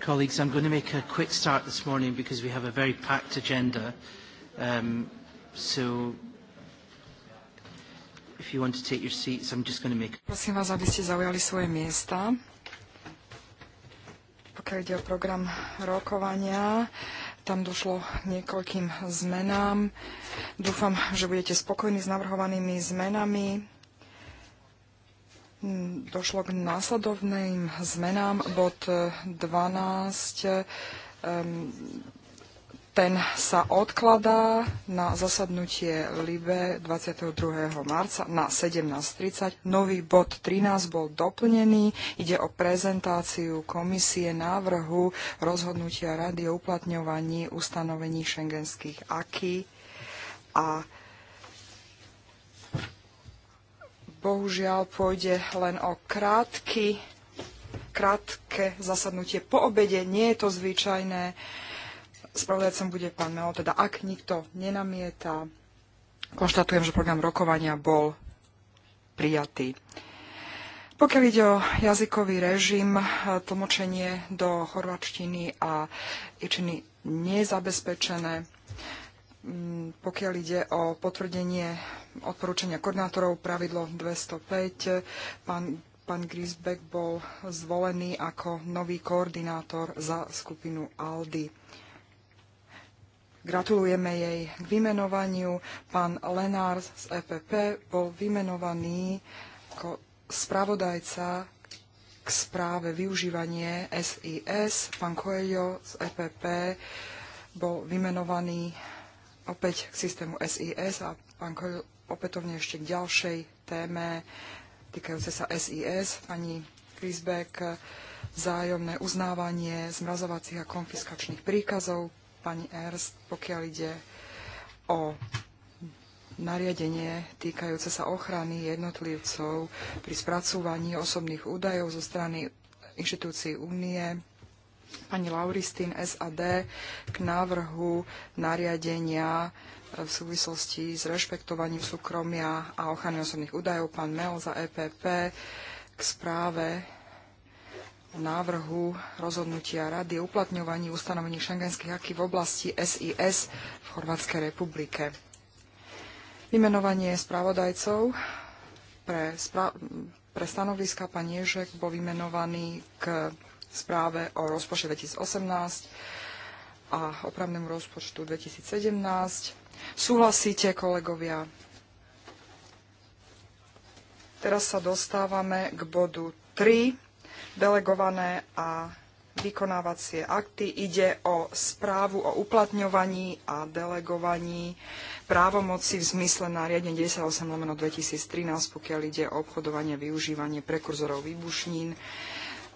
Colleagues, I'm going to make a quick start this morning because we have a very packed agenda. Um, so if you want to take your seats, I'm just going to make... Prosím vás, aby ste zaujali svoje miesta. Pokiaľ ide o program rokovania, tam došlo k niekoľkým zmenám. Dúfam, že budete spokojní s navrhovanými zmenami došlo k následovným zmenám. Bod 12, e, e, ten sa odkladá na zasadnutie LIBE 22. marca na 17.30. Nový bod 13 bol doplnený. Ide o prezentáciu komisie návrhu rozhodnutia Rady o uplatňovaní ustanovení šengenských aký a Bohužiaľ pôjde len o krátky, krátke zasadnutie po obede. Nie je to zvyčajné. Spravodajcom bude pán Melo, teda ak nikto nenamieta, konštatujem, že program rokovania bol prijatý. Pokiaľ ide o jazykový režim, tlmočenie do chorvačtiny a ičiny nezabezpečené. Mm, pokiaľ ide o potvrdenie odporúčania koordinátorov, pravidlo 205. Pán, pán Grisbeck bol zvolený ako nový koordinátor za skupinu ALDI. Gratulujeme jej k vymenovaniu. Pán Lenár z EPP bol vymenovaný ako spravodajca k správe využívanie SIS. Pán Coelho z EPP bol vymenovaný opäť k systému SIS a pán Coelho opätovne ešte k ďalšej téme týkajúce sa SIS. Pani Krisbeck, vzájomné uznávanie zmrazovacích a konfiskačných príkazov. Pani Ernst, pokiaľ ide o nariadenie týkajúce sa ochrany jednotlivcov pri spracúvaní osobných údajov zo strany inštitúcií únie. Pani Lauristín SAD k návrhu nariadenia v súvislosti s rešpektovaním súkromia a ochrany osobných údajov, pán Mel za EPP, k správe o návrhu rozhodnutia Rady o uplatňovaní ustanovení šengenských aký v oblasti SIS v Chorvátskej republike. Vymenovanie spravodajcov pre, spra- pre stanoviska pán Ježek bol vymenovaný k správe o rozpočte 2018 a opravnému rozpočtu 2017. Súhlasíte, kolegovia? Teraz sa dostávame k bodu 3. Delegované a vykonávacie akty. Ide o správu o uplatňovaní a delegovaní právomoci v zmysle nariadenia 10.8 2013, pokiaľ ide o obchodovanie, a využívanie prekurzorov výbušnín.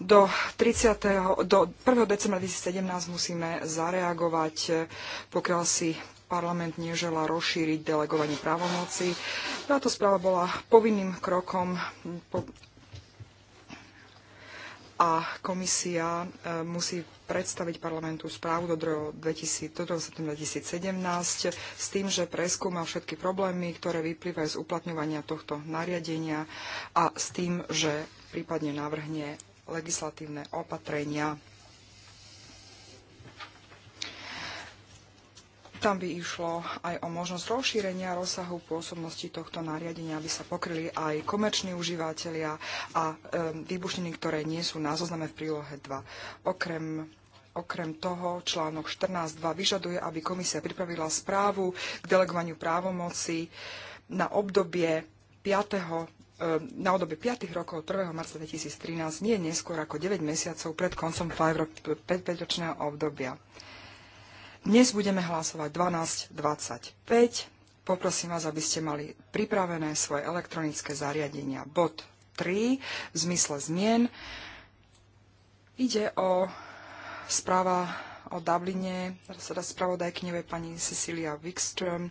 Do, 30, do 1. decembra 2017 musíme zareagovať, pokiaľ si parlament nežela rozšíriť delegovanie právomoci. Táto správa bola povinným krokom po a komisia e, musí predstaviť parlamentu správu do 2. septembra 2017 s tým, že preskúma všetky problémy, ktoré vyplývajú z uplatňovania tohto nariadenia a s tým, že prípadne navrhne legislatívne opatrenia Tam by išlo aj o možnosť rozšírenia rozsahu pôsobnosti tohto nariadenia, aby sa pokryli aj komerční užívateľia a výbušniny, ktoré nie sú na zozname v prílohe 2. Okrem Okrem toho článok 14.2 vyžaduje, aby komisia pripravila správu k delegovaniu právomoci na obdobie 5. na obdobie 5 rokov 1. marca 2013, nie neskôr ako 9 mesiacov pred koncom 5-ročného obdobia. Dnes budeme hlasovať 12.25. Poprosím vás, aby ste mali pripravené svoje elektronické zariadenia. Bod 3 v zmysle zmien. Ide o správa o Dubline, teda spravodajkyňové pani Cecilia Wikström.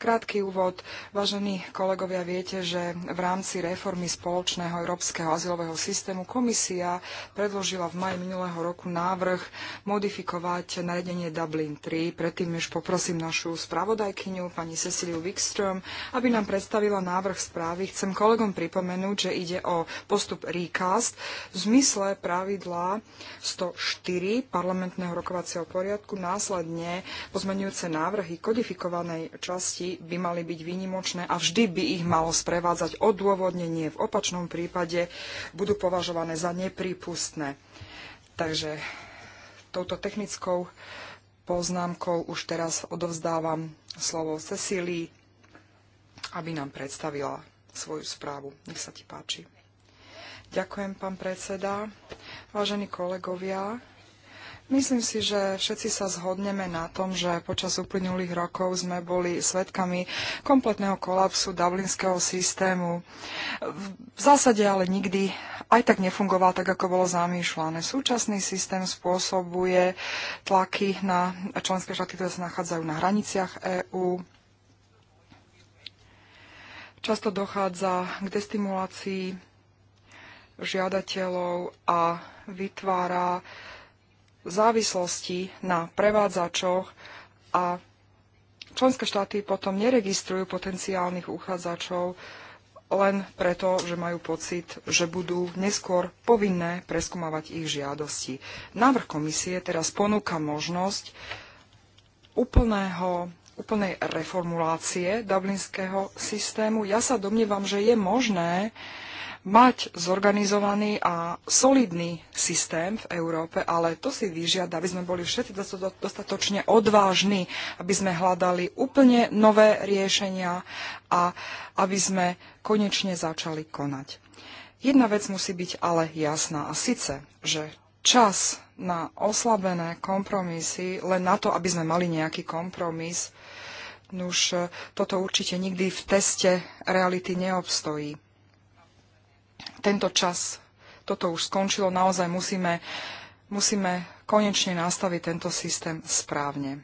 Krátky úvod. Vážení kolegovia, viete, že v rámci reformy spoločného európskeho azylového systému komisia predložila v maji minulého roku návrh modifikovať nariadenie Dublin 3. Predtým, už poprosím našu spravodajkyňu, pani Ceciliu Wikström, aby nám predstavila návrh správy, chcem kolegom pripomenúť, že ide o postup recast v zmysle pravidla 104 parlamentného rokovacieho rokovacieho poriadku. Následne pozmenujúce návrhy kodifikovanej časti by mali byť výnimočné a vždy by ich malo sprevádzať odôvodnenie. V opačnom prípade budú považované za neprípustné. Takže touto technickou poznámkou už teraz odovzdávam slovo Cecílii, aby nám predstavila svoju správu. Nech sa ti páči. Ďakujem, pán predseda. Vážení kolegovia, Myslím si, že všetci sa zhodneme na tom, že počas uplynulých rokov sme boli svedkami kompletného kolapsu dublinského systému. V zásade ale nikdy aj tak nefungoval tak, ako bolo zamýšľané. Súčasný systém spôsobuje tlaky na členské štáty, ktoré sa nachádzajú na hraniciach EÚ. Často dochádza k destimulácii žiadateľov a vytvára závislosti na prevádzačoch a členské štáty potom neregistrujú potenciálnych uchádzačov len preto, že majú pocit, že budú neskôr povinné preskúmavať ich žiadosti. Návrh komisie teraz ponúka možnosť úplného, úplnej reformulácie dublinského systému. Ja sa domnievam, že je možné mať zorganizovaný a solidný systém v Európe, ale to si vyžiada, aby sme boli všetci dostatočne odvážni, aby sme hľadali úplne nové riešenia a aby sme konečne začali konať. Jedna vec musí byť ale jasná a síce, že čas na oslabené kompromisy, len na to, aby sme mali nejaký kompromis, už toto určite nikdy v teste reality neobstojí tento čas, toto už skončilo, naozaj musíme, musíme konečne nastaviť tento systém správne.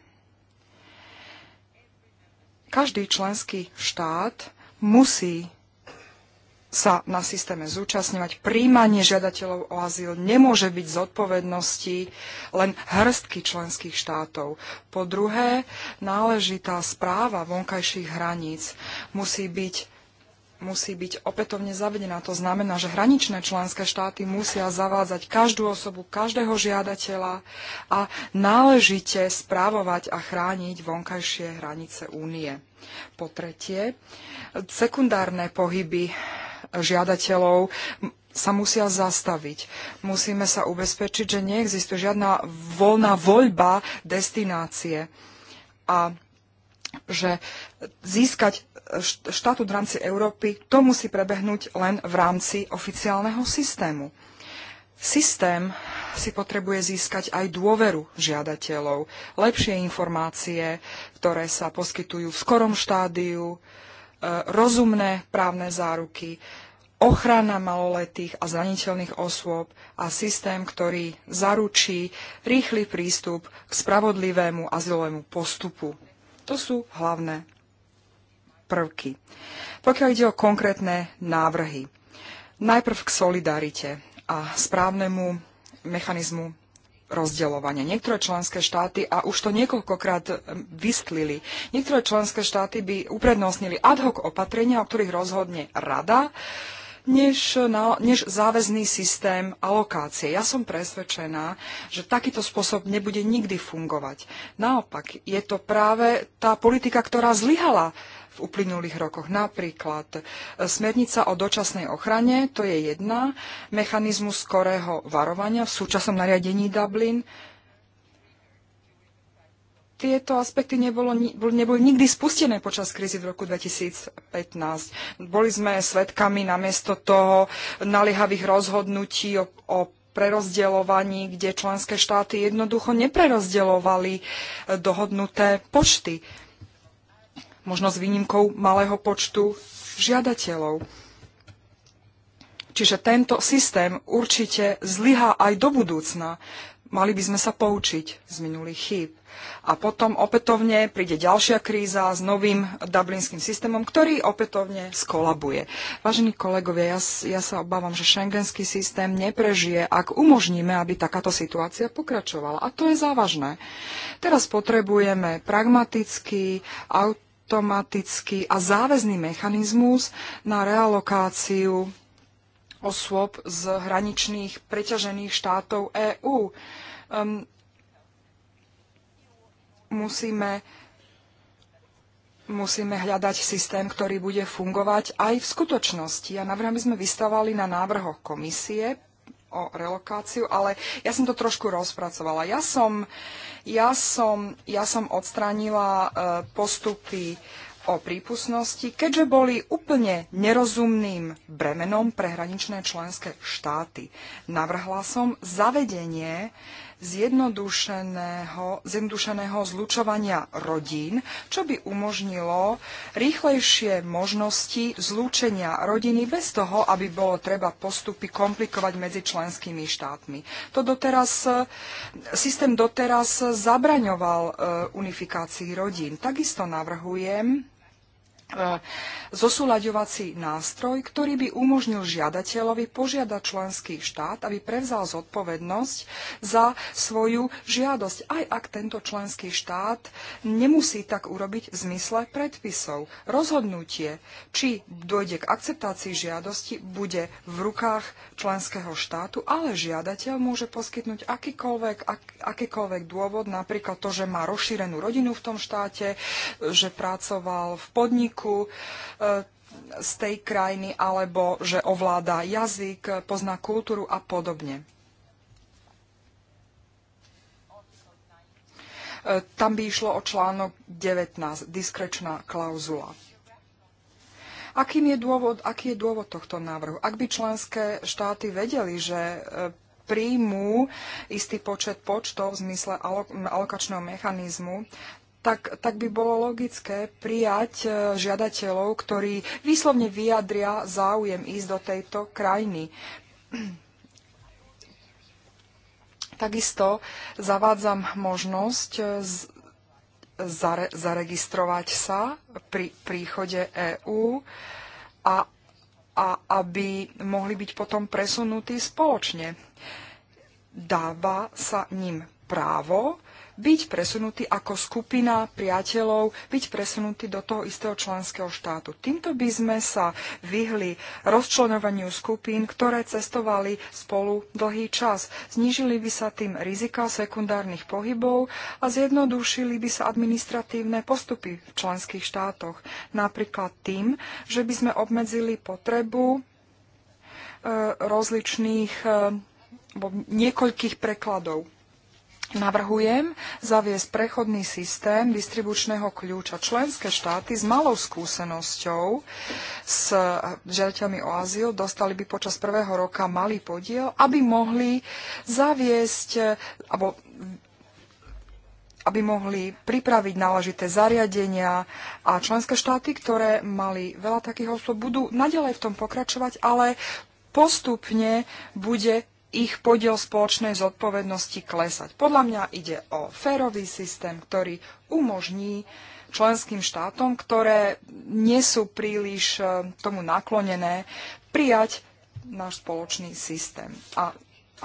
Každý členský štát musí sa na systéme zúčastňovať. Príjmanie žiadateľov o azyl nemôže byť zodpovednosti, len hrstky členských štátov. Po druhé, náležitá správa vonkajších hraníc musí byť musí byť opätovne zavedená. To znamená, že hraničné členské štáty musia zavádzať každú osobu, každého žiadateľa a náležite správovať a chrániť vonkajšie hranice únie. Po tretie, sekundárne pohyby žiadateľov sa musia zastaviť. Musíme sa ubezpečiť, že neexistuje žiadna voľná voľba destinácie. A že získať štátu v rámci Európy, to musí prebehnúť len v rámci oficiálneho systému. Systém si potrebuje získať aj dôveru žiadateľov, lepšie informácie, ktoré sa poskytujú v skorom štádiu, e, rozumné právne záruky, ochrana maloletých a zraniteľných osôb a systém, ktorý zaručí rýchly prístup k spravodlivému azylovému postupu to sú hlavné prvky. Pokiaľ ide o konkrétne návrhy, najprv k solidarite a správnemu mechanizmu rozdeľovania. Niektoré členské štáty, a už to niekoľkokrát vystlili, niektoré členské štáty by uprednostnili ad hoc opatrenia, o ktorých rozhodne rada, než, na, než záväzný systém alokácie. Ja som presvedčená, že takýto spôsob nebude nikdy fungovať. Naopak, je to práve tá politika, ktorá zlyhala v uplynulých rokoch. Napríklad e, smernica o dočasnej ochrane, to je jedna, mechanizmus skorého varovania v súčasnom nariadení Dublin, tieto aspekty nebolo, neboli nikdy spustené počas krízy v roku 2015. Boli sme svedkami namiesto toho naliehavých rozhodnutí o, o prerozdeľovaní, kde členské štáty jednoducho neprerozdeľovali e, dohodnuté počty. Možno s výnimkou malého počtu žiadateľov. Čiže tento systém určite zlyhá aj do budúcna. Mali by sme sa poučiť z minulých chýb a potom opätovne príde ďalšia kríza s novým dublinským systémom, ktorý opätovne skolabuje. Vážení kolegovia, ja, ja sa obávam, že šengenský systém neprežije, ak umožníme, aby takáto situácia pokračovala. A to je závažné. Teraz potrebujeme pragmatický, automatický a záväzný mechanizmus na realokáciu osôb z hraničných preťažených štátov EÚ. Um, ehm, musíme, musíme hľadať systém, ktorý bude fungovať aj v skutočnosti. A ja navrhujem, aby sme vystavali na návrhoch komisie o relokáciu, ale ja som to trošku rozpracovala. Ja som, ja som, ja som odstránila e, postupy o prípustnosti, keďže boli úplne nerozumným bremenom pre hraničné členské štáty. Navrhla som zavedenie zjednodušeného, zjednodušeného zlučovania rodín, čo by umožnilo rýchlejšie možnosti zlúčenia rodiny bez toho, aby bolo treba postupy komplikovať medzi členskými štátmi. To doteraz, systém doteraz zabraňoval e, unifikácii rodín. Takisto navrhujem, E, zosúľaďovací nástroj, ktorý by umožnil žiadateľovi požiadať členský štát, aby prevzal zodpovednosť za svoju žiadosť, aj ak tento členský štát nemusí tak urobiť v zmysle predpisov. Rozhodnutie, či dojde k akceptácii žiadosti, bude v rukách členského štátu, ale žiadateľ môže poskytnúť akýkoľvek, ak, akýkoľvek dôvod, napríklad to, že má rozšírenú rodinu v tom štáte, že pracoval v podniku, jazyku e, z tej krajiny, alebo že ovláda jazyk, pozná kultúru a podobne. E, tam by išlo o článok 19, diskrečná klauzula. Akým je dôvod, aký je dôvod tohto návrhu? Ak by členské štáty vedeli, že e, príjmú istý počet počtov v zmysle alokačného mechanizmu, tak, tak by bolo logické prijať e, žiadateľov, ktorí výslovne vyjadria záujem ísť do tejto krajiny. Takisto zavádzam možnosť e, zare, zaregistrovať sa pri príchode EÚ a, a aby mohli byť potom presunutí spoločne. Dáva sa ním právo byť presunutí ako skupina priateľov, byť presunutí do toho istého členského štátu. Týmto by sme sa vyhli rozčlenovaniu skupín, ktoré cestovali spolu dlhý čas. Znížili by sa tým rizika sekundárnych pohybov a zjednodušili by sa administratívne postupy v členských štátoch. Napríklad tým, že by sme obmedzili potrebu e, rozličných e, alebo niekoľkých prekladov. Navrhujem zaviesť prechodný systém distribučného kľúča. Členské štáty s malou skúsenosťou s žiaľťami o azyl dostali by počas prvého roka malý podiel, aby mohli zaviesť alebo aby mohli pripraviť náležité zariadenia a členské štáty, ktoré mali veľa takých osôb, budú nadalej v tom pokračovať, ale postupne bude ich podiel spoločnej zodpovednosti klesať. Podľa mňa ide o férový systém, ktorý umožní členským štátom, ktoré nie sú príliš e, tomu naklonené, prijať náš spoločný systém. A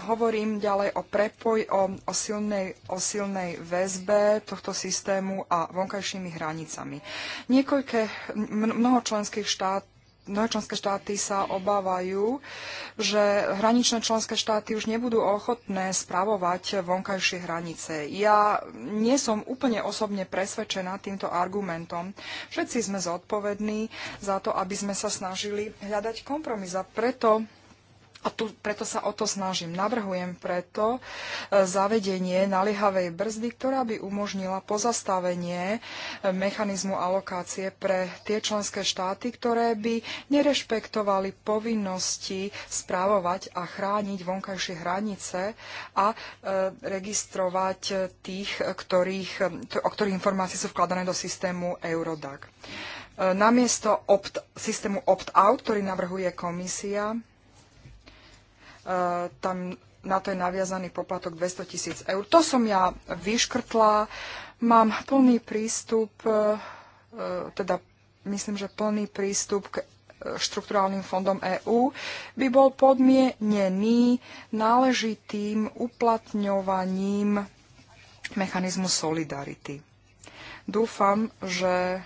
hovorím ďalej o prepoj, o, o, silnej, o silnej väzbe tohto systému a vonkajšími hranicami. Niekoľké, mnoho členských štát, mnohé členské štáty sa obávajú, že hraničné členské štáty už nebudú ochotné spravovať vonkajšie hranice. Ja nie som úplne osobne presvedčená týmto argumentom. Všetci sme zodpovední za to, aby sme sa snažili hľadať kompromis a preto a tu, preto sa o to snažím. Navrhujem preto e, zavedenie naliehavej brzdy, ktorá by umožnila pozastavenie e, mechanizmu alokácie pre tie členské štáty, ktoré by nerešpektovali povinnosti správovať a chrániť vonkajšie hranice a e, registrovať tých, ktorých, o ktorých informácie sú vkladané do systému Eurodac. namiesto opt, systému opt-out, ktorý navrhuje komisia, E, tam na to je naviazaný poplatok 200 tisíc eur. To som ja vyškrtla, mám plný prístup, e, e, teda myslím, že plný prístup k štrukturálnym fondom EÚ by bol podmienený náležitým uplatňovaním mechanizmu solidarity. Dúfam, že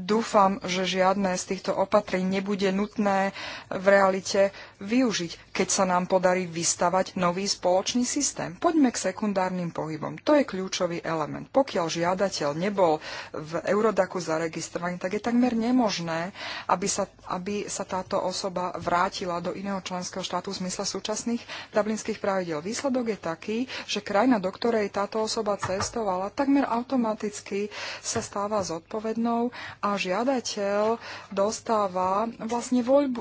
Dúfam, že žiadne z týchto opatrení nebude nutné v realite využiť keď sa nám podarí vystavať nový spoločný systém. Poďme k sekundárnym pohybom. To je kľúčový element. Pokiaľ žiadateľ nebol v Eurodaku zaregistrovaný, tak je takmer nemožné, aby sa, aby sa táto osoba vrátila do iného členského štátu v zmysle súčasných dublinských pravidel. Výsledok je taký, že krajina, do ktorej táto osoba cestovala, takmer automaticky sa stáva zodpovednou a žiadateľ dostáva vlastne voľbu,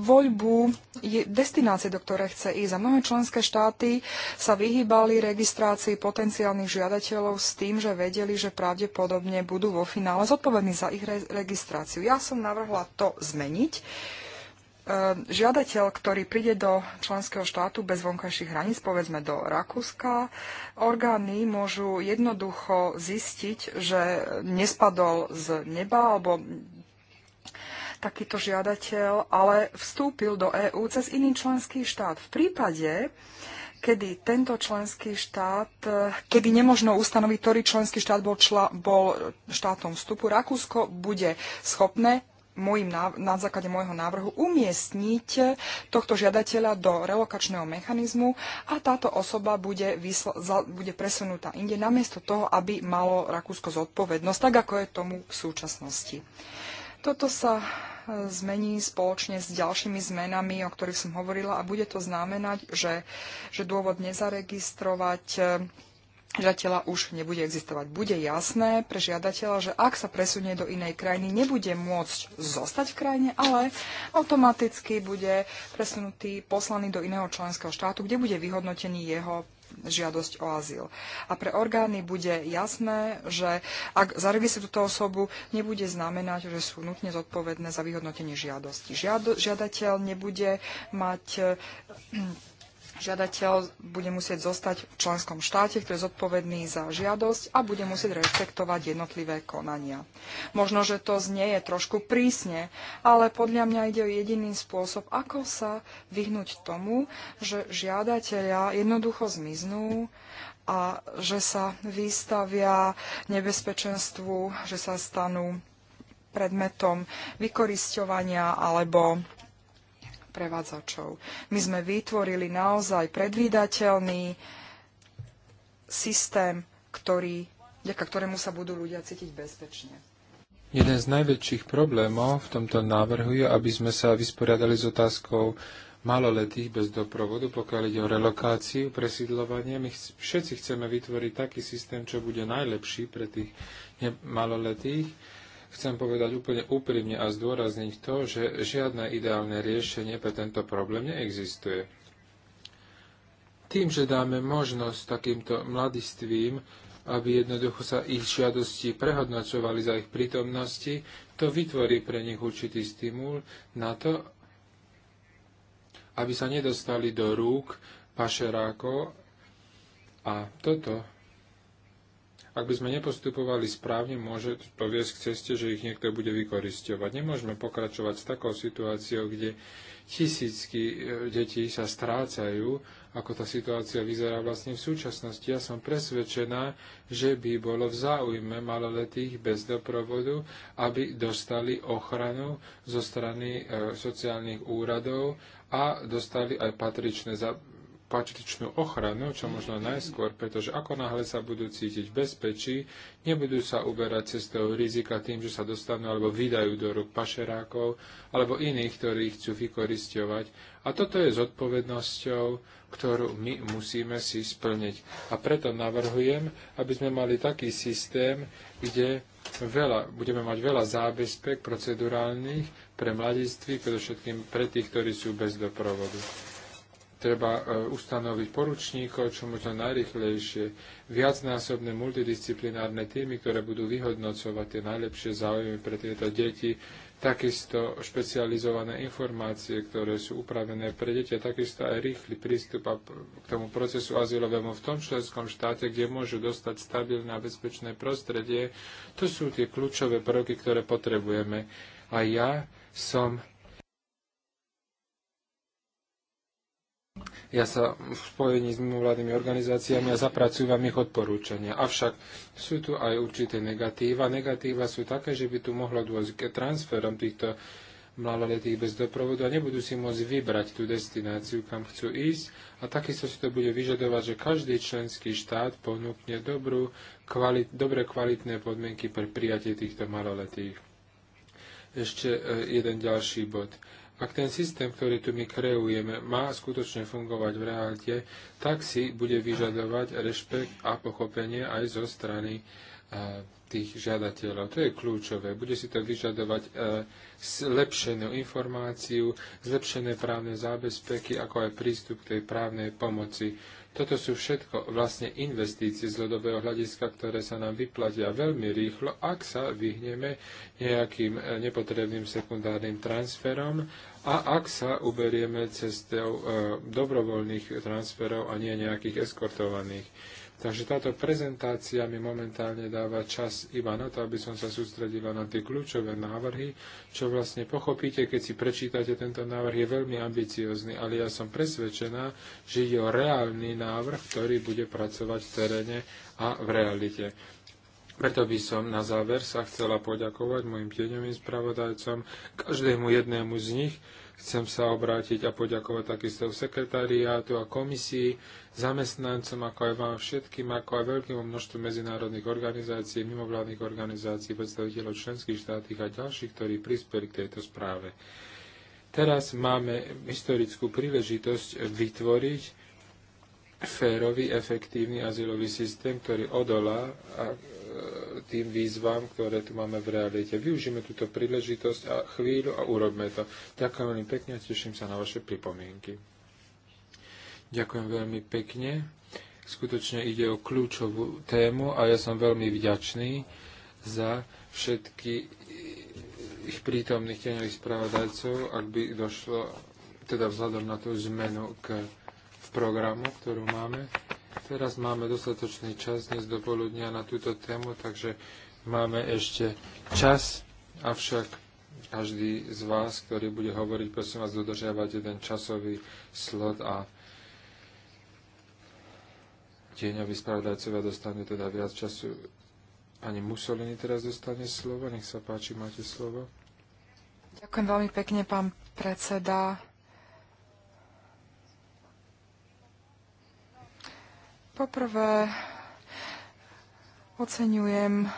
voľbu je, destinácie, do ktoré chce ísť. A mnohé členské štáty sa vyhýbali registrácii potenciálnych žiadateľov s tým, že vedeli, že pravdepodobne budú vo finále zodpovední za ich re- registráciu. Ja som navrhla to zmeniť. E, žiadateľ, ktorý príde do členského štátu bez vonkajších hraníc, povedzme do Rakúska, orgány môžu jednoducho zistiť, že nespadol z neba alebo takýto žiadateľ, ale vstúpil do EÚ cez iný členský štát. V prípade, kedy tento členský štát, kedy nemožno ustanoviť, ktorý členský štát bol, čla, bol štátom vstupu, Rakúsko bude schopné môjim, na základe môjho návrhu umiestniť tohto žiadateľa do relokačného mechanizmu a táto osoba bude, vysl- za, bude presunutá inde namiesto toho, aby malo Rakúsko zodpovednosť, tak ako je tomu v súčasnosti. Toto sa zmení spoločne s ďalšími zmenami, o ktorých som hovorila a bude to znamenať, že, že dôvod nezaregistrovať eh, žiadateľa už nebude existovať. Bude jasné pre žiadateľa, že ak sa presunie do inej krajiny, nebude môcť zostať v krajine, ale automaticky bude presunutý, poslaný do iného členského štátu, kde bude vyhodnotený jeho žiadosť o azyl. A pre orgány bude jasné, že ak zaregistrujú túto osobu, nebude znamenať, že sú nutne zodpovedné za vyhodnotenie žiadosti. Žiado, žiadateľ nebude mať eh, Žiadateľ bude musieť zostať v členskom štáte, ktorý je zodpovedný za žiadosť a bude musieť rešpektovať jednotlivé konania. Možno, že to znie je trošku prísne, ale podľa mňa ide o jediný spôsob, ako sa vyhnúť tomu, že žiadatelia jednoducho zmiznú a že sa vystavia nebezpečenstvu, že sa stanú predmetom vykorisťovania alebo prevádzačov. My sme vytvorili naozaj predvídateľný systém, ktorý, ďaká ktorému sa budú ľudia cítiť bezpečne. Jeden z najväčších problémov v tomto návrhu je, aby sme sa vysporiadali s otázkou maloletých bez doprovodu, pokiaľ ide o relokáciu, presídlovanie. My všetci chceme vytvoriť taký systém, čo bude najlepší pre tých maloletých chcem povedať úplne úprimne a zdôrazniť to, že žiadne ideálne riešenie pre tento problém neexistuje. Tým, že dáme možnosť takýmto mladistvím, aby jednoducho sa ich žiadosti prehodnocovali za ich prítomnosti, to vytvorí pre nich určitý stimul na to, aby sa nedostali do rúk pašerákov a toto ak by sme nepostupovali správne, môže to viesť k ceste, že ich niekto bude vykoristovať. Nemôžeme pokračovať s takou situáciou, kde tisícky e, detí sa strácajú, ako tá situácia vyzerá vlastne v súčasnosti. Ja som presvedčená, že by bolo v záujme maloletých bez doprovodu, aby dostali ochranu zo strany e, sociálnych úradov a dostali aj patričné patričnú ochranu, čo možno najskôr, pretože ako náhle sa budú cítiť bezpečí, nebudú sa uberať cestou rizika tým, že sa dostanú alebo vydajú do rúk pašerákov alebo iných, ktorí chcú vykoristovať. A toto je zodpovednosťou, ktorú my musíme si splniť. A preto navrhujem, aby sme mali taký systém, kde veľa, budeme mať veľa zábezpek procedurálnych pre mladiství, predovšetkým pre tých, ktorí sú bez doprovodu treba e, ustanoviť poručníkov, čo možno najrychlejšie, viacnásobné multidisciplinárne týmy, ktoré budú vyhodnocovať tie najlepšie záujmy pre tieto deti, takisto špecializované informácie, ktoré sú upravené pre deti a takisto aj rýchly prístup k tomu procesu azylovému v tom členskom štáte, kde môžu dostať stabilné a bezpečné prostredie. To sú tie kľúčové prvky, ktoré potrebujeme. A ja som Ja sa v spojení s mimovládnymi organizáciami a ja ich odporúčania. Avšak sú tu aj určité negatíva. Negatíva sú také, že by tu mohlo dôjsť k transferom týchto mladoletých bez doprovodu a nebudú si môcť vybrať tú destináciu, kam chcú ísť. A takisto si to bude vyžadovať, že každý členský štát ponúkne dobrú, kvalit, dobre kvalitné podmienky pre prijatie týchto maloletých. Ešte e, jeden ďalší bod ak ten systém, ktorý tu my kreujeme, má skutočne fungovať v realite, tak si bude vyžadovať rešpekt a pochopenie aj zo strany e, tých žiadateľov. To je kľúčové. Bude si to vyžadovať e, zlepšenú informáciu, zlepšené právne zábezpeky, ako aj prístup k tej právnej pomoci. Toto sú všetko vlastne investície z ľudového hľadiska, ktoré sa nám vyplatia veľmi rýchlo, ak sa vyhneme nejakým eh, nepotrebným sekundárnym transferom a ak sa uberieme cestou eh, dobrovoľných transferov a nie nejakých eskortovaných. Takže táto prezentácia mi momentálne dáva čas iba na to, aby som sa sústredila na tie kľúčové návrhy, čo vlastne pochopíte, keď si prečítate tento návrh, je veľmi ambiciózny, ale ja som presvedčená, že je o reálny návrh, ktorý bude pracovať v teréne a v realite. Preto by som na záver sa chcela poďakovať mojim tieňovým spravodajcom, každému jednému z nich, Chcem sa obrátiť a poďakovať takisto sekretariátu a komisii, zamestnancom, ako aj vám všetkým, ako aj veľkému množstvu medzinárodných organizácií, mimovládnych organizácií, predstaviteľov členských štátov a ďalších, ktorí prispeli k tejto správe. Teraz máme historickú príležitosť vytvoriť férový, efektívny azylový systém, ktorý odolá tým výzvam, ktoré tu máme v realite. Využíme túto príležitosť a chvíľu a urobme to. Ďakujem veľmi pekne a teším sa na vaše pripomienky. Ďakujem veľmi pekne. Skutočne ide o kľúčovú tému a ja som veľmi vďačný za všetky ich prítomných tieňových spravodajcov, ak by došlo, teda vzhľadom na tú zmenu k, v programu, ktorú máme, Teraz máme dostatočný čas dnes do poludnia na túto tému, takže máme ešte čas, avšak každý z vás, ktorý bude hovoriť, prosím vás, dodržiavate ten časový slot a tieňoví spravodajcovia dostanú teda viac času. Pani Mussolini teraz dostane slovo, nech sa páči, máte slovo. Ďakujem veľmi pekne, pán predseda. Poprvé oceňujem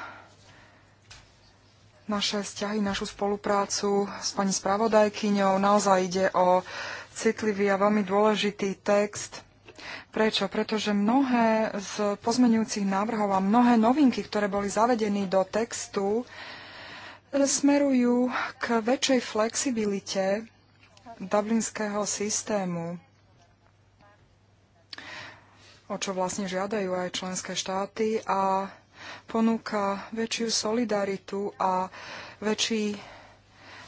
naše vzťahy, našu spoluprácu s pani spravodajkyňou. Naozaj ide o citlivý a veľmi dôležitý text. Prečo? Pretože mnohé z pozmenujúcich návrhov a mnohé novinky, ktoré boli zavedené do textu, smerujú k väčšej flexibilite dublinského systému o čo vlastne žiadajú aj členské štáty a ponúka väčšiu solidaritu a väčší,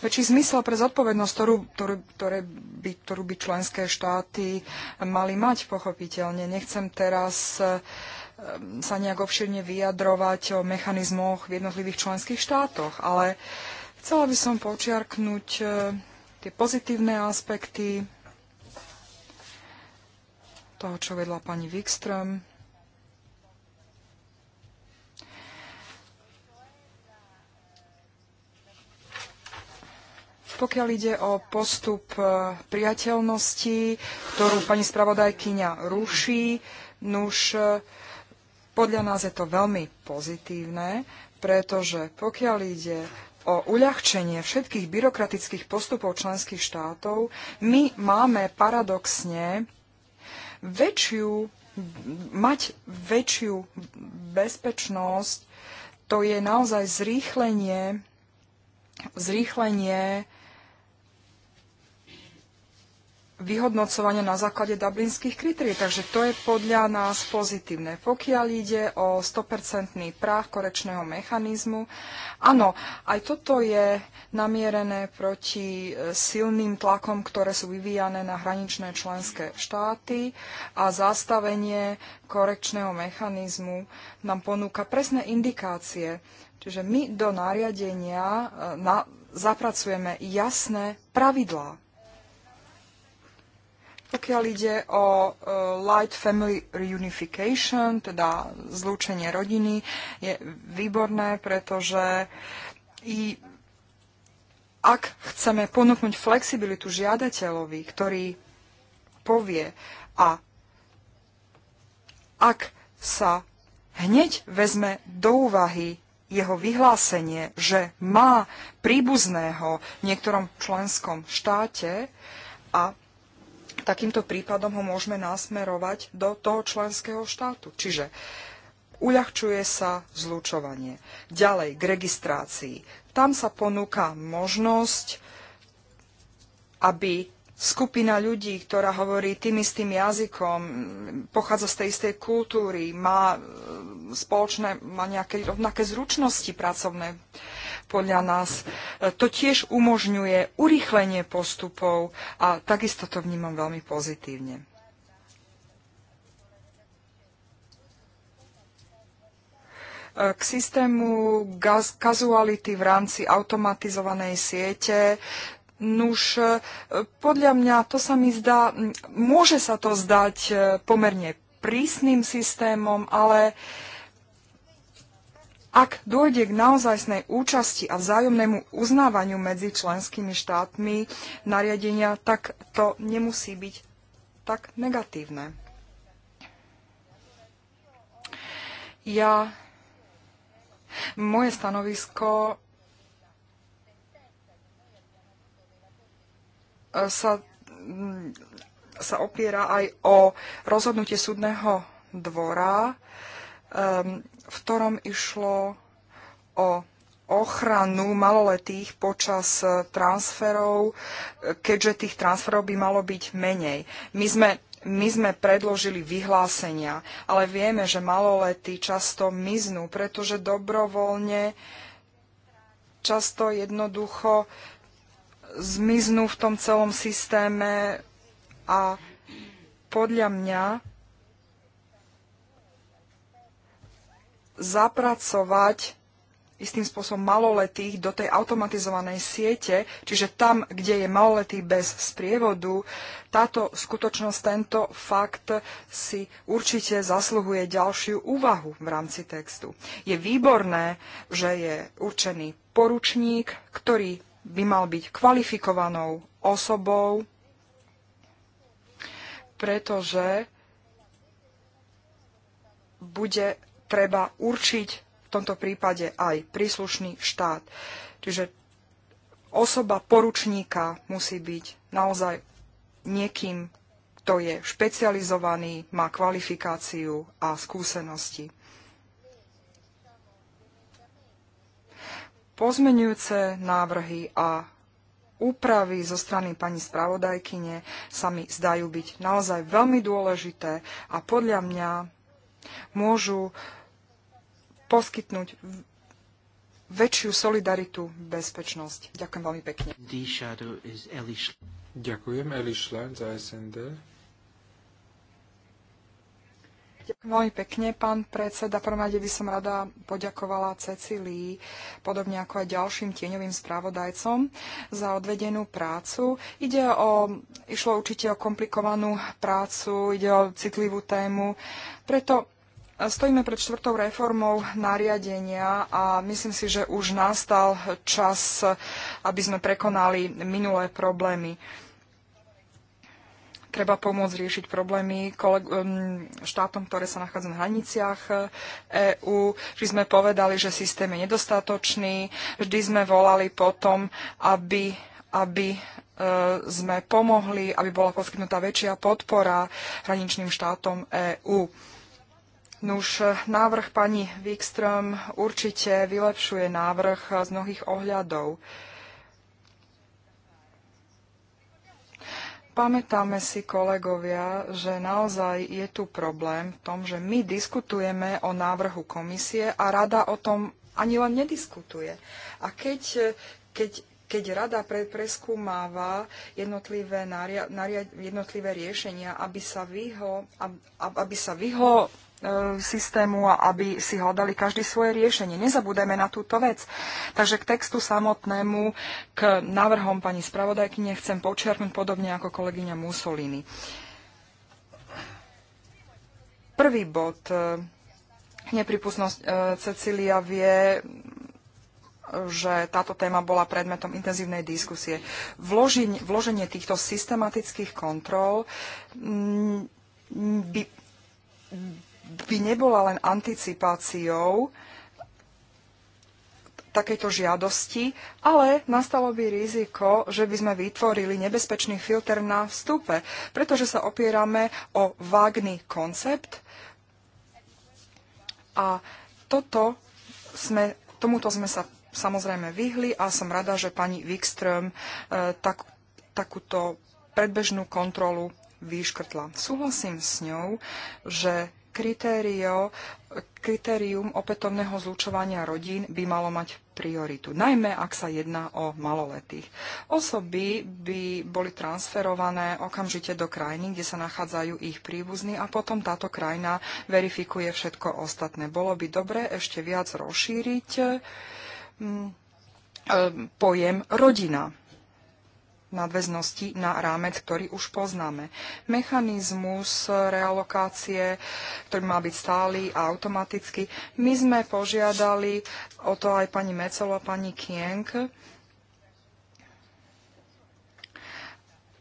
väčší zmysel pre zodpovednosť, ktorú, ktorú, ktoré by, ktorú by členské štáty mali mať, pochopiteľne. Nechcem teraz ehm, sa nejak obširne vyjadrovať o mechanizmoch v jednotlivých členských štátoch, ale chcela by som počiarknúť ehm, tie pozitívne aspekty toho, čo vedla pani Wikström. Pokiaľ ide o postup e, priateľnosti, ktorú pani spravodajkyňa ruší, nuž e, podľa nás je to veľmi pozitívne, pretože pokiaľ ide o uľahčenie všetkých byrokratických postupov členských štátov, my máme paradoxne väčšiu, mať väčšiu bezpečnosť, to je naozaj zrýchlenie, zrýchlenie vyhodnocovania na základe dublinských kritérií. Takže to je podľa nás pozitívne. Pokiaľ ide o 100% práv korečného mechanizmu, áno, aj toto je namierené proti e, silným tlakom, ktoré sú vyvíjane na hraničné členské štáty a zastavenie korekčného mechanizmu nám ponúka presné indikácie. Čiže my do nariadenia e, na, zapracujeme jasné pravidlá pokiaľ ide o uh, Light Family Reunification, teda zlúčenie rodiny, je výborné, pretože i ak chceme ponúknuť flexibilitu žiadateľovi, ktorý povie a ak sa hneď vezme do úvahy jeho vyhlásenie, že má príbuzného v niektorom členskom štáte a takýmto prípadom ho môžeme nasmerovať do toho členského štátu. Čiže uľahčuje sa zlučovanie. Ďalej, k registrácii. Tam sa ponúka možnosť, aby skupina ľudí, ktorá hovorí tým istým jazykom, pochádza z tej istej kultúry, má e, spoločné, má nejaké rovnaké zručnosti pracovné, podľa nás e, to tiež umožňuje urýchlenie postupov a takisto to vnímam veľmi pozitívne. E, k systému kazuality v rámci automatizovanej siete. Nuž, e, podľa mňa to sa mi zdá, môže sa to zdať pomerne prísnym systémom, ale uh, ak dôjde k naozajstnej účasti a vzájomnému uznávaniu medzi členskými štátmi nariadenia, tak to nemusí byť tak negatívne. Ja, moje stanovisko e, sa, mm, sa opiera aj o rozhodnutie súdneho dvora, um, v ktorom išlo o ochranu maloletých počas e, transferov, e, keďže tých transferov by malo byť menej. My sme, my sme predložili vyhlásenia, ale vieme, že maloletí často miznú, pretože dobrovoľne často jednoducho zmiznú v tom celom systéme a podľa mňa zapracovať istým spôsobom maloletých do tej automatizovanej siete, čiže tam, kde je maloletý bez sprievodu, táto skutočnosť, tento fakt si určite zasluhuje ďalšiu úvahu v rámci textu. Je výborné, že je určený poručník, ktorý by mal byť kvalifikovanou osobou, pretože bude treba určiť v tomto prípade aj príslušný štát. Čiže osoba poručníka musí byť naozaj niekým, kto je špecializovaný, má kvalifikáciu a skúsenosti. Pozmenujúce návrhy a úpravy zo strany pani spravodajkyne sa mi zdajú byť naozaj veľmi dôležité a podľa mňa môžu poskytnúť väčšiu solidaritu, bezpečnosť. Ďakujem veľmi pekne. Ďakujem Eli Schlein za SND. Ďakujem veľmi pekne, pán predseda. Prvom rade by som rada poďakovala Cecílii, podobne ako aj ďalším tieňovým správodajcom, za odvedenú prácu. Ide o, išlo určite o komplikovanú prácu, ide o citlivú tému, preto Stojíme pred čtvrtou reformou nariadenia a myslím si, že už nastal čas, aby sme prekonali minulé problémy. Treba pomôcť riešiť problémy štátom, ktoré sa nachádzajú na hraniciach EÚ. Eh, e Vždy sme povedali, že systém je nedostatočný. Vždy sme volali potom, aby, aby eh, sme pomohli, aby bola poskytnutá väčšia podpora hraničným štátom EÚ Nuž, návrh pani Wikström určite vylepšuje návrh z mnohých ohľadov. Pamätáme si, kolegovia, že naozaj je tu problém v tom, že my diskutujeme o návrhu komisie a rada o tom ani len nediskutuje. A keď, keď, keď rada pre, preskúmáva jednotlivé, naria, naria, jednotlivé riešenia, aby sa vyhlo, aby sa vyhlo E, systému a aby si hľadali každý svoje riešenie. Nezabúdajme na túto vec. Takže k textu samotnému, k návrhom pani spravodajky nechcem počiarknúť podobne ako kolegyňa Mussolini. Prvý bod. E, nepripustnosť e, Cecília vie že táto téma bola predmetom intenzívnej diskusie. Vloženie, vloženie týchto systematických kontrol by by nebola len anticipáciou takejto žiadosti, ale nastalo by riziko, že by sme vytvorili nebezpečný filter na vstupe, pretože sa opierame o vágny koncept a toto sme, tomuto sme sa samozrejme vyhli a som rada, že pani Wikström e, tak, takúto predbežnú kontrolu vyškrtla. Súhlasím s ňou, že kritério, kritérium opätovného zlučovania rodín by malo mať prioritu, najmä ak sa jedná o maloletých. Osoby by boli transferované okamžite do krajiny, kde sa nachádzajú ich príbuzní a potom táto krajina verifikuje všetko ostatné. Bolo by dobre ešte viac rozšíriť mm, e, pojem rodina nadväznosti na rámec, ktorý už poznáme. Mechanizmus realokácie, ktorý má byť stály a automaticky. My sme požiadali o to aj pani Mecelo a pani Kienk,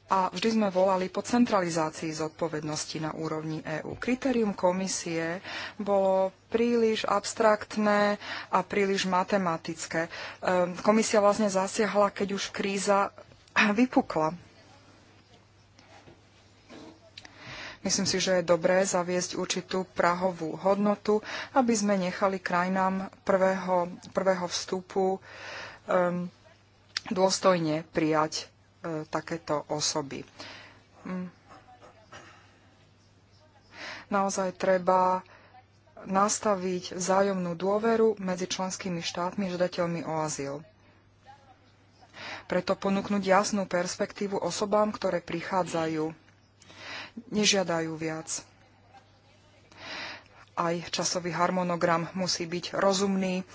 a vždy sme volali po centralizácii zodpovednosti na úrovni EÚ. Kritérium komisie bolo príliš abstraktné a príliš matematické. Ehm, komisia vlastne zasiahla, keď už kríza vypukla. Myslím si, že je dobré zaviesť určitú prahovú hodnotu, aby sme nechali krajinám prvého, prvého vstupu um, dôstojne prijať um, takéto osoby. Um, naozaj treba nastaviť vzájomnú dôveru medzi členskými štátmi a žiadateľmi o azyl preto ponúknuť jasnú perspektívu osobám, ktoré prichádzajú. Nežiadajú viac. Aj časový harmonogram musí byť rozumný.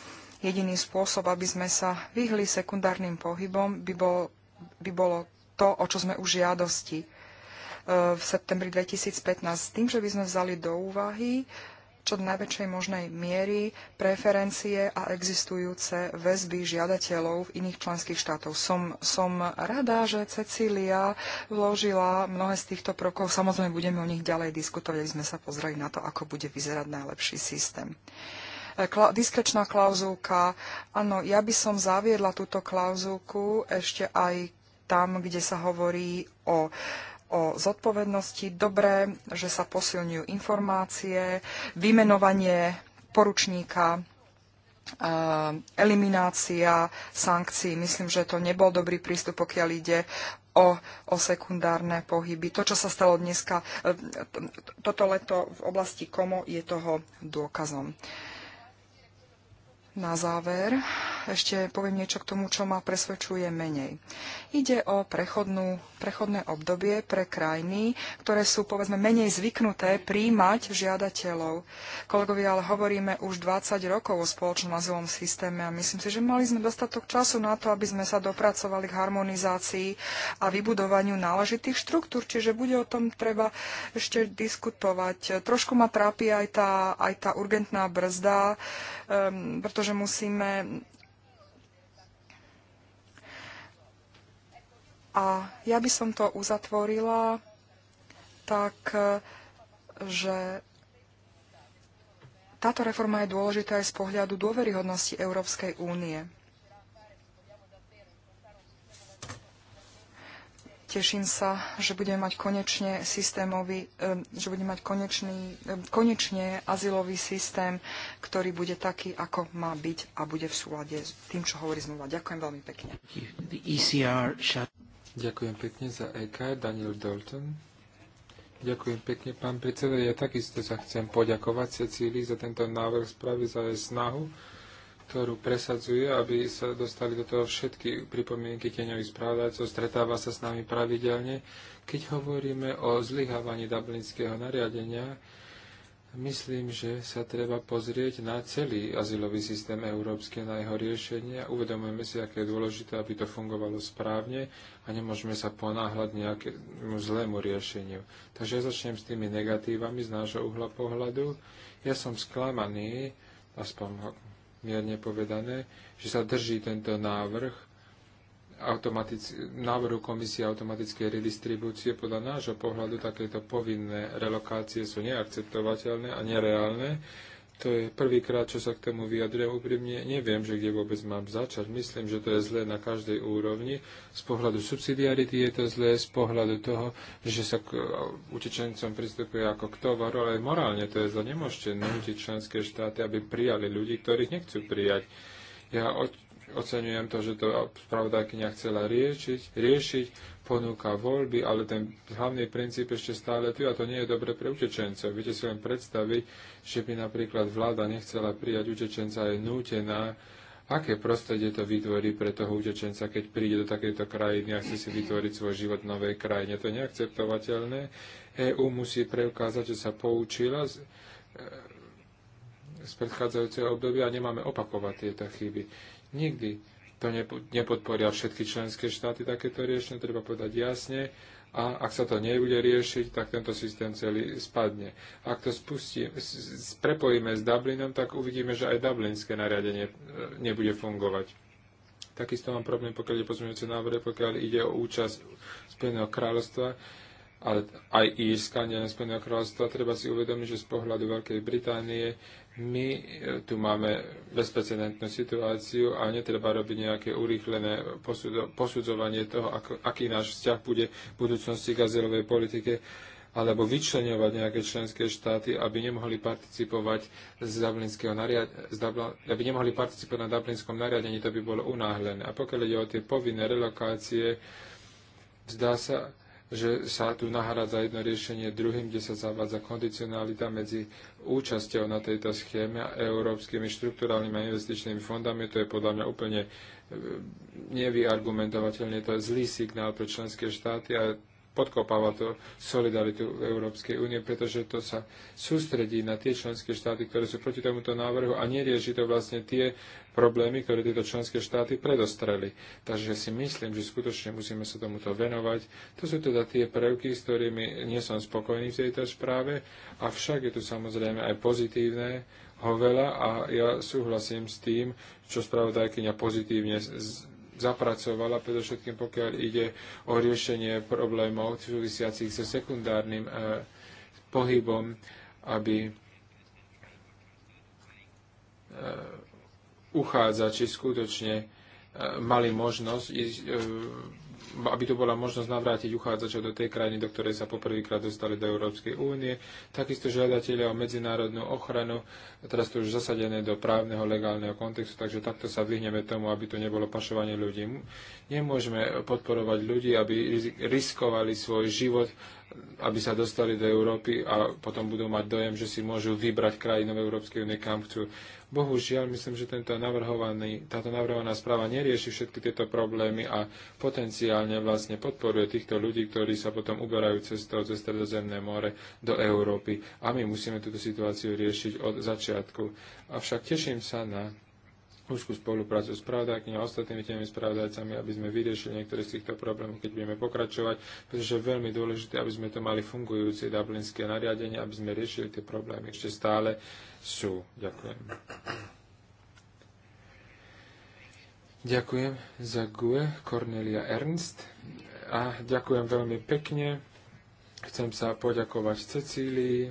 Jediný spôsob, aby sme sa vyhli sekundárnym pohybom, by, bol, by bolo to, o čo sme už žiadosti e, v septembri 2015 s tým, že by sme vzali do úvahy čo do najväčšej možnej miery preferencie a existujúce väzby žiadateľov v iných členských štátov. Som, som rada, že Cecília vložila mnohé z týchto prokov. Samozrejme, budeme o nich ďalej diskutovať, aby sme sa pozreli na to, ako bude vyzerať najlepší systém. E, kla- diskrečná klauzulka. Áno, ja by som zaviedla túto klauzulku ešte aj tam, kde sa hovorí o o zodpovednosti. Dobré, že sa posilňujú informácie, vymenovanie poručníka e, eliminácia sankcií. Myslím, že to nebol dobrý prístup, pokiaľ ide o, o sekundárne pohyby. To, čo sa stalo dneska, e, toto leto v oblasti Komo je toho dôkazom. Uh, na záver ešte poviem niečo k tomu, čo ma presvedčuje menej. Ide o prechodnú, prechodné obdobie pre krajiny, ktoré sú povedzme menej zvyknuté príjmať žiadateľov. Kolegovia, ale hovoríme už 20 rokov o spoločnom azylovom systéme a myslím si, že mali sme dostatok času na to, aby sme sa dopracovali k harmonizácii a vybudovaniu náležitých štruktúr, čiže bude o tom treba ešte diskutovať. Trošku ma trápi aj tá, aj tá urgentná brzda, um, pretože pretože musíme A ja by som to uzatvorila tak, že táto reforma je dôležitá aj z pohľadu dôveryhodnosti Európskej únie. Teším sa, že budeme mať konečne systémový, že budeme mať konečný, konečne azylový systém, ktorý bude taký, ako má byť a bude v súlade s tým, čo hovorí zmluva. Ďakujem veľmi pekne. E Ďakujem pekne za EK, Daniel Dalton. Ďakujem pekne, pán predseda. Ja takisto sa chcem poďakovať Cecílii za tento návrh správy, za jej snahu ktorú presadzuje, aby sa dostali do toho všetky pripomienky keňových správdajcov, stretáva sa s nami pravidelne. Keď hovoríme o zlyhávaní dublinského nariadenia, myslím, že sa treba pozrieť na celý azylový systém európsky, na jeho riešenie. Uvedomujeme si, aké je dôležité, aby to fungovalo správne a nemôžeme sa ponáhľať nejakému zlému riešeniu. Takže ja začnem s tými negatívami z nášho uhla pohľadu. Ja som sklamaný, aspoň mierne povedané, že sa drží tento návrh návrhu komisie automatickej redistribúcie podľa nášho pohľadu takéto povinné relokácie sú neakceptovateľné a nereálne to je prvýkrát, čo sa k tomu vyjadrujem. Úprimne neviem, že kde vôbec mám začať. Myslím, že to je zlé na každej úrovni. Z pohľadu subsidiarity je to zlé, z pohľadu toho, že sa k uh, utečencom pristupuje ako k tovaru, ale morálne to je zlé. Nemôžete nutiť členské štáty, aby prijali ľudí, ktorých nechcú prijať. Ja oceňujem to, že to spravodajkynia chcela riešiť, riešiť ponúka voľby, ale ten hlavný princíp ešte stále tu a to nie je dobre pre utečencov. Viete si len predstaviť, že by napríklad vláda nechcela prijať utečenca, je nútená. Aké prostredie to vytvorí pre toho utečenca, keď príde do takejto krajiny a chce si vytvoriť svoj život v novej krajine? To je neakceptovateľné. EÚ musí preukázať, že sa poučila z, e, z predchádzajúceho obdobia a nemáme opakovať tieto chyby. Nikdy to nepodporia všetky členské štáty takéto riešenie, treba povedať jasne. A ak sa to nebude riešiť, tak tento systém celý spadne. Ak to spustí, prepojíme s Dublinom, tak uvidíme, že aj dublinské nariadenie e, nebude fungovať. Takisto mám problém, pokiaľ je pozmeňujúce návrhy, pokiaľ ide o účasť Spojeného kráľovstva ale aj Írska, nielen Spojeného kráľovstva, treba si uvedomiť, že z pohľadu Veľkej Británie my e, tu máme bezprecedentnú situáciu a netreba robiť nejaké urýchlené posudzovanie toho, ako, aký náš vzťah bude v budúcnosti gazelovej politike alebo vyčlenovať nejaké členské štáty, aby nemohli participovať z Dublinského nariad- z Dubla- aby nemohli participovať na Dublinskom nariadení, to by bolo unáhlené. A pokiaľ ide o tie povinné relokácie, zdá sa, že sa tu nahrádza jedno riešenie druhým, kde sa zavádza kondicionalita medzi účasťou na tejto schéme a európskymi štruktúralnými a investičnými fondami. To je podľa mňa úplne e, nevyargumentovateľne. To je zlý signál pre členské štáty a podkopáva to solidaritu Európskej únie, pretože to sa sústredí na tie členské štáty, ktoré sú proti tomuto návrhu a nerieši to vlastne tie problémy, ktoré tieto členské štáty predostreli. Takže si myslím, že skutočne musíme sa tomuto venovať. To sú teda tie prvky, s ktorými nie som spokojný v tejto správe, avšak je tu samozrejme aj pozitívne ho veľa a ja súhlasím s tým, čo spravodajkyňa pozitívne zapracovala, predovšetkým pokiaľ ide o riešenie problémov súvisiacich so se sekundárnym e, pohybom, aby e, uchádzači skutočne e, mali možnosť, e, aby tu bola možnosť navrátiť uchádzača do tej krajiny, do ktorej sa poprvýkrát dostali do Európskej únie. Takisto žiadatelia o medzinárodnú ochranu, teraz to už zasadené do právneho, legálneho kontextu, takže takto sa vyhneme tomu, aby to nebolo pašovanie ľudí. Nemôžeme podporovať ľudí, aby riskovali svoj život aby sa dostali do Európy a potom budú mať dojem, že si môžu vybrať krajinu Európskej únie, kam chcú. Bohužiaľ, myslím, že tento navrhovaný, táto navrhovaná správa nerieši všetky tieto problémy a potenciálne vlastne podporuje týchto ľudí, ktorí sa potom uberajú cestou cez Stredozemné more do Európy. A my musíme túto situáciu riešiť od začiatku. Avšak teším sa na úzkú spoluprácu s pravdákmi a ostatnými tými spravodajcami, aby sme vyriešili niektoré z týchto problémov, keď budeme pokračovať, pretože je veľmi dôležité, aby sme to mali fungujúce dublinské nariadenie, aby sme riešili tie problémy. Ešte stále sú. Ďakujem. Ďakujem za GUE Cornelia Ernst a ďakujem veľmi pekne. Chcem sa poďakovať Cecílii.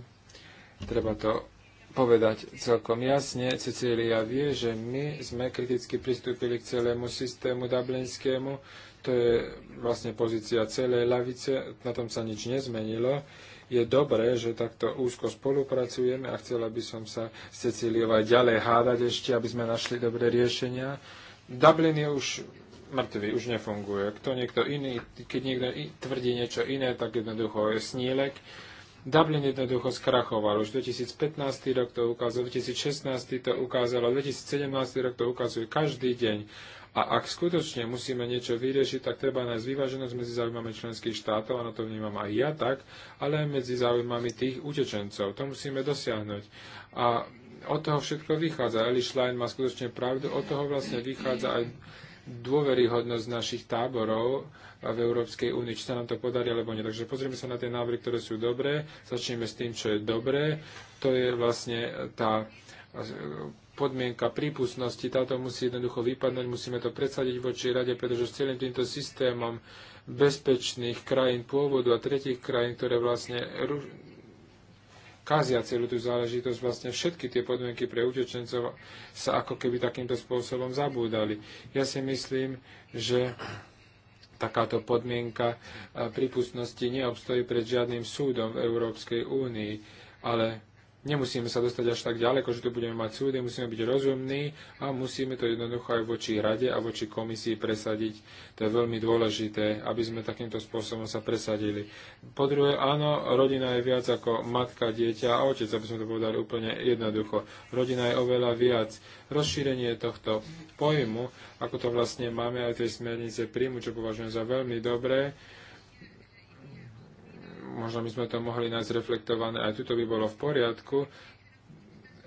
Treba to povedať celkom jasne. Cecília vie, že my sme kriticky pristúpili k celému systému dublinskému. To je vlastne pozícia celej lavice, na tom sa nič nezmenilo. Je dobré, že takto úzko spolupracujeme a chcela by som sa s Cecíliou aj ďalej hádať ešte, aby sme našli dobré riešenia. Dublin je už mŕtvy, už nefunguje. Kto niekto iný, keď niekto tvrdí niečo iné, tak jednoducho je snílek Dublin jednoducho skrachoval. Už 2015 rok to ukázalo, 2016 to ukázalo, 2017 rok to ukazuje každý deň. A ak skutočne musíme niečo vyriešiť, tak treba nájsť vyváženosť medzi záujmami členských štátov, a na to vnímam aj ja tak, ale aj medzi záujmami tých utečencov. To musíme dosiahnuť. A od toho všetko vychádza. Eli Schlein má skutočne pravdu, od toho vlastne vychádza aj dôveryhodnosť našich táborov, v Európskej únii, či sa nám to podarí alebo nie. Takže pozrieme sa na tie návrhy, ktoré sú dobré, začneme s tým, čo je dobré. To je vlastne tá podmienka prípustnosti, táto musí jednoducho vypadnúť, musíme to predsadiť voči rade, pretože s celým týmto systémom bezpečných krajín pôvodu a tretich krajín, ktoré vlastne kazia celú tú záležitosť, vlastne všetky tie podmienky pre utečencov sa ako keby takýmto spôsobom zabúdali. Ja si myslím, že takáto podmienka prípustnosti neobstojí pred žiadnym súdom v Európskej únii, ale nemusíme sa dostať až tak ďaleko, že tu budeme mať súdy, musíme byť rozumní a musíme to jednoducho aj voči rade a voči komisii presadiť. To je veľmi dôležité, aby sme takýmto spôsobom sa presadili. Po druhé, áno, rodina je viac ako matka, dieťa a otec, aby sme to povedali úplne jednoducho. Rodina je oveľa viac. Rozšírenie tohto pojmu, ako to vlastne máme aj v tej smernice príjmu, čo považujem za veľmi dobré, možno by sme to mohli nájsť reflektované, aj tuto by bolo v poriadku.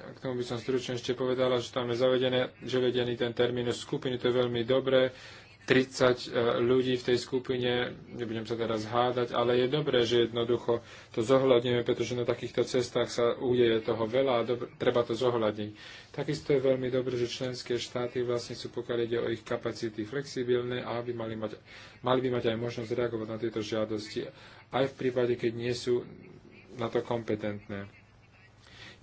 K tomu by som stručne ešte povedala, že tam je zavedené, že vedený ten termín skupiny, to je veľmi dobré. 30 e, ľudí v tej skupine, nebudem sa teraz hádať, ale je dobré, že jednoducho to zohľadňujeme, pretože na takýchto cestách sa udeje toho veľa a dobr- treba to zohľadniť. Takisto je veľmi dobré, že členské štáty vlastne sú, pokiaľ ide o ich kapacity, flexibilné a aby mali, mať, mali by mať aj možnosť reagovať na tieto žiadosti aj v prípade, keď nie sú na to kompetentné.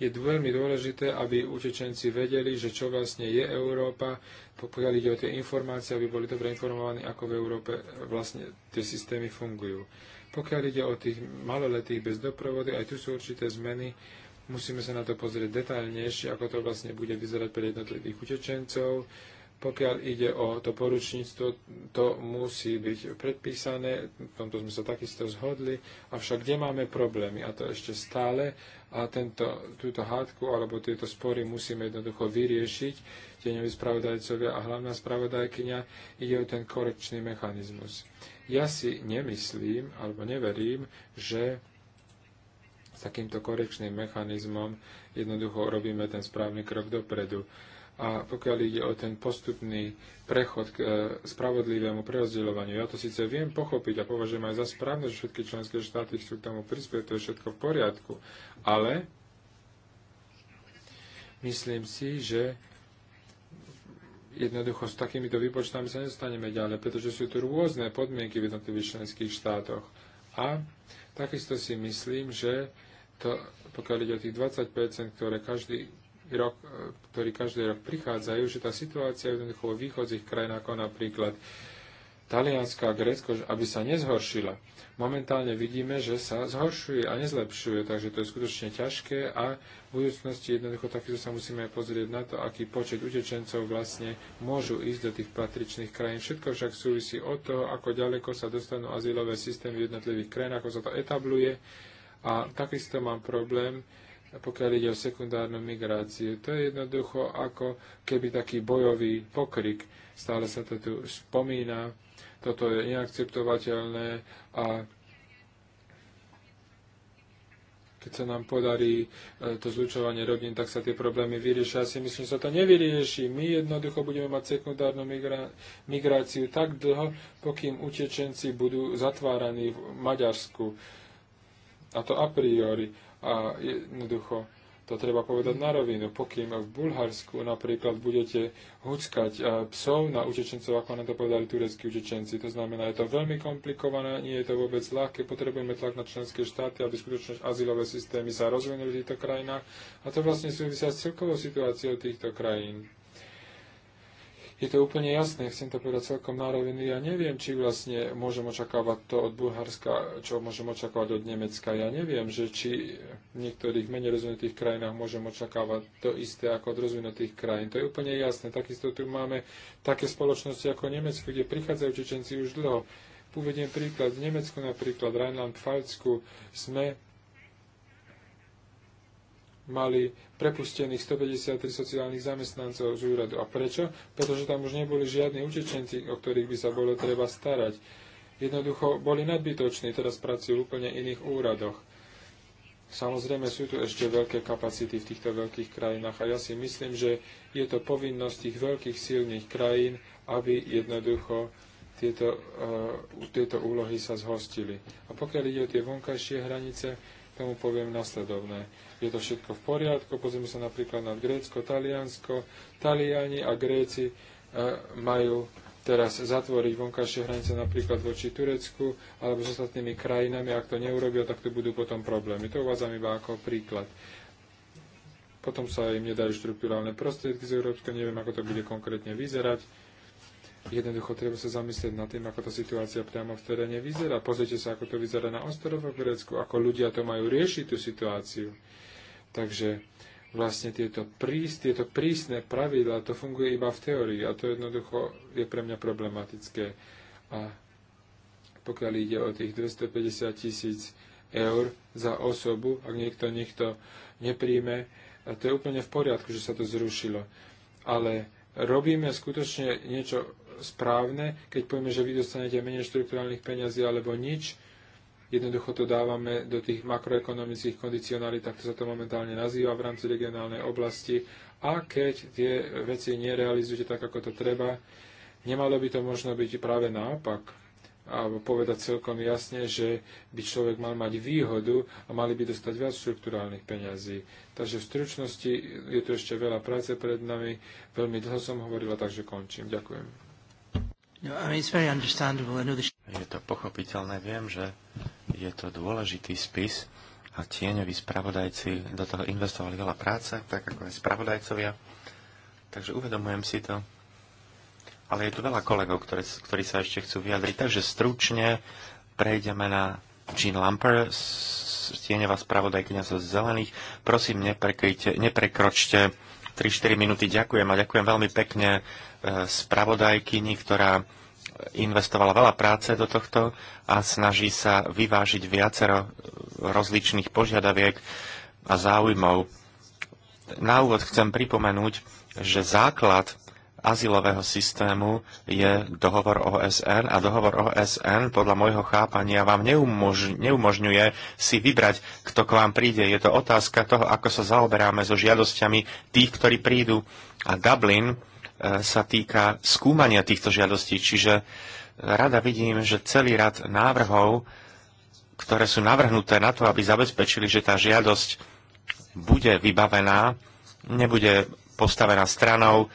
Je veľmi dôležité, aby utečenci vedeli, že čo vlastne je Európa, pokiaľ ide o tie informácie, aby boli dobre informovaní, ako v Európe vlastne tie systémy fungujú. Pokiaľ ide o tých maloletých bez doprovody, aj tu sú určité zmeny, musíme sa na to pozrieť detaľnejšie, ako to vlastne bude vyzerať pre jednotlivých utečencov, pokiaľ ide o to poručníctvo, to musí byť predpísané, v tomto sme sa takisto zhodli, avšak kde máme problémy, a to ešte stále, a tento, túto hádku alebo tieto spory musíme jednoducho vyriešiť, tieňoví spravodajcovia a hlavná spravodajkyňa, ide o ten korekčný mechanizmus. Ja si nemyslím, alebo neverím, že s takýmto korekčným mechanizmom jednoducho robíme ten správny krok dopredu. A pokiaľ ide o ten postupný prechod k e, spravodlivému prerozdeľovaniu, ja to síce viem pochopiť a považujem aj za správne, že všetky členské štáty chcú k tomu prispieť, to je všetko v poriadku, ale myslím si, že jednoducho s takýmito výpočtami sa nestaneme ďalej, pretože sú tu rôzne podmienky v jednotlivých členských štátoch. A takisto si myslím, že to, pokiaľ ide o tých 20%, ktoré každý rok, e, ktorí každý rok prichádzajú, že tá situácia jednoducho vo východných krajinách, ako napríklad Taliansko a Grécko, aby sa nezhoršila. Momentálne vidíme, že sa zhoršuje a nezlepšuje, takže to je skutočne ťažké a v budúcnosti jednoducho takisto sa musíme pozrieť na to, aký počet utečencov vlastne môžu ísť do tých patričných krajín. Všetko však súvisí od toho, ako ďaleko sa dostanú azylové systémy v jednotlivých krajinách, ako sa to etabluje. A takisto mám problém, pokiaľ ide o sekundárnu migráciu. To je jednoducho ako keby taký bojový pokrik. Stále sa to tu spomína. Toto je neakceptovateľné a keď sa nám podarí e, to zlučovanie rodín, tak sa tie problémy vyriešia. Ja si myslím, že sa to nevyrieši. My jednoducho budeme mať sekundárnu migra- migráciu tak dlho, pokým utečenci budú zatváraní v Maďarsku. A to a priori. A jednoducho to treba povedať na rovinu. Pokým v Bulharsku napríklad budete huckať e, psov na utečencov, ako nám to povedali tureckí utečenci. To znamená, je to veľmi komplikované, nie je to vôbec ľahké. Potrebujeme tlak na členské štáty, aby skutočne azylové systémy sa rozvinuli v týchto krajinách. A to vlastne súvisia s celkovou situáciou týchto krajín. Je to úplne jasné, chcem to povedať celkom na rovinu. Ja neviem, či vlastne môžem očakávať to od Bulharska, čo môžem očakávať od Nemecka. Ja neviem, že či v niektorých menej rozvinutých krajinách môžem očakávať to isté ako od rozvinutých krajín. To je úplne jasné. Takisto tu máme také spoločnosti ako Nemecku, kde prichádzajú Čečenci už dlho. Uvediem príklad. V Nemecku napríklad, Rheinland-Pfalzku sme mali prepustených 153 sociálnych zamestnancov z úradu. A prečo? Pretože tam už neboli žiadni utečenci, o ktorých by sa bolo treba starať. Jednoducho boli nadbytoční, teraz pracujú v úplne iných úradoch. Samozrejme sú tu ešte veľké kapacity v týchto veľkých krajinách a ja si myslím, že je to povinnosť tých veľkých silných krajín, aby jednoducho tieto, uh, tieto úlohy sa zhostili. A pokiaľ ide o tie vonkajšie hranice, tomu poviem nasledovné. Je to všetko v poriadku, pozrieme sa napríklad na Grécko, Taliansko. Taliani a Gréci e, majú teraz zatvoriť vonkajšie hranice napríklad voči Turecku alebo s ostatnými krajinami. Ak to neurobia, tak to budú potom problémy. To uvádzam iba ako príklad. Potom sa im nedajú štruktúrálne prostriedky z Európska, neviem, ako to bude konkrétne vyzerať Jednoducho treba sa zamyslieť nad tým, ako tá situácia priamo v teréne vyzerá. Pozrite sa, ako to vyzerá na ostrove v Grécku, ako ľudia to majú riešiť, tú situáciu. Takže vlastne tieto, prís, tieto prísne pravidla, to funguje iba v teórii a to jednoducho je pre mňa problematické. A pokiaľ ide o tých 250 tisíc eur za osobu, ak niekto, niekto nepríjme, to je úplne v poriadku, že sa to zrušilo. Ale robíme skutočne niečo správne, keď povieme, že vy dostanete menej štruktúrálnych peňazí alebo nič, jednoducho to dávame do tých makroekonomických kondicionálí, tak to sa to momentálne nazýva v rámci regionálnej oblasti. A keď tie veci nerealizujete tak, ako to treba, nemalo by to možno byť práve naopak. Alebo povedať celkom jasne, že by človek mal mať výhodu a mali by dostať viac štruktúrálnych peňazí. Takže v stručnosti je tu ešte veľa práce pred nami. Veľmi dlho som hovorila, takže končím. Ďakujem. No, je to pochopiteľné, viem, že je to dôležitý spis a tieňoví spravodajci do toho investovali veľa práce, tak ako aj spravodajcovia. Takže uvedomujem si to. Ale je tu veľa kolegov, ktoré, ktorí sa ešte chcú vyjadriť. Takže stručne prejdeme na Jean Lamper, tieňová spravodajkňa zo Zelených. Prosím, neprekročte 3-4 minúty. Ďakujem a ďakujem veľmi pekne spravodajkyni, ktorá investovala veľa práce do tohto a snaží sa vyvážiť viacero rozličných požiadaviek a záujmov. Na úvod chcem pripomenúť, že základ azylového systému je dohovor OSN a dohovor OSN podľa môjho chápania vám neumož- neumožňuje si vybrať, kto k vám príde. Je to otázka toho, ako sa zaoberáme so žiadosťami tých, ktorí prídu. A Dublin sa týka skúmania týchto žiadostí, čiže e, rada vidím, že celý rad návrhov, ktoré sú navrhnuté na to, aby zabezpečili, že tá žiadosť bude vybavená, nebude postavená stranou,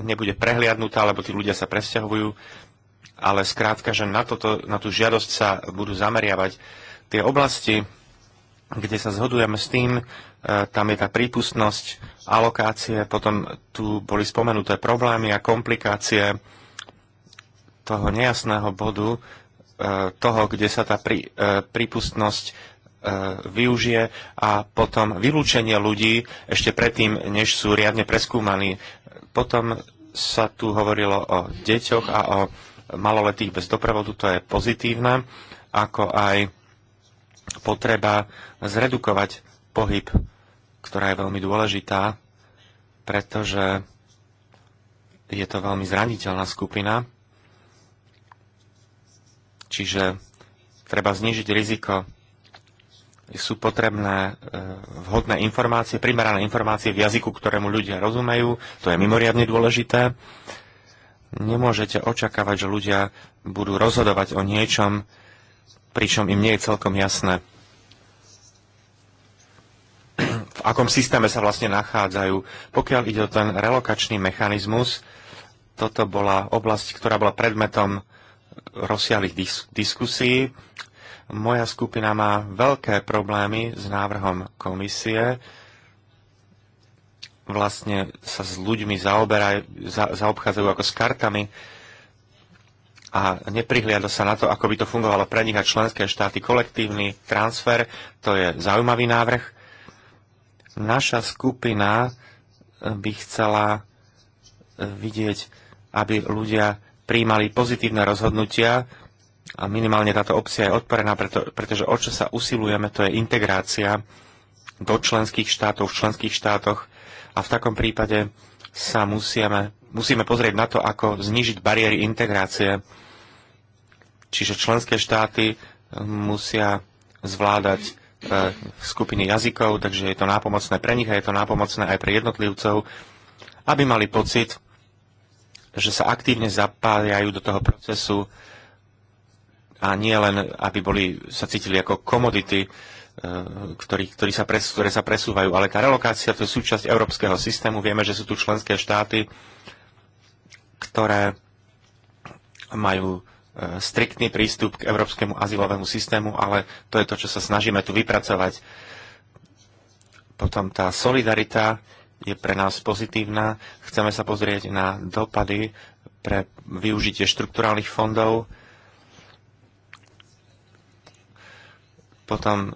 nebude prehliadnutá, lebo tí ľudia sa presťahujú, ale skrátka, že na, toto, na tú žiadosť sa budú zameriavať. Tie oblasti, kde sa zhodujeme s tým, e, tam je tá prípustnosť, alokácie, potom tu boli spomenuté problémy a komplikácie toho nejasného bodu, e, toho, kde sa tá pri, e, prípustnosť e, využije a potom vylúčenie ľudí ešte predtým, než sú riadne preskúmaní. Potom sa tu hovorilo o deťoch a o maloletých bez doprovodu, to je pozitívne, ako aj potreba zredukovať pohyb ktorá je veľmi dôležitá, pretože je to veľmi zraniteľná skupina, čiže treba znižiť riziko. Sú potrebné e, vhodné informácie, primerané informácie v jazyku, ktorému ľudia rozumejú, to je mimoriadne dôležité. Nemôžete očakávať, že ľudia budú rozhodovať o niečom, pričom im nie je celkom jasné, v akom systéme sa vlastne nachádzajú. Pokiaľ ide o ten relokačný mechanizmus, toto bola oblasť, ktorá bola predmetom rozsiahlých dis- diskusí. Moja skupina má veľké problémy s návrhom komisie. Vlastne sa s ľuďmi za, zaobchádzajú ako s kartami a neprihliada sa na to, ako by to fungovalo pre nich a členské štáty. Kolektívny transfer, to je zaujímavý návrh Naša skupina by chcela e, vidieť, aby ľudia príjmali pozitívne rozhodnutia a minimálne táto opcia je odporená, preto, pretože o čo sa usilujeme, to je integrácia do členských štátov, v členských štátoch a v takom prípade sa musíme, musíme pozrieť na to, ako znižiť bariéry integrácie. Čiže členské štáty musia zvládať E, skupiny jazykov, takže je to nápomocné pre nich a je to nápomocné aj pre jednotlivcov, aby mali pocit, že sa aktívne zapájajú do toho procesu a nie len, aby boli, sa cítili ako komodity, e, ktorý, ktorý sa pres, ktoré sa presúvajú. Ale tá relokácia to je súčasť európskeho systému. Vieme, že sú tu členské štáty, ktoré majú E, striktný prístup k európskemu azylovému systému, ale to je to, čo sa snažíme tu vypracovať. Potom tá solidarita je pre nás pozitívna. Chceme sa pozrieť na dopady pre využitie štrukturálnych fondov. Potom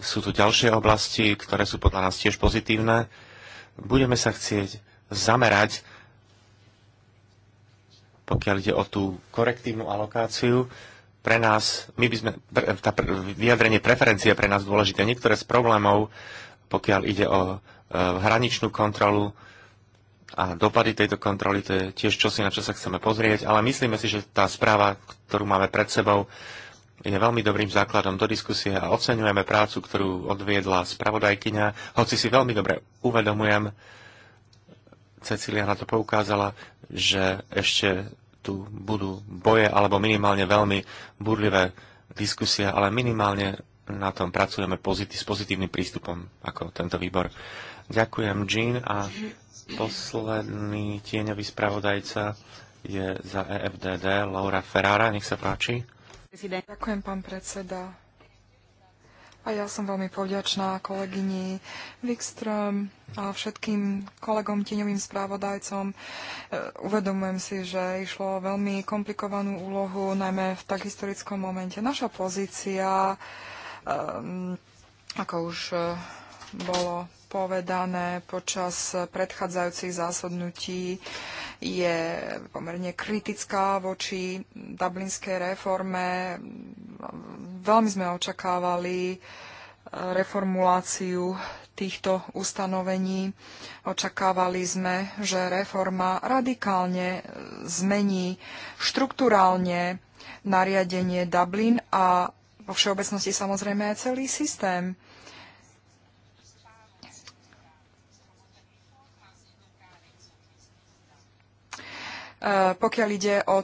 sú tu ďalšie oblasti, ktoré sú podľa nás tiež pozitívne. Budeme sa chcieť zamerať pokiaľ ide o tú korektívnu alokáciu, pre nás, my by sme, pre, tá vyjadrenie preferencie je pre nás dôležité. Niektoré z problémov, pokiaľ ide o e, hraničnú kontrolu a dopady tejto kontroly, to je tiež čosi, na čo sa chceme pozrieť, ale myslíme si, že tá správa, ktorú máme pred sebou, je veľmi dobrým základom do diskusie a oceňujeme prácu, ktorú odviedla spravodajkyňa, hoci si veľmi dobre uvedomujem, Cecília na to poukázala, že ešte tu budú boje alebo minimálne veľmi burlivé diskusie, ale minimálne na tom pracujeme pozití, s pozitívnym prístupom ako tento výbor. Ďakujem, Jean. A posledný tieňový spravodajca je za EFDD, Laura Ferrara. Nech sa páči. Ďakujem, pán predseda. A ja som veľmi povďačná kolegyni Wikström a všetkým kolegom tieňovým správodajcom. E, uvedomujem si, že išlo o veľmi komplikovanú úlohu, najmä v tak historickom momente. Naša pozícia, ehm, ako už e, bolo povedané počas predchádzajúcich zásadnutí, je pomerne kritická voči dublinskej reforme. Veľmi sme očakávali eh, reformuláciu týchto ustanovení. Očakávali sme, že reforma radikálne eh, zmení štruktúrálne nariadenie Dublin a vo všeobecnosti samozrejme aj celý systém. pokiaľ ide o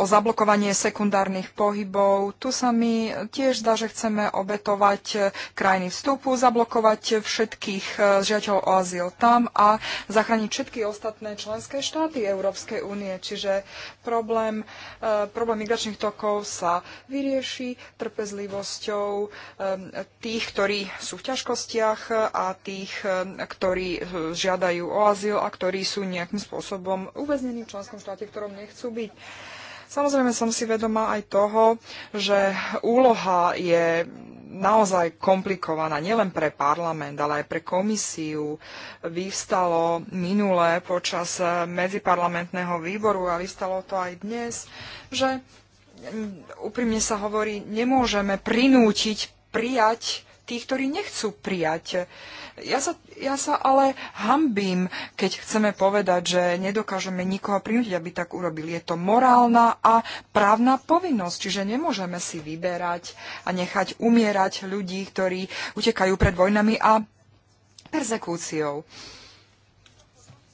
o zablokovanie sekundárnych pohybov. Tu sa mi tiež zdá, že chceme obetovať e, krajiny vstupu, zablokovať všetkých e, žiateľov o azyl tam a zachrániť všetky ostatné členské štáty Európskej únie. Čiže problém, e, problém migračných tokov sa vyrieši trpezlivosťou tých, ktorí sú v ťažkostiach a tých, ktorí žiadajú o azyl a ktorí sú nejakým spôsobom uväznení v členskom štáte, ktorom nechcú byť. Samozrejme som si vedoma aj toho, že úloha je naozaj komplikovaná, nielen pre parlament, ale aj pre komisiu. Vyvstalo minule počas medziparlamentného výboru a vyvstalo to aj dnes, že mm, úprimne sa hovorí, nemôžeme prinútiť prijať tých, ktorí nechcú prijať. Ja sa, ja sa ale hambím, keď chceme povedať, že nedokážeme nikoho prinútiť, aby tak urobil. Je to morálna a právna povinnosť, čiže nemôžeme si vyberať a nechať umierať ľudí, ktorí utekajú pred vojnami a persekúciou.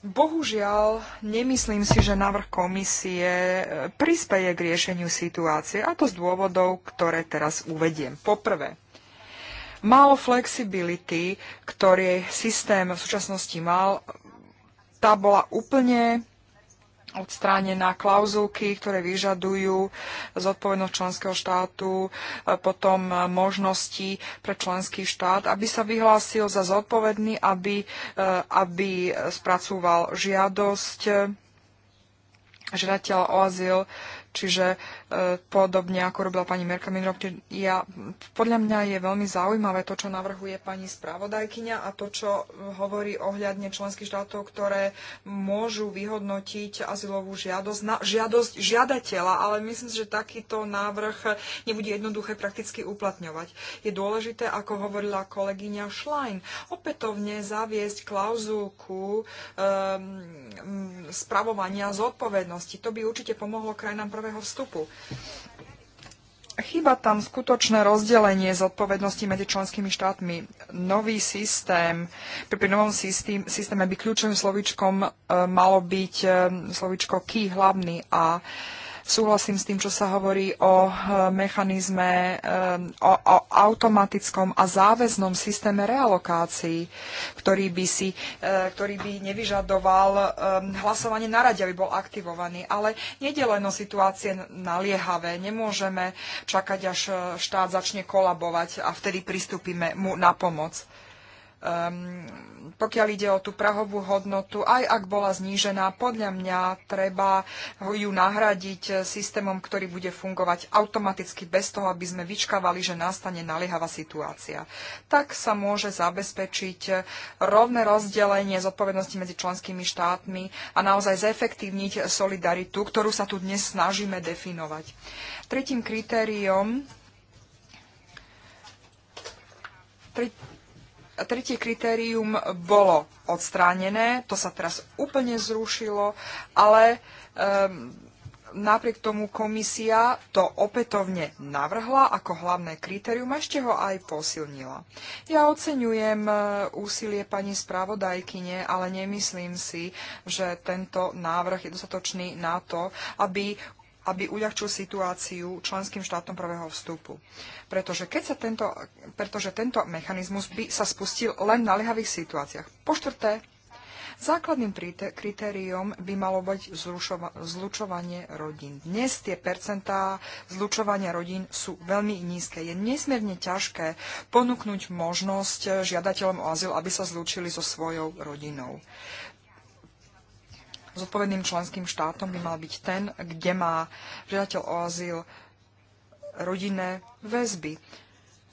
Bohužiaľ, nemyslím si, že návrh komisie eh, prispeje k riešeniu situácie, a to z dôvodov, ktoré teraz uvediem. Poprvé, málo flexibility, ktorý systém v súčasnosti mal, tá bola úplne odstránená klauzulky, ktoré vyžadujú zodpovednosť členského štátu, e, potom e, možnosti pre členský štát, aby sa vyhlásil za zodpovedný, aby, e, aby spracúval žiadosť žiadateľa o azyl, čiže podobne ako robila pani Merka Minrov. Ja, podľa mňa je veľmi zaujímavé to, čo navrhuje pani spravodajkyňa a to, čo hovorí ohľadne členských štátov, ktoré môžu vyhodnotiť azylovú žiadosť, na, žiadosť žiadateľa, ale myslím že takýto návrh nebude jednoduché prakticky uplatňovať. Je dôležité, ako hovorila kolegyňa Schlein, opätovne zaviesť klauzulku um, spravovania zodpovednosti. To by určite pomohlo krajinám prvého vstupu. Chýba tam skutočné rozdelenie zodpovednosti medzi členskými štátmi. Nový systém, pri pri novom systém, systéme by kľúčovým slovičkom e, malo byť e, slovičko key hlavný a e, Súhlasím s tým, čo sa hovorí o eh, mechanizme, eh, o, o automatickom a záväznom systéme realokácií, ktorý by, si, eh, ktorý by nevyžadoval hlasovanie na rade, aby bol aktivovaný. Ale nedeleno situácie naliehavé. Nemôžeme čakať, až štát začne kolabovať a vtedy pristúpime mu na pomoc um, pokiaľ ide o tú prahovú hodnotu, aj ak bola znížená, podľa mňa treba ju nahradiť eh, systémom, ktorý bude fungovať automaticky bez toho, aby sme vyčkávali, že nastane naliehavá situácia. Tak sa môže zabezpečiť eh, rovné rozdelenie zodpovednosti medzi členskými štátmi a naozaj zefektívniť solidaritu, ktorú sa tu dnes snažíme definovať. Tretím kritériom Tri tretie kritérium bolo odstránené, to sa teraz úplne zrušilo, ale um, napriek tomu komisia to opätovne navrhla ako hlavné kritérium a ešte ho aj posilnila. Ja oceňujem e, úsilie pani správodajkyne, ale nemyslím si, že tento návrh je dostatočný na to, aby aby uľahčil situáciu členským štátom prvého vstupu. Pretože, keď sa tento, pretože tento mechanizmus by sa spustil len na naliehavých situáciách. Po štvrté, základným kritériom by malo byť zlučovanie rodín. Dnes tie percentá zlučovania rodín sú veľmi nízke. Je nesmierne ťažké ponúknuť možnosť žiadateľom o azyl, aby sa zlúčili so svojou rodinou zodpovedným členským štátom by mal byť ten, kde má žiadateľ o azyl rodinné väzby.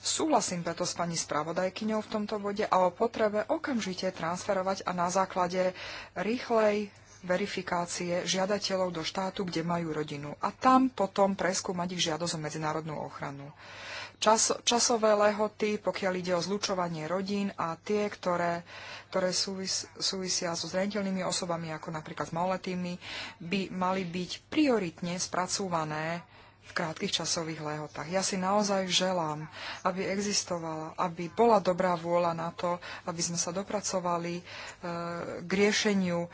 Súhlasím preto s pani spravodajkyňou v tomto bode a o potrebe okamžite transferovať a na základe rýchlej verifikácie žiadateľov do štátu, kde majú rodinu a tam potom preskúmať ich žiadosť o medzinárodnú ochranu čas, časové lehoty, pokiaľ ide o zlučovanie rodín a tie, ktoré, ktoré súvis, súvisia so zraniteľnými osobami, ako napríklad s maloletými, by mali byť prioritne spracúvané v krátkých časových lehotách. Ja si naozaj želám, aby existovala, aby bola dobrá vôľa na to, aby sme sa dopracovali e, k riešeniu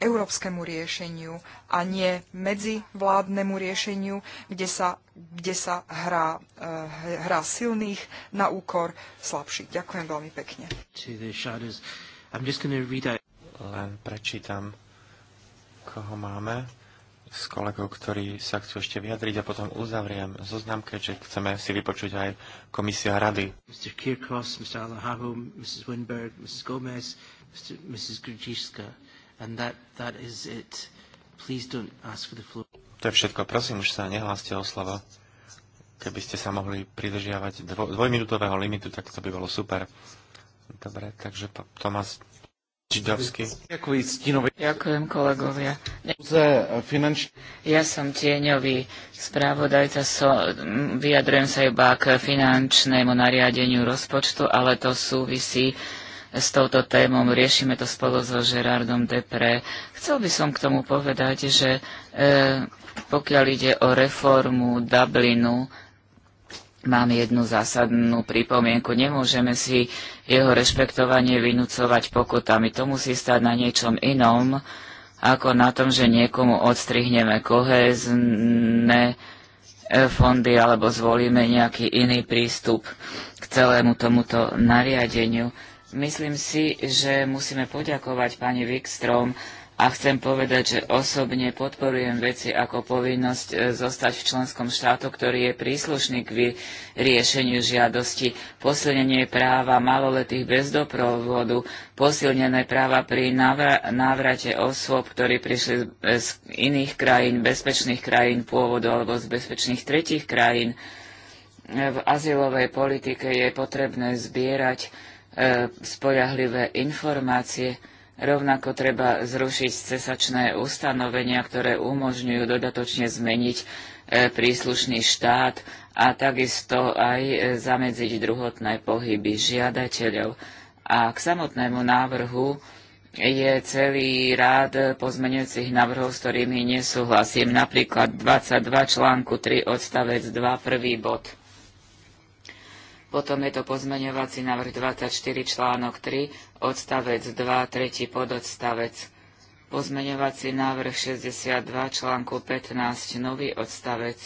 európskemu riešeniu a nie medzivládnemu riešeniu, kde sa, kde sa hrá, eh, hrá silných na úkor slabších. Ďakujem veľmi pekne. Len prečítam, koho máme s kolegou, ktorý sa chcú ešte vyjadriť a potom uzavriem zoznamke, že chceme si vypočuť aj komisia rady. Mr. Kirkos, Mr. Alahavu, Mrs. Winberg, Mrs. Gomez, Mr. Mrs. Grudziska. And that, that is it. Please don't ask for the floor. To je všetko. Prosím, už sa nehláste o slovo. Keby ste sa mohli pridržiavať dvo- dvojminútového limitu, tak to by bolo super. Dobre, takže Tomás Čidovský. Ďakujem kolegovia. Eh, ja som tieňový správodajca, so, vyjadrujem sa iba k finančnému nariadeniu rozpočtu, ale to súvisí s touto témou, riešime to spolu so Gerardom Depre. Chcel by som k tomu povedať, že e, pokiaľ ide o reformu Dublinu, mám jednu zásadnú pripomienku. Nemôžeme si jeho rešpektovanie vynúcovať pokutami. To musí stať na niečom inom, ako na tom, že niekomu odstrihneme kohézne fondy alebo zvolíme nejaký iný prístup k celému tomuto nariadeniu. Myslím si, že musíme poďakovať pani Wikstrom a chcem povedať, že osobne podporujem veci ako povinnosť e, zostať v členskom štátu, ktorý je príslušný k riešeniu žiadosti, posilnenie práva maloletých bez doprovodu, posilnené práva pri návrate osôb, ktorí prišli z iných krajín, bezpečných krajín pôvodu alebo z bezpečných tretích krajín e, v azylovej politike je potrebné zbierať E, spoľahlivé informácie. Rovnako treba zrušiť cesačné ustanovenia, ktoré umožňujú dodatočne zmeniť e, príslušný štát a takisto aj e, zamedziť druhotné pohyby žiadateľov. A k samotnému návrhu je celý rád pozmenujúcich návrhov, s ktorými nesúhlasím. Napríklad 22 článku 3 odstavec 2 prvý bod. Potom je to pozmeňovací návrh 24 článok 3, odstavec 2, tretí pododstavec. Pozmeňovací návrh 62 článku 15, nový odstavec.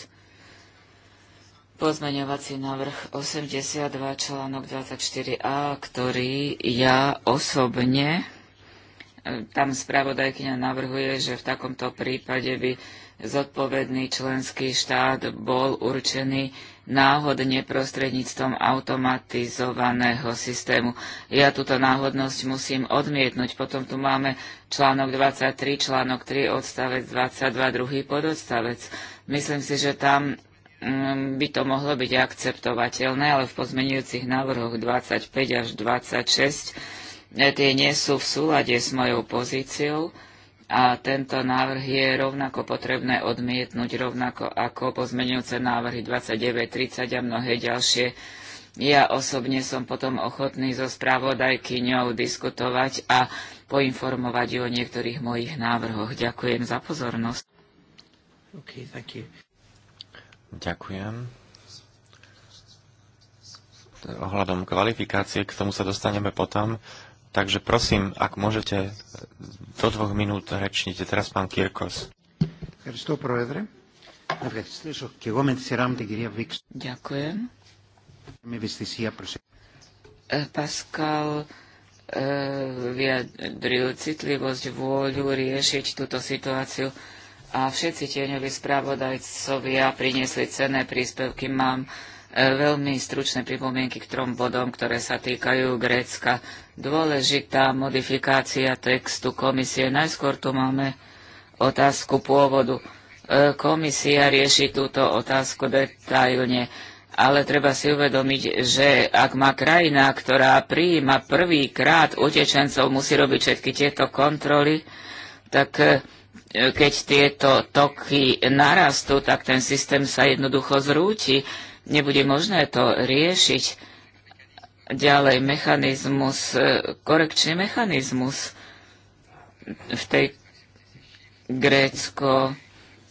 Pozmeňovací návrh 82 článok 24a, ktorý ja osobne, e, tam spravodajkyňa navrhuje, že v takomto prípade by zodpovedný členský štát bol určený náhodne prostredníctvom automatizovaného systému. Ja túto náhodnosť musím odmietnúť. Potom tu máme článok 23, článok 3, odstavec 22, druhý pododstavec. Myslím si, že tam mm, by to mohlo byť akceptovateľné, ale v pozmenujúcich návrhoch 25 až 26 e, tie nie sú v súlade s mojou pozíciou a tento návrh je rovnako potrebné odmietnúť, rovnako ako pozmenujúce návrhy 29, 30 a mnohé ďalšie. Ja osobne som potom ochotný so spravodajkyňou diskutovať a poinformovať ju o niektorých mojich návrhoch. Ďakujem za pozornosť. Okay, thank you. Ďakujem. Ohľadom kvalifikácie, k tomu sa dostaneme potom. Takže prosím, ak môžete, do dvoch minút rečnite. Teraz pán Kirkos. Ďakujem. Pascal vyjadril citlivosť, vôľu riešiť túto situáciu a všetci tieňoví spravodajcovia priniesli cenné príspevky. Mám E, veľmi stručné pripomienky k trom bodom, ktoré sa týkajú Grécka. Dôležitá modifikácia textu komisie. Najskôr tu máme otázku pôvodu. E, komisia rieši túto otázku detailne, ale treba si uvedomiť, že ak má krajina, ktorá prijíma prvýkrát utečencov, musí robiť všetky tieto kontroly, tak e, keď tieto toky narastú, tak ten systém sa jednoducho zrúti nebude možné to riešiť. Ďalej mechanizmus, e, korekčný mechanizmus v tej Grécko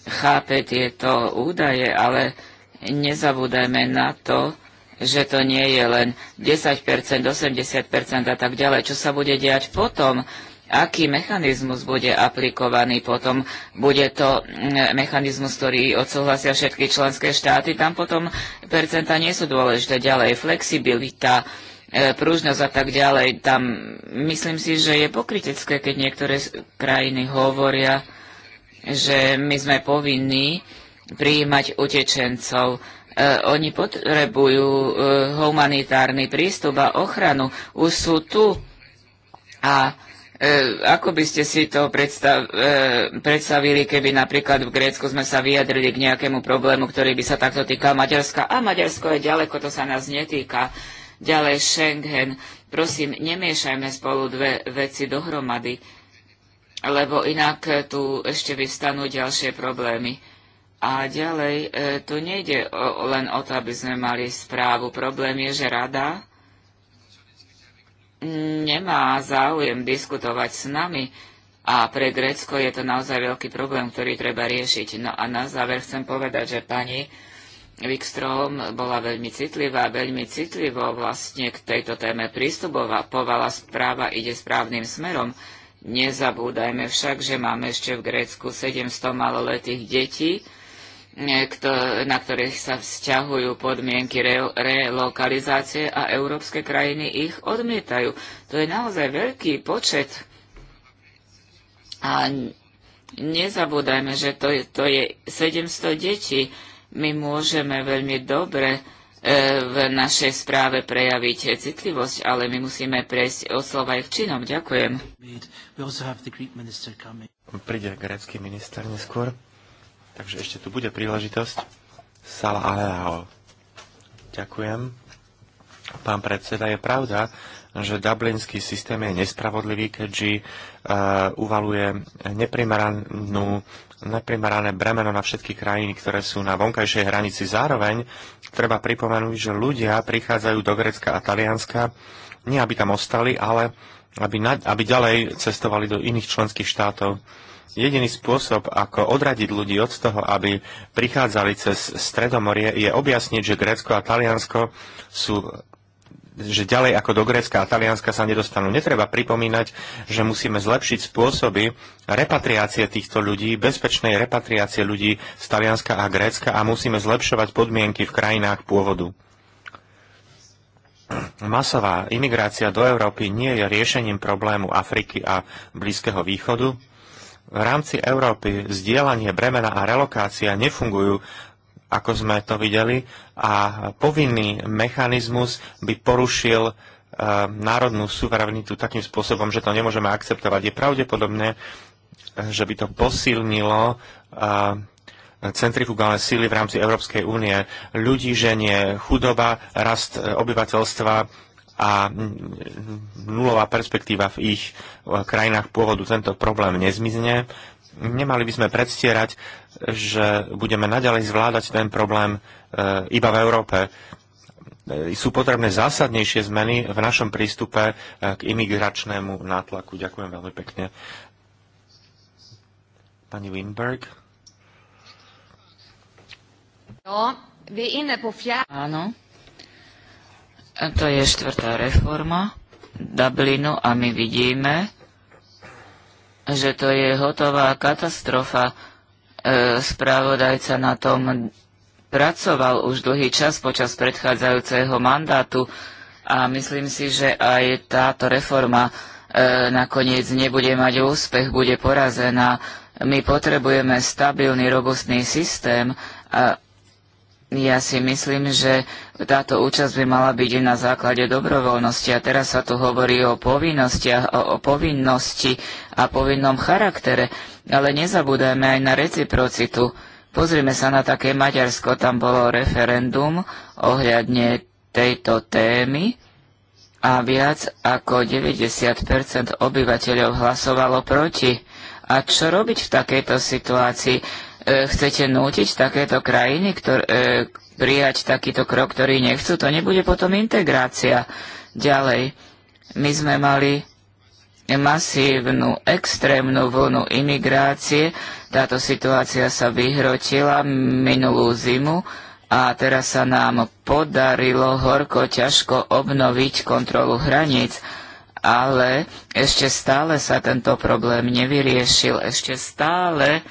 chápe tieto údaje, ale nezabúdajme na to, že to nie je len 10%, 80% a tak ďalej. Čo sa bude diať potom? aký mechanizmus bude aplikovaný potom. Bude to mm, mechanizmus, ktorý odsúhlasia všetky členské štáty, tam potom percenta nie sú dôležité. Ďalej flexibilita, e, prúžnosť a tak ďalej. Tam myslím si, že je pokritecké, keď niektoré krajiny hovoria, že my sme povinní prijímať utečencov. E, oni potrebujú e, humanitárny prístup a ochranu. Už sú tu a E, ako by ste si to predstav, e, predstavili, keby napríklad v Grécku sme sa vyjadrili k nejakému problému, ktorý by sa takto týkal Maďarska? A Maďarsko je ďaleko, to sa nás netýka. Ďalej Schengen. Prosím, nemiešajme spolu dve veci dohromady, lebo inak tu ešte vyvstanú ďalšie problémy. A ďalej, e, tu nejde o, len o to, aby sme mali správu. Problém je, že rada nemá záujem diskutovať s nami a pre Grécko je to naozaj veľký problém, ktorý treba riešiť. No a na záver chcem povedať, že pani Wikström bola veľmi citlivá, veľmi citlivo vlastne k tejto téme pristupovala. Správa ide správnym smerom. Nezabúdajme však, že máme ešte v Grécku 700 maloletých detí, na ktorých sa vzťahujú podmienky relokalizácie a európske krajiny ich odmietajú. To je naozaj veľký počet. A nezabúdajme, že to je, to je 700 detí. My môžeme veľmi dobre e, v našej správe prejaviť citlivosť, ale my musíme prejsť od slova aj v činom. Ďakujem. Príde grécky minister neskôr. Takže ešte tu bude príležitosť. Sala Aleao. Ďakujem. Pán predseda, je pravda, že dublinský systém je nespravodlivý, keďže uh, uvaluje neprimeranú neprimerané bremeno na všetky krajiny, ktoré sú na vonkajšej hranici. Zároveň treba pripomenúť, že ľudia prichádzajú do Grécka a Talianska, nie aby tam ostali, ale aby, na, aby ďalej cestovali do iných členských štátov. Jediný spôsob, ako odradiť ľudí od toho, aby prichádzali cez Stredomorie, je objasniť, že Grécko a Taliansko sú že ďalej ako do Grécka a Talianska sa nedostanú. Netreba pripomínať, že musíme zlepšiť spôsoby repatriácie týchto ľudí, bezpečnej repatriácie ľudí z Talianska a Grécka a musíme zlepšovať podmienky v krajinách pôvodu. Masová imigrácia do Európy nie je riešením problému Afriky a Blízkeho východu v rámci Európy zdieľanie bremena a relokácia nefungujú, ako sme to videli, a povinný mechanizmus by porušil e, národnú suverenitu takým spôsobom, že to nemôžeme akceptovať. Je pravdepodobné, že by to posilnilo e, centrifugálne síly v rámci Európskej únie. Ľudí ženie chudoba, rast e, obyvateľstva, a nulová perspektíva v ich eh, krajinách pôvodu tento problém nezmizne. Nemali by sme predstierať, že budeme naďalej zvládať ten problém eh, iba v Európe. Eh, sú potrebné zásadnejšie zmeny v našom prístupe k imigračnému nátlaku. Ďakujem veľmi pekne. Pani Winberg. No, Áno, to je štvrtá reforma Dublinu a my vidíme, že to je hotová katastrofa. E, správodajca na tom pracoval už dlhý čas počas predchádzajúceho mandátu a myslím si, že aj táto reforma e, nakoniec nebude mať úspech, bude porazená. My potrebujeme stabilný, robustný systém a ja si myslím, že táto účasť by mala byť na základe dobrovoľnosti a teraz sa tu hovorí o povinnostiach, o, o povinnosti a povinnom charaktere, ale nezabúdajme aj na reciprocitu. Pozrime sa na také Maďarsko, tam bolo referendum ohľadne tejto témy a viac ako 90% obyvateľov hlasovalo proti. A čo robiť v takejto situácii? E, chcete nútiť takéto krajiny, ktor, e, prijať takýto krok, ktorý nechcú, to nebude potom integrácia. Ďalej, my sme mali masívnu, extrémnu vlnu imigrácie. Táto situácia sa vyhrotila minulú zimu a teraz sa nám podarilo horko ťažko obnoviť kontrolu hraníc. Ale ešte stále sa tento problém nevyriešil. Ešte stále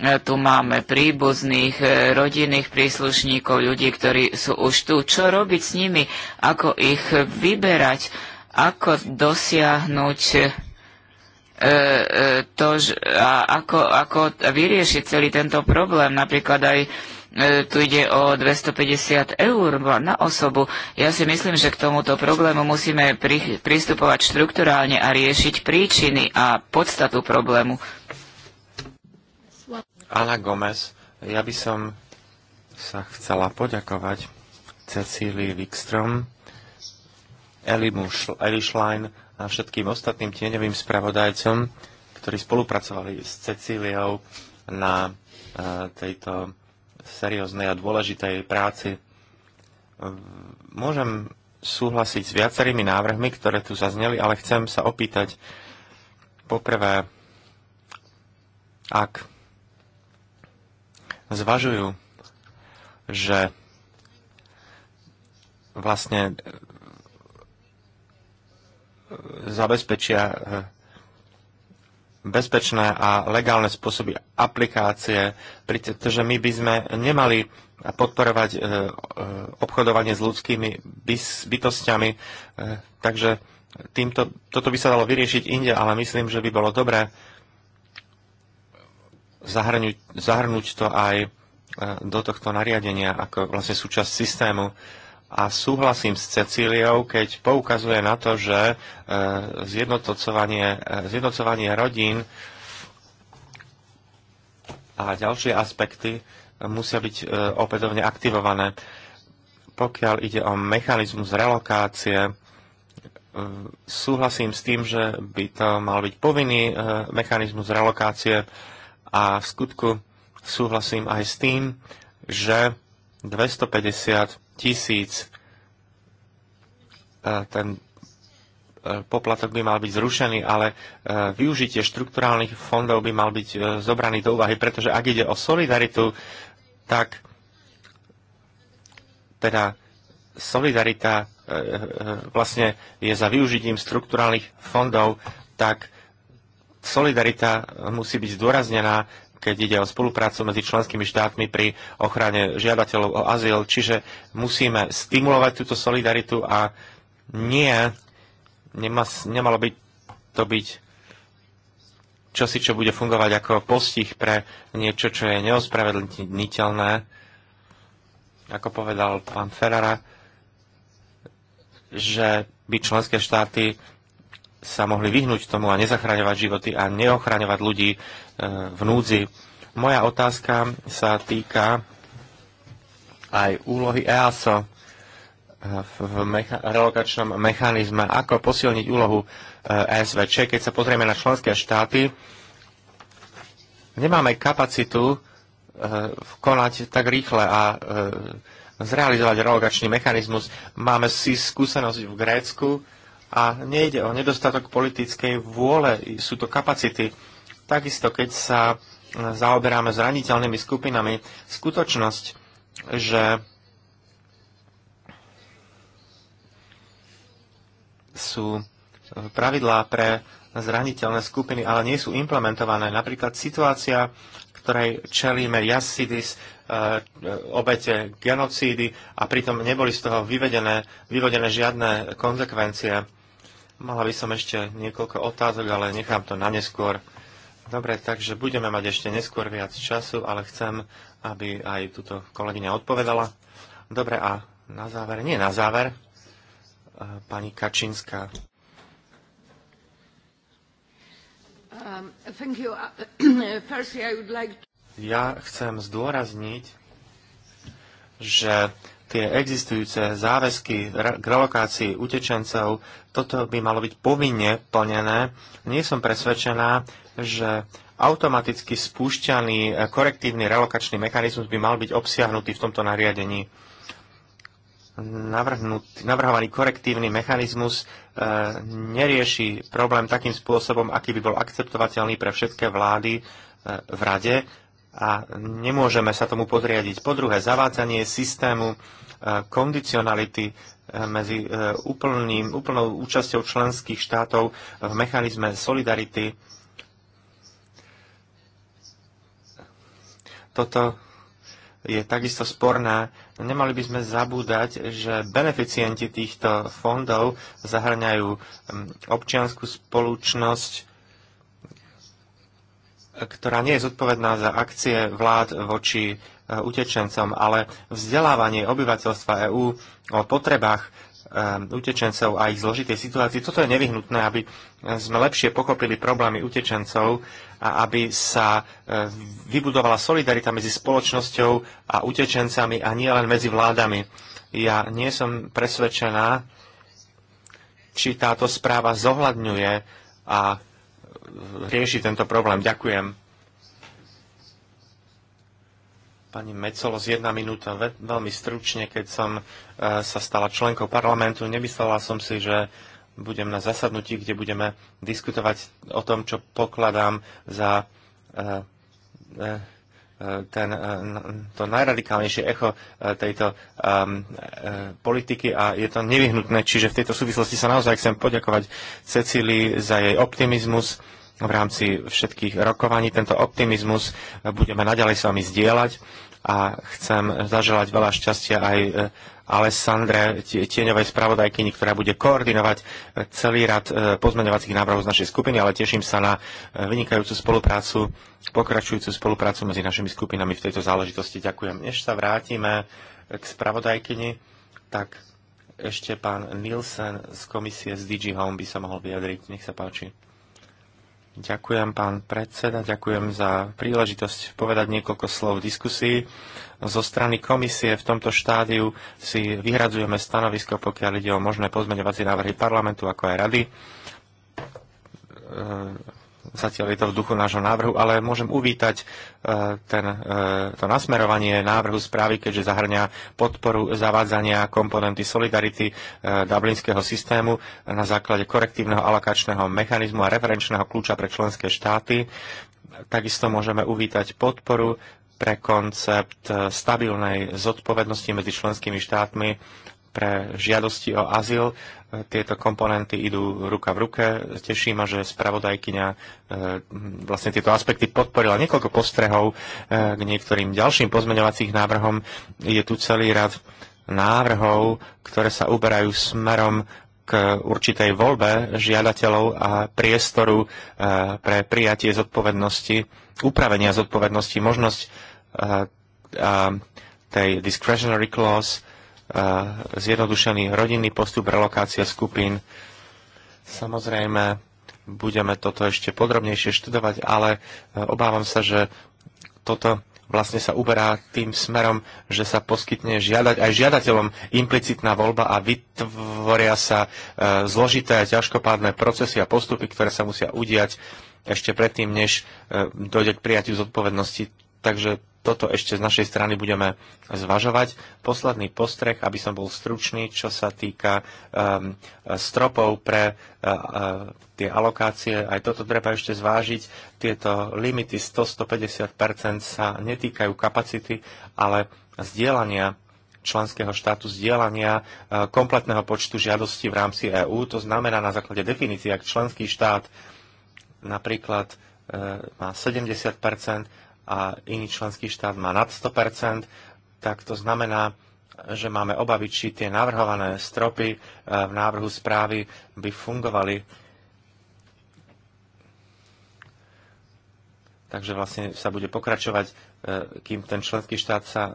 E, tu máme príbuzných, e, rodinných príslušníkov, ľudí, ktorí sú už tu. Čo robiť s nimi? Ako ich vyberať? Ako dosiahnuť e, to, a ako, ako vyriešiť celý tento problém? Napríklad aj tu ide o 250 eur na osobu. Ja si myslím, že k tomuto problému musíme pri, pristupovať štrukturálne a riešiť príčiny a podstatu problému. Ana Gomez, ja by som sa chcela poďakovať Cecílii Wikström, Eli Schlein a všetkým ostatným tieňovým spravodajcom, ktorí spolupracovali s Cecíliou na e, tejto serióznej a dôležitej práci. Môžem súhlasiť s viacerými návrhmi, ktoré tu zazneli, ale chcem sa opýtať poprvé, ak zvažujú, že vlastne e, zabezpečia e, bezpečné a legálne spôsoby aplikácie, pretože my by sme nemali podporovať e, obchodovanie s ľudskými bytostiami. Takže týmto, toto by sa dalo vyriešiť inde, ale myslím, že by bolo dobré zahrnúť, zahrnúť to aj e, do tohto nariadenia ako vlastne súčasť systému. A súhlasím s Cecíliou, keď poukazuje na to, že zjednotocovanie, zjednotocovanie e, rodín a ďalšie aspekty musia byť e, opätovne aktivované. Pokiaľ ide o mechanizmus relokácie, súhlasím s tým, že by to mal byť povinný mechanizmus relokácie, a v skutku súhlasím aj s tým, že 250 tisíc e, ten e, poplatok by mal byť zrušený, ale e, využitie štrukturálnych fondov by mal byť zobraný do úvahy, pretože ak ide o solidaritu, tak teda solidarita vlastne je za využitím štrukturálnych fondov, tak Solidarita musí byť zdôraznená, keď ide o spoluprácu medzi členskými štátmi pri ochrane žiadateľov o azyl. Čiže musíme stimulovať túto solidaritu a nie, nema, nemalo by to byť čosi, čo bude fungovať ako postih pre niečo, čo je neospravedlniteľné. Ako povedal pán Ferrara, že by členské štáty sa mohli vyhnúť tomu a nezachraňovať životy a neochraňovať ľudí e, v núdzi. Moja otázka sa týka aj úlohy EASO e, v mecha- relokačnom mechanizme, ako posilniť úlohu ESVČ. E keď sa pozrieme na členské štáty, nemáme kapacitu konať tak rýchle a zrealizovať relokačný mechanizmus. Máme si skúsenosť v Grécku, a nejde o nedostatok politickej vôle, sú to kapacity. Takisto, keď sa zaoberáme zraniteľnými skupinami, skutočnosť, že sú pravidlá pre zraniteľné skupiny, ale nie sú implementované. Napríklad situácia, ktorej čelíme jasidis, e, e, obete genocídy a pritom neboli z toho vyvedené, vyvodené žiadne konzekvencie. Mala by som ešte niekoľko otázok, ale nechám to na neskôr. Dobre, takže budeme mať ešte neskôr viac času, ale chcem, aby aj túto kolegyňa odpovedala. Dobre, a na záver, nie na záver, e, pani Kačinská. Um, uh, ja chcem zdôrazniť, že tie existujúce záväzky k relokácii utečencov, toto by malo byť povinne plnené. Nie som presvedčená, že automaticky spúšťaný e, korektívny relokačný mechanizmus by mal byť obsiahnutý v tomto nariadení. Navrhovaný korektívny mechanizmus e, nerieši problém takým spôsobom, aký by bol akceptovateľný pre všetké vlády e, v Rade a nemôžeme sa tomu podriadiť. Po druhé, zavádzanie systému kondicionality eh, medzi eh, úplným, úplnou účasťou členských štátov v mechanizme solidarity. Toto je takisto sporná. Nemali by sme zabúdať, že beneficienti týchto fondov zahrňajú hm, občianskú spoločnosť, ktorá nie je zodpovedná za akcie vlád voči Eh, utečencom, ale vzdelávanie obyvateľstva EÚ o potrebách eh, utečencov a ich zložitej situácii. Toto je nevyhnutné, aby sme lepšie pochopili problémy utečencov a aby sa eh, vybudovala solidarita medzi spoločnosťou a utečencami a nie len medzi vládami. Ja nie som presvedčená, či táto správa zohľadňuje a rieši tento problém. Ďakujem. Pani Mecolo, z jedna minúta, veľmi stručne, keď som e, sa stala členkou parlamentu, nemyslela som si, že budem na zasadnutí, kde budeme diskutovať o tom, čo pokladám za e, e, ten, to najradikálnejšie echo tejto um, politiky a je to nevyhnutné. Čiže v tejto súvislosti sa naozaj chcem poďakovať Cecílii za jej optimizmus v rámci všetkých rokovaní. Tento optimizmus eh, budeme naďalej s vami zdieľať a chcem zaželať veľa šťastia aj eh, Alessandre, tieňovej spravodajkyni, ktorá bude koordinovať eh, celý rad pozmeňovacích návrhov z našej skupiny, ale teším sa na vynikajúcu spoluprácu, pokračujúcu spoluprácu medzi našimi skupinami v tejto záležitosti. Ďakujem. Než sa vrátime k spravodajkyni, tak ešte pán Nielsen z komisie z DG Home by sa mohol vyjadriť. Nech sa páči. Ďakujem, pán predseda, ďakujem za príležitosť povedať niekoľko slov v diskusii. Zo strany komisie v tomto štádiu si vyhradzujeme stanovisko, pokiaľ ide o možné pozmeňovacie návrhy parlamentu, ako aj rady Zatiaľ je to v duchu nášho návrhu, ale môžem uvítať e, ten, e, to nasmerovanie návrhu správy, keďže zahrňa podporu zavádzania komponenty solidarity e, dublinského systému na základe korektívneho alokačného mechanizmu a referenčného kľúča pre členské štáty. Takisto môžeme uvítať podporu pre koncept stabilnej zodpovednosti medzi členskými štátmi pre žiadosti o azyl tieto komponenty idú ruka v ruke. Teší ma, že spravodajkyňa e, vlastne tieto aspekty podporila niekoľko postrehov e, k niektorým ďalším pozmeňovacích návrhom. Je tu celý rad návrhov, ktoré sa uberajú smerom k určitej voľbe žiadateľov a priestoru e, pre prijatie zodpovednosti, upravenia zodpovednosti, možnosť tej discretionary clause, zjednodušený rodinný postup relokácia skupín. Samozrejme, budeme toto ešte podrobnejšie študovať, ale e, obávam sa, že toto vlastne sa uberá tým smerom, že sa poskytne žiadať aj žiadateľom implicitná voľba a vytvoria sa e, zložité a ťažkopádne procesy a postupy, ktoré sa musia udiať ešte predtým, než e, dojde k prijatiu zodpovednosti. Takže toto ešte z našej strany budeme zvažovať. Posledný postreh, aby som bol stručný, čo sa týka um, stropov pre uh, uh, tie alokácie, aj toto treba ešte zvážiť. Tieto limity 100-150% sa netýkajú kapacity, ale zdieľania členského štátu zdieľania uh, kompletného počtu žiadostí v rámci EÚ. To znamená na základe definície, ak členský štát napríklad uh, má 70 a iný členský štát má nad 100%, tak to znamená, že máme obavy, či tie navrhované stropy e, v návrhu správy by fungovali. Takže vlastne sa bude pokračovať, e, kým ten členský štát sa e,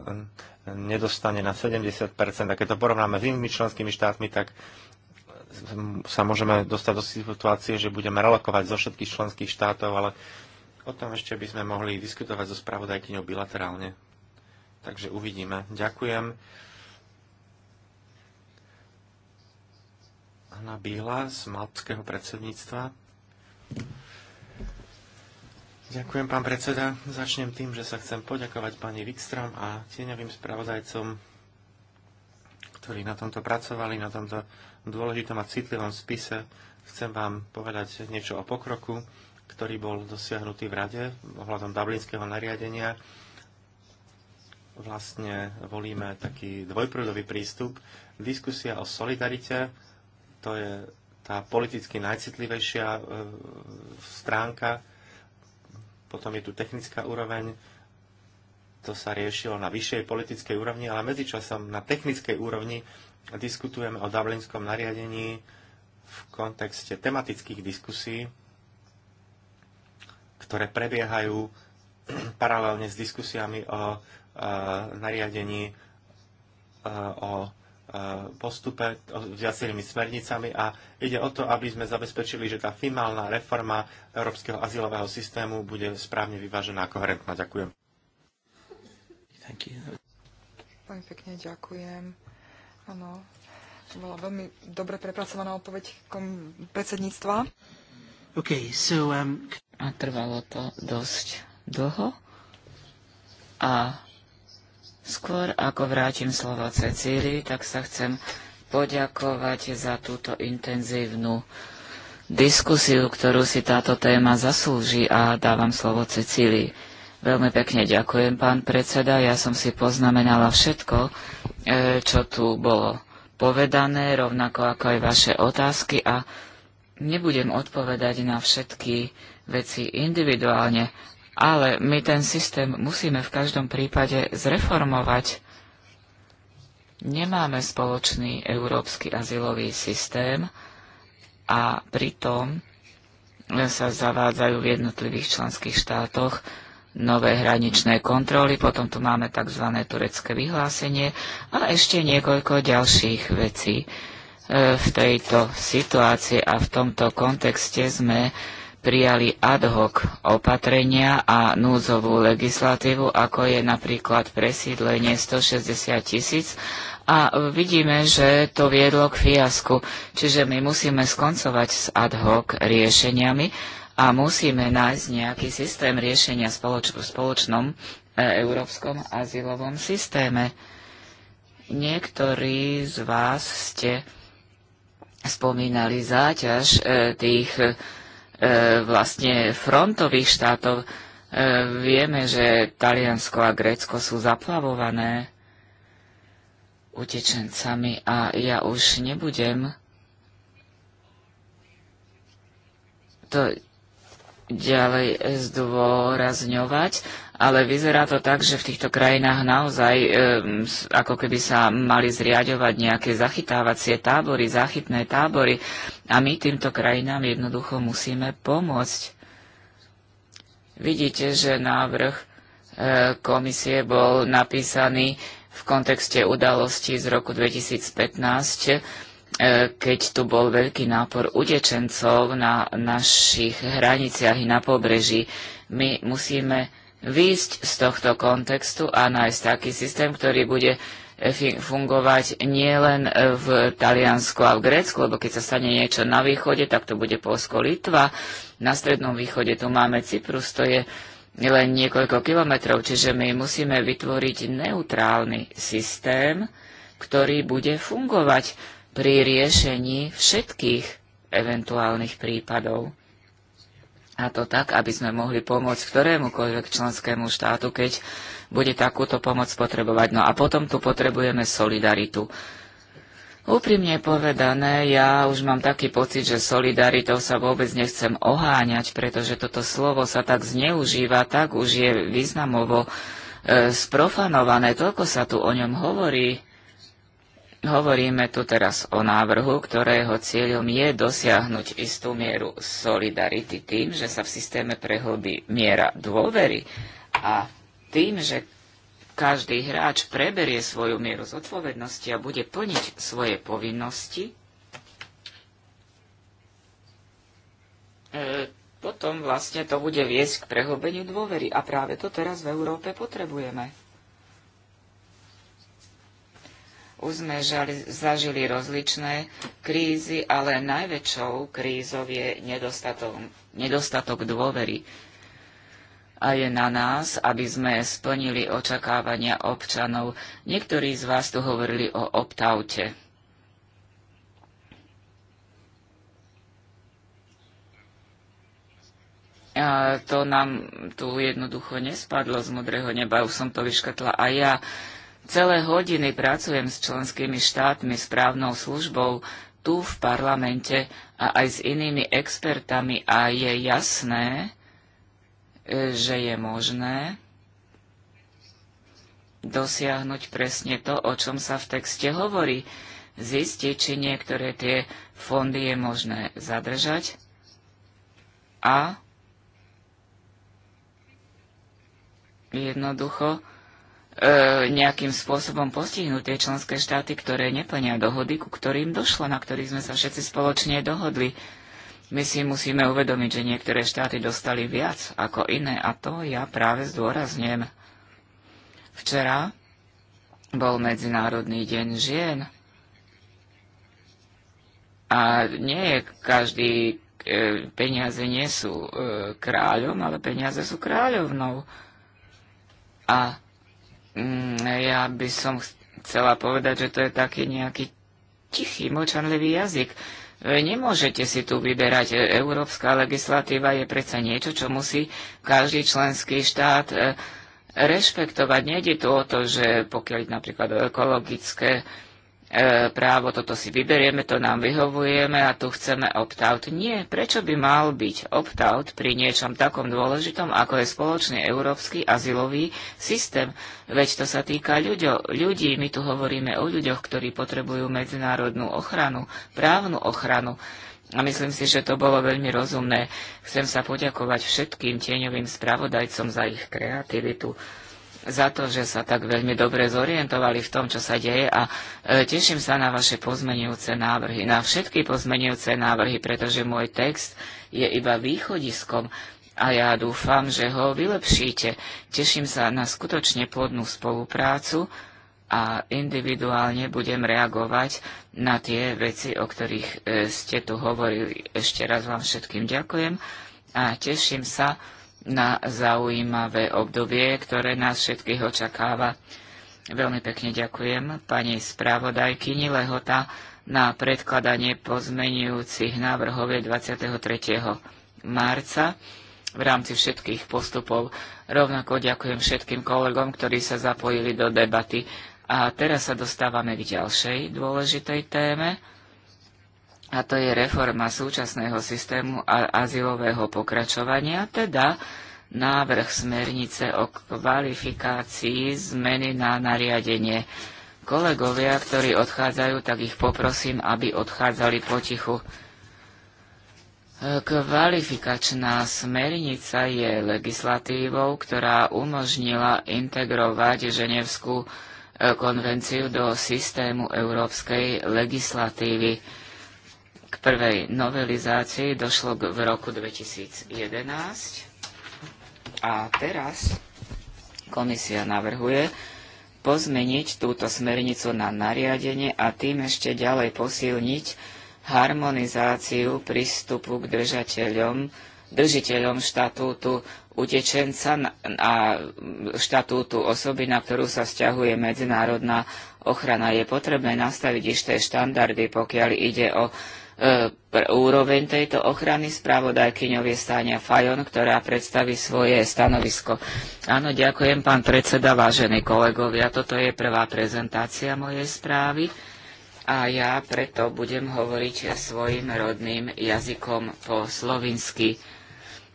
nedostane na 70%. A keď to porovnáme s inými členskými štátmi, tak sa môžeme dostať do situácie, že budeme relokovať zo všetkých členských štátov, ale O tom ešte by sme mohli diskutovať so spravodajkyňou bilaterálne. Takže uvidíme. Ďakujem. Anna Bíla z Malckého predsedníctva. Ďakujem, pán predseda. Začnem tým, že sa chcem poďakovať pani Wikstrom a tieňovým spravodajcom, ktorí na tomto pracovali, na tomto dôležitom a citlivom spise. Chcem vám povedať niečo o pokroku ktorý bol dosiahnutý v Rade ohľadom dublinského nariadenia. Vlastne volíme taký dvojprúdový prístup. Diskusia o solidarite, to je tá politicky najcitlivejšia e, stránka. Potom je tu technická úroveň, to sa riešilo na vyššej politickej úrovni, ale medzičasom na technickej úrovni diskutujeme o dublinskom nariadení v kontexte tematických diskusí ktoré prebiehajú paralelne s diskusiami o e, nariadení e, o e, postupe s viacerými smernicami a ide o to, aby sme zabezpečili, že tá finálna reforma európskeho azylového systému bude správne vyvážená a koherentná. Ďakujem. Pani pekne ďakujem. Áno, bola veľmi dobre prepracovaná odpoveď predsedníctva. Okay, so, um... A trvalo to dosť dlho. A skôr ako vrátim slovo Cecílii, tak sa chcem poďakovať za túto intenzívnu diskusiu, ktorú si táto téma zaslúži a dávam slovo Cecílii. Veľmi pekne ďakujem, pán predseda. Ja som si poznamenala všetko, e, čo tu bolo povedané, rovnako ako aj vaše otázky a nebudem odpovedať na všetky veci individuálne, ale my ten systém musíme v každom prípade zreformovať. Nemáme spoločný európsky azylový systém a pritom sa zavádzajú v jednotlivých členských štátoch nové hraničné kontroly, potom tu máme tzv. turecké vyhlásenie a ešte niekoľko ďalších vecí. E, v tejto situácii a v tomto kontexte sme prijali ad hoc opatrenia a núdzovú legislatívu, ako je napríklad presídlenie 160 tisíc. A vidíme, že to viedlo k fiasku, čiže my musíme skoncovať s ad hoc riešeniami a musíme nájsť nejaký systém riešenia spoloč- v spoločnom e, európskom azylovom systéme. Niektorí z vás ste spomínali záťaž e, tých e, vlastne frontových štátov. E, vieme, že Taliansko a Grécko sú zaplavované utečencami a ja už nebudem to ďalej zdôrazňovať, ale vyzerá to tak, že v týchto krajinách naozaj e, ako keby sa mali zriadovať nejaké zachytávacie tábory, záchytné tábory a my týmto krajinám jednoducho musíme pomôcť. Vidíte, že návrh e, komisie bol napísaný v kontexte udalostí z roku 2015, e, keď tu bol veľký nápor utečencov na našich hraniciach i na pobreží. My musíme výjsť z tohto kontextu a nájsť taký systém, ktorý bude fungovať nielen v Taliansku a v Grécku, lebo keď sa stane niečo na východe, tak to bude Polsko, Litva. Na strednom východe tu máme Cyprus, to je len niekoľko kilometrov, čiže my musíme vytvoriť neutrálny systém, ktorý bude fungovať pri riešení všetkých eventuálnych prípadov. A to tak, aby sme mohli pomôcť ktorémukoľvek členskému štátu, keď bude takúto pomoc potrebovať. No a potom tu potrebujeme solidaritu. Úprimne povedané, ja už mám taký pocit, že solidaritou sa vôbec nechcem oháňať, pretože toto slovo sa tak zneužíva, tak už je významovo e, sprofanované, toľko sa tu o ňom hovorí. Hovoríme tu teraz o návrhu, ktorého cieľom je dosiahnuť istú mieru solidarity tým, že sa v systéme prehlbí miera dôvery a tým, že každý hráč preberie svoju mieru zodpovednosti a bude plniť svoje povinnosti, e, potom vlastne to bude viesť k prehlbeniu dôvery. A práve to teraz v Európe potrebujeme. Už sme žali, zažili rozličné krízy, ale najväčšou krízou je nedostatok, nedostatok dôvery. A je na nás, aby sme splnili očakávania občanov. Niektorí z vás tu hovorili o optaute. A to nám tu jednoducho nespadlo z modrého neba, už som to vyškatla aj ja. Celé hodiny pracujem s členskými štátmi, správnou službou, tu v parlamente a aj s inými expertami a je jasné, e, že je možné dosiahnuť presne to, o čom sa v texte hovorí. Zistiť, či niektoré tie fondy je možné zadržať a jednoducho E, nejakým spôsobom postihnú tie členské štáty, ktoré neplnia dohody, ku ktorým došlo, na ktorých sme sa všetci spoločne dohodli. My si musíme uvedomiť, že niektoré štáty dostali viac ako iné a to ja práve zdôrazňujem. Včera bol Medzinárodný deň žien a nie je každý, e, peniaze nie sú e, kráľom, ale peniaze sú kráľovnou. A Mm, ja by som chcela povedať, že to je taký nejaký tichý, močanlivý jazyk. E, nemôžete si tu vyberať. E, európska legislatíva je predsa niečo, čo musí každý členský štát e, rešpektovať. Nejde tu o to, že pokiaľ napríklad o ekologické E, právo, toto si vyberieme, to nám vyhovujeme a tu chceme opt-out. Nie, prečo by mal byť opt-out pri niečom takom dôležitom, ako je spoločný európsky azylový systém? Veď to sa týka ľuďo, ľudí, my tu hovoríme o ľuďoch, ktorí potrebujú medzinárodnú ochranu, právnu ochranu. A myslím si, že to bolo veľmi rozumné. Chcem sa poďakovať všetkým tieňovým spravodajcom za ich kreativitu za to, že sa tak veľmi dobre zorientovali v tom, čo sa deje a e, teším sa na vaše pozmenujúce návrhy, na všetky pozmenujúce návrhy, pretože môj text je iba východiskom a ja dúfam, že ho vylepšíte. Teším sa na skutočne plodnú spoluprácu a individuálne budem reagovať na tie veci, o ktorých e, ste tu hovorili. Ešte raz vám všetkým ďakujem a teším sa na zaujímavé obdobie, ktoré nás všetkých očakáva. Veľmi pekne ďakujem pani spravodajkyni Lehota na predkladanie pozmenujúcich návrhov 23. marca v rámci všetkých postupov. Rovnako ďakujem všetkým kolegom, ktorí sa zapojili do debaty. A teraz sa dostávame k ďalšej dôležitej téme a to je reforma súčasného systému azylového pokračovania, teda návrh smernice o kvalifikácii zmeny na nariadenie. Kolegovia, ktorí odchádzajú, tak ich poprosím, aby odchádzali potichu. Kvalifikačná smernica je legislatívou, ktorá umožnila integrovať Ženevskú e, konvenciu do systému európskej legislatívy prvej novelizácii došlo k, v roku 2011 a teraz komisia navrhuje pozmeniť túto smernicu na nariadenie a tým ešte ďalej posilniť harmonizáciu prístupu k držateľom, držiteľom štatútu utečenca a štatútu osoby, na ktorú sa vzťahuje medzinárodná ochrana. Je potrebné nastaviť isté štandardy, pokiaľ ide o E, úroveň tejto ochrany. Spravodajkyňou je Stáňa Fajon, ktorá predstaví svoje stanovisko. Áno, ďakujem, pán predseda, vážení kolegovia. Toto je prvá prezentácia mojej správy a ja preto budem hovoriť svojim rodným jazykom po slovinsky.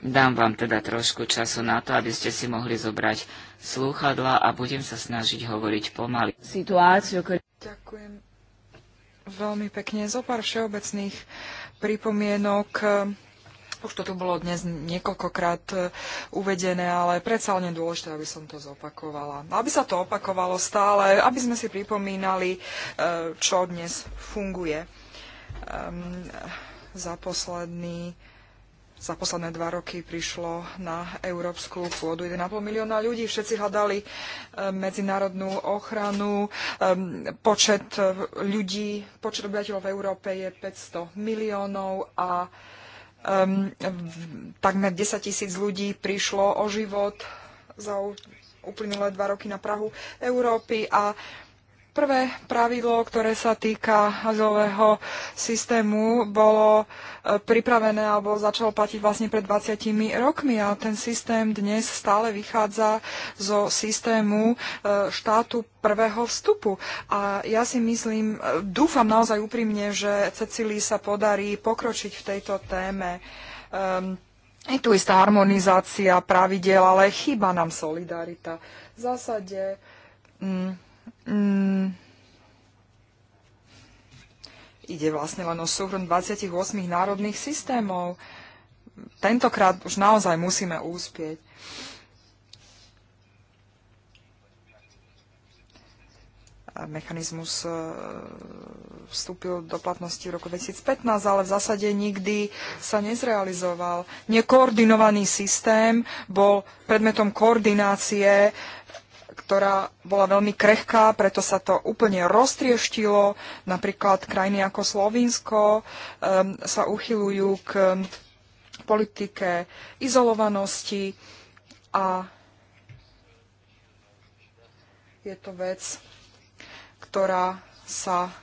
Dám vám teda trošku času na to, aby ste si mohli zobrať slúchadla a budem sa snažiť hovoriť pomaly. Situáciu, ktorý... Ďakujem veľmi pekne. Zo pár všeobecných pripomienok. Už to tu bolo dnes niekoľkokrát e, uvedené, ale predsa len dôležité, aby som to zopakovala. Aby sa to opakovalo stále, aby sme si pripomínali, e, čo dnes funguje. Ehm, za posledný za posledné dva roky prišlo na európsku pôdu 1,5 milióna ľudí. Všetci hľadali e, medzinárodnú ochranu. E, počet e, ľudí, počet obyvateľov v Európe je 500 miliónov a um, takmer 10 tisíc ľudí prišlo o život za uplynulé dva roky na Prahu Európy a um, Prvé pravidlo, ktoré sa týka azylového systému, bolo e, pripravené alebo začalo platiť vlastne pred 20 rokmi a ten systém dnes stále vychádza zo systému e, štátu prvého vstupu. A ja si myslím, e, dúfam naozaj úprimne, že Cecílii sa podarí pokročiť v tejto téme. Um, je tu istá harmonizácia pravidel, ale chýba nám solidarita. V zásade... Mm, Mm. ide vlastne len o súhrn 28 národných systémov. Tentokrát už naozaj musíme úspieť. mechanizmus e, vstúpil do platnosti v roku 2015, ale v zásade nikdy sa nezrealizoval. Nekoordinovaný systém bol predmetom koordinácie ktorá bola veľmi krehká, preto sa to úplne roztrieštilo. Napríklad krajiny ako Slovinsko um, sa uchylujú k politike izolovanosti a je to vec, ktorá sa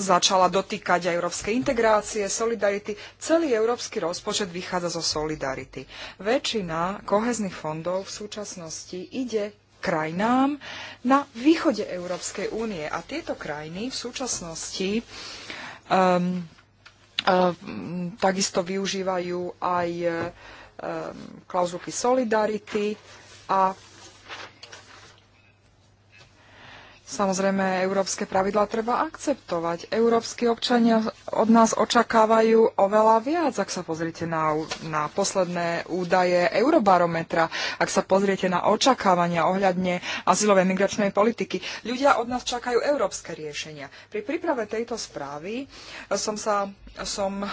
začala dotýkať aj európskej integrácie, solidarity. Celý európsky rozpočet vychádza zo solidarity. Väčšina kohezných fondov v súčasnosti ide krajinám na východe Európskej únie. A tieto krajiny v súčasnosti um, um, takisto využívajú aj um, klauzulky solidarity a Samozrejme, európske pravidlá treba akceptovať. Európsky občania od nás očakávajú oveľa viac, ak sa pozriete na, na posledné údaje Eurobarometra, ak sa pozriete na očakávania ohľadne azylovej migračnej politiky. Ľudia od nás čakajú európske riešenia. Pri príprave tejto správy som sa som e,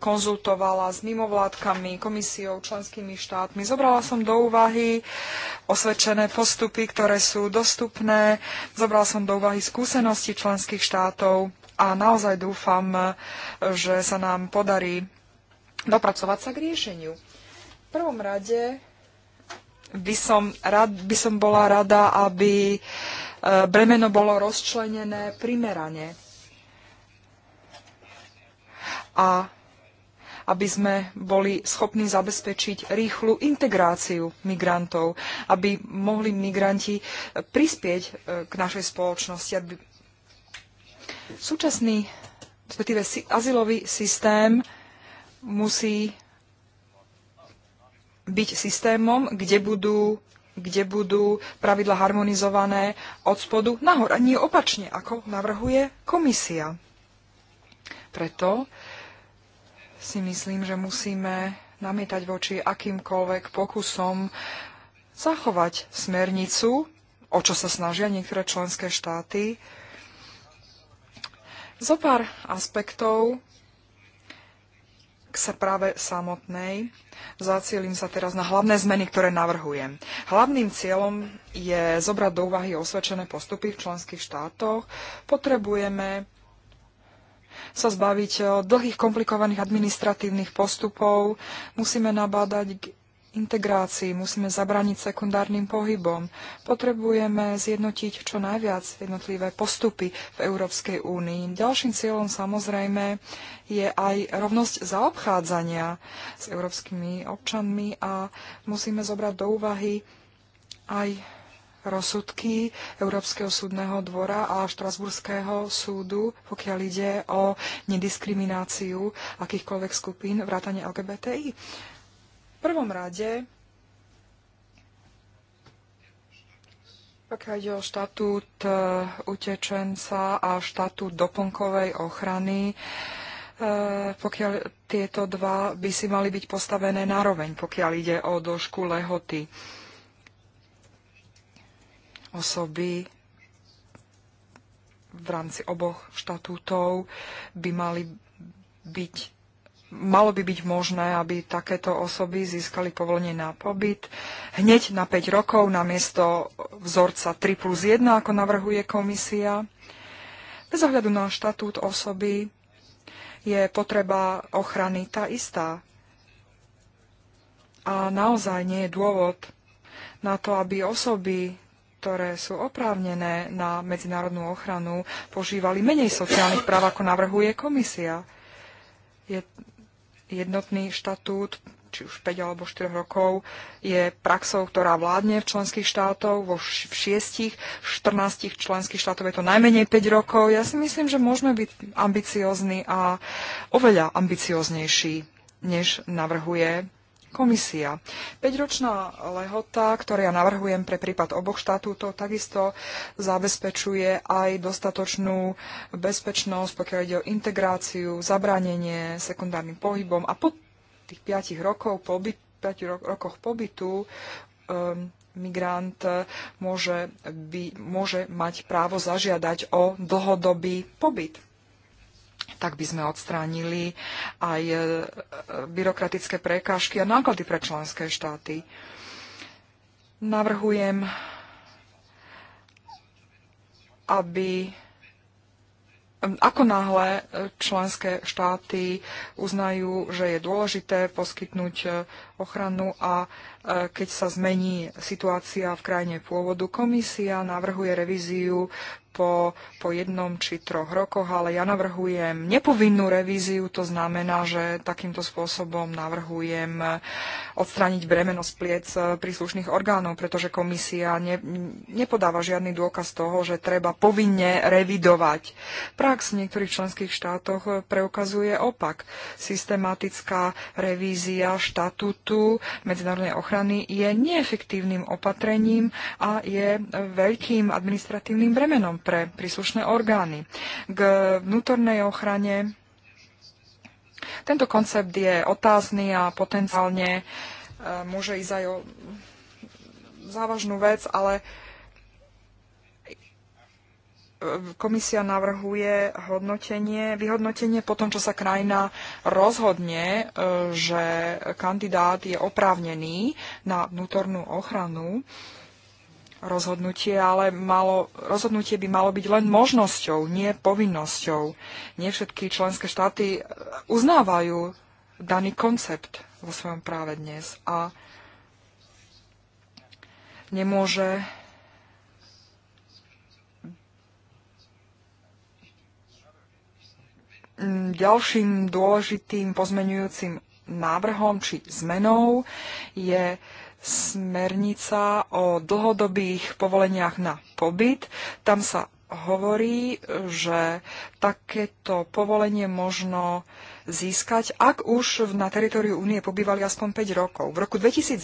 konzultovala s mimovládkami, komisiou, členskými štátmi. Zobrala som do úvahy osvedčené postupy, ktoré sú dostupné. Zobrala som do úvahy skúsenosti členských štátov a naozaj dúfam, že sa nám podarí dopracovať sa k riešeniu. V prvom rade by som, rad, by som bola rada, aby e, bremeno bolo rozčlenené primerane a aby sme boli schopní zabezpečiť rýchlu integráciu migrantov, aby mohli migranti e, prispieť e, k našej spoločnosti. Aby... Súčasný, respektíve azylový systém musí byť systémom, kde budú kde budú pravidla harmonizované od spodu nahor a nie opačne, ako navrhuje komisia. Preto si myslím, že musíme namietať voči akýmkoľvek pokusom zachovať smernicu, o čo sa snažia niektoré členské štáty. Zo pár aspektov k práve samotnej. zacielím sa teraz na hlavné zmeny, ktoré navrhujem. Hlavným cieľom je zobrať do úvahy osvedčené postupy v členských štátoch. Potrebujeme sa zbaviť e, dlhých, komplikovaných administratívnych postupov. Musíme nabádať k integrácii, musíme zabrániť sekundárnym pohybom. Potrebujeme zjednotiť čo najviac jednotlivé postupy v Európskej únii. Ďalším cieľom samozrejme je aj rovnosť zaobchádzania s európskymi občanmi a musíme zobrať do úvahy aj rozsudky Európskeho súdneho dvora a Štrasburského súdu, pokiaľ ide o nediskrimináciu akýchkoľvek skupín vrátane LGBTI. V prvom rade, pokiaľ ide o štatút e, utečenca a štatút doplnkovej ochrany, e, pokiaľ tieto dva by si mali byť postavené nároveň, pokiaľ ide o došku lehoty osoby v rámci oboch štatútov by mali byť Malo by byť možné, aby takéto osoby získali povolenie na pobyt hneď na 5 rokov namiesto vzorca 3 plus 1, ako navrhuje komisia. Bez ohľadu na štatút osoby je potreba ochrany tá istá. A naozaj nie je dôvod na to, aby osoby ktoré sú oprávnené na medzinárodnú ochranu, požívali menej sociálnych práv, ako navrhuje komisia. Je jednotný štatút či už 5 alebo 4 rokov, je praxou, ktorá vládne v členských štátoch, vo 6, 14 členských štátov je to najmenej 5 rokov. Ja si myslím, že môžeme byť ambiciozni a oveľa ambicioznejší, než navrhuje komisia. 5-ročná lehota, ktorú ja navrhujem pre prípad oboch štátov, to takisto zabezpečuje aj dostatočnú bezpečnosť, pokiaľ ide o integráciu, zabránenie sekundárnym pohybom a po tých piatich rokov pobyt, ro- rokoch pobytu um, migrant môže, by, môže mať právo zažiadať o dlhodobý pobyt tak by sme odstránili aj e, byrokratické prekážky a náklady pre členské štáty. Navrhujem, aby ako náhle e, členské štáty uznajú, že je dôležité poskytnúť e, ochranu a keď sa zmení situácia v krajine pôvodu, komisia navrhuje revíziu po, po jednom či troch rokoch, ale ja navrhujem nepovinnú revíziu, to znamená, že takýmto spôsobom navrhujem e, odstrániť bremeno z pliec e, príslušných orgánov, pretože komisia ne, nepodáva žiadny dôkaz toho, že treba povinne revidovať. Prax v niektorých členských štátoch e, preukazuje opak. Systematická revízia štatútu medzinárodnej ochrany je neefektívnym opatrením a je veľkým administratívnym bremenom pre príslušné orgány. K vnútornej ochrane tento koncept je otázny a potenciálne e, môže ísť aj o závažnú vec, ale e, komisia navrhuje hodnotenie, vyhodnotenie po tom, čo sa krajina rozhodne, e, že kandidát je oprávnený na vnútornú ochranu rozhodnutie, ale malo, rozhodnutie by malo byť len možnosťou, nie povinnosťou. Nie všetky členské štáty e, uznávajú daný koncept vo svojom práve dnes a nemôže Ďalším dôležitým pozmenujúcim návrhom či zmenou je smernica o dlhodobých povoleniach na pobyt. Tam sa hovorí, že takéto povolenie možno získať, ak už na teritoriu únie pobývali aspoň 5 rokov. V roku 2011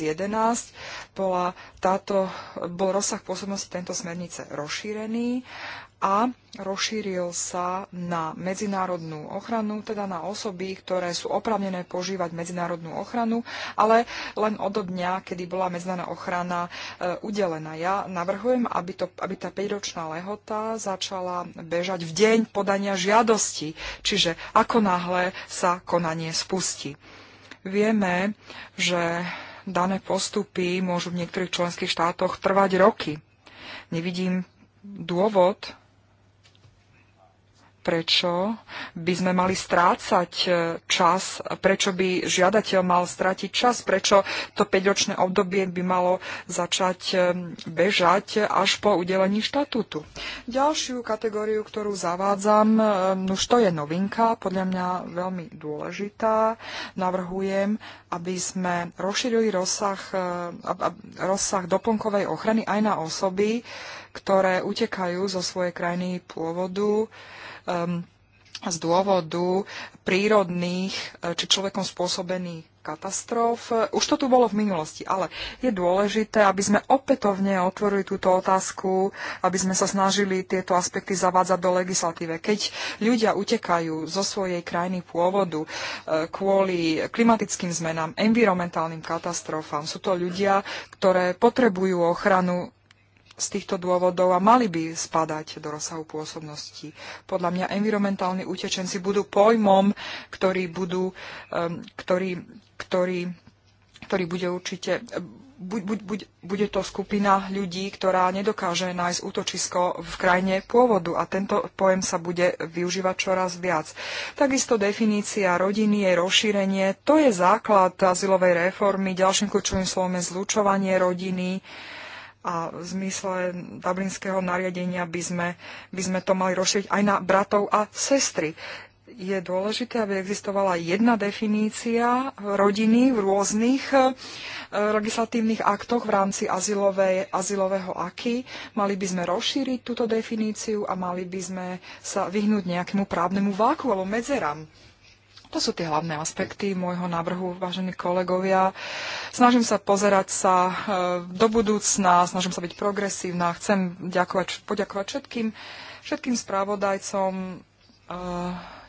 bola táto, bol rozsah pôsobnosti tejto smernice rozšírený a rozšíril sa na medzinárodnú ochranu, teda na osoby, ktoré sú oprávnené požívať medzinárodnú ochranu, ale len od dňa, kedy bola medzinárodná ochrana e, udelená. Ja navrhujem, aby, to, aby tá 5-ročná lehota začala bežať v deň podania žiadosti, čiže ako náhle sa konanie spustí. Vieme, že dané postupy môžu v niektorých členských štátoch trvať roky. Nevidím dôvod, prečo by sme mali strácať e, čas, prečo by žiadateľ mal strátiť čas, prečo to 5-ročné obdobie by malo začať e, bežať až po udelení štatútu. Ďalšiu kategóriu, ktorú zavádzam, e, už to je novinka, podľa mňa veľmi dôležitá. Navrhujem, aby sme rozšírili rozsah, rozsah doplnkovej ochrany aj na osoby, ktoré utekajú zo svojej krajiny pôvodu, um, z dôvodu prírodných e, či človekom spôsobených katastrof. Už to tu bolo v minulosti, ale je dôležité, aby sme opätovne otvorili túto otázku, aby sme sa snažili tieto aspekty zavádzať do legislatíve. Keď ľudia utekajú zo svojej krajiny pôvodu e, kvôli klimatickým zmenám, environmentálnym katastrofám, sú to ľudia, ktoré potrebujú ochranu z týchto dôvodov a mali by spadať do rozsahu pôsobnosti. Podľa mňa environmentálni utečenci budú pojmom, ktorý, budú, um, ktorý, ktorý, ktorý bude určite buď, buď, buď, bude to skupina ľudí, ktorá nedokáže nájsť útočisko v krajine pôvodu a tento pojem sa bude využívať čoraz viac. Takisto definícia rodiny, je rozšírenie, to je základ azylovej reformy. Ďalším kľúčovým slovom je zlučovanie rodiny a v zmysle dublinského nariadenia by sme, by sme to mali rozšíriť aj na bratov a sestry. Je dôležité, aby existovala jedna definícia rodiny v rôznych e, legislatívnych aktoch v rámci azylovej, azylového aky. Mali by sme rozšíriť túto definíciu a mali by sme sa vyhnúť nejakému právnemu váku alebo medzerám. To sú tie hlavné aspekty môjho návrhu, vážení kolegovia. Snažím sa pozerať sa e, do budúcna, snažím sa byť progresívna, chcem ďakovať, poďakovať všetkým, všetkým správodajcom, e,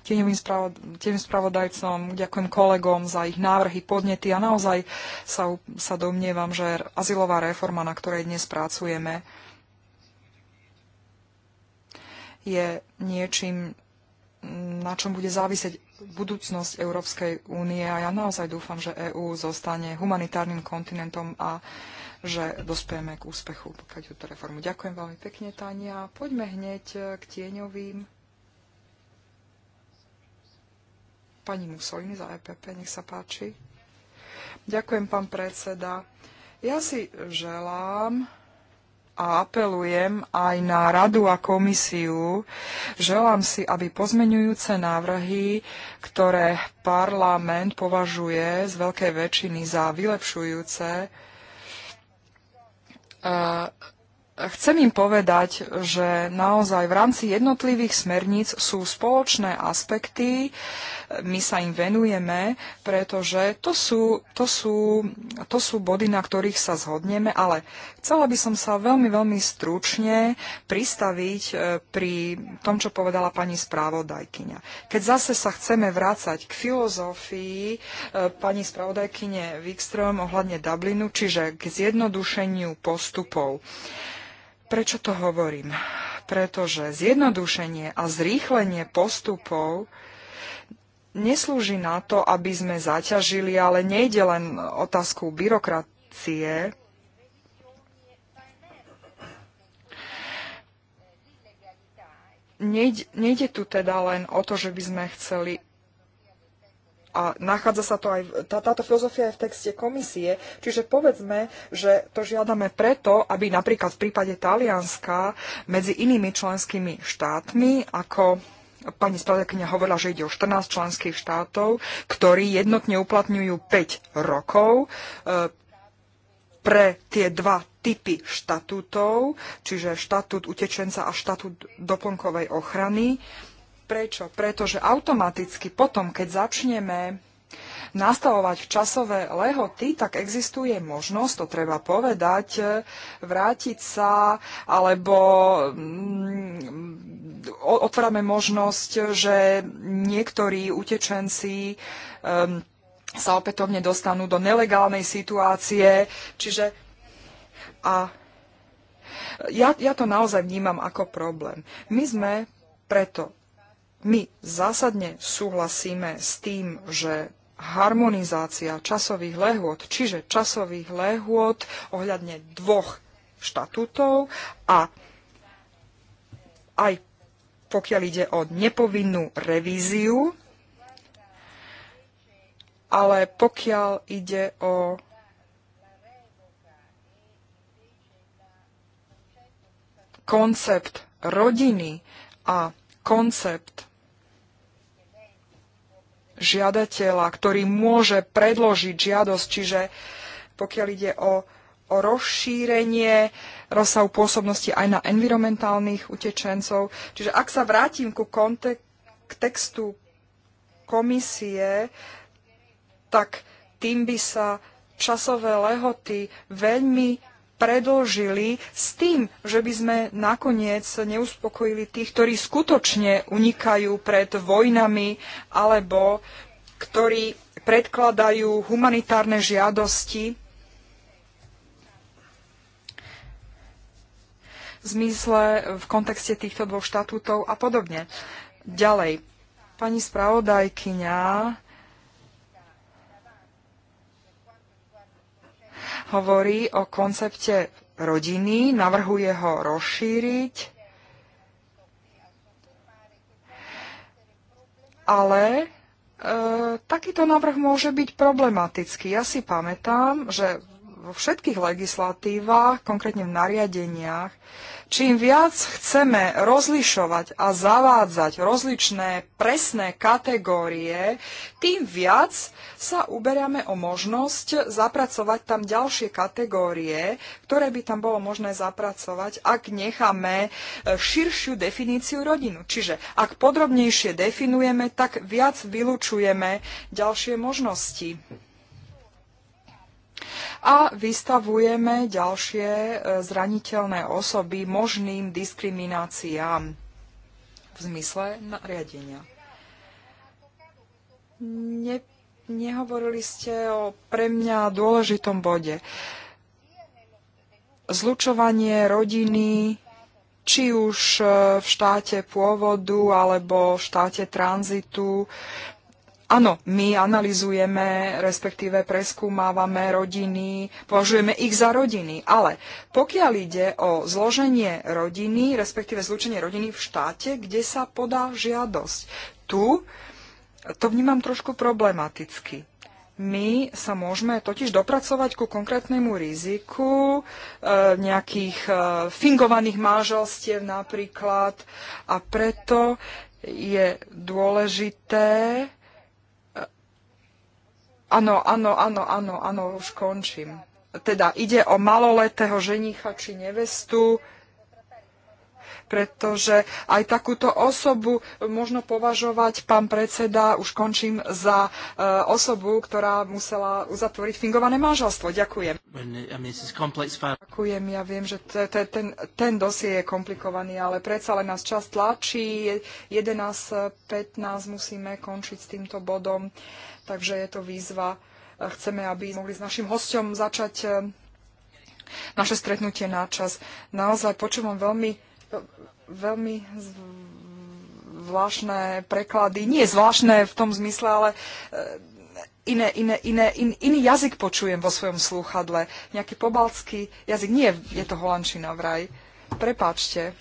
tieňovým, spravo, spravodajcom, ďakujem kolegom za ich návrhy, podnety a naozaj sa, sa domnievam, že azylová reforma, na ktorej dnes pracujeme, je niečím, na čom bude závisieť budúcnosť Európskej únie a ja naozaj dúfam, že EÚ zostane humanitárnym kontinentom a že dospieme k úspechu, pokiaľ túto reformu. Ďakujem veľmi pekne, Tania. Poďme hneď e, k tieňovým. Pani Musolini za EPP, nech sa páči. Ďakujem, pán predseda. Ja si želám, a apelujem aj na radu a komisiu. Želám si, aby pozmenujúce návrhy, ktoré parlament považuje z veľkej väčšiny za vylepšujúce, Chcem im povedať, že naozaj v rámci jednotlivých smerníc sú spoločné aspekty, my sa im venujeme, pretože to sú, to sú, to sú body, na ktorých sa zhodneme, ale chcela by som sa veľmi, veľmi stručne pristaviť e, pri tom, čo povedala pani správodajkyňa. Keď zase sa chceme vrácať k filozofii e, pani správodajkyne Wikström ohľadne Dublinu, čiže k zjednodušeniu postupov. Prečo to hovorím? Pretože zjednodušenie a zrýchlenie postupov neslúži na to, aby sme zaťažili, ale nejde len otázku byrokracie. Nejde, nejde tu teda len o to, že by sme chceli a nachádza sa to aj, tá, táto filozofia je v texte komisie, čiže povedzme, že to žiadame preto, aby napríklad v prípade Talianska medzi inými členskými štátmi, ako pani spravodajkynia hovorila, že ide o 14 členských štátov, ktorí jednotne uplatňujú 5 rokov e, pre tie dva typy štatútov, čiže štatút utečenca a štatút doplnkovej ochrany. E, Prečo? Pretože automaticky potom, keď začneme nastavovať časové lehoty, tak existuje možnosť, to treba povedať, vrátiť sa, alebo mm, otvárame možnosť, že niektorí utečenci sa opätovne dostanú do nelegálnej situácie. Čiže a ja, ja to naozaj vnímam ako problém. My sme preto my zásadne súhlasíme s tým, že harmonizácia časových lehôd, čiže časových lehôd ohľadne dvoch štatútov a aj pokiaľ ide o nepovinnú revíziu, ale pokiaľ ide o koncept rodiny a koncept žiadateľa, ktorý môže predložiť žiadosť, čiže pokiaľ ide o, o rozšírenie rozsahu pôsobnosti aj na environmentálnych utečencov. Čiže ak sa vrátim ku textu komisie, tak tým by sa časové lehoty veľmi predlžili s tým, že by sme nakoniec neuspokojili tých, ktorí skutočne unikajú pred vojnami alebo ktorí predkladajú humanitárne žiadosti v zmysle v kontexte týchto dvoch štatútov a podobne. Ďalej, pani spravodajkyňa hovorí o koncepte rodiny, navrhuje ho rozšíriť, ale e, takýto návrh môže byť problematický. Ja si pamätám, že vo všetkých legislatívach, konkrétne v nariadeniach, čím viac chceme rozlišovať a zavádzať rozličné presné kategórie, tým viac sa uberiame o možnosť zapracovať tam ďalšie kategórie, ktoré by tam bolo možné zapracovať, ak necháme e, širšiu definíciu rodinu. Čiže ak podrobnejšie definujeme, tak viac vylúčujeme ďalšie možnosti a vystavujeme ďalšie e, zraniteľné osoby možným diskrimináciám v zmysle nariadenia. Ne, nehovorili ste o pre mňa dôležitom bode. Zlučovanie rodiny, či už e, v štáte pôvodu alebo v štáte tranzitu, Áno, my analizujeme, respektíve preskúmávame rodiny, považujeme ich za rodiny, ale pokiaľ ide o zloženie rodiny, respektíve zlučenie rodiny v štáte, kde sa podá žiadosť, tu to vnímam trošku problematicky. My sa môžeme totiž dopracovať ku konkrétnemu riziku e, nejakých e, fingovaných manželstiev napríklad a preto je dôležité, Áno, áno, áno, áno, áno, už končím. Teda ide o maloletého ženicha či nevestu, pretože aj takúto osobu možno považovať, pán predseda, už končím, za e, osobu, ktorá musela uzatvoriť fingované manželstvo. Ďakujem. Ďakujem, ja viem, že ten, ten dosie je komplikovaný, ale predsa len nás čas tlačí. 11.15 musíme končiť s týmto bodom. Takže je to výzva. Chceme, aby mohli s našim hosťom začať e, naše stretnutie na čas. Naozaj počúvam veľmi, veľmi zvláštne preklady. Nie zvláštne v tom zmysle, ale e, iné, iné, iné, in, iný jazyk počujem vo svojom slúchadle. Nejaký pobalský jazyk. Nie, je to holandčina vraj. Prepačte.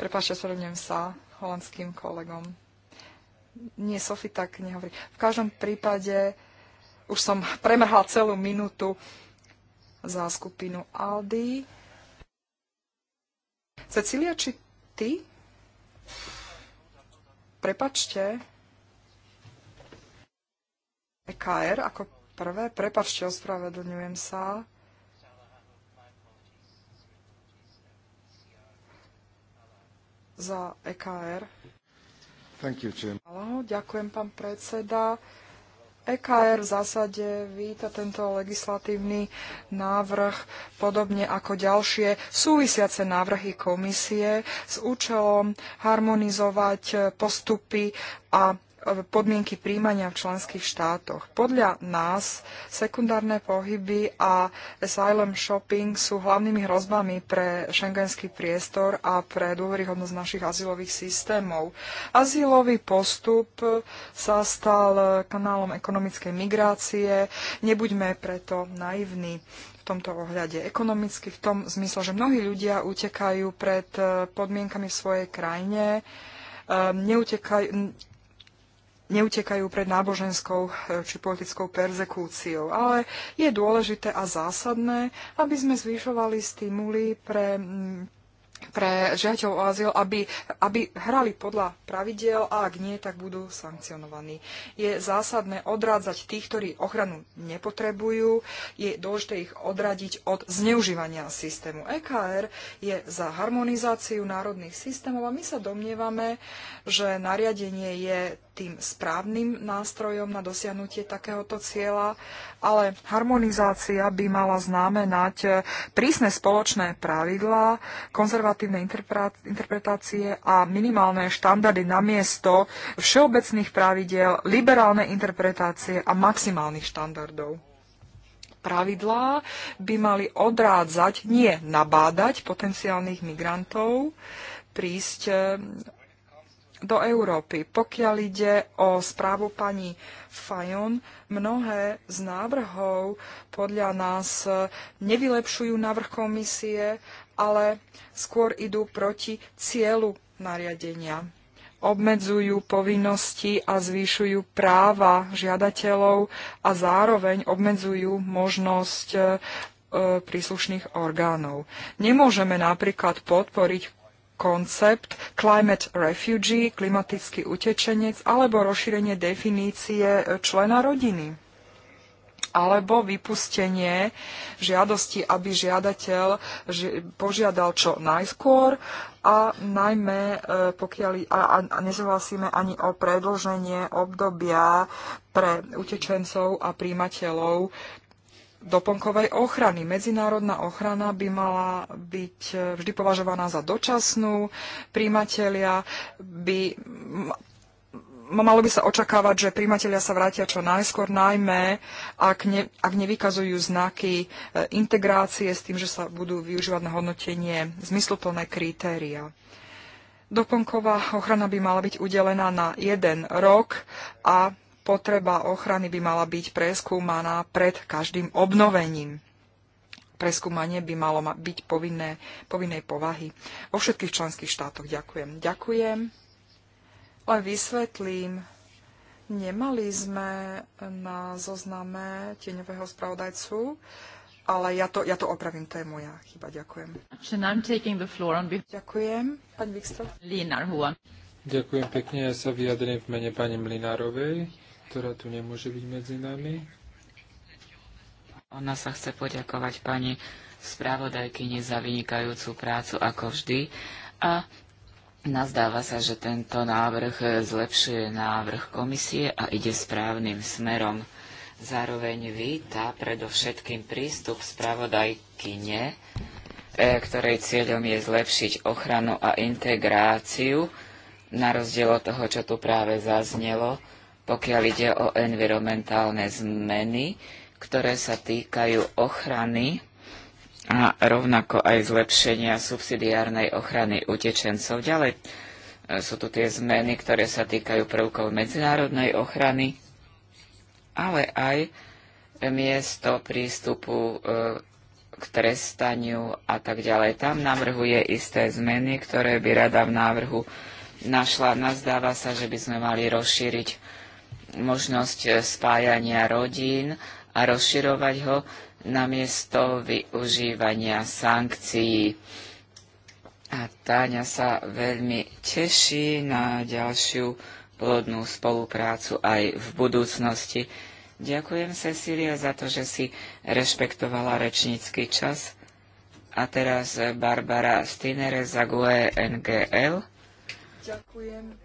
Prepačte, spravňujem sa holandským kolegom. Nie, Sofi tak nehovorí. V každom prípade už som premrhala celú minútu za skupinu Aldy. Cecília, či ty? Prepačte. EKR ako prvé. Prepačte, ospravedlňujem sa. Za EKR. Ďakujem, pán predseda. EKR v zásade víta tento legislatívny návrh, podobne ako ďalšie súvisiace návrhy komisie s účelom harmonizovať postupy a podmienky príjmania v členských štátoch. Podľa nás sekundárne pohyby a asylum shopping sú hlavnými hrozbami pre šengenský priestor a pre dôveryhodnosť našich azylových systémov. Azylový postup sa stal kanálom ekonomickej migrácie. Nebuďme preto naivní v tomto ohľade. Ekonomicky v tom zmysle, že mnohí ľudia utekajú pred podmienkami v svojej krajine, um, neutekajú, neutekajú pred náboženskou eh, či politickou perzekúciou. Ale je dôležité a zásadné, aby sme zvyšovali stimuly pre mm, pre žiateľov o azyl, aby, aby hrali podľa pravidiel a ak nie, tak budú sankcionovaní. Je zásadné odrádzať tých, ktorí ochranu nepotrebujú. Je dôležité ich odradiť od zneužívania systému. EKR je za harmonizáciu národných systémov a my sa domnievame, že nariadenie je tým správnym nástrojom na dosiahnutie takéhoto cieľa, ale harmonizácia by mala znamenať e, prísne spoločné pravidlá, konzervatívne interpretácie a minimálne štandardy na miesto všeobecných pravidel, liberálne interpretácie a maximálnych štandardov pravidlá by mali odrádzať, nie nabádať potenciálnych migrantov prísť e, do Európy. Pokiaľ ide o správu pani Fajon, mnohé z návrhov podľa nás nevylepšujú návrh komisie, ale skôr idú proti cieľu nariadenia. Obmedzujú povinnosti a zvýšujú práva žiadateľov a zároveň obmedzujú možnosť e, príslušných orgánov. Nemôžeme napríklad podporiť koncept climate refugee, klimatický utečenec, alebo rozšírenie definície člena rodiny alebo vypustenie žiadosti, aby žiadateľ požiadal čo najskôr a najmä e, pokiaľ a, a nezvlásime ani o predlženie obdobia pre utečencov a príjimateľov doplnkovej ochrany. Medzinárodná ochrana by mala byť e, vždy považovaná za dočasnú. Príjimatelia by malo by sa očakávať, že príjimatelia sa vrátia čo najskôr, najmä ak, ne, ak nevykazujú znaky e, integrácie s tým, že sa budú využívať na hodnotenie zmysluplné kritéria. Doponková ochrana by mala byť udelená na jeden rok a potreba ochrany by mala byť preskúmaná pred každým obnovením. Preskúmanie by malo byť povinné, povinnej povahy vo všetkých členských štátoch. Ďakujem. Ďakujem. Len vysvetlím, nemali sme na zozname tieňového spravodajcu, ale ja to, ja to opravím, to je moja chyba. Ďakujem. Ďakujem. Pani Ďakujem pekne, ja sa vyjadrím v mene pani Mlinárovej ktorá tu nemôže byť medzi nami. Ona sa chce poďakovať pani spravodajkyni za vynikajúcu prácu ako vždy a nazdáva sa, že tento návrh zlepšuje návrh komisie a ide správnym smerom. Zároveň víta predovšetkým prístup spravodajkyne, e, ktorej cieľom je zlepšiť ochranu a integráciu, na rozdiel od toho, čo tu práve zaznelo, pokiaľ ide o environmentálne zmeny, ktoré sa týkajú ochrany a rovnako aj zlepšenia subsidiárnej ochrany utečencov. Ďalej e, sú tu tie zmeny, ktoré sa týkajú prvkov medzinárodnej ochrany, ale aj miesto prístupu e, k trestaniu a tak ďalej. Tam navrhuje isté zmeny, ktoré by rada v návrhu našla. Nazdáva sa, že by sme mali rozšíriť možnosť eh, spájania rodín a rozširovať ho namiesto využívania sankcií. A Táňa sa veľmi teší na ďalšiu plodnú spoluprácu aj v budúcnosti. Ďakujem, Cecília, za to, že si rešpektovala rečnícky čas. A teraz Barbara Stinere za GUE NGL. Ďakujem.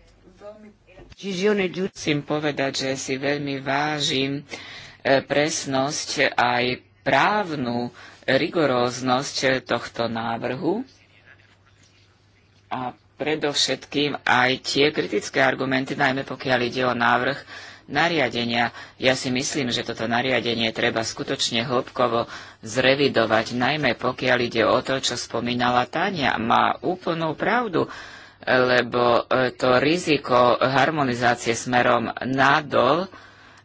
Chcem povedať, že si veľmi vážim e, presnosť aj právnu rigoróznosť tohto návrhu a predovšetkým aj tie kritické argumenty, najmä pokiaľ ide o návrh nariadenia. Ja si myslím, že toto nariadenie treba skutočne hĺbkovo zrevidovať, najmä pokiaľ ide o to, čo spomínala Tania. Má úplnú pravdu lebo e, to riziko harmonizácie smerom nadol,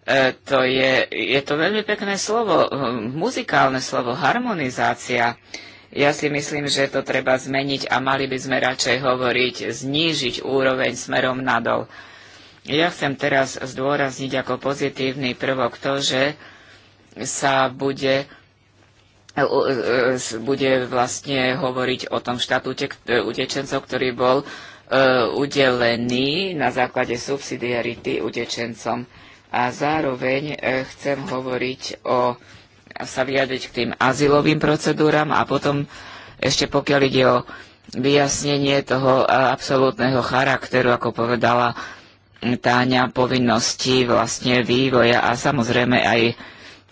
e, to je, je to veľmi pekné slovo, e, muzikálne slovo, harmonizácia. Ja si myslím, že to treba zmeniť a mali by sme radšej hovoriť, znížiť úroveň smerom nadol. Ja chcem teraz zdôrazniť ako pozitívny prvok to, že sa bude, bude vlastne hovoriť o tom štatúte utečencov, ktorý bol Eh, udelený na základe subsidiarity utečencom. A zároveň eh, chcem hovoriť o sa vyjadriť k tým azylovým procedúram a potom ešte pokiaľ ide o vyjasnenie toho eh, absolútneho charakteru, ako povedala mm, Táňa, povinnosti vlastne vývoja a samozrejme aj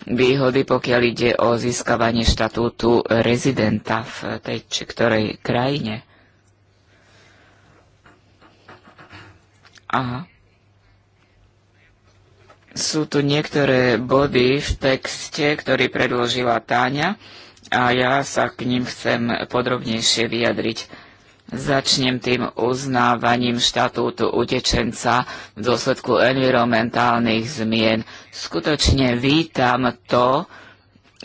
výhody, pokiaľ ide o získavanie štatútu rezidenta v tej či ktorej krajine. A sú tu niektoré body v texte, ktorý predložila Táňa a ja sa k ním chcem podrobnejšie vyjadriť. Začnem tým uznávaním štatútu utečenca v dôsledku environmentálnych zmien. Skutočne vítam to,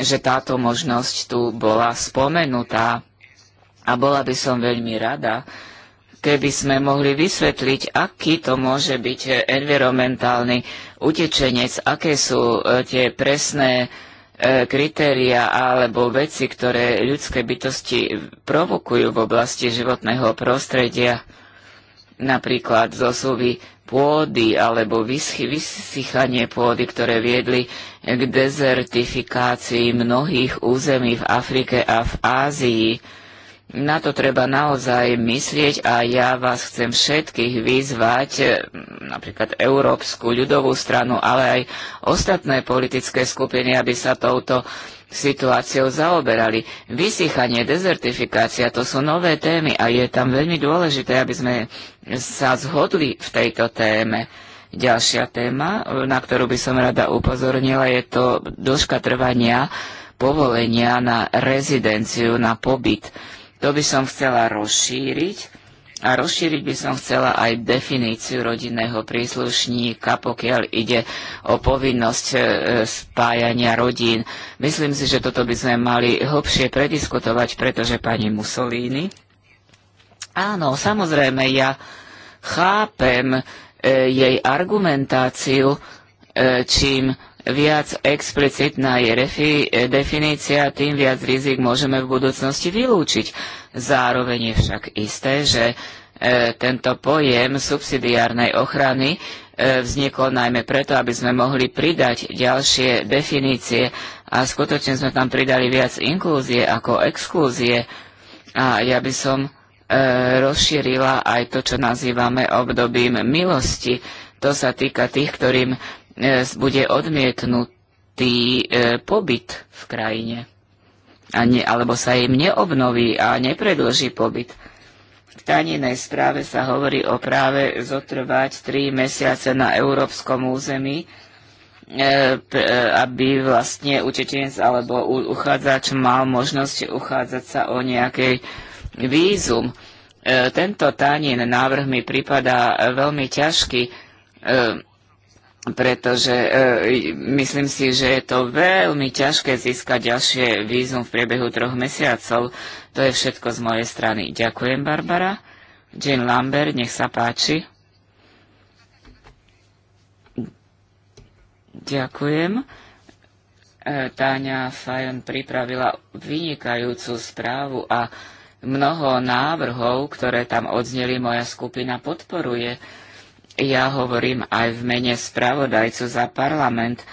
že táto možnosť tu bola spomenutá a bola by som veľmi rada, keby sme mohli vysvetliť, aký to môže byť environmentálny utečenec, aké sú e, tie presné e, kritéria alebo veci, ktoré ľudské bytosti provokujú v oblasti životného prostredia, napríklad zosuvy pôdy alebo vysychanie pôdy, ktoré viedli k dezertifikácii mnohých území v Afrike a v Ázii na to treba naozaj myslieť a ja vás chcem všetkých vyzvať, e, napríklad Európsku ľudovú stranu, ale aj ostatné politické skupiny, aby sa touto situáciou zaoberali. Vysychanie, dezertifikácia, to sú nové témy a je tam veľmi dôležité, aby sme sa zhodli v tejto téme. Ďalšia téma, e, na ktorú by som rada upozornila, je to dĺžka trvania povolenia na rezidenciu, na pobyt to by som chcela rozšíriť. A rozšíriť by som chcela aj definíciu rodinného príslušníka, pokiaľ ide o povinnosť e, spájania rodín. Myslím si, že toto by sme mali hlbšie prediskutovať, pretože pani Mussolini. Áno, samozrejme, ja chápem e, jej argumentáciu, e, čím viac explicitná je refi, eh, definícia, tým viac rizik môžeme v budúcnosti vylúčiť. Zároveň je však isté, že e, tento pojem subsidiárnej ochrany e, vznikol najmä preto, aby sme mohli pridať ďalšie definície a skutočne sme tam pridali viac inklúzie ako exklúzie. A ja by som e, rozšírila aj to, čo nazývame obdobím milosti. To sa týka tých, ktorým E, bude odmietnutý e, pobyt v krajine. A ne, alebo sa im neobnoví a nepredlží pobyt. V Taninej správe sa hovorí o práve zotrvať 3 mesiace na európskom území, e, aby vlastne utečenec alebo uchádzač mal možnosť uchádzať sa o nejaký vízum. Tento tanín návrh mi pripadá veľmi ťažký pretože e, myslím si, že je to veľmi ťažké získať ďalšie vízum v priebehu troch mesiacov. To je všetko z mojej strany. Ďakujem, Barbara. Jane Lambert, nech sa páči. Ďakujem. E, Táňa Fajon pripravila vynikajúcu správu a mnoho návrhov, ktoré tam odzneli, moja skupina podporuje. Ja hovorím aj v mene spravodajcu za parlament.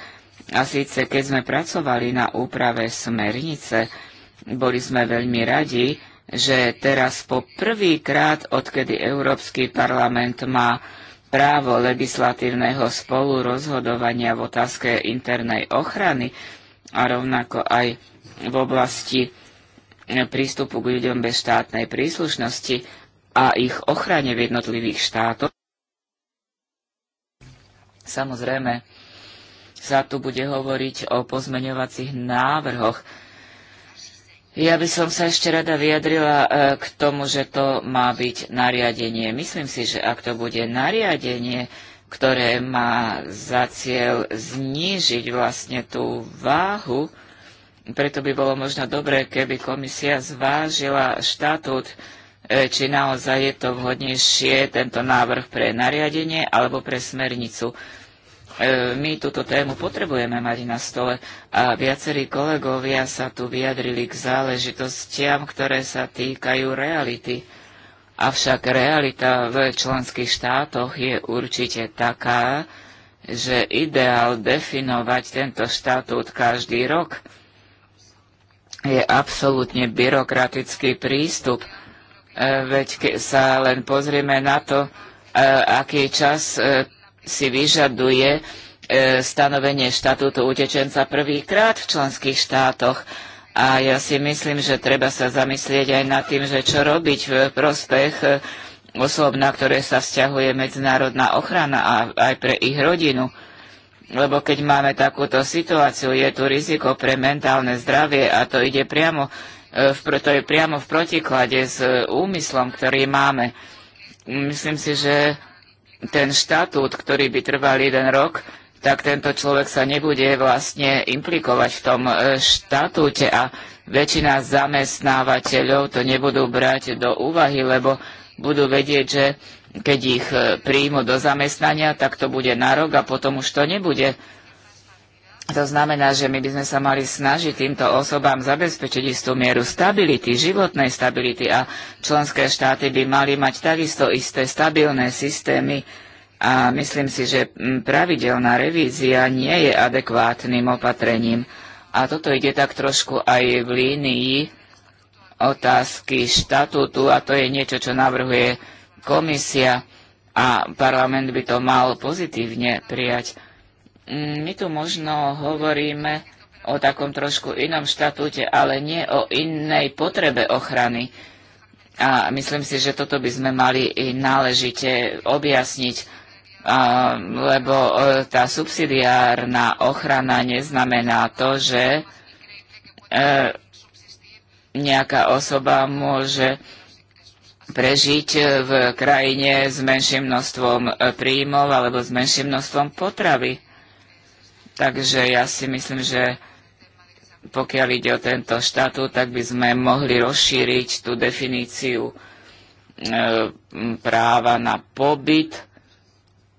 A síce, keď sme pracovali na úprave smernice, boli sme veľmi radi, že teraz po prvý krát, odkedy Európsky parlament má právo legislatívneho spolurozhodovania v otázke internej ochrany a rovnako aj v oblasti eh, prístupu k ľuďom bez štátnej príslušnosti a ich ochrane v jednotlivých štátoch, Samozrejme, sa tu bude hovoriť o pozmeňovacích návrhoch. Ja by som sa ešte rada vyjadrila e, k tomu, že to má byť nariadenie. Myslím si, že ak to bude nariadenie, ktoré má za cieľ znížiť vlastne tú váhu, preto by bolo možno dobré, keby komisia zvážila štatút E, či naozaj je to vhodnejšie tento návrh pre nariadenie alebo pre smernicu. E, my túto tému potrebujeme mať na stole a viacerí kolegovia sa tu vyjadrili k záležitostiam, ktoré sa týkajú reality. Avšak realita v členských štátoch je určite taká, že ideál definovať tento štatút každý rok je absolútne byrokratický prístup – E, veď keď sa len pozrieme na to, e, aký čas e, si vyžaduje stanovenie štatútu utečenca prvýkrát v členských štátoch. A ja si myslím, že treba sa zamyslieť aj nad tým, že čo robiť v prospech osôb, na ktoré sa vzťahuje medzinárodná ochrana a aj pre ich rodinu. Lebo keď máme takúto situáciu, je tu riziko pre mentálne zdravie a to ide priamo Eh, to je priamo v protiklade s eh, úmyslom, ktorý máme. Myslím si, že ten štatút, ktorý by trval jeden rok, tak tento človek sa nebude vlastne implikovať v tom eh, štatúte a väčšina zamestnávateľov to nebudú brať do úvahy, lebo budú vedieť, že keď ich príjmu do zamestnania, tak to bude na rok a potom už to nebude to znamená, že my by sme sa mali snažiť týmto osobám zabezpečiť istú mieru stability, životnej stability a členské štáty by mali mať takisto isté stabilné systémy a myslím si, že mm, pravidelná revízia nie je adekvátnym opatrením. A toto ide tak trošku aj v línii otázky štatútu a to je niečo, čo navrhuje komisia a parlament by to mal pozitívne prijať. Mm, my tu možno hovoríme o takom trošku inom štatúte, ale nie o inej potrebe ochrany. A myslím si, že toto by sme mali i náležite objasniť, a, lebo e, tá subsidiárna ochrana neznamená to, že e, nejaká osoba môže prežiť v krajine s menším množstvom e, príjmov alebo s menším množstvom potravy Takže ja si myslím, že pokiaľ ide o tento štatút, tak by sme mohli rozšíriť tú definíciu e, práva na pobyt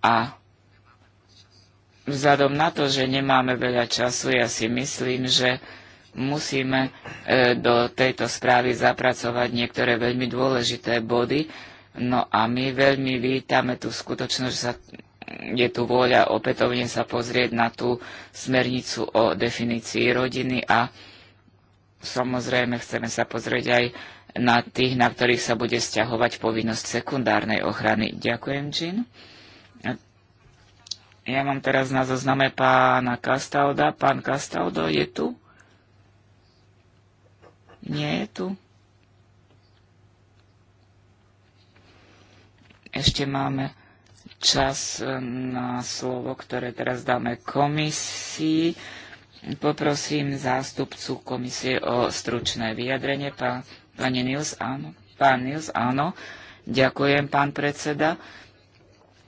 a vzhľadom na to, že nemáme veľa času, ja si myslím, že musíme e, do tejto správy zapracovať niektoré veľmi dôležité body. No a my veľmi vítame tú skutočnosť, že sa je tu vôľa opätovne sa pozrieť na tú smernicu o definícii rodiny a samozrejme chceme sa pozrieť aj na tých, na ktorých sa bude stiahovať povinnosť sekundárnej ochrany. Ďakujem, Jean. Ja mám teraz na zozname pána Kastalda. Pán Kastaldo je tu? Nie je tu. Ešte máme čas eh, na slovo, ktoré teraz dáme komisii. Poprosím zástupcu komisie o stručné vyjadrenie. Pán, pani Nils, áno. Pán Nils, áno. Ďakujem, pán predseda.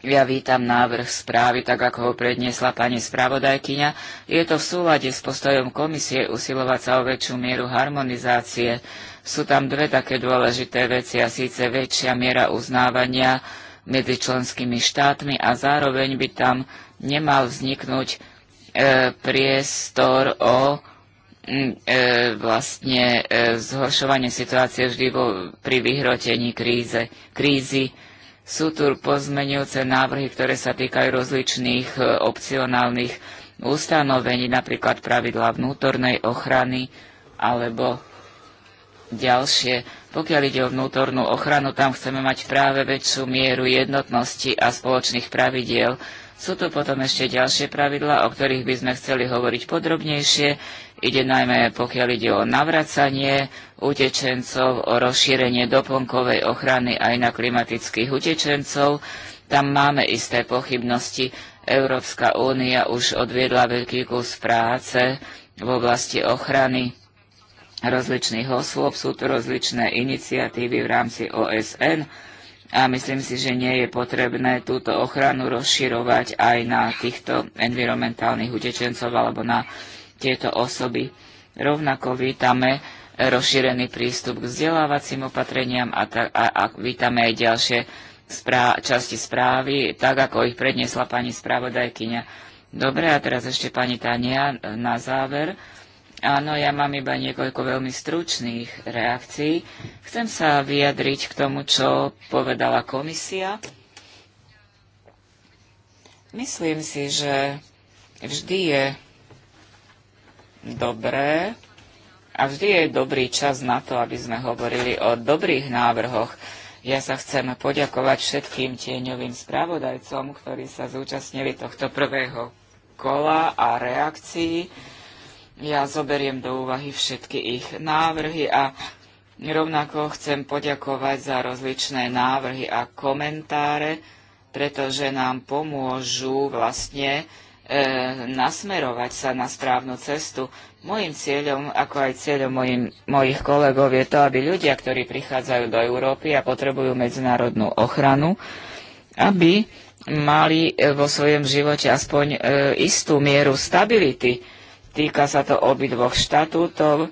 Ja vítam návrh správy, tak ako ho predniesla pani spravodajkyňa. Je to v súlade s postojom komisie usilovať sa o väčšiu mieru harmonizácie. Sú tam dve také dôležité veci a síce väčšia miera uznávania medzi členskými štátmi a zároveň by tam nemal vzniknúť e, priestor o e, vlastne e, zhoršovanie situácie vždy vo, pri vyhrotení kríze, krízy. Sú tu pozmenujúce návrhy, ktoré sa týkajú rozličných e, opcionálnych ustanovení, napríklad pravidla vnútornej ochrany alebo ďalšie pokiaľ ide o vnútornú ochranu, tam chceme mať práve väčšiu mieru jednotnosti a spoločných pravidiel. Sú tu potom ešte ďalšie pravidlá, o ktorých by sme chceli hovoriť podrobnejšie. Ide najmä pokiaľ ide o navracanie utečencov, o rozšírenie doplnkovej ochrany aj na klimatických utečencov. Tam máme isté pochybnosti. Európska únia už odviedla veľký kus práce v oblasti ochrany rozličných osôb, sú tu rozličné iniciatívy v rámci OSN a myslím si, že nie je potrebné túto ochranu rozširovať aj na týchto environmentálnych utečencov alebo na tieto osoby. Rovnako vítame rozšírený prístup k vzdelávacím opatreniam a, ta, a, a vítame aj ďalšie sprá- časti správy, tak ako ich predniesla pani spravodajkyňa. Dobre, a teraz ešte pani Tania na záver. Áno, ja mám iba niekoľko veľmi stručných reakcií. Chcem sa vyjadriť k tomu, čo povedala komisia. Myslím si, že vždy je dobré a vždy je dobrý čas na to, aby sme hovorili o dobrých návrhoch. Ja sa chcem poďakovať všetkým tieňovým spravodajcom, ktorí sa zúčastnili tohto prvého kola a reakcií ja zoberiem do úvahy všetky ich návrhy a rovnako chcem poďakovať za rozličné návrhy a komentáre, pretože nám pomôžu vlastne e, nasmerovať sa na správnu cestu. Mojím cieľom, ako aj cieľom mojim, mojich kolegov, je to, aby ľudia, ktorí prichádzajú do Európy a potrebujú medzinárodnú ochranu, aby mali vo svojom živote aspoň e, istú mieru stability Týka sa to obidvoch štatútov,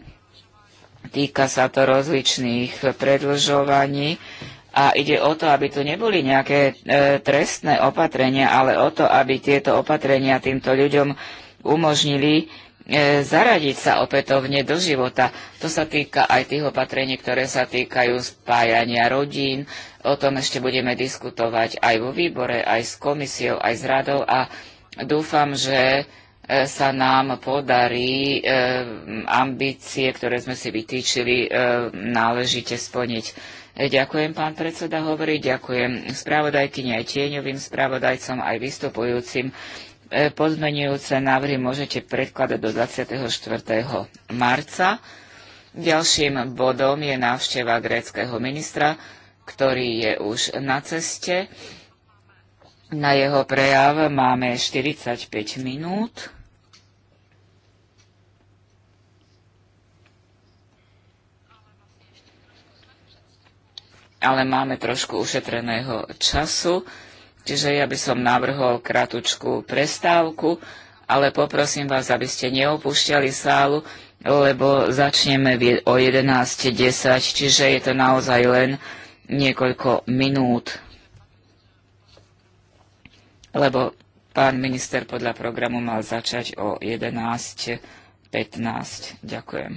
týka sa to rozličných predlžovaní a ide o to, aby tu neboli nejaké e, trestné opatrenia, ale o to, aby tieto opatrenia týmto ľuďom umožnili e, zaradiť sa opätovne do života. To sa týka aj tých opatrení, ktoré sa týkajú spájania rodín. O tom ešte budeme diskutovať aj vo výbore, aj s komisiou, aj s radou a dúfam, že E, sa nám podarí e, ambície, ktoré sme si vytýčili, e, náležite splniť. Ďakujem, pán predseda hovorí, ďakujem spravodajkyni aj tieňovým spravodajcom, aj vystupujúcim. Pozmenujúce návrhy môžete predkladať do 24. marca. Ďalším bodom je návšteva gréckého ministra, ktorý je už na ceste. Na jeho prejav máme 45 minút. ale máme trošku ušetreného času, čiže ja by som navrhol kratučku prestávku, ale poprosím vás, aby ste neopúšťali sálu, lebo začneme o 11.10, čiže je to naozaj len niekoľko minút lebo pán minister podľa programu mal začať o 11.15. Ďakujem.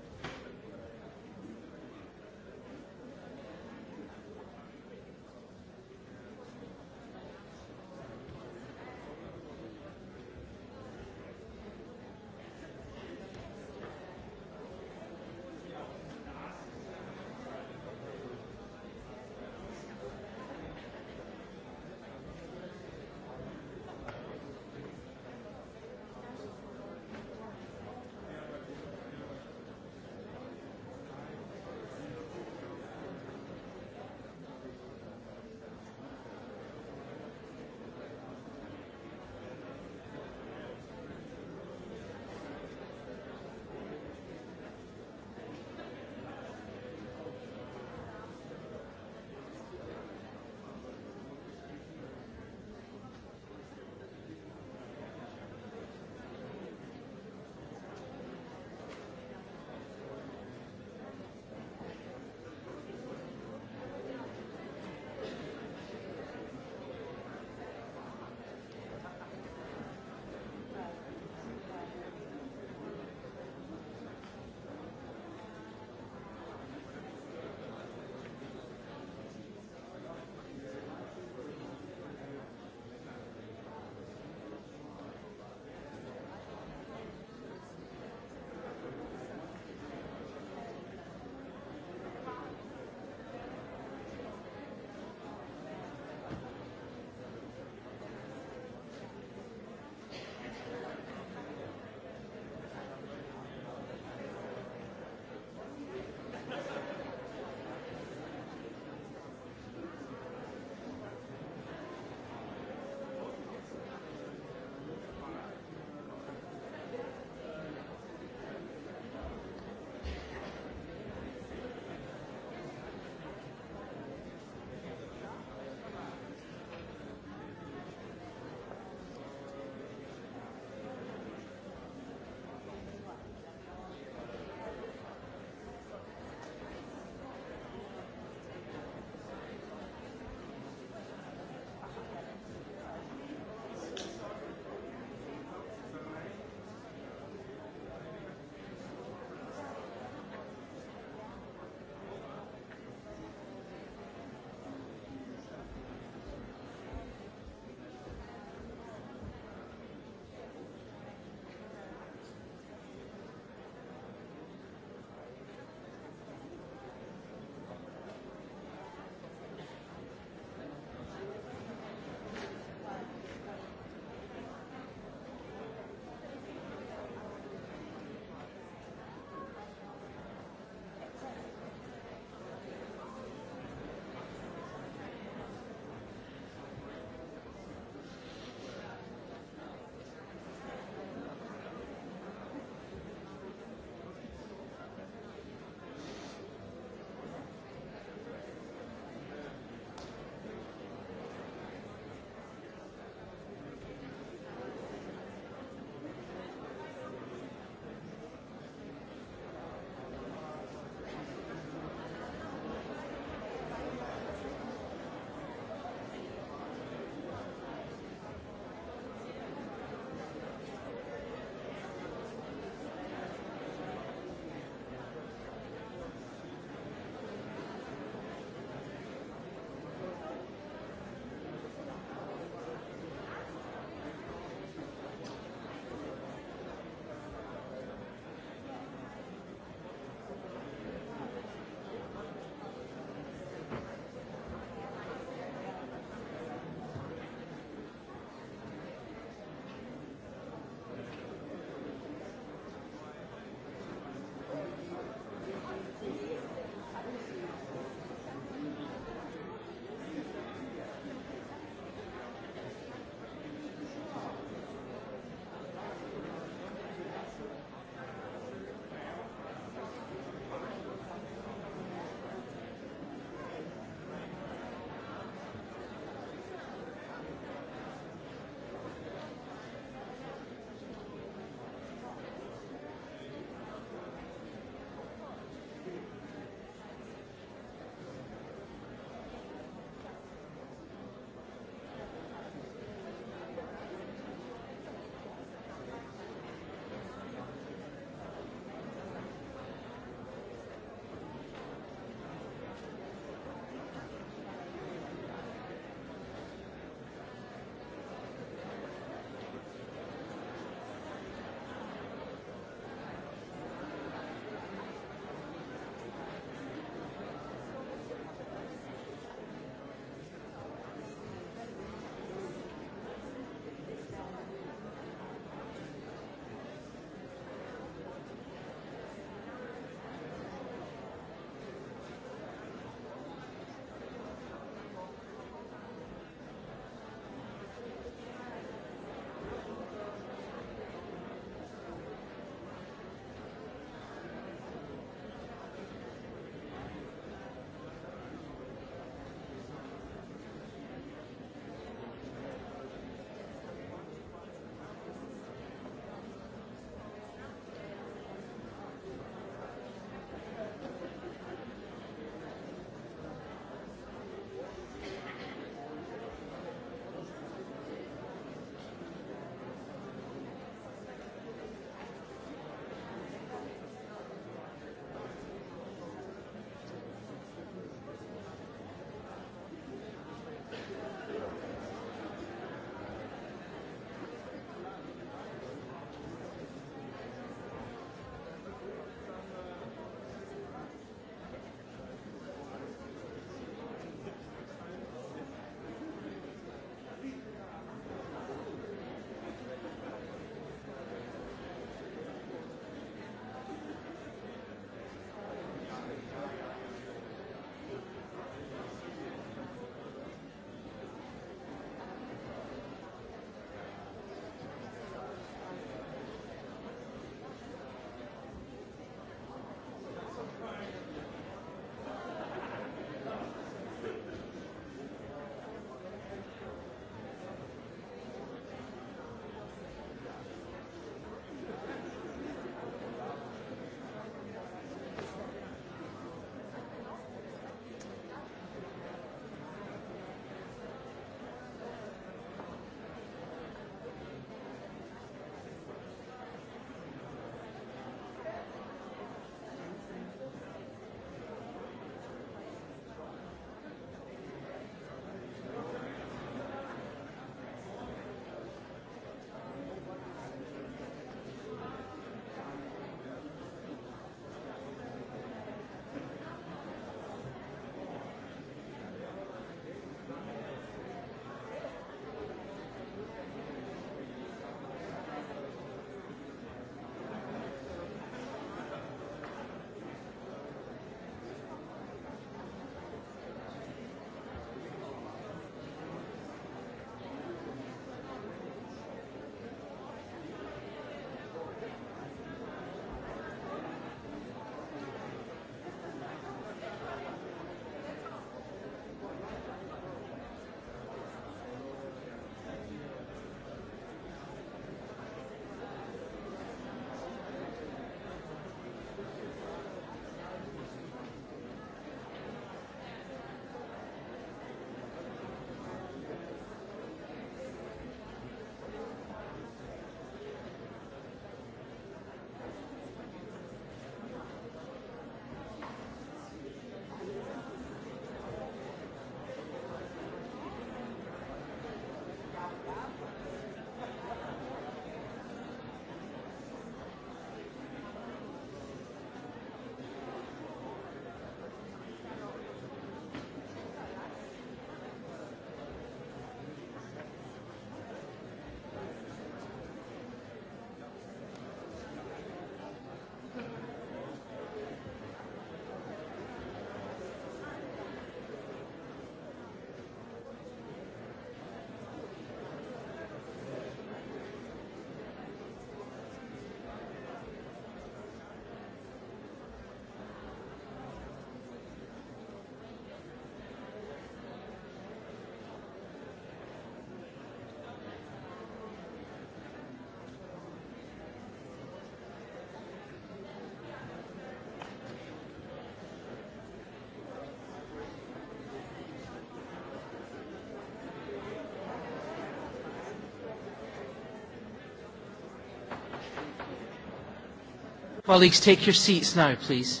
Colleagues, take your seats now, please.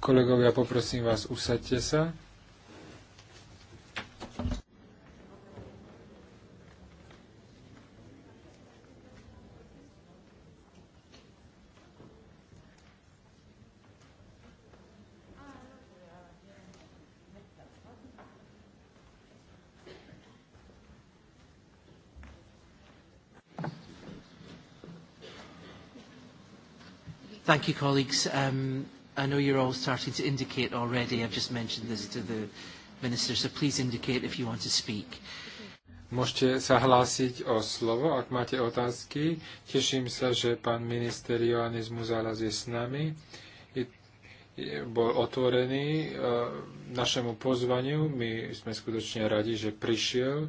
Kolegovia, poprosím vás, usaďte sa. Thank you, colleagues. Um, I know you're all starting to indicate already. I've just mentioned this to the minister, so please indicate if you want to speak. Môžete sa hlásiť o slovo, ak máte otázky. Teším sa, že pán minister Ioannis Muzalas je s nami. Je, je, bol otvorený e, našemu pozvaniu. My sme skutočne radi, že prišiel. E,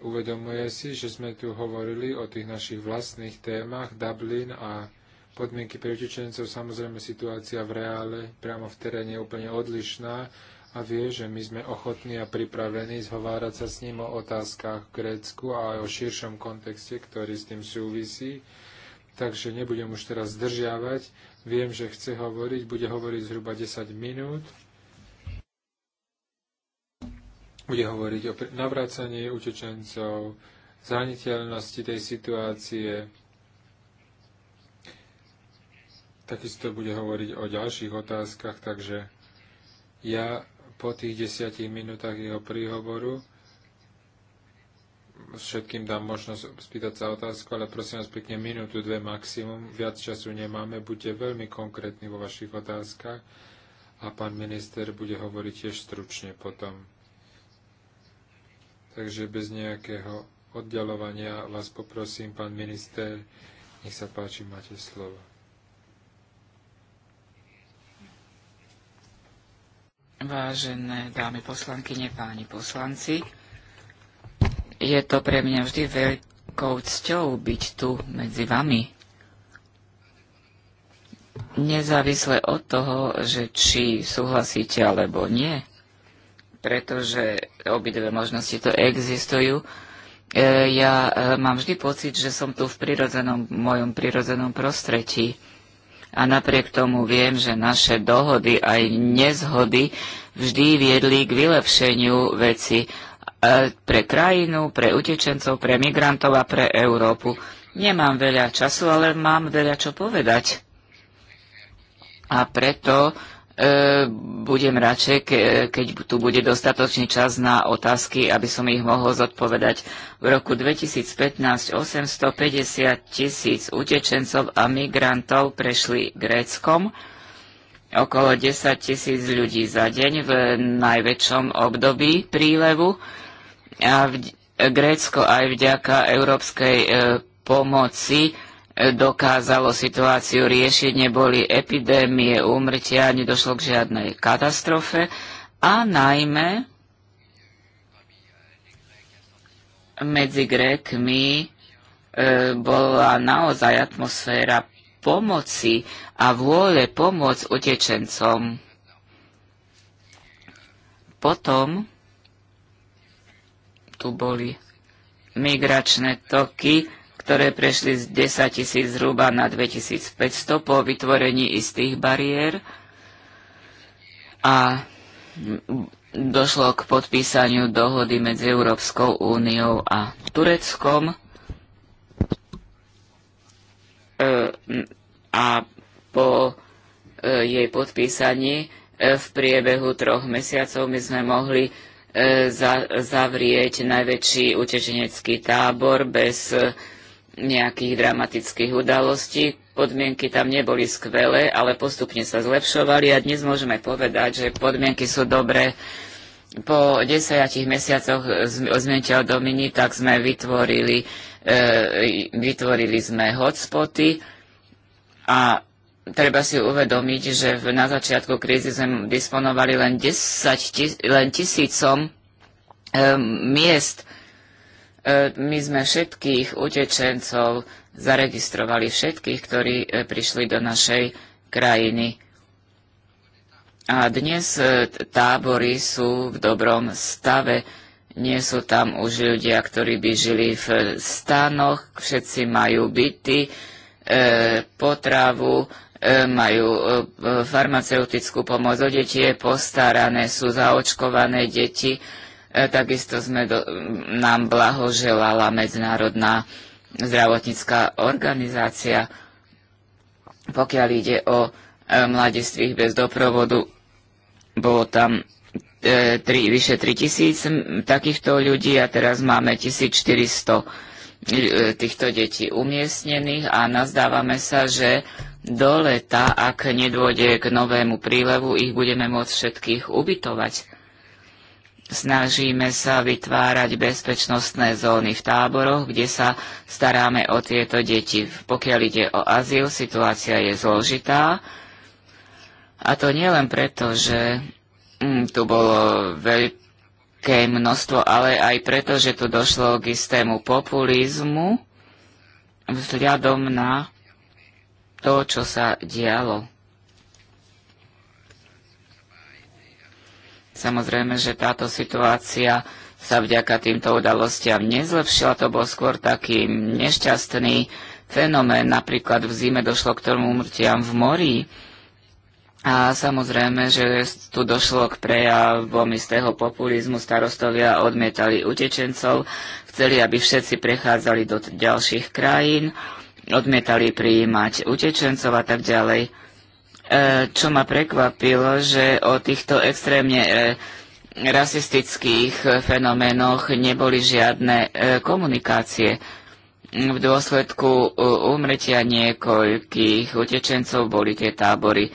Uvedomuje si, že sme tu hovorili o tých našich vlastných témach, Dublin a podmienky pre utečencov. Samozrejme, situácia v reále, priamo v teréne je úplne odlišná a vie, že my sme ochotní a pripravení zhovárať sa s ním o otázkach v Grécku a aj o širšom kontexte, ktorý s tým súvisí. Takže nebudem už teraz zdržiavať. Viem, že chce hovoriť, bude hovoriť zhruba 10 minút bude hovoriť o navracaní utečencov, zraniteľnosti tej situácie. Takisto bude hovoriť o ďalších otázkach, takže ja po tých desiatich minútach jeho príhovoru všetkým dám možnosť spýtať sa otázku, ale prosím vás pekne minútu, dve maximum. Viac času nemáme, buďte veľmi konkrétni vo vašich otázkach a pán minister bude hovoriť tiež stručne potom. Takže bez nejakého oddalovania vás poprosím, pán minister, nech sa páči, máte slovo. Vážené dámy poslankyne, páni poslanci, je to pre mňa vždy veľkou cťou byť tu medzi vami. Nezávisle od toho, že či súhlasíte alebo nie, pretože obidve možnosti to existujú. E, ja e, mám vždy pocit, že som tu v prirodzenom, mojom prirodzenom prostredí. A napriek tomu viem, že naše dohody aj nezhody vždy viedli k vylepšeniu veci e, pre krajinu, pre utečencov, pre migrantov a pre Európu. Nemám veľa času, ale mám veľa čo povedať. A preto E, budem radšej, keď tu bude dostatočný čas na otázky, aby som ich mohol zodpovedať. V roku 2015 850 tisíc utečencov a migrantov prešli Gréckom, okolo 10 tisíc ľudí za deň v najväčšom období prílevu a v Grécko aj vďaka európskej e, pomoci dokázalo situáciu riešiť, neboli epidémie, úmrtia, nedošlo k žiadnej katastrofe a najmä medzi Grékmi e, bola naozaj atmosféra pomoci a vôle pomôcť utečencom. Potom tu boli migračné toky, ktoré prešli z 10 tisíc zhruba na 2500 po vytvorení istých bariér a došlo k podpísaniu dohody medzi Európskou úniou a Tureckom e, a po e, jej podpísaní e, v priebehu troch mesiacov my sme mohli zavrieť najväčší utečenecký tábor bez nejakých dramatických udalostí. Podmienky tam neboli skvelé, ale postupne sa zlepšovali a dnes môžeme povedať, že podmienky sú dobré. Po desiatich mesiacoch od zmeniteľ Domini, tak sme vytvorili, e, vytvorili sme hotspoty a treba si uvedomiť, že v, na začiatku krízy sme disponovali len, 10 len tisícom e, miest, E, my sme všetkých utečencov zaregistrovali, všetkých, ktorí e, prišli do našej krajiny. A dnes e, tábory sú v dobrom stave. Nie sú tam už ľudia, ktorí by žili v stanoch, všetci majú byty, potravu, majú farmaceutickú pomoc o deti, je postarané, sú zaočkované deti E, takisto sme do, nám blahoželala Medzinárodná zdravotnícká organizácia, pokiaľ ide o e, mladistvých bez doprovodu. Bolo tam e, tri, vyše 3000 takýchto ľudí a teraz máme 1400 e, týchto detí umiestnených a nazdávame sa, že do leta, ak nedôjde k novému prílevu, ich budeme môcť všetkých ubytovať. Snažíme sa vytvárať bezpečnostné zóny v táboroch, kde sa staráme o tieto deti. Pokiaľ ide o azyl, situácia je zložitá. A to nielen preto, že hm, tu bolo veľké množstvo, ale aj preto, že tu došlo k istému populizmu vzhľadom na to, čo sa dialo. Samozrejme, že táto situácia sa vďaka týmto udalostiam nezlepšila, to bol skôr taký nešťastný fenomén. Napríklad v zime došlo k tomu umrtiam v mori. A samozrejme, že tu došlo k prejavom istého populizmu. Starostovia odmietali utečencov, chceli, aby všetci prechádzali do ďalších krajín, odmietali prijímať utečencov a tak ďalej. E, čo ma prekvapilo, že o týchto extrémne e, rasistických e, fenoménoch neboli žiadne komunikácie. V dôsledku umretia niekoľkých utečencov boli tie tábory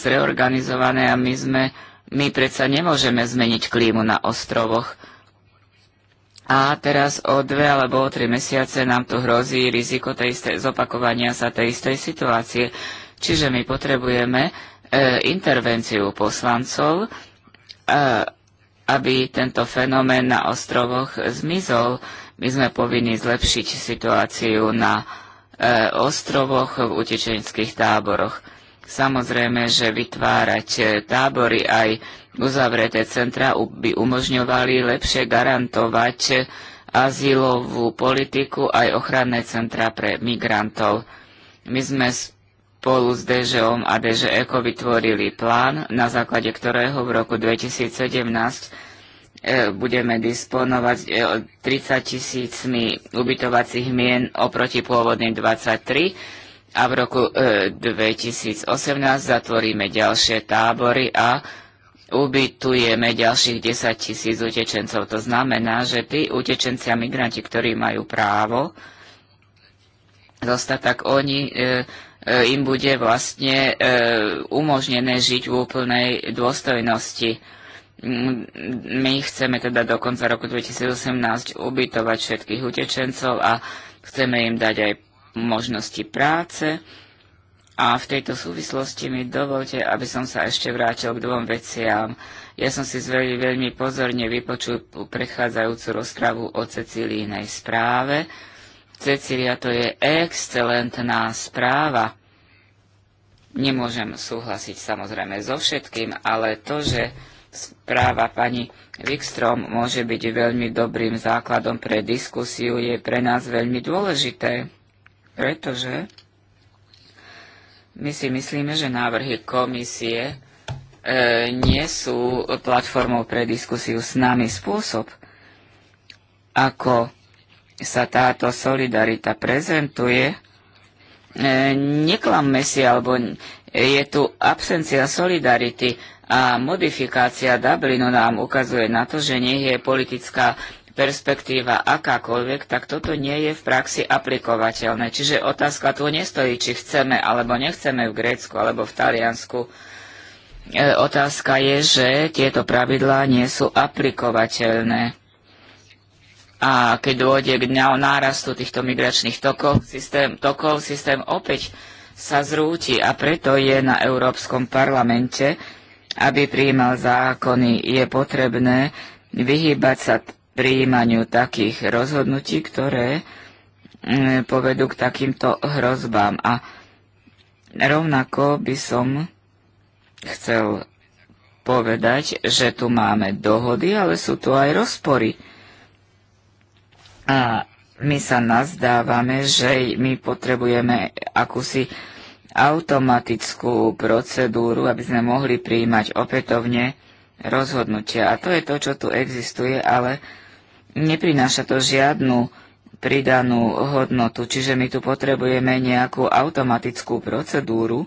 zreorganizované a my sme my predsa nemôžeme zmeniť klímu na ostrovoch. A teraz o dve alebo o tri mesiace nám tu hrozí riziko tej istej, zopakovania sa tej istej situácie. Čiže my potrebujeme e, intervenciu poslancov, e, aby tento fenomén na ostrovoch zmizol. My sme povinni zlepšiť situáciu na e, ostrovoch v utečenských táboroch. Samozrejme, že vytvárať e, tábory aj uzavreté centra by umožňovali lepšie garantovať e, azylovú politiku aj ochranné centra pre migrantov. My sme spolu s DŽom a DŽ Eko vytvorili plán, na základe ktorého v roku 2017 e, budeme disponovať 30 e, tisícmi ubytovacích mien oproti pôvodným 23 a v roku 2018 e, zatvoríme ďalšie tábory a ubytujeme ďalších 10 tisíc utečencov. To znamená, že tí utečenci a migranti, ktorí majú právo zostať, tak oni E, im bude vlastne e, umožnené žiť v úplnej dôstojnosti. My chceme teda do konca roku 2018 ubytovať všetkých utečencov a chceme im dať aj možnosti práce. A v tejto súvislosti mi dovolte, aby som sa ešte vrátil k dvom veciam. Ja som si zveľmi, veľmi pozorne vypočul prechádzajúcu rozpravu o Cecilínej správe, Cecília, to je excelentná správa. Nemôžem súhlasiť samozrejme so všetkým, ale to, že správa pani Wikstrom môže byť veľmi dobrým základom pre diskusiu, je pre nás veľmi dôležité, pretože my si myslíme, že návrhy komisie e, nie sú platformou pre diskusiu s nami spôsob, ako sa táto solidarita prezentuje, e, neklamme si, alebo je tu absencia solidarity a modifikácia Dublinu nám ukazuje na to, že nie je politická perspektíva akákoľvek, tak toto nie je v praxi aplikovateľné. Čiže otázka tu nestojí, či chceme alebo nechceme v Grécku alebo v Taliansku. E, otázka je, že tieto pravidlá nie sú aplikovateľné. A keď dôjde k nárastu týchto migračných tokov, systém, tokov, systém opäť sa zrúti a preto je na Európskom parlamente, aby prijímal zákony, je potrebné vyhýbať sa prijímaniu takých rozhodnutí, ktoré mm, povedú k takýmto hrozbám. A rovnako by som chcel povedať, že tu máme dohody, ale sú tu aj rozpory. A my sa nazdávame, že my potrebujeme akúsi automatickú procedúru, aby sme mohli príjmať opätovne rozhodnutia. A to je to, čo tu existuje, ale neprináša to žiadnu pridanú hodnotu. Čiže my tu potrebujeme nejakú automatickú procedúru,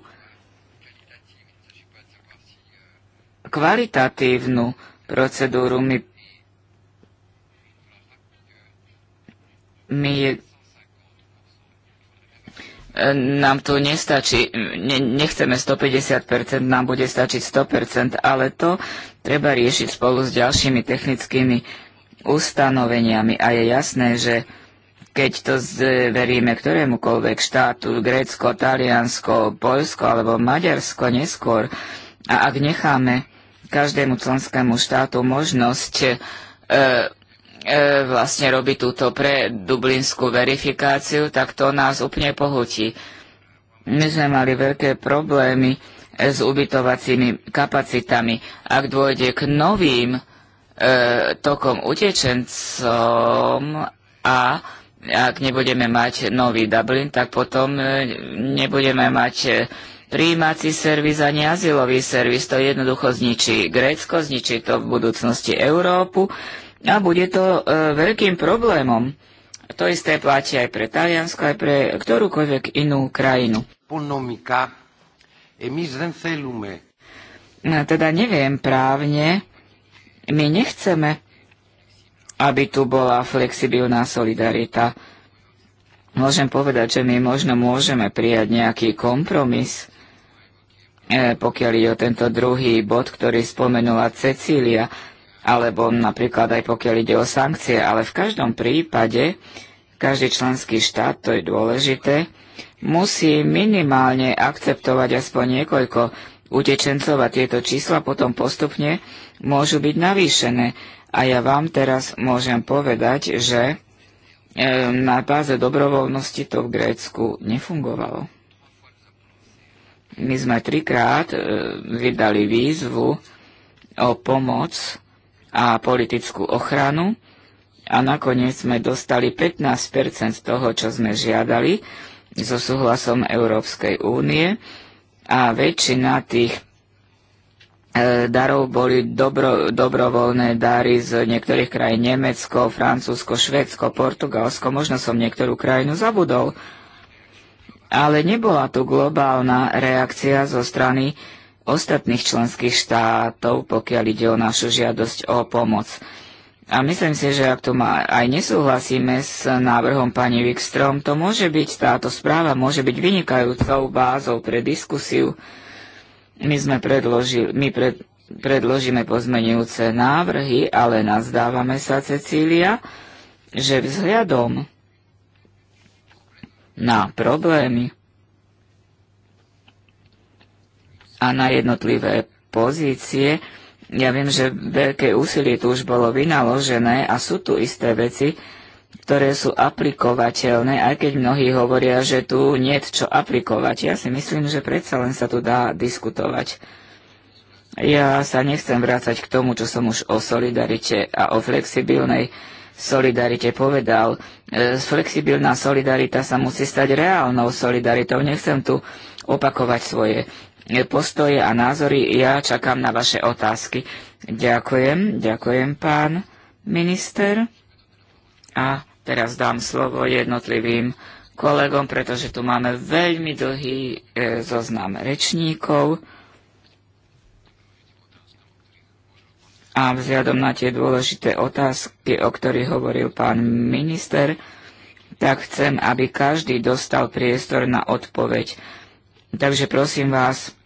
kvalitatívnu procedúru. My my e, nám tu nestačí, ne, nechceme 150%, nám bude stačiť 100%, ale to treba riešiť spolu s ďalšími technickými ustanoveniami. A je jasné, že keď to zveríme ktorémukoľvek štátu, Grécko, Taliansko, Poľsko alebo Maďarsko neskôr, a ak necháme každému členskému štátu možnosť e, E, vlastne robí túto pre dublinskú verifikáciu, tak to nás úplne pohutí. My sme mali veľké problémy s ubytovacími kapacitami. Ak dôjde k novým e, tokom utečencom a ak nebudeme mať nový Dublin, tak potom e, nebudeme mať e, Príjímací servis ani azylový servis to jednoducho zničí Grécko, zničí to v budúcnosti Európu a bude to e, veľkým problémom. To isté platí aj pre Taliansko, aj pre ktorúkoľvek inú krajinu. E, no, teda neviem právne, my nechceme, aby tu bola flexibilná solidarita. Môžem povedať, že my možno môžeme prijať nejaký kompromis, e, pokiaľ ide o tento druhý bod, ktorý spomenula Cecília alebo napríklad aj pokiaľ ide o sankcie, ale v každom prípade každý členský štát, to je dôležité, musí minimálne akceptovať aspoň niekoľko utečencov a tieto čísla potom postupne môžu byť navýšené. A ja vám teraz môžem povedať, že e, na báze dobrovoľnosti to v Grécku nefungovalo. My sme trikrát e, vydali výzvu o pomoc a politickú ochranu a nakoniec sme dostali 15 z toho, čo sme žiadali so súhlasom Európskej únie a väčšina tých e, darov boli dobro, dobrovoľné dary z niektorých krajín Nemecko, Francúzsko, Švedsko, Portugalsko, možno som niektorú krajinu zabudol. Ale nebola tu globálna reakcia zo strany ostatných členských štátov, pokiaľ ide o našu žiadosť o pomoc. A myslím si, že ak to má, aj nesúhlasíme s návrhom pani Wikstrom, to môže byť, táto správa môže byť vynikajúcou bázou pre diskusiu. My sme predložili, my pred, predložíme pozmenujúce návrhy, ale nazdávame sa, Cecília, že vzhľadom na problémy, a na jednotlivé pozície. Ja viem, že veľké úsilie tu už bolo vynaložené a sú tu isté veci, ktoré sú aplikovateľné, aj keď mnohí hovoria, že tu nie je čo aplikovať. Ja si myslím, že predsa len sa tu dá diskutovať. Ja sa nechcem vrácať k tomu, čo som už o solidarite a o flexibilnej solidarite povedal. E, flexibilná solidarita sa musí stať reálnou solidaritou. Nechcem tu opakovať svoje postoje a názory. Ja čakám na vaše otázky. Ďakujem, ďakujem pán minister. A teraz dám slovo jednotlivým kolegom, pretože tu máme veľmi dlhý e, zoznam rečníkov. A vzhľadom na tie dôležité otázky, o ktorých hovoril pán minister, tak chcem, aby každý dostal priestor na odpoveď. Takže prosím vás,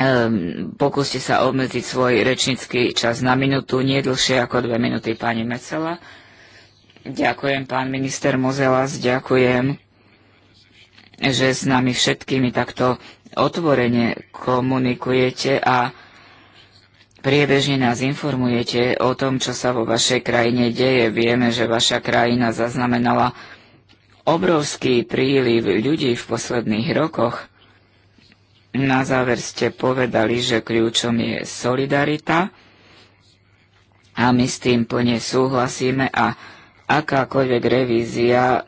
Um, pokúste sa obmedziť svoj rečnícky čas na minútu, nie dlhšie ako dve minúty, pani Mecela. Ďakujem, pán minister Mozelas, ďakujem, že s nami všetkými takto otvorene komunikujete a priebežne nás informujete o tom, čo sa vo vašej krajine deje. Vieme, že vaša krajina zaznamenala obrovský príliv ľudí v posledných rokoch na záver ste povedali, že kľúčom je solidarita a my s tým plne súhlasíme a akákoľvek revízia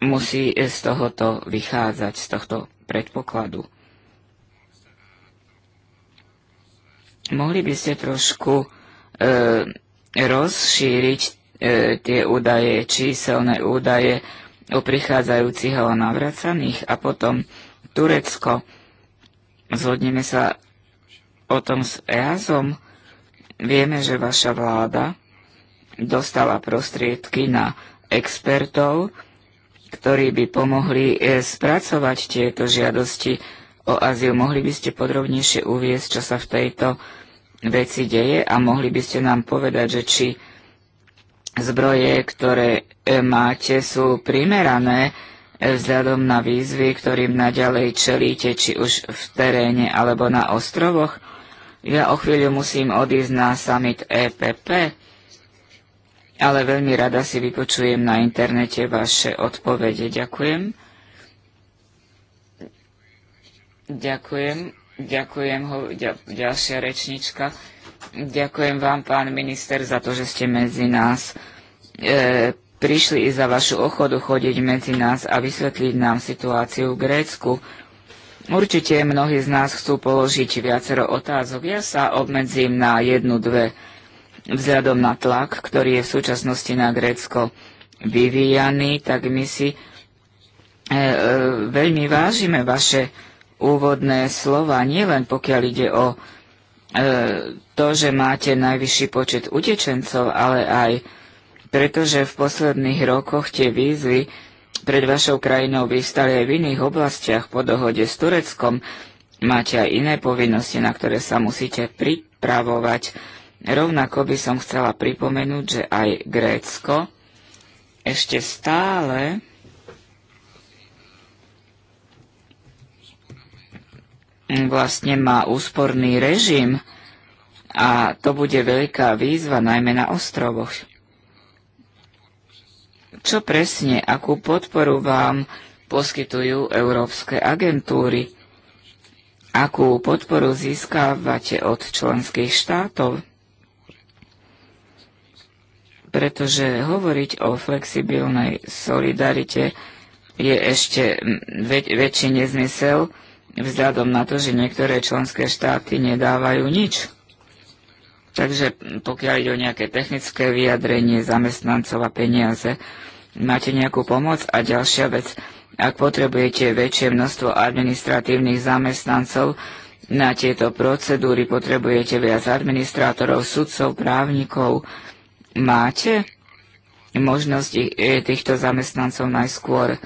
musí z tohoto vychádzať, z tohto predpokladu. Mohli by ste trošku e, rozšíriť e, tie údaje, číselné údaje o prichádzajúcich a navracaných a potom Turecko. Zhodneme sa o tom s EASom. Vieme, že vaša vláda dostala prostriedky na expertov, ktorí by pomohli e, spracovať tieto žiadosti o azyl. Mohli by ste podrobnejšie uviezť, čo sa v tejto veci deje a mohli by ste nám povedať, že či zbroje, ktoré e, máte, sú primerané vzhľadom na výzvy, ktorým naďalej čelíte, či už v teréne alebo na ostrovoch? Ja o chvíľu musím odísť na summit EPP, ale veľmi rada si vypočujem na internete vaše odpovede. Ďakujem. Ďakujem. Ďakujem. Ho, ďa, ďalšia rečnička. Ďakujem vám, pán minister, za to, že ste medzi nás e, prišli i za vašu ochodu chodiť medzi nás a vysvetliť nám situáciu v Grécku. Určite mnohí z nás chcú položiť viacero otázok. Ja sa obmedzím na jednu, dve vzhľadom na tlak, ktorý je v súčasnosti na Grécko vyvíjaný, tak my si e, e, veľmi vážime vaše úvodné slova, nielen pokiaľ ide o e, to, že máte najvyšší počet utečencov, ale aj pretože v posledných rokoch tie výzvy pred vašou krajinou vystali aj v iných oblastiach po dohode s Tureckom. Máte aj iné povinnosti, na ktoré sa musíte pripravovať. Rovnako by som chcela pripomenúť, že aj Grécko ešte stále vlastne má úsporný režim a to bude veľká výzva najmä na ostrovoch. Čo presne, akú podporu vám poskytujú európske agentúry? Akú podporu získávate od členských štátov? Pretože hovoriť o flexibilnej solidarite je ešte väč- väčší nezmysel, vzhľadom na to, že niektoré členské štáty nedávajú nič. Takže pokiaľ ide o nejaké technické vyjadrenie zamestnancov a peniaze, máte nejakú pomoc? A ďalšia vec, ak potrebujete väčšie množstvo administratívnych zamestnancov, na tieto procedúry potrebujete viac administrátorov, sudcov, právnikov. Máte možnosť e, týchto zamestnancov najskôr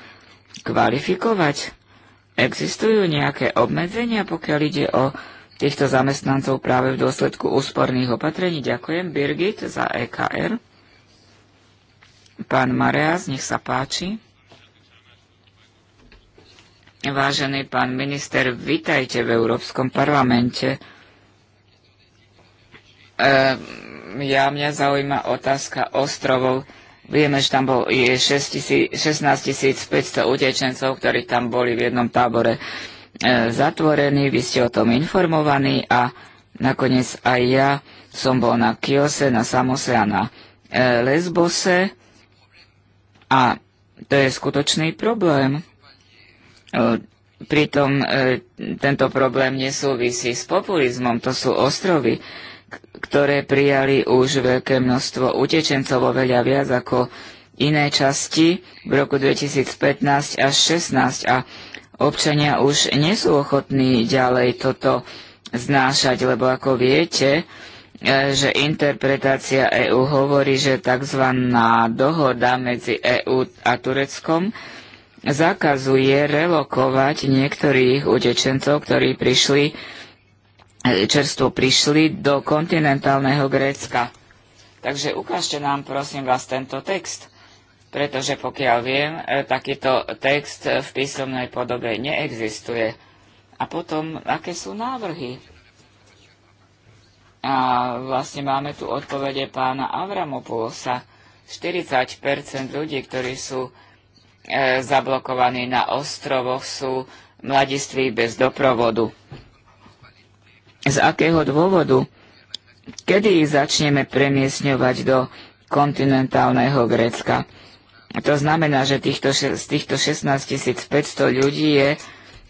kvalifikovať? Existujú nejaké obmedzenia, pokiaľ ide o týchto zamestnancov práve v dôsledku úsporných opatrení? Ďakujem, Birgit, za EKR. Pán Mareas, nech sa páči. Vážený pán minister, vítajte v Európskom parlamente. E, ja mňa zaujíma otázka ostrovov. Vieme, že tam bol, je 6 16 500 utečencov, ktorí tam boli v jednom tábore e, zatvorení. Vy ste o tom informovaní a nakoniec aj ja som bol na Kiose, na Samose a na e, Lesbose a to je skutočný problém. E, pritom e, tento problém nesúvisí s populizmom, to sú ostrovy, ktoré prijali už veľké množstvo utečencov, oveľa viac ako iné časti v roku 2015 až 16 a občania už nie sú ochotní ďalej toto znášať, lebo ako viete, E, že interpretácia EÚ hovorí, že tzv. dohoda medzi EÚ a Tureckom zakazuje relokovať niektorých utečencov, ktorí prišli, e, čerstvo prišli do kontinentálneho Grécka. Takže ukážte nám prosím vás tento text, pretože pokiaľ viem, e, takýto text v písomnej podobe neexistuje. A potom, aké sú návrhy? A vlastne máme tu odpovede pána Avramopulosa. 40 ľudí, ktorí sú e, zablokovaní na ostrovoch, sú mladiství bez doprovodu. Z akého dôvodu? Kedy ich začneme premiesňovať do kontinentálneho Grécka? To znamená, že týchto, z týchto 16 500 ľudí je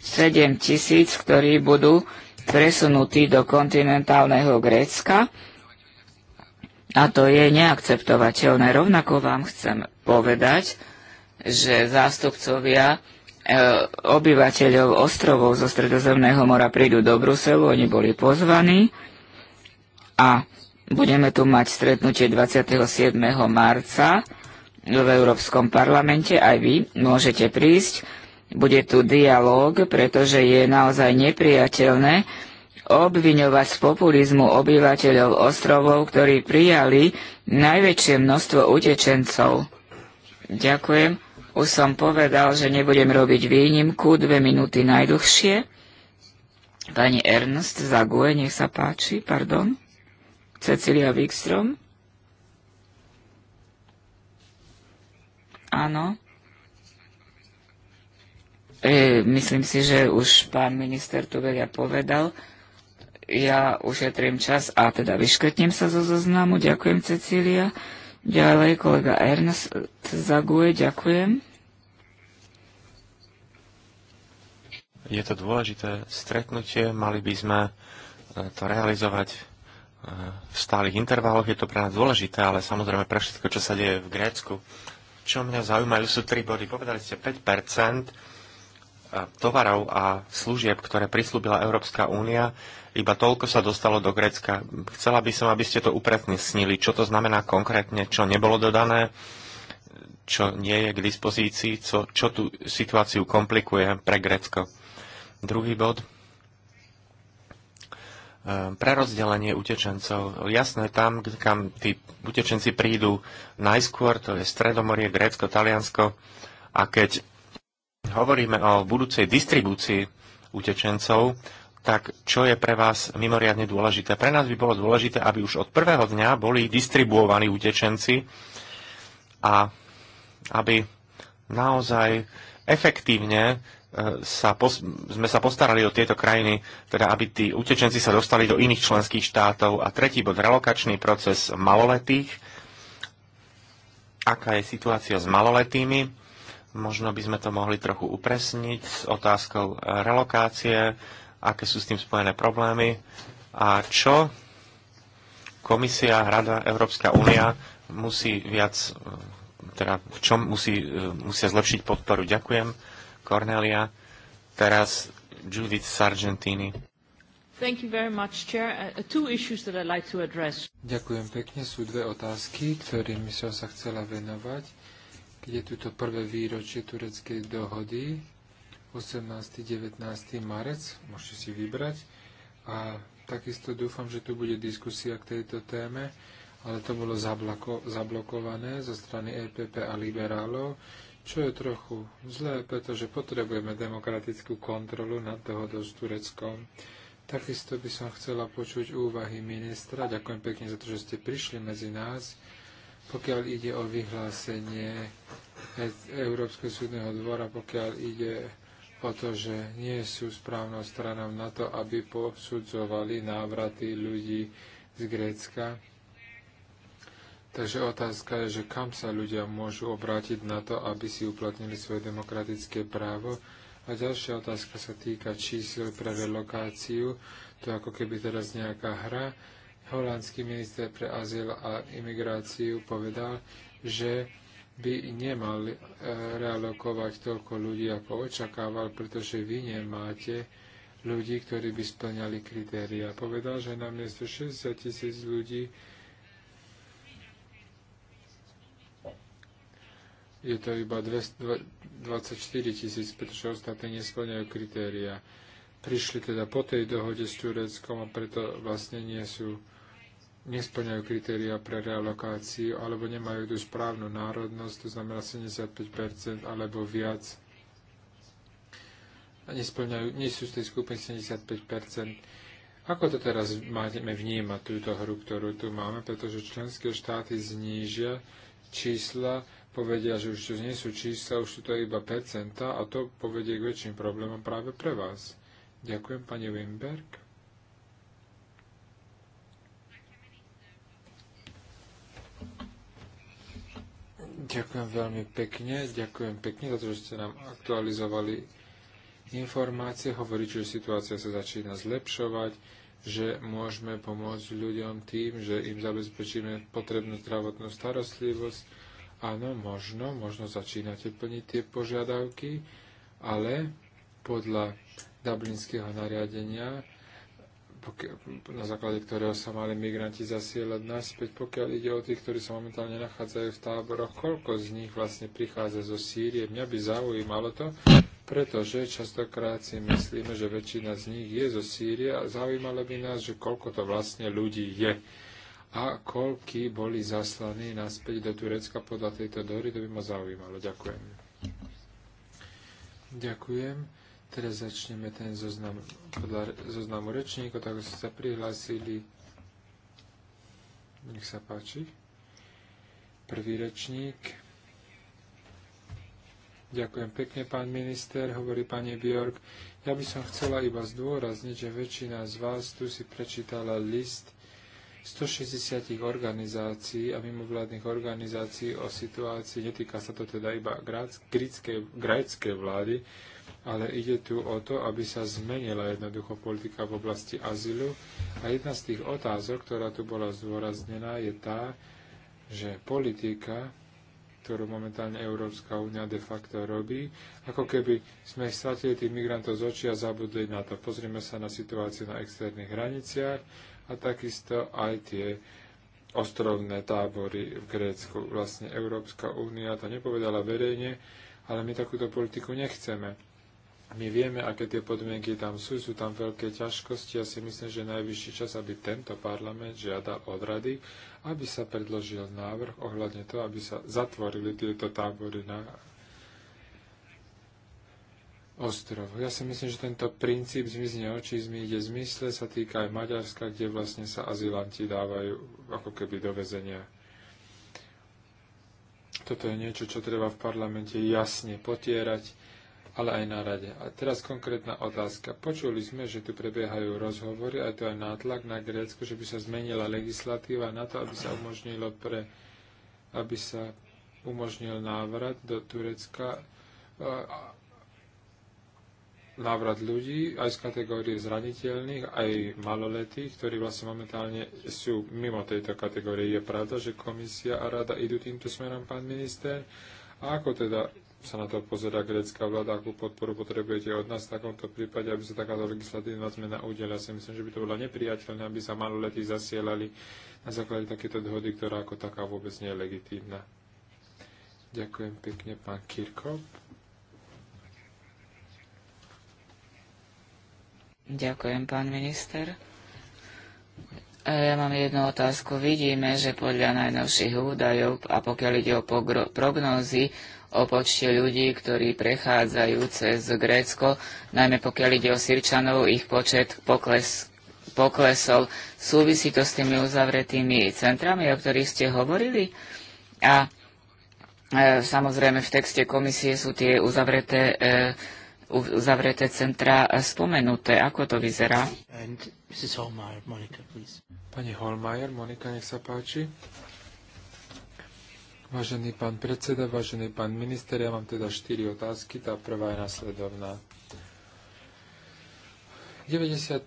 7 tisíc, ktorí budú presunutý do kontinentálneho Grécka a to je neakceptovateľné. Rovnako vám chcem povedať, že zástupcovia e, obyvateľov ostrovov zo Stredozemného mora prídu do Bruselu, oni boli pozvaní a budeme tu mať stretnutie 27. marca v Európskom parlamente, aj vy môžete prísť bude tu dialóg, pretože je naozaj nepriateľné obviňovať z populizmu obyvateľov ostrovov, ktorí prijali najväčšie množstvo utečencov. Ďakujem. Už som povedal, že nebudem robiť výnimku, dve minúty najdlhšie. Pani Ernst Zague, nech sa páči, pardon. Cecilia Wikström. Áno. E, myslím si, že už pán minister tu veľa povedal. Ja ušetrím čas a teda vyškrtnem sa zo zoznamu. Ďakujem, Cecília. Ďalej kolega Ernst Zaguje, ďakujem. Je to dôležité stretnutie, mali by sme e, to realizovať e, v stálych intervaloch, je to pre nás dôležité, ale samozrejme pre všetko, čo sa deje v Grécku. Čo mňa zaujímajú sú tri body. Povedali ste 5 tovarov a služieb, ktoré prislúbila Európska únia, iba toľko sa dostalo do Grécka. Chcela by som, aby ste to snili, čo to znamená konkrétne, čo nebolo dodané, čo nie je k dispozícii, čo, čo tú situáciu komplikuje pre Grécko. Druhý bod. Ehm, prerozdelenie utečencov. Jasné, tam, kam tí utečenci prídu najskôr, to je Stredomorie, Grécko, Taliansko, a keď hovoríme o budúcej distribúcii utečencov, tak čo je pre vás mimoriadne dôležité? Pre nás by bolo dôležité, aby už od prvého dňa boli distribuovaní utečenci a aby naozaj efektívne e, sa pos- sme sa postarali o tieto krajiny, teda aby tí utečenci sa dostali do iných členských štátov. A tretí bod, relokačný proces maloletých. Aká je situácia s maloletými? Možno by sme to mohli trochu upresniť s otázkou relokácie, aké sú s tým spojené problémy a čo komisia, Rada, Európska únia musí viac, teda v čom musí, musia zlepšiť podporu. Ďakujem, Cornelia. Teraz Judith Sargentini. Thank you very much, Chair. Uh, uh two issues that I'd like to address. Ďakujem pekne. Sú dve otázky, ktorými som sa chcela venovať keď je tuto prvé výročie tureckej dohody, 18. 19. marec, môžete si vybrať. A takisto dúfam, že tu bude diskusia k tejto téme, ale to bolo zablako, zablokované zo strany EPP a liberálov, čo je trochu zlé, pretože potrebujeme demokratickú kontrolu nad dohodou s Tureckom. Takisto by som chcela počuť úvahy ministra. Ďakujem pekne za to, že ste prišli medzi nás pokiaľ ide o vyhlásenie e- Európskeho súdneho dvora, pokiaľ ide o to, že nie sú správnou stranou na to, aby posudzovali návraty ľudí z Grécka. Takže otázka je, že kam sa ľudia môžu obrátiť na to, aby si uplatnili svoje demokratické právo. A ďalšia otázka sa týka čísel pre relokáciu. To je ako keby teraz nejaká hra, holandský minister pre azyl a imigráciu povedal, že by nemal e, realokovať toľko ľudí, ako očakával, pretože vy nemáte ľudí, ktorí by splňali kritéria. Povedal, že na miesto 60 tisíc ľudí je to iba 24 tisíc, pretože ostatní nesplňajú kritéria. Prišli teda po tej dohode s Tureckom a preto vlastne nie sú nesplňajú kritéria pre realokáciu alebo nemajú tú správnu národnosť, to znamená 75% alebo viac. A nesplňajú, nie sú z tej skupiny 75%. Ako to teraz máme vnímať, túto hru, ktorú tu máme, pretože členské štáty znížia čísla, povedia, že už to nie sú čísla, už sú to iba percenta a to povedie k väčším problémom práve pre vás. Ďakujem, pani Wimberg. Ďakujem veľmi pekne, ďakujem pekne za to, že ste nám aktualizovali informácie, hovorí, že situácia sa začína zlepšovať, že môžeme pomôcť ľuďom tým, že im zabezpečíme potrebnú zdravotnú starostlivosť. Áno, možno, možno začínate plniť tie požiadavky, ale podľa dublinského nariadenia na základe ktorého sa mali migranti zasielať naspäť. Pokiaľ ide o tých, ktorí sa momentálne nachádzajú v táboroch, koľko z nich vlastne prichádza zo Sýrie? Mňa by zaujímalo to, pretože častokrát si myslíme, že väčšina z nich je zo Sýrie a zaujímalo by nás, že koľko to vlastne ľudí je a koľky boli zaslaní naspäť do Turecka podľa tejto dory, to by ma zaujímalo. Ďakujem. Ďakujem. Teraz začneme ten zoznam podľa zoznamu rečníkov, tak ste sa prihlásili. Nech sa páči. Prvý rečník. Ďakujem pekne, pán minister, hovorí pani Bjork. Ja by som chcela iba zdôrazniť, že väčšina z vás tu si prečítala list 160 organizácií a mimovládnych organizácií o situácii. Netýka sa to teda iba gréckej vlády, ale ide tu o to, aby sa zmenila jednoducho politika v oblasti azylu. A jedna z tých otázok, ktorá tu bola zdôraznená, je tá, že politika, ktorú momentálne Európska únia de facto robí, ako keby sme stratili tých migrantov z očí a zabudli na to. Pozrieme sa na situáciu na externých hraniciach a takisto aj tie ostrovné tábory v Grécku. Vlastne Európska únia to nepovedala verejne, ale my takúto politiku nechceme my vieme, aké tie podmienky tam sú, sú tam veľké ťažkosti. Ja si myslím, že najvyšší čas, aby tento parlament žiadal od rady, aby sa predložil návrh ohľadne toho, aby sa zatvorili tieto tábory na ostrovoch. Ja si myslím, že tento princíp zmizne očí, zmizne zmysle sa týka aj Maďarska, kde vlastne sa azilanti dávajú ako keby do vezenia. Toto je niečo, čo treba v parlamente jasne potierať ale aj na rade. A teraz konkrétna otázka. Počuli sme, že tu prebiehajú rozhovory, aj to aj nátlak na Grécko, že by sa zmenila legislatíva na to, aby sa umožnilo pre, aby sa umožnil návrat do Turecka návrat ľudí aj z kategórie zraniteľných, aj maloletých, ktorí vlastne momentálne sú mimo tejto kategórie. Je pravda, že komisia a rada idú týmto smerom, pán minister? A ako teda sa na to pozera grécka vláda, akú podporu potrebujete od nás v takomto prípade, aby sa takáto legislatívna zmena udela. Ja si myslím, že by to bolo nepriateľné, aby sa maloletí zasielali na základe takéto dohody, ktorá ako taká vôbec nie je legitívna. Ďakujem pekne, pán Kirko. Ďakujem, pán minister. E, ja mám jednu otázku. Vidíme, že podľa najnovších údajov, a pokiaľ ide o prognózy, o počte ľudí, ktorí prechádzajú cez Grécko, najmä pokiaľ ide o Sirčanov, ich počet pokles, poklesol. Súvisí to s tými uzavretými centrami, o ktorých ste hovorili? A e, samozrejme v texte komisie sú tie uzavreté, e, uzavreté centra spomenuté. Ako to vyzerá? Holmeyer, Pani Holmeyer, Monika, nech sa páči. Vážený pán predseda, vážený pán minister, ja mám teda štyri otázky. Tá prvá je nasledovná. 90%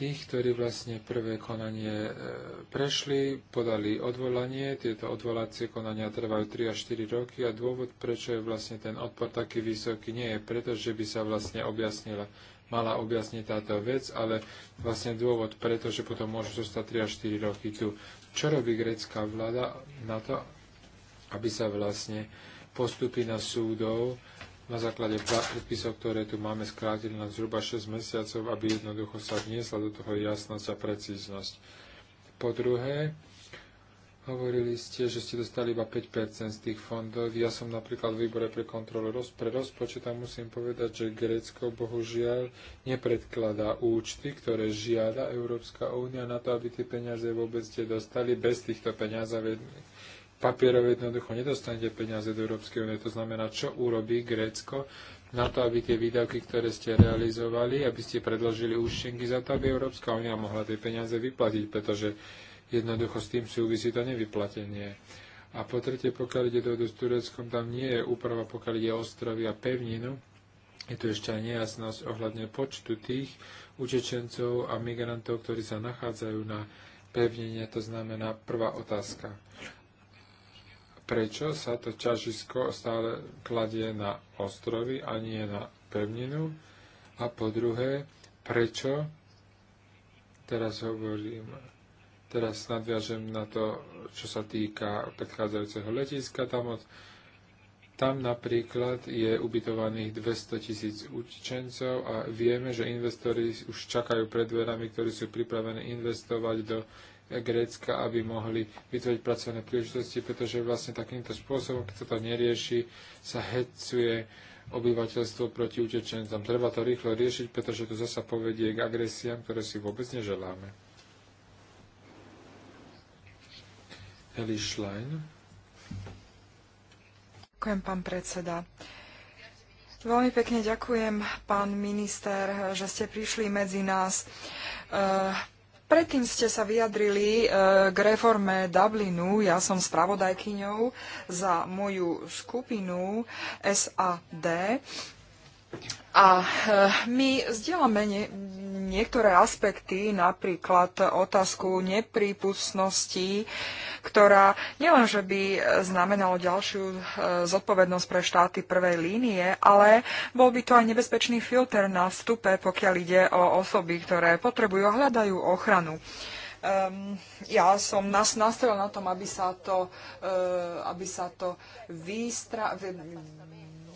tých, ktorí vlastne prvé konanie e, prešli, podali odvolanie. Tieto odvolacie konania trvajú 3 až 4 roky a dôvod, prečo je vlastne ten odpor taký vysoký, nie je preto, že by sa vlastne objasnila mala objasniť táto vec, ale vlastne dôvod preto, že potom môžu zostať 3 až 4 roky tu. Čo robí grecká vláda na to, aby sa vlastne postupy na súdov na základe predpisov, ktoré tu máme, skrátili na zhruba 6 mesiacov, aby jednoducho sa vniesla do toho jasnosť a precíznosť. Po druhé, hovorili ste, že ste dostali iba 5% z tých fondov. Ja som napríklad v výbore pre kontrolu roz, pre rozpočet a musím povedať, že Grécko bohužiaľ nepredkladá účty, ktoré žiada Európska únia na to, aby tie peniaze vôbec ste dostali. Bez týchto peniazov papierov jednoducho nedostanete peniaze do Európskej únie. To znamená, čo urobí Grécko na to, aby tie výdavky, ktoré ste realizovali, aby ste predložili účtenky za to, aby Európska únia mohla tie peniaze vyplatiť, pretože jednoducho s tým súvisí to nevyplatenie. A po tretie, pokiaľ ide do s Tureckom, tam nie je úprava, pokiaľ ide ostrovy a pevninu. Je tu ešte aj nejasnosť ohľadne počtu tých utečencov a migrantov, ktorí sa nachádzajú na pevnine. To znamená prvá otázka prečo sa to ťažisko stále kladie na ostrovy a nie na pevninu. A po druhé, prečo, teraz hovorím, teraz nadviažem na to, čo sa týka predchádzajúceho letiska, tam od tam napríklad je ubytovaných 200 tisíc učencov a vieme, že investori už čakajú pred dverami, ktorí sú pripravení investovať do Grécka, aby mohli vytvoriť pracovné príležitosti, pretože vlastne takýmto spôsobom, keď sa to nerieši, sa hecuje obyvateľstvo proti utečencom. Treba to rýchlo riešiť, pretože to zasa povedie k agresiám, ktoré si vôbec neželáme. Eli Schlein. Ďakujem, pán predseda. Veľmi pekne ďakujem, pán minister, že ste prišli medzi nás. Eh, Predtým ste sa vyjadrili e, k reforme Dublinu. Ja som spravodajkyňou za moju skupinu SAD. A e, my zdieľame niektoré aspekty, napríklad otázku neprípustnosti, ktorá nielenže by znamenalo ďalšiu e, zodpovednosť pre štáty prvej línie, ale bol by to aj nebezpečný filter na vstupe, pokiaľ ide o osoby, ktoré potrebujú a hľadajú ochranu. Um, ja som nas, na tom, aby sa to, uh, aby sa to výstra,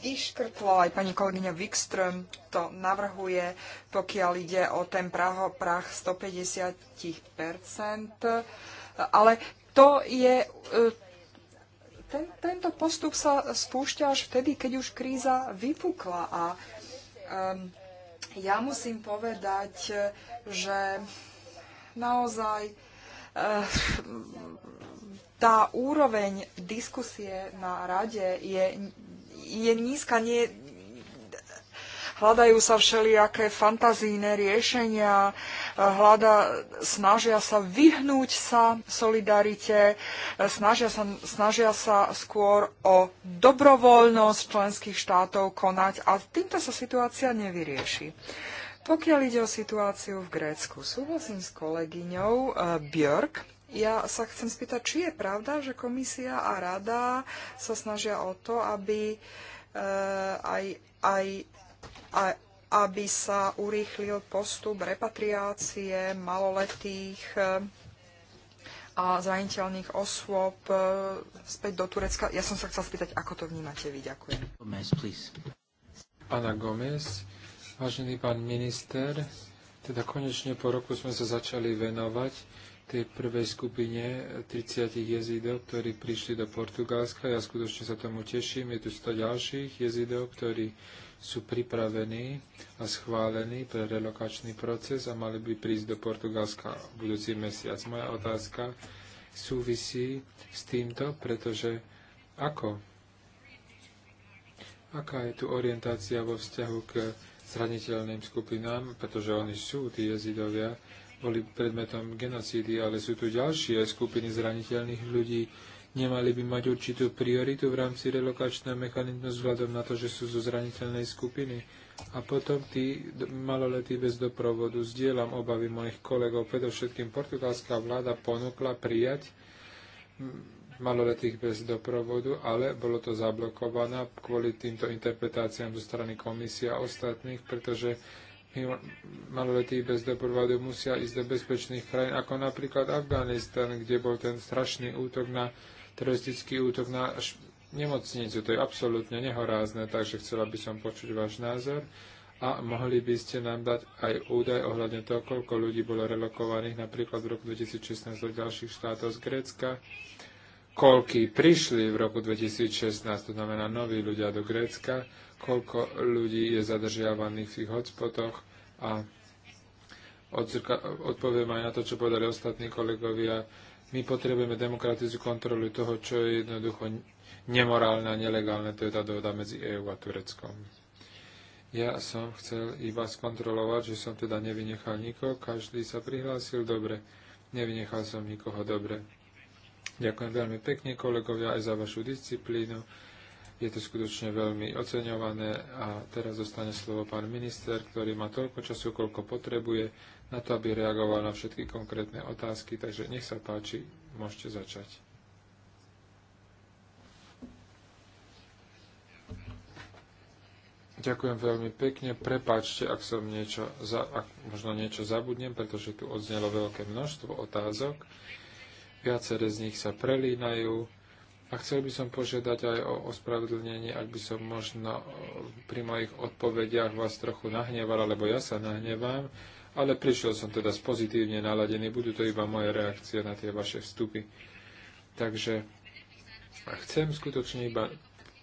vyškrtlo, aj pani kolegyňa Wikström to navrhuje, pokiaľ ide o ten praho, prach 150%, ale to je, e, ten, tento postup sa spúšťa až vtedy, keď už kríza vypukla a um, ja musím povedať, že naozaj e, tá úroveň diskusie na rade je je nízka, nie, hľadajú sa všelijaké fantazíne riešenia, hľada, snažia sa vyhnúť sa solidarite, snažia sa, snažia sa skôr o dobrovoľnosť členských štátov konať a týmto sa situácia nevyrieši. Pokiaľ ide o situáciu v Grécku, súhlasím s kolegyňou eh, Björk, ja sa chcem spýtať, či je pravda, že komisia a rada sa snažia o to, aby, eh, aj, aj, aj, aby sa urýchlil postup repatriácie maloletých eh, a zraniteľných osôb eh, späť do Turecka. Ja som sa chcel spýtať, ako to vnímate vy. Ďakujem. Pana Gomez, vážený pán minister, teda konečne po roku sme sa začali venovať tej prvej skupine 30 jezidov, ktorí prišli do Portugalska. Ja skutočne sa tomu teším. Je tu 100 ďalších jezidov, ktorí sú pripravení a schválení pre relokačný proces a mali by prísť do Portugalska v budúci mesiac. Moja otázka súvisí s týmto, pretože ako? Aká je tu orientácia vo vzťahu k zraniteľným skupinám, pretože oni sú, tí jezidovia, boli predmetom genocídy, ale sú tu ďalšie skupiny zraniteľných ľudí. Nemali by mať určitú prioritu v rámci relokačného mechanizmu vzhľadom na to, že sú zo zraniteľnej skupiny. A potom tí maloletí bez doprovodu. Zdieľam obavy mojich kolegov, predovšetkým portugalská vláda ponúkla prijať maloletých bez doprovodu, ale bolo to zablokované kvôli týmto interpretáciám zo strany komisie a ostatných, pretože maloletí bez doprovodu musia ísť do bezpečných krajín, ako napríklad Afganistan, kde bol ten strašný útok na teroristický útok na nemocnicu. To je absolútne nehorázne, takže chcela by som počuť váš názor. A mohli by ste nám dať aj údaj ohľadne toho, koľko ľudí bolo relokovaných napríklad v roku 2016 do ďalších štátov z Grécka koľky prišli v roku 2016, to znamená noví ľudia do Grécka, koľko ľudí je zadržiavaných v tých hotspotoch a odpoviem aj na to, čo povedali ostatní kolegovia. My potrebujeme demokratizu kontrolu toho, čo je jednoducho nemorálne a nelegálne, to je tá dohoda medzi EÚ a Tureckom. Ja som chcel iba skontrolovať, že som teda nevynechal nikoho, každý sa prihlásil dobre, nevynechal som nikoho dobre. Ďakujem veľmi pekne kolegovia aj za vašu disciplínu. Je to skutočne veľmi oceňované a teraz dostane slovo pán minister, ktorý má toľko času, koľko potrebuje na to, aby reagoval na všetky konkrétne otázky. Takže nech sa páči, môžete začať. Ďakujem veľmi pekne. Prepáčte, ak som niečo, za, ak možno niečo zabudnem, pretože tu odznelo veľké množstvo otázok viaceré z nich sa prelínajú. A chcel by som požiadať aj o ospravedlnenie, ak by som možno e, pri mojich odpovediach vás trochu nahneval, alebo ja sa nahnevám, ale prišiel som teda z pozitívne naladený, budú to iba moje reakcie na tie vaše vstupy. Takže chcem skutočne iba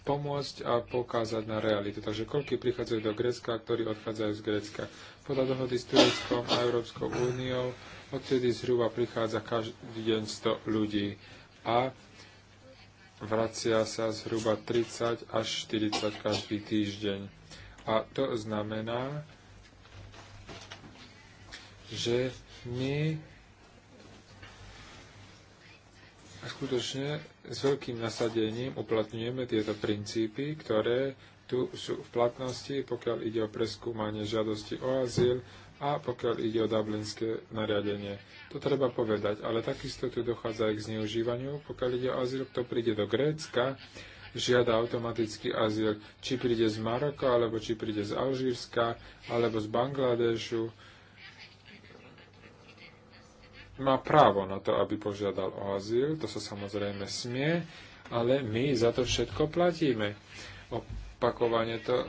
pomôcť a pokázať na realitu. Takže koľky prichádzajú do Grécka, ktorí odchádzajú z Grécka. Podľa dohody s Tureckom a Európskou úniou Odtedy zhruba prichádza každý deň 100 ľudí a vracia sa zhruba 30 až 40 každý týždeň. A to znamená, že my skutočne s veľkým nasadením uplatňujeme tieto princípy, ktoré tu sú v platnosti, pokiaľ ide o preskúmanie žiadosti o azyl, a pokiaľ ide o dublinské nariadenie. To treba povedať, ale takisto tu dochádza aj k zneužívaniu. Pokiaľ ide o azyl, kto príde do Grécka, žiada automaticky azyl, či príde z Maroka, alebo či príde z Alžírska, alebo z Bangladešu, má právo na to, aby požiadal o azyl, to sa samozrejme smie, ale my za to všetko platíme. Opakovane to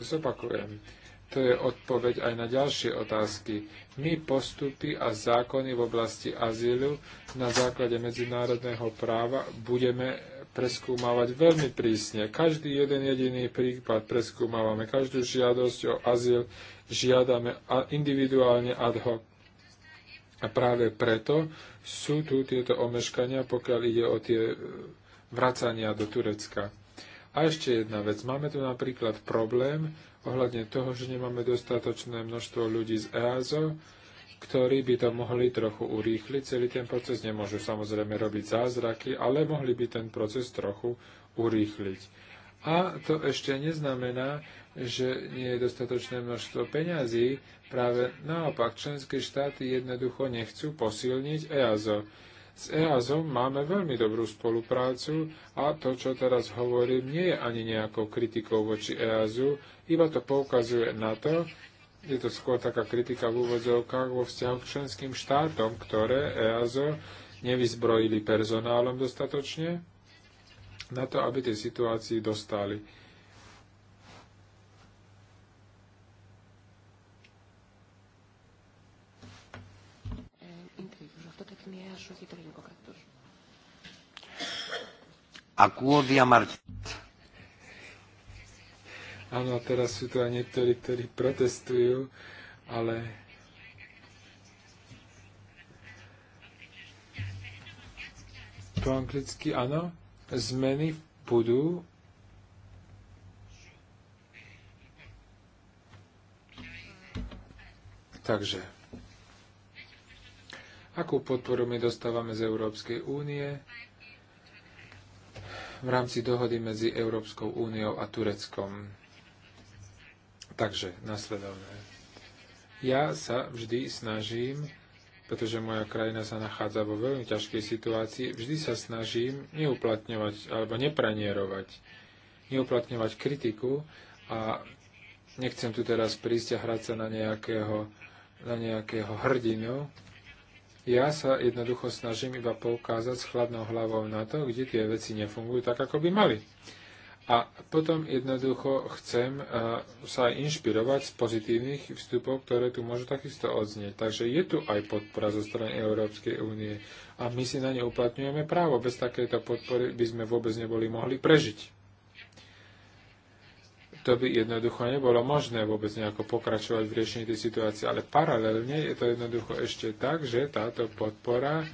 zopakujem to je odpoveď aj na ďalšie otázky. My postupy a zákony v oblasti azylu na základe medzinárodného práva budeme preskúmavať veľmi prísne. Každý jeden jediný prípad preskúmavame. Každú žiadosť o azyl žiadame individuálne ad hoc. A práve preto sú tu tieto omeškania, pokiaľ ide o tie vracania do Turecka. A ešte jedna vec. Máme tu napríklad problém, ohľadne toho, že nemáme dostatočné množstvo ľudí z EASO, ktorí by to mohli trochu urýchliť. Celý ten proces nemôžu samozrejme robiť zázraky, ale mohli by ten proces trochu urýchliť. A to ešte neznamená, že nie je dostatočné množstvo peňazí. Práve naopak, členské štáty jednoducho nechcú posilniť EASO. S EASom máme veľmi dobrú spoluprácu a to, čo teraz hovorím, nie je ani nejakou kritikou voči EASu, iba to poukazuje na to, je to skôr taká kritika v úvodzovkách vo vzťahu k členským štátom, ktoré EASO nevyzbrojili personálom dostatočne na to, aby tej situácii dostali. Ακούω διαμαρτυρίες. Áno, teraz sú tu aj niektorí, ktorí protestujú, ale po anglicky áno, zmeny budú Takže, akú podporu my dostávame z Európskej únie? v rámci dohody medzi Európskou úniou a Tureckom. Takže nasledovné. Ja sa vždy snažím, pretože moja krajina sa nachádza vo veľmi ťažkej situácii, vždy sa snažím neuplatňovať alebo nepranierovať, neuplatňovať kritiku a nechcem tu teraz prísť a hrať sa na nejakého, na nejakého hrdinu, ja sa jednoducho snažím iba poukázať s chladnou hlavou na to, kde tie veci nefungujú tak, ako by mali. A potom jednoducho chcem eh, sa aj inšpirovať z pozitívnych vstupov, ktoré tu môžu takisto odznieť. Takže je tu aj podpora zo strany Európskej únie a my si na ne uplatňujeme právo. Bez takejto podpory by sme vôbec neboli mohli prežiť to by jednoducho nebolo možné vôbec nejako pokračovať v riešení tej situácie. Ale paralelne je to jednoducho ešte tak, že táto podpora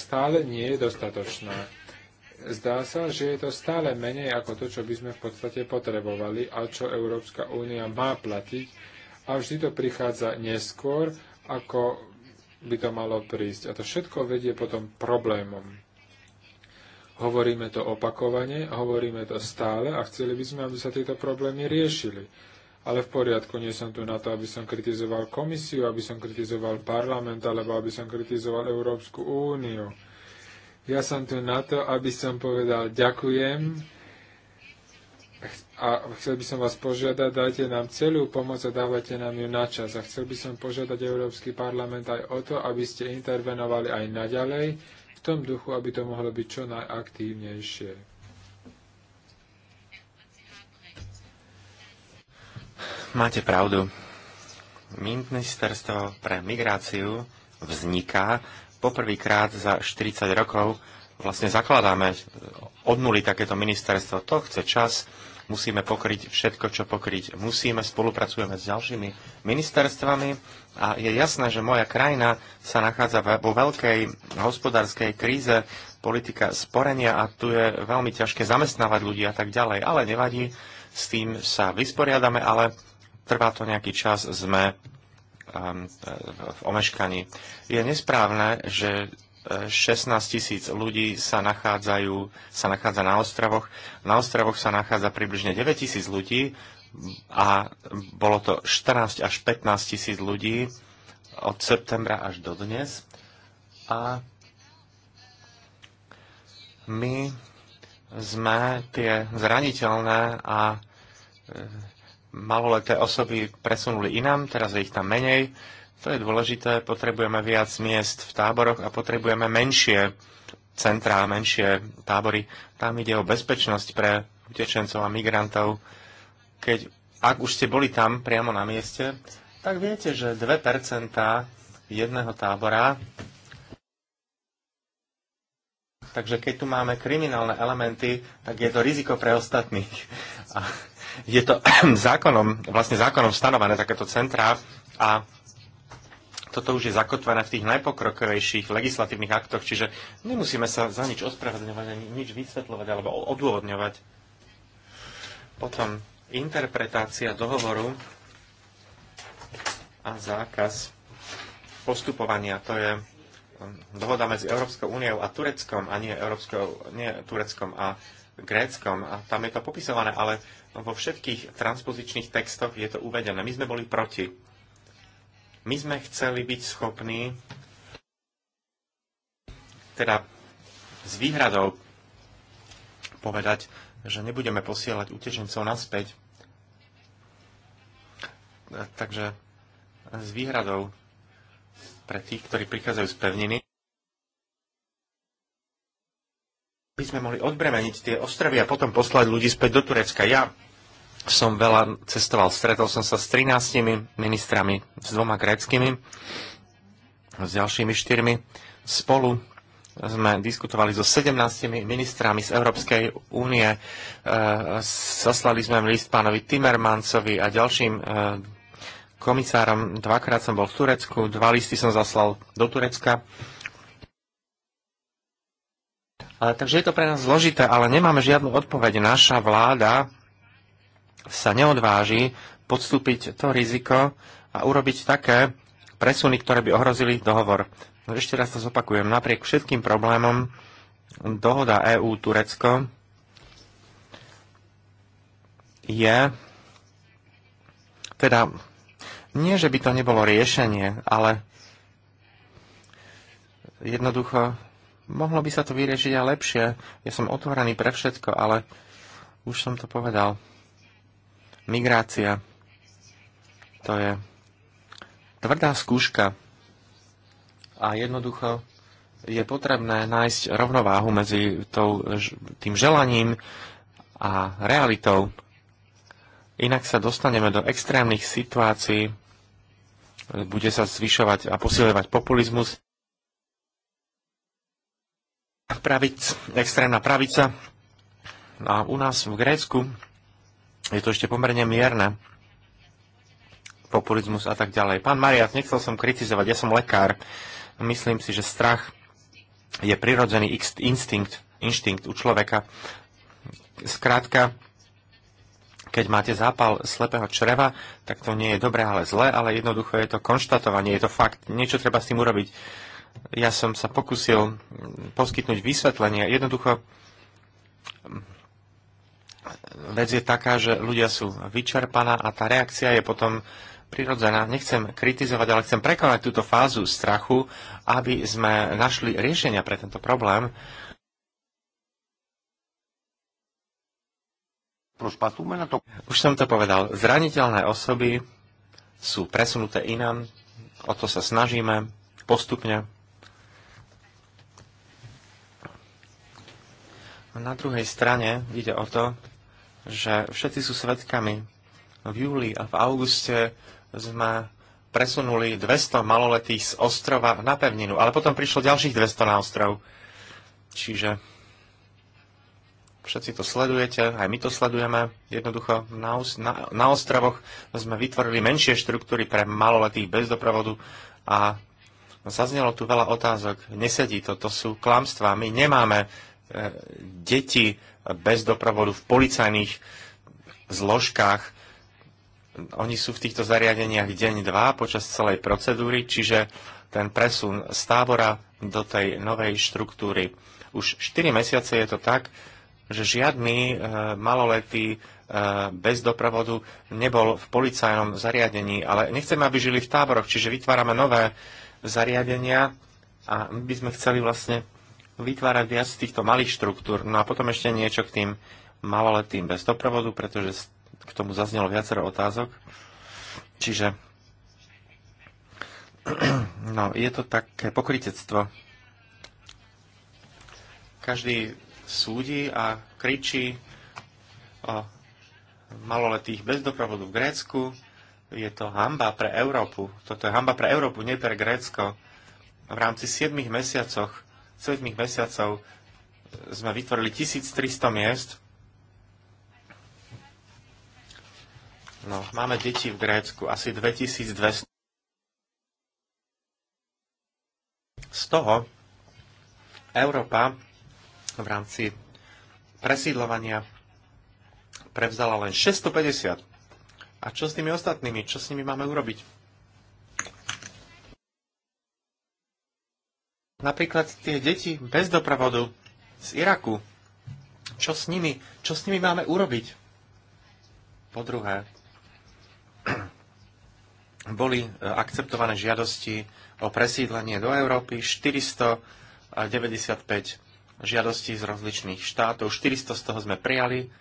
stále nie je dostatočná. Zdá sa, že je to stále menej ako to, čo by sme v podstate potrebovali a čo Európska únia má platiť a vždy to prichádza neskôr, ako by to malo prísť. A to všetko vedie potom problémom. Hovoríme to opakovane, hovoríme to stále a chceli by sme, aby sa tieto problémy riešili. Ale v poriadku, nie som tu na to, aby som kritizoval komisiu, aby som kritizoval parlament, alebo aby som kritizoval Európsku úniu. Ja som tu na to, aby som povedal ďakujem a chcel by som vás požiadať, dajte nám celú pomoc a dávate nám ju na čas. A chcel by som požiadať Európsky parlament aj o to, aby ste intervenovali aj naďalej, v tom duchu, aby to mohlo byť čo najaktívnejšie. Máte pravdu. Ministerstvo pre migráciu vzniká poprvýkrát za 40 rokov. Vlastne zakladáme od nuly takéto ministerstvo. To chce čas, musíme pokryť všetko, čo pokryť musíme, spolupracujeme s ďalšími ministerstvami a je jasné, že moja krajina sa nachádza vo veľkej hospodárskej kríze, politika sporenia a tu je veľmi ťažké zamestnávať ľudí a tak ďalej, ale nevadí, s tým sa vysporiadame, ale trvá to nejaký čas, sme um, v omeškaní. Je nesprávne, že 16 tisíc ľudí sa, nachádzajú, sa nachádza na ostrovoch. Na ostravoch sa nachádza približne 9 tisíc ľudí a bolo to 14 až 15 tisíc ľudí od septembra až do dnes. A my sme tie zraniteľné a e, maloleté osoby presunuli inám, teraz je ich tam menej to je dôležité. Potrebujeme viac miest v táboroch a potrebujeme menšie centrá, menšie tábory. Tam ide o bezpečnosť pre utečencov a migrantov. Keď, ak už ste boli tam priamo na mieste, tak viete, že 2% jedného tábora. Takže keď tu máme kriminálne elementy, tak je to riziko pre ostatných. A je to zákonom, vlastne zákonom stanovené takéto centrá a toto už je zakotvené v tých najpokrokovejších legislatívnych aktoch, čiže nemusíme sa za nič ospravedlňovať ani nič vysvetľovať alebo odôvodňovať. Potom interpretácia dohovoru a zákaz postupovania. To je um, dohoda medzi Európskou úniou a Tureckom a nie, Európskou, nie Tureckom a Gréckom. A tam je to popisované, ale vo všetkých transpozičných textoch je to uvedené. My sme boli proti my sme chceli byť schopní, teda s výhradou povedať, že nebudeme posielať utečencov naspäť. Takže s výhradou pre tých, ktorí prichádzajú z pevniny, by sme mohli odbremeniť tie ostrovy a potom poslať ľudí späť do Turecka. Ja som veľa cestoval, stretol som sa s 13 ministrami, s dvoma gréckými, s ďalšími štyrmi. Spolu sme diskutovali so 17 ministrami z Európskej únie. E, zaslali sme list pánovi Timmermansovi a ďalším e, komisárom. Dvakrát som bol v Turecku, dva listy som zaslal do Turecka. takže je to pre nás zložité, ale nemáme žiadnu odpoveď. Naša vláda sa neodváži podstúpiť to riziko a urobiť také presuny, ktoré by ohrozili dohovor. No, ešte raz to zopakujem. Napriek všetkým problémom dohoda EU-Turecko je teda nie, že by to nebolo riešenie, ale jednoducho mohlo by sa to vyriešiť aj lepšie. Ja som otvorený pre všetko, ale už som to povedal. Migrácia. To je tvrdá skúška. A jednoducho je potrebné nájsť rovnováhu medzi tou, tým želaním a realitou. Inak sa dostaneme do extrémnych situácií, bude sa zvyšovať a posilovať populizmus. Pravic, extrémna pravica. No a u nás v Grécku je to ešte pomerne mierne. Populizmus a tak ďalej. Pán Marias, nechcel som kritizovať, ja som lekár. Myslím si, že strach je prirodzený instinkt, inštinkt u človeka. Skrátka, keď máte zápal slepého čreva, tak to nie je dobré, ale zlé, ale jednoducho je to konštatovanie, je to fakt, niečo treba s tým urobiť. Ja som sa pokusil poskytnúť vysvetlenie. Jednoducho vec je taká, že ľudia sú vyčerpaná a tá reakcia je potom prirodzená. Nechcem kritizovať, ale chcem prekonať túto fázu strachu, aby sme našli riešenia pre tento problém. Už som to povedal. Zraniteľné osoby sú presunuté inám, o to sa snažíme postupne. A na druhej strane ide o to, že všetci sú svetkami. V júli a v auguste sme presunuli 200 maloletých z ostrova na pevninu, ale potom prišlo ďalších 200 na ostrov. Čiže všetci to sledujete, aj my to sledujeme. Jednoducho na, na, na ostrovoch sme vytvorili menšie štruktúry pre maloletých bez doprovodu a zaznelo tu veľa otázok. Nesedí to, to sú klamstvá. My nemáme deti bez doprovodu v policajných zložkách. Oni sú v týchto zariadeniach deň, dva počas celej procedúry, čiže ten presun z tábora do tej novej štruktúry. Už 4 mesiace je to tak, že žiadny e, maloletý e, bez doprovodu nebol v policajnom zariadení, ale nechceme, aby žili v táboroch, čiže vytvárame nové zariadenia a my by sme chceli vlastne vytvárať viac týchto malých štruktúr. No a potom ešte niečo k tým maloletým bez doprovodu, pretože k tomu zaznelo viacero otázok. Čiže no, je to také pokritectvo. Každý súdi a kričí o maloletých bez doprovodu v Grécku. Je to hamba pre Európu. Toto je hamba pre Európu, nie pre Grécko. V rámci 7 mesiacoch 7 mesiacov sme vytvorili 1300 miest. No, máme deti v Grécku, asi 2200. Z toho Európa v rámci presídlovania prevzala len 650. A čo s tými ostatnými? Čo s nimi máme urobiť? Napríklad tie deti bez dopravodu z Iraku. Čo s nimi? Čo s nimi máme urobiť? Po druhé, boli e, akceptované žiadosti o presídlenie do Európy 495 žiadostí z rozličných štátov, 400 z toho sme prijali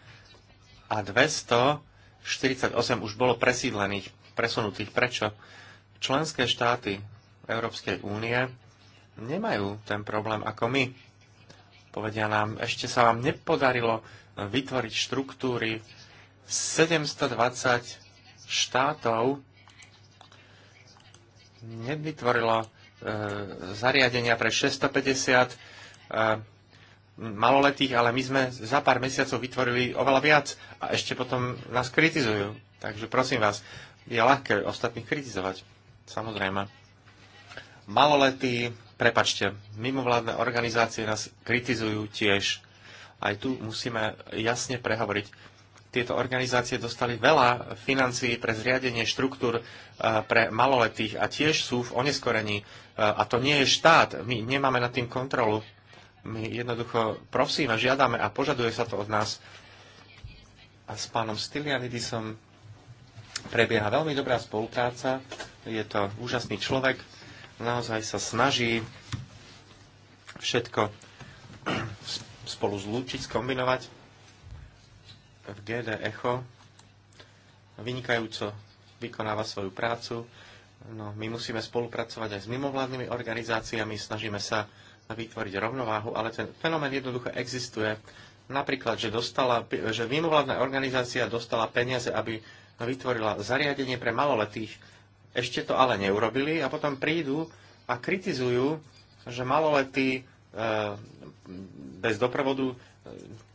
a 248 už bolo presídlených, presunutých. Prečo? Členské štáty Európskej únie nemajú ten problém ako my. Povedia nám, ešte sa vám nepodarilo vytvoriť štruktúry 720 štátov nevytvorilo e, zariadenia pre 650 e, maloletých, ale my sme za pár mesiacov vytvorili oveľa viac a ešte potom nás kritizujú. Takže prosím vás, je ľahké ostatných kritizovať. Samozrejme. Maloletí prepačte, mimovládne organizácie nás kritizujú tiež. Aj tu musíme jasne prehovoriť. Tieto organizácie dostali veľa financií pre zriadenie štruktúr eh, pre maloletých a tiež sú v oneskorení. Eh, a to nie je štát. My nemáme nad tým kontrolu. My jednoducho prosíme, žiadame a požaduje sa to od nás. A s pánom Stylianidisom prebieha veľmi dobrá spolupráca. Je to úžasný človek naozaj sa snaží všetko spolu zlúčiť, skombinovať v GD Echo. Vynikajúco vykonáva svoju prácu. No, my musíme spolupracovať aj s mimovládnymi organizáciami, snažíme sa vytvoriť rovnováhu, ale ten fenomén jednoducho existuje. Napríklad, že, dostala, že mimovládna organizácia dostala peniaze, aby vytvorila zariadenie pre maloletých, ešte to ale neurobili a potom prídu a kritizujú, že maloletí e, bez doprovodu e,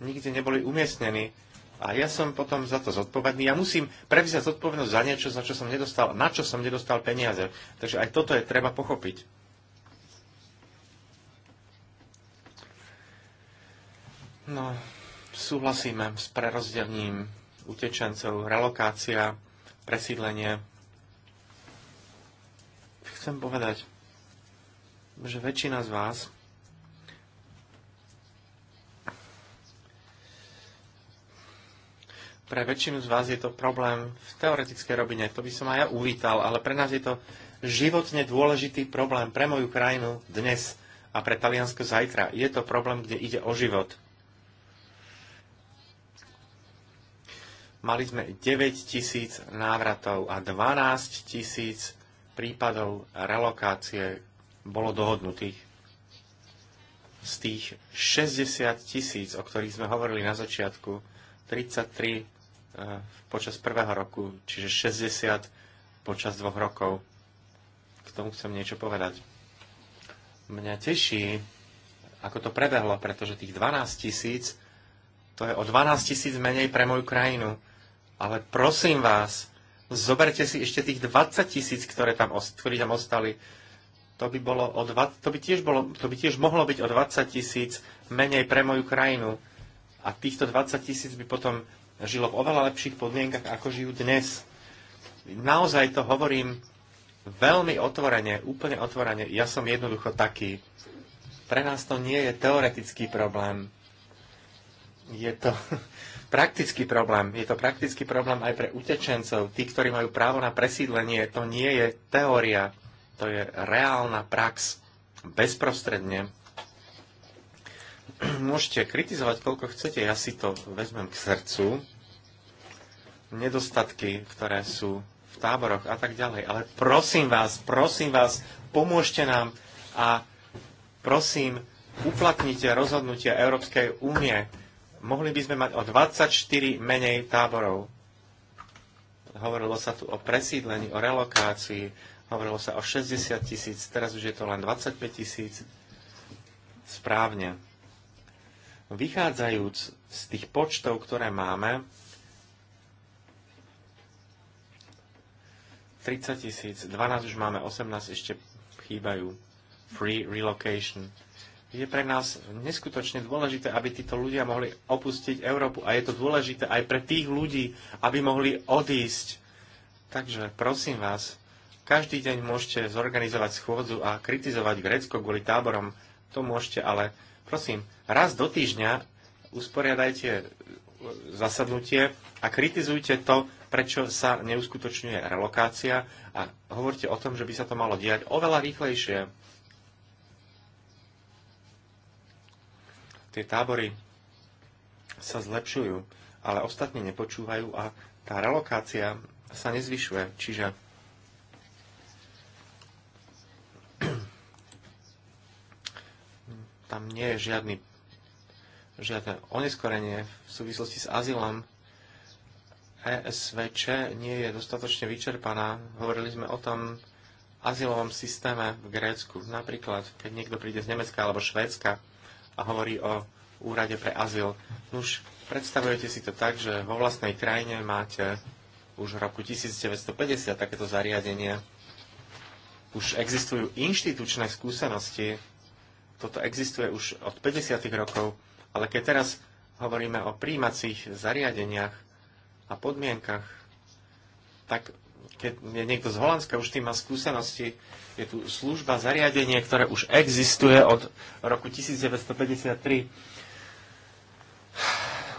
nikdy neboli umiestnení. A ja som potom za to zodpovedný. Ja musím prevziať zodpovednosť za niečo, za čo som nedostal, na čo som nedostal peniaze. Takže aj toto je treba pochopiť. No, súhlasíme s prerozdelním utečencov, relokácia, presídlenie, chcem povedať, že väčšina z vás pre väčšinu z vás je to problém v teoretickej robine. To by som aj ja uvítal, ale pre nás je to životne dôležitý problém pre moju krajinu dnes a pre Taliansko zajtra. Je to problém, kde ide o život. Mali sme 9 tisíc návratov a 12 tisíc prípadov relokácie bolo dohodnutých. Z tých 60 tisíc, o ktorých sme hovorili na začiatku, 33 eh, počas prvého roku, čiže 60 počas dvoch rokov. K tomu chcem niečo povedať. Mňa teší, ako to prebehlo, pretože tých 12 tisíc, to je o 12 tisíc menej pre moju krajinu. Ale prosím vás, zoberte si ešte tých 20 tisíc, ktoré tam, ktorí tam ostali. To by, bolo o 20, to, by tiež bolo, to by tiež mohlo byť o 20 tisíc menej pre moju krajinu. A týchto 20 tisíc by potom žilo v oveľa lepších podmienkach, ako žijú dnes. Naozaj to hovorím veľmi otvorene, úplne otvorene. Ja som jednoducho taký. Pre nás to nie je teoretický problém. Je to praktický problém. Je to praktický problém aj pre utečencov. Tí, ktorí majú právo na presídlenie, to nie je teória, to je reálna prax bezprostredne. Môžete kritizovať, koľko chcete, ja si to vezmem k srdcu. Nedostatky, ktoré sú v táboroch a tak ďalej. Ale prosím vás, prosím vás, pomôžte nám a prosím, uplatnite rozhodnutie Európskej únie mohli by sme mať o 24 menej táborov. Hovorilo sa tu o presídlení, o relokácii, hovorilo sa o 60 tisíc, teraz už je to len 25 tisíc. Správne. Vychádzajúc z tých počtov, ktoré máme, 30 tisíc, 12 už máme, 18 ešte chýbajú. Free relocation je pre nás neskutočne dôležité, aby títo ľudia mohli opustiť Európu a je to dôležité aj pre tých ľudí, aby mohli odísť. Takže prosím vás, každý deň môžete zorganizovať schôdzu a kritizovať Grécko kvôli táborom. To môžete, ale prosím, raz do týždňa usporiadajte zasadnutie a kritizujte to, prečo sa neuskutočňuje relokácia a hovorte o tom, že by sa to malo diať oveľa rýchlejšie Tie tábory sa zlepšujú, ale ostatní nepočúvajú a tá relokácia sa nezvyšuje. Čiže tam nie je žiadny, žiadne oneskorenie v súvislosti s azylom. ESVČ nie je dostatočne vyčerpaná. Hovorili sme o tom azylovom systéme v Grécku. Napríklad, keď niekto príde z Nemecka alebo Švédska, a hovorí o úrade pre azyl. Už predstavujete si to tak, že vo vlastnej krajine máte už v roku 1950 takéto zariadenie. Už existujú inštitučné skúsenosti. Toto existuje už od 50. rokov. Ale keď teraz hovoríme o príjímacích zariadeniach a podmienkach, tak keď je niekto z Holandska už tým má skúsenosti, je tu služba, zariadenie, ktoré už existuje od roku 1953.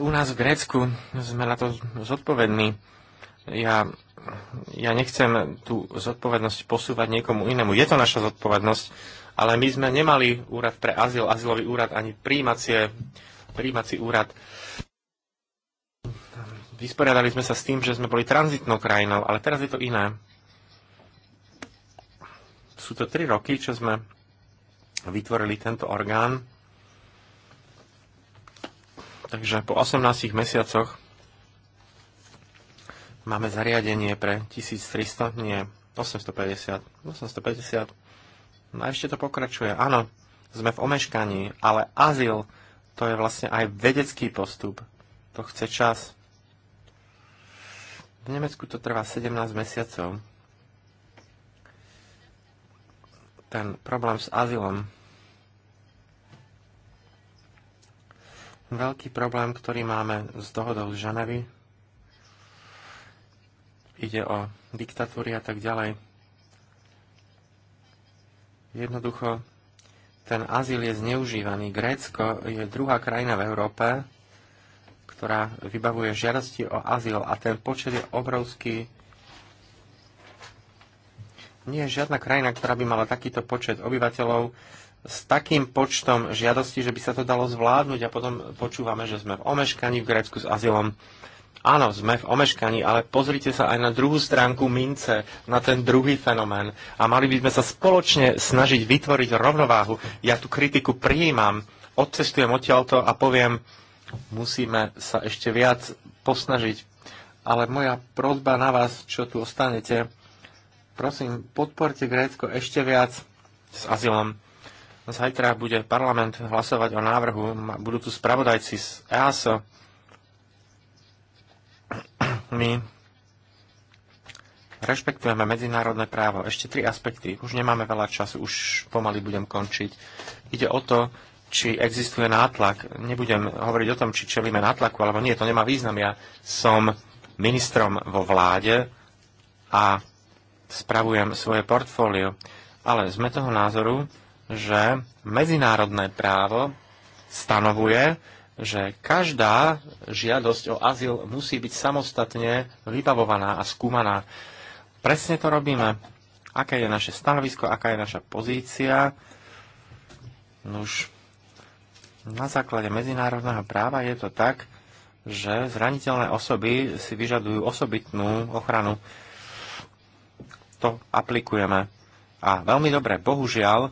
U nás v Grécku sme na to zodpovední. Ja, ja nechcem tú zodpovednosť posúvať niekomu inému. Je to naša zodpovednosť, ale my sme nemali úrad pre azyl, azylový úrad, ani príjímacie, príjmací úrad vysporiadali sme sa s tým, že sme boli tranzitnou krajinou, ale teraz je to iné. Sú to tri roky, čo sme vytvorili tento orgán. Takže po 18 mesiacoch máme zariadenie pre 1300, nie 850, 850. No a ešte to pokračuje. Áno, sme v omeškaní, ale azyl to je vlastne aj vedecký postup. To chce čas. V Nemecku to trvá 17 mesiacov. ten problém s azylom. Veľký problém, ktorý máme s dohodou z Ženevy, ide o diktatúry a tak ďalej. Jednoducho, ten azyl je zneužívaný. Grécko je druhá krajina v Európe, ktorá vybavuje žiadosti o azyl a ten počet je obrovský nie je žiadna krajina, ktorá by mala takýto počet obyvateľov s takým počtom žiadostí, že by sa to dalo zvládnuť a potom počúvame, že sme v omeškaní v Grécku s azylom. Áno, sme v omeškaní, ale pozrite sa aj na druhú stránku mince, na ten druhý fenomén. A mali by sme sa spoločne snažiť vytvoriť rovnováhu. Ja tú kritiku prijímam, odcestujem odtiaľto a poviem, musíme sa ešte viac posnažiť. Ale moja prozba na vás, čo tu ostanete, Prosím, podporte Grécko ešte viac s azylom. Zajtra bude parlament hlasovať o návrhu. Budú tu spravodajci z EASO. My rešpektujeme medzinárodné právo. Ešte tri aspekty. Už nemáme veľa času, už pomaly budem končiť. Ide o to, či existuje nátlak. Nebudem hovoriť o tom, či čelíme nátlaku, alebo nie, to nemá význam. Ja som ministrom vo vláde a spravujem svoje portfólio. Ale sme toho názoru, že medzinárodné právo stanovuje, že každá žiadosť o azyl musí byť samostatne vybavovaná a skúmaná. Presne to robíme. Aké je naše stanovisko, aká je naša pozícia. Nuž, na základe medzinárodného práva je to tak, že zraniteľné osoby si vyžadujú osobitnú ochranu to aplikujeme. A veľmi dobre, bohužiaľ,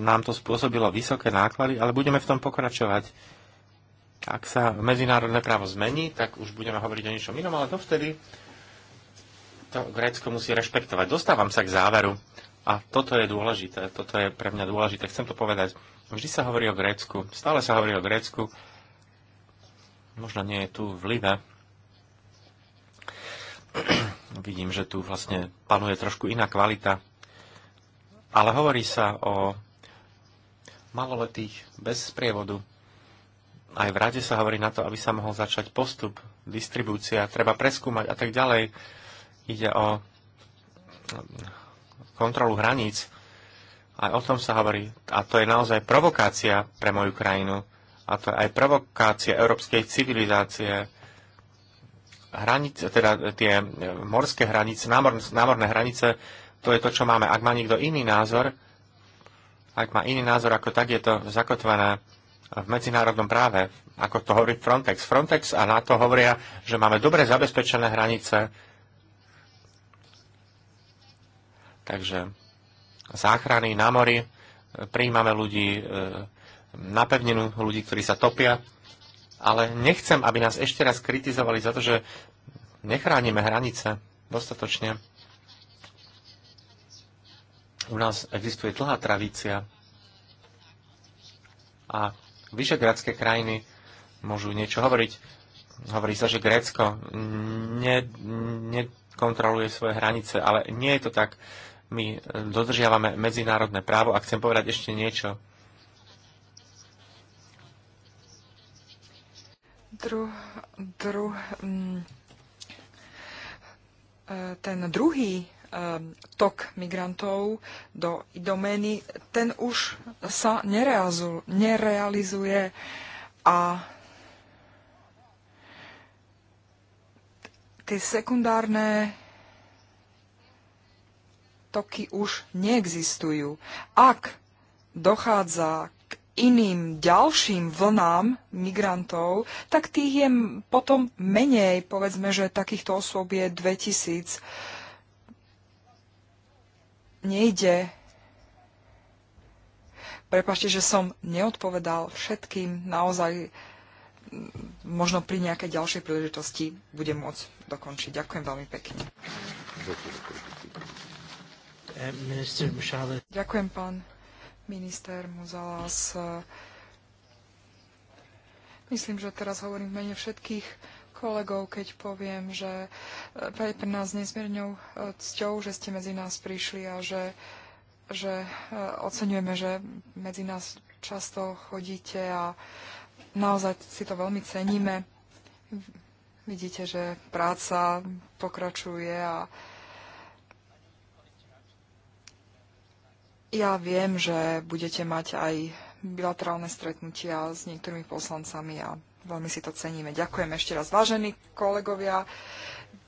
nám to spôsobilo vysoké náklady, ale budeme v tom pokračovať. Ak sa medzinárodné právo zmení, tak už budeme hovoriť o ničom inom, ale dovtedy to Grécko musí rešpektovať. Dostávam sa k záveru a toto je dôležité, toto je pre mňa dôležité, chcem to povedať. Vždy sa hovorí o Grécku, stále sa hovorí o Grécku, možno nie je tu v Live, Vidím, že tu vlastne panuje trošku iná kvalita. Ale hovorí sa o maloletých bez sprievodu. Aj v rade sa hovorí na to, aby sa mohol začať postup, distribúcia, treba preskúmať a tak ďalej. Ide o kontrolu hraníc. Aj o tom sa hovorí. A to je naozaj provokácia pre moju krajinu. A to je aj provokácia európskej civilizácie hranice, teda tie e, morské hranice, námor, námorné hranice, to je to, čo máme. Ak má niekto iný názor, ak má iný názor ako tak, je to zakotvené v medzinárodnom práve, ako to hovorí Frontex. Frontex a NATO hovoria, že máme dobre zabezpečené hranice. Takže záchrany na mori, e, prijímame ľudí e, na pevninu, ľudí, ktorí sa topia ale nechcem, aby nás ešte raz kritizovali za to, že nechránime hranice dostatočne. U nás existuje dlhá tradícia a vyšegradské krajiny môžu niečo hovoriť. Hovorí sa, že Grécko nekontroluje svoje hranice, ale nie je to tak. My dodržiavame medzinárodné právo a chcem povedať ešte niečo Mm, e, ten druhý e, tok migrantov do domény, ten už sa nerealizuje a tie sekundárne toky už neexistujú. Ak dochádza iným ďalším vlnám migrantov, tak tých je potom menej, povedzme, že takýchto osôb je 2000. Nejde. Prepašte, že som neodpovedal všetkým. Naozaj, možno pri nejakej ďalšej príležitosti budem môcť dokončiť. Ďakujem veľmi pekne. Ďakujem, eh, pán minister Muzalas. E, myslím, že teraz hovorím v mene všetkých kolegov, keď poviem, že e, je pre nás nesmiernou e, cťou, že ste medzi nás prišli a že, že oceňujeme, že medzi nás často chodíte a naozaj si to veľmi ceníme. Vidíte, že práca pokračuje a Ja viem, že budete mať aj bilaterálne stretnutia s niektorými poslancami a veľmi si to ceníme. Ďakujem ešte raz, vážení kolegovia.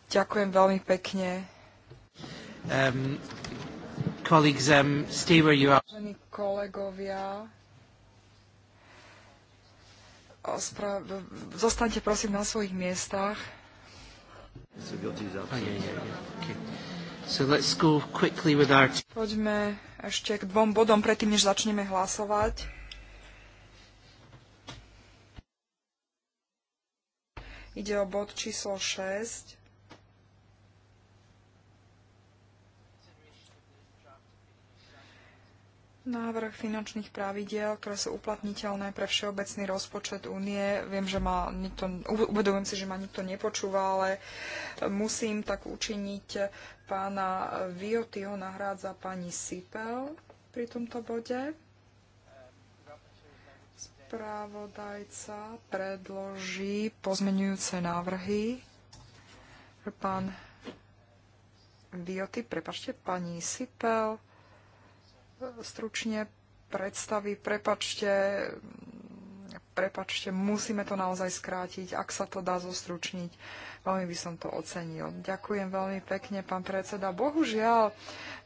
Ďakujem veľmi pekne. Um, colleagues, um, stay where you are. Vážení kolegovia, Spra- zostaňte prosím na svojich miestach. Oh, yeah, yeah, yeah. Okay. So let's go quickly with our... Poďme ešte k dvom bodom, predtým než začneme hlasovať. Ide o bod číslo 6. Návrh finančných pravidiel, ktoré sú uplatniteľné pre všeobecný rozpočet únie. Viem, že ma nikto, uvedujem si, že ma nikto nepočúva, ale musím tak učiniť. Pána Viotyho nahrádza pani Sipel pri tomto bode. Spravodajca predloží pozmenujúce návrhy. Pán Vioty, prepačte, pani Sipel stručne predstaví, prepačte, prepačte, musíme to naozaj skrátiť, ak sa to dá zostručniť. Veľmi by som to ocenil. Ďakujem veľmi pekne, pán predseda. Bohužiaľ,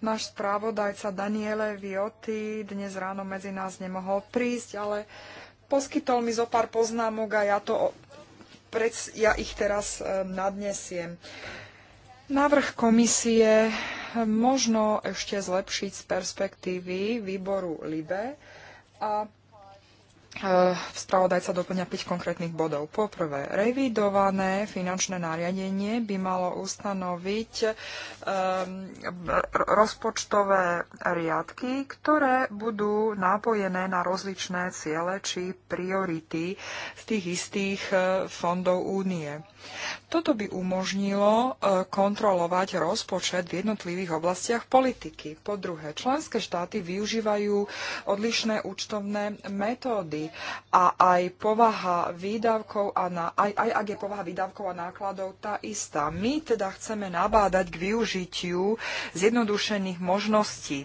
náš správodajca Daniele Vioty dnes ráno medzi nás nemohol prísť, ale poskytol mi zo pár poznámok a ja, to, ja ich teraz e, nadnesiem. Návrh komisie e, možno ešte zlepšiť z perspektívy výboru LIBE a Eh, spravodajca doplňa 5 konkrétnych bodov. Poprvé, revidované finančné nariadenie by malo ustanoviť um, rozpočtové riadky, ktoré budú nápojené na rozličné ciele či priority z tých istých eh, fondov únie. Toto by umožnilo eh, kontrolovať rozpočet v jednotlivých oblastiach politiky. Po druhé, členské štáty využívajú odlišné účtovné metódy a aj povaha výdavkov a na, aj, aj ak je povaha výdavkov a nákladov tá istá. My teda chceme nabádať k využitiu zjednodušených možností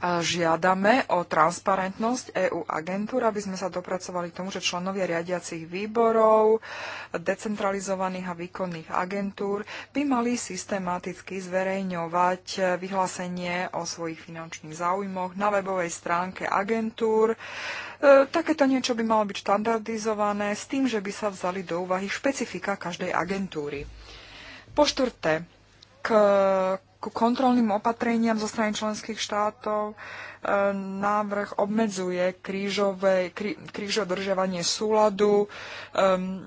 Žiadame o transparentnosť EU agentúr, aby sme sa dopracovali k tomu, že členovia riadiacich výborov, decentralizovaných a výkonných agentúr by mali systematicky zverejňovať vyhlásenie o svojich finančných záujmoch na webovej stránke agentúr. E, takéto niečo by malo byť štandardizované s tým, že by sa vzali do úvahy špecifika každej agentúry. Po štvrté, k, ku kontrolným opatreniam zo strany členských štátov e, návrh obmedzuje krížové, krí, krížové držiavanie súladu, Um,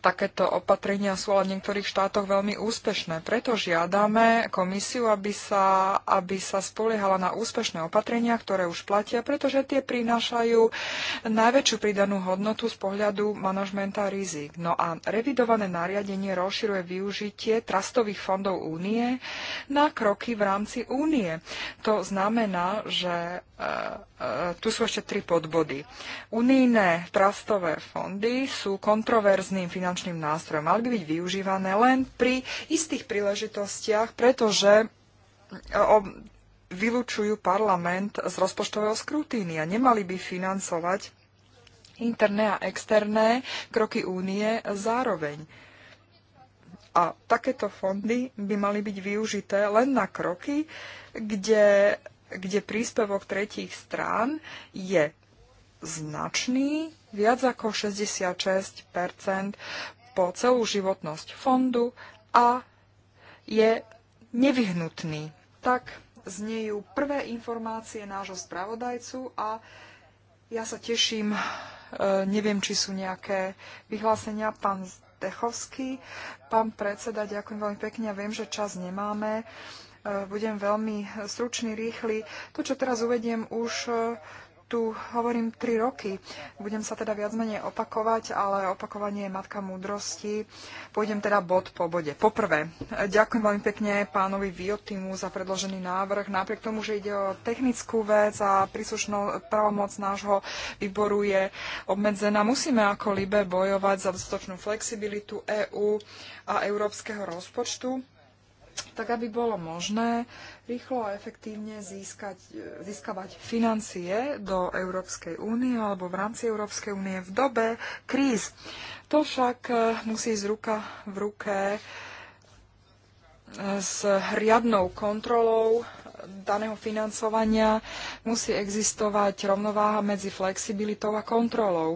takéto opatrenia sú ale v niektorých štátoch veľmi úspešné. Preto žiadame komisiu, aby sa, aby sa spoliehala na úspešné opatrenia, ktoré už platia, pretože tie prinášajú najväčšiu pridanú hodnotu z pohľadu manažmenta rizik. No a revidované nariadenie rozširuje využitie trastových fondov únie na kroky v rámci únie. To znamená, že e, e, tu sú ešte tri podbody. Unijné trastové fondy sú kontroverzným finančným nástrojom. Mali by byť využívané len pri istých príležitostiach, pretože e, vylúčujú parlament z rozpočtového skrutínia. Nemali by financovať interné a externé kroky únie zároveň. A takéto fondy by mali byť využité len na kroky, kde, kde príspevok tretích strán je značný viac ako 66 po celú životnosť fondu a je nevyhnutný. Tak znejú prvé informácie nášho spravodajcu a ja sa teším, e, neviem, či sú nejaké vyhlásenia. Pán Zdechovský, pán predseda, ďakujem veľmi pekne. Ja viem, že čas nemáme e, budem veľmi stručný, rýchly. To, čo teraz uvediem, už e, tu hovorím tri roky. Budem sa teda viac menej opakovať, ale opakovanie je matka múdrosti. Pôjdem teda bod po bode. Poprvé, ďakujem veľmi pekne pánovi Viotimu za predložený návrh. Napriek tomu, že ide o technickú vec a príslušnú pravomoc nášho výboru je obmedzená, musíme ako Libe bojovať za dostatočnú flexibilitu EÚ a európskeho rozpočtu tak aby bolo možné rýchlo a efektívne získať, získavať financie do Európskej únie alebo v rámci Európskej únie v dobe kríz. To však e, musí ísť ruka v ruke e, s riadnou kontrolou daného financovania musí existovať rovnováha medzi flexibilitou a kontrolou.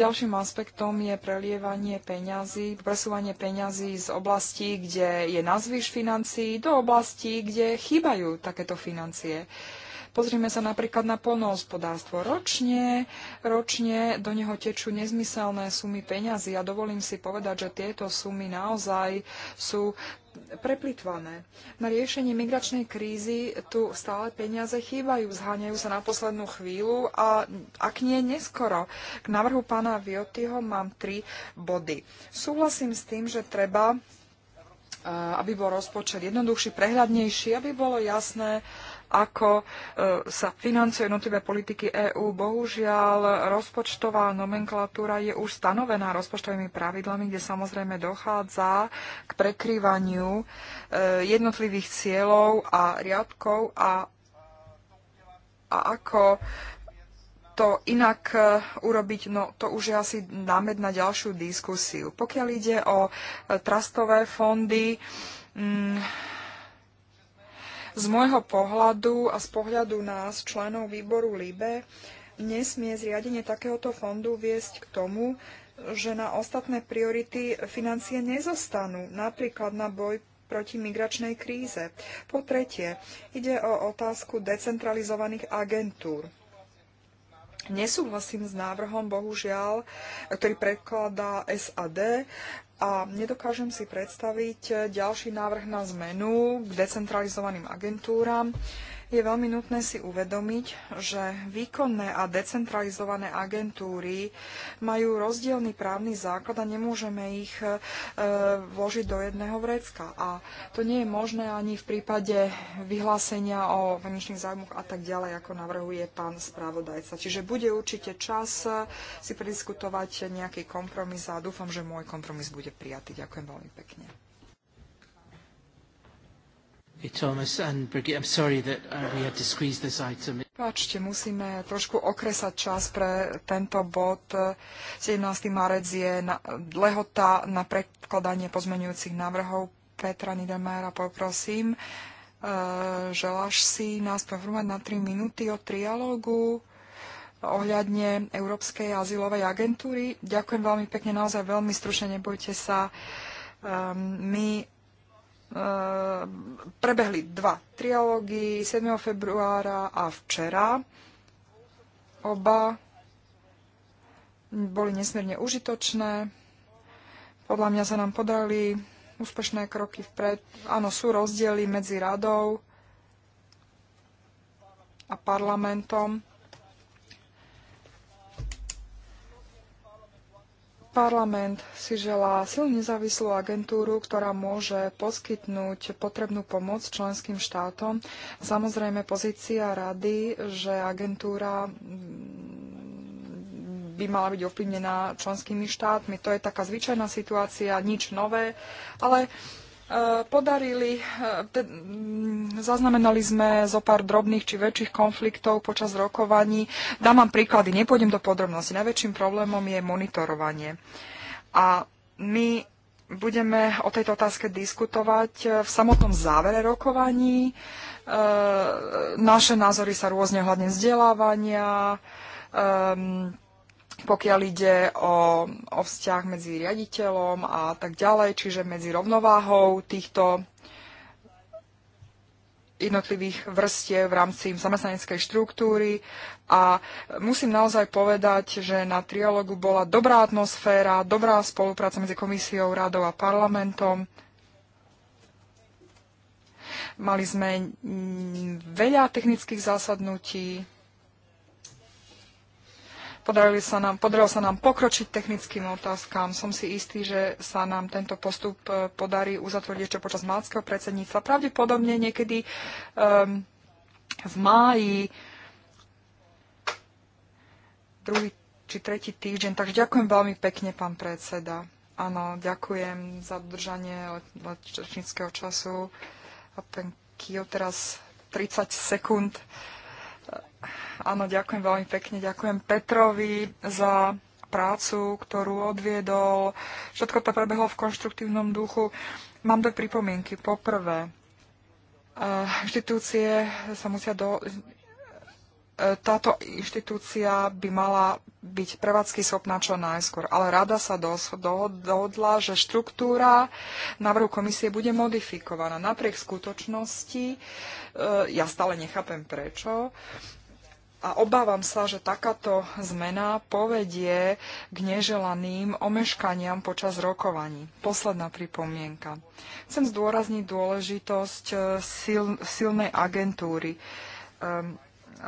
Ďalším aspektom je prelievanie peňazí, presúvanie peňazí z oblasti, kde je nazvyš financií, do oblasti, kde chýbajú takéto financie. Pozrime sa napríklad na polnohospodárstvo. Ročne, ročne do neho tečú nezmyselné sumy peňazí a dovolím si povedať, že tieto sumy naozaj sú preplitvané. Na riešenie migračnej krízy tu stále peniaze chýbajú, zháňajú sa na poslednú chvíľu a ak nie neskoro. K návrhu pána Viotyho mám tri body. Súhlasím s tým, že treba eh, aby bol rozpočet jednoduchší, prehľadnejší, aby bolo jasné, ako e, sa financujú jednotlivé politiky EÚ. Bohužiaľ, rozpočtová nomenklatúra je už stanovená rozpočtovými pravidlami, kde samozrejme dochádza k prekrývaniu e, jednotlivých cieľov a riadkov a, a ako to inak e, urobiť, no to už je asi námed na ďalšiu diskusiu. Pokiaľ ide o trastové fondy, mm, z môjho pohľadu a z pohľadu nás, členov výboru LIBE, nesmie zriadenie takéhoto fondu viesť k tomu, že na ostatné priority financie nezostanú, napríklad na boj proti migračnej kríze. Po tretie, ide o otázku decentralizovaných agentúr. Nesúhlasím s návrhom, bohužiaľ, ktorý predkladá SAD, a nedokážem si predstaviť ďalší návrh na zmenu k decentralizovaným agentúram je veľmi nutné si uvedomiť, že výkonné a decentralizované agentúry majú rozdielny právny základ a nemôžeme ich e, vložiť do jedného vrecka. A to nie je možné ani v prípade vyhlásenia o finančných zájmoch a tak ďalej, ako navrhuje pán spravodajca. Čiže bude určite čas e, si prediskutovať nejaký kompromis a dúfam, že môj kompromis bude prijatý. Ďakujem veľmi pekne. Thomas uh, musíme trošku okresať čas pre tento bod. 17. marec je na, lehota na prekladanie pozmenujúcich návrhov. Petra Niedermayera poprosím, uh, želáš si nás pohromať na 3 minúty o trialógu ohľadne Európskej azylovej agentúry. Ďakujem veľmi pekne, naozaj veľmi stručne, nebojte sa. Um, my Ehm, prebehli dva trialógy 7. februára a včera. Oba boli nesmierne užitočné. Podľa mňa sa nám podali úspešné kroky vpred. Áno, sú rozdiely medzi radou a parlamentom, Parlament si želá silne nezávislú agentúru, ktorá môže poskytnúť potrebnú pomoc členským štátom. Samozrejme pozícia rady, že agentúra mm, by mala byť ovplyvnená členskými štátmi. To je taká zvyčajná situácia, nič nové, ale E, podarili, e, zaznamenali sme zo pár drobných či väčších konfliktov počas rokovaní. Dám vám príklady, nepôjdem do podrobnosti. Najväčším problémom je monitorovanie. A my budeme o tejto otázke diskutovať e, v samotnom závere rokovaní. Naše názory sa rôzne hľadne vzdelávania, pokiaľ ide o, o vzťah medzi riaditeľom a tak ďalej, čiže medzi rovnováhou týchto jednotlivých vrstiev v rámci zamestnaneckej štruktúry a musím naozaj povedať, že na trialogu bola dobrá atmosféra, dobrá spolupráca medzi komisiou, Rádou a parlamentom. Mali sme veľa technických zásadnutí, Podarilo sa nám, podarilo sa nám pokročiť technickým otázkam. Som si istý, že sa nám tento postup e, podarí uzatvoriť ešte počas malckého predsedníctva. Pravdepodobne niekedy um, v máji druhý či tretí týždeň. Takže ďakujem veľmi pekne, pán predseda. Áno, ďakujem za dodržanie lečnického času. A ten Kio teraz 30 sekúnd. Áno, ďakujem veľmi pekne. Ďakujem Petrovi za prácu, ktorú odviedol. Všetko to prebehlo v konštruktívnom duchu. Mám dve pripomienky. Poprvé, eh, inštitúcie sa musia do, táto inštitúcia by mala byť prevádzky schopná čo najskôr, ale rada sa dohodla, že štruktúra návrhu komisie bude modifikovaná. Napriek skutočnosti, e, ja stále nechápem prečo, a obávam sa, že takáto zmena povedie k neželaným omeškaniam počas rokovaní. Posledná pripomienka. Chcem zdôrazniť dôležitosť e, sil, silnej agentúry. Um,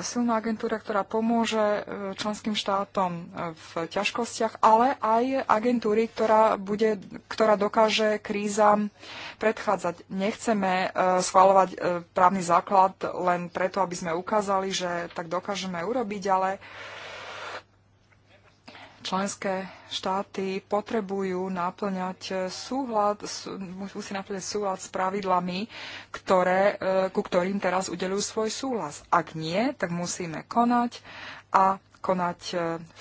silná agentúra, ktorá pomôže e, členským štátom e, v ťažkostiach, ale aj agentúry, ktorá, bude, ktorá dokáže krízam predchádzať. Nechceme e, schváľovať právny základ len preto, aby sme ukázali, že tak dokážeme urobiť, ale členské štáty potrebujú naplňať súhľad, musí naplňať súhľad s pravidlami, ktoré, e, ku ktorým teraz udelujú svoj súhlas. Ak nie, tak musíme konať a konať e,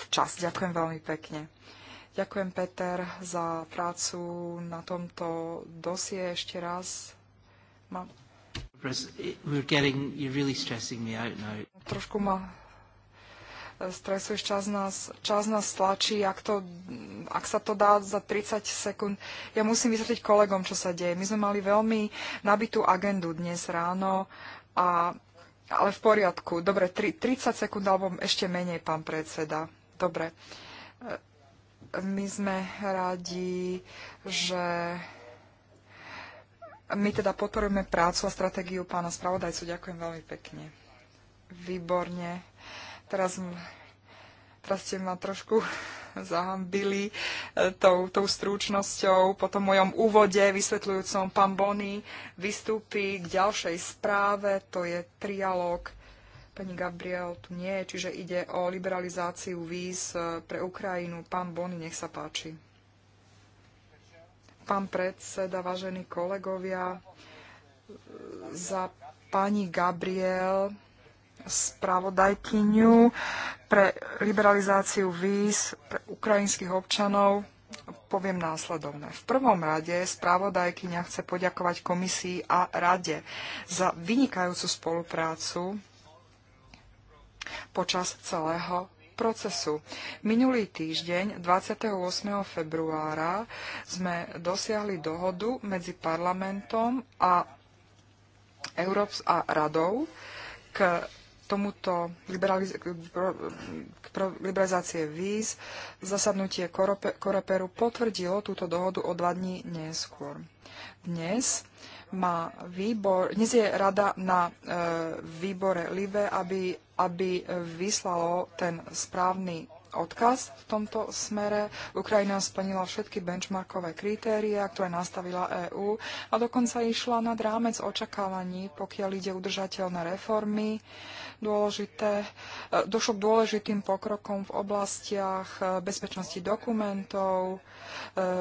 včas. Ďakujem veľmi pekne. Ďakujem, Peter, za prácu na tomto dosie ešte raz. Mám... Getting, really Trošku ma stresuješ, čas nás, čas nás tlačí, ak, to, ak sa to dá za 30 sekúnd. Ja musím vysvetliť kolegom, čo sa deje. My sme mali veľmi nabitú agendu dnes ráno, a, ale v poriadku. Dobre, tri, 30 sekúnd alebo ešte menej, pán predseda. Dobre. My sme radi, že my teda podporujeme prácu a stratégiu pána spravodajcu. Ďakujem veľmi pekne. Výborne teraz, teraz ste ma trošku zahambili e, tou, tou stručnosťou Po tom mojom úvode vysvetľujúcom pán Bony vystúpi k ďalšej správe, to je trialog. Pani Gabriel tu nie, čiže ide o liberalizáciu víz e, pre Ukrajinu. Pán Bony, nech sa páči. Pán predseda, vážení kolegovia, e, za pani Gabriel spravodajkyňu pre liberalizáciu víz pre ukrajinských občanov poviem následovné. V prvom rade spravodajkyňa chce poďakovať komisii a rade za vynikajúcu spoluprácu počas celého procesu. Minulý týždeň, 28. februára, sme dosiahli dohodu medzi parlamentom a Európs a radou k tomuto liberaliz- k liberalizácie víz zasadnutie Koreperu potvrdilo túto dohodu o dva dní neskôr. Dnes má výbor, dnes je rada na e, výbore LIBE, aby, aby vyslalo ten správny odkaz v tomto smere. Ukrajina splnila všetky benchmarkové kritéria, ktoré nastavila EÚ a dokonca išla nad rámec očakávaní, pokiaľ ide udržateľné reformy. Dôležité, e, došlo k dôležitým pokrokom v oblastiach e, bezpečnosti dokumentov, e,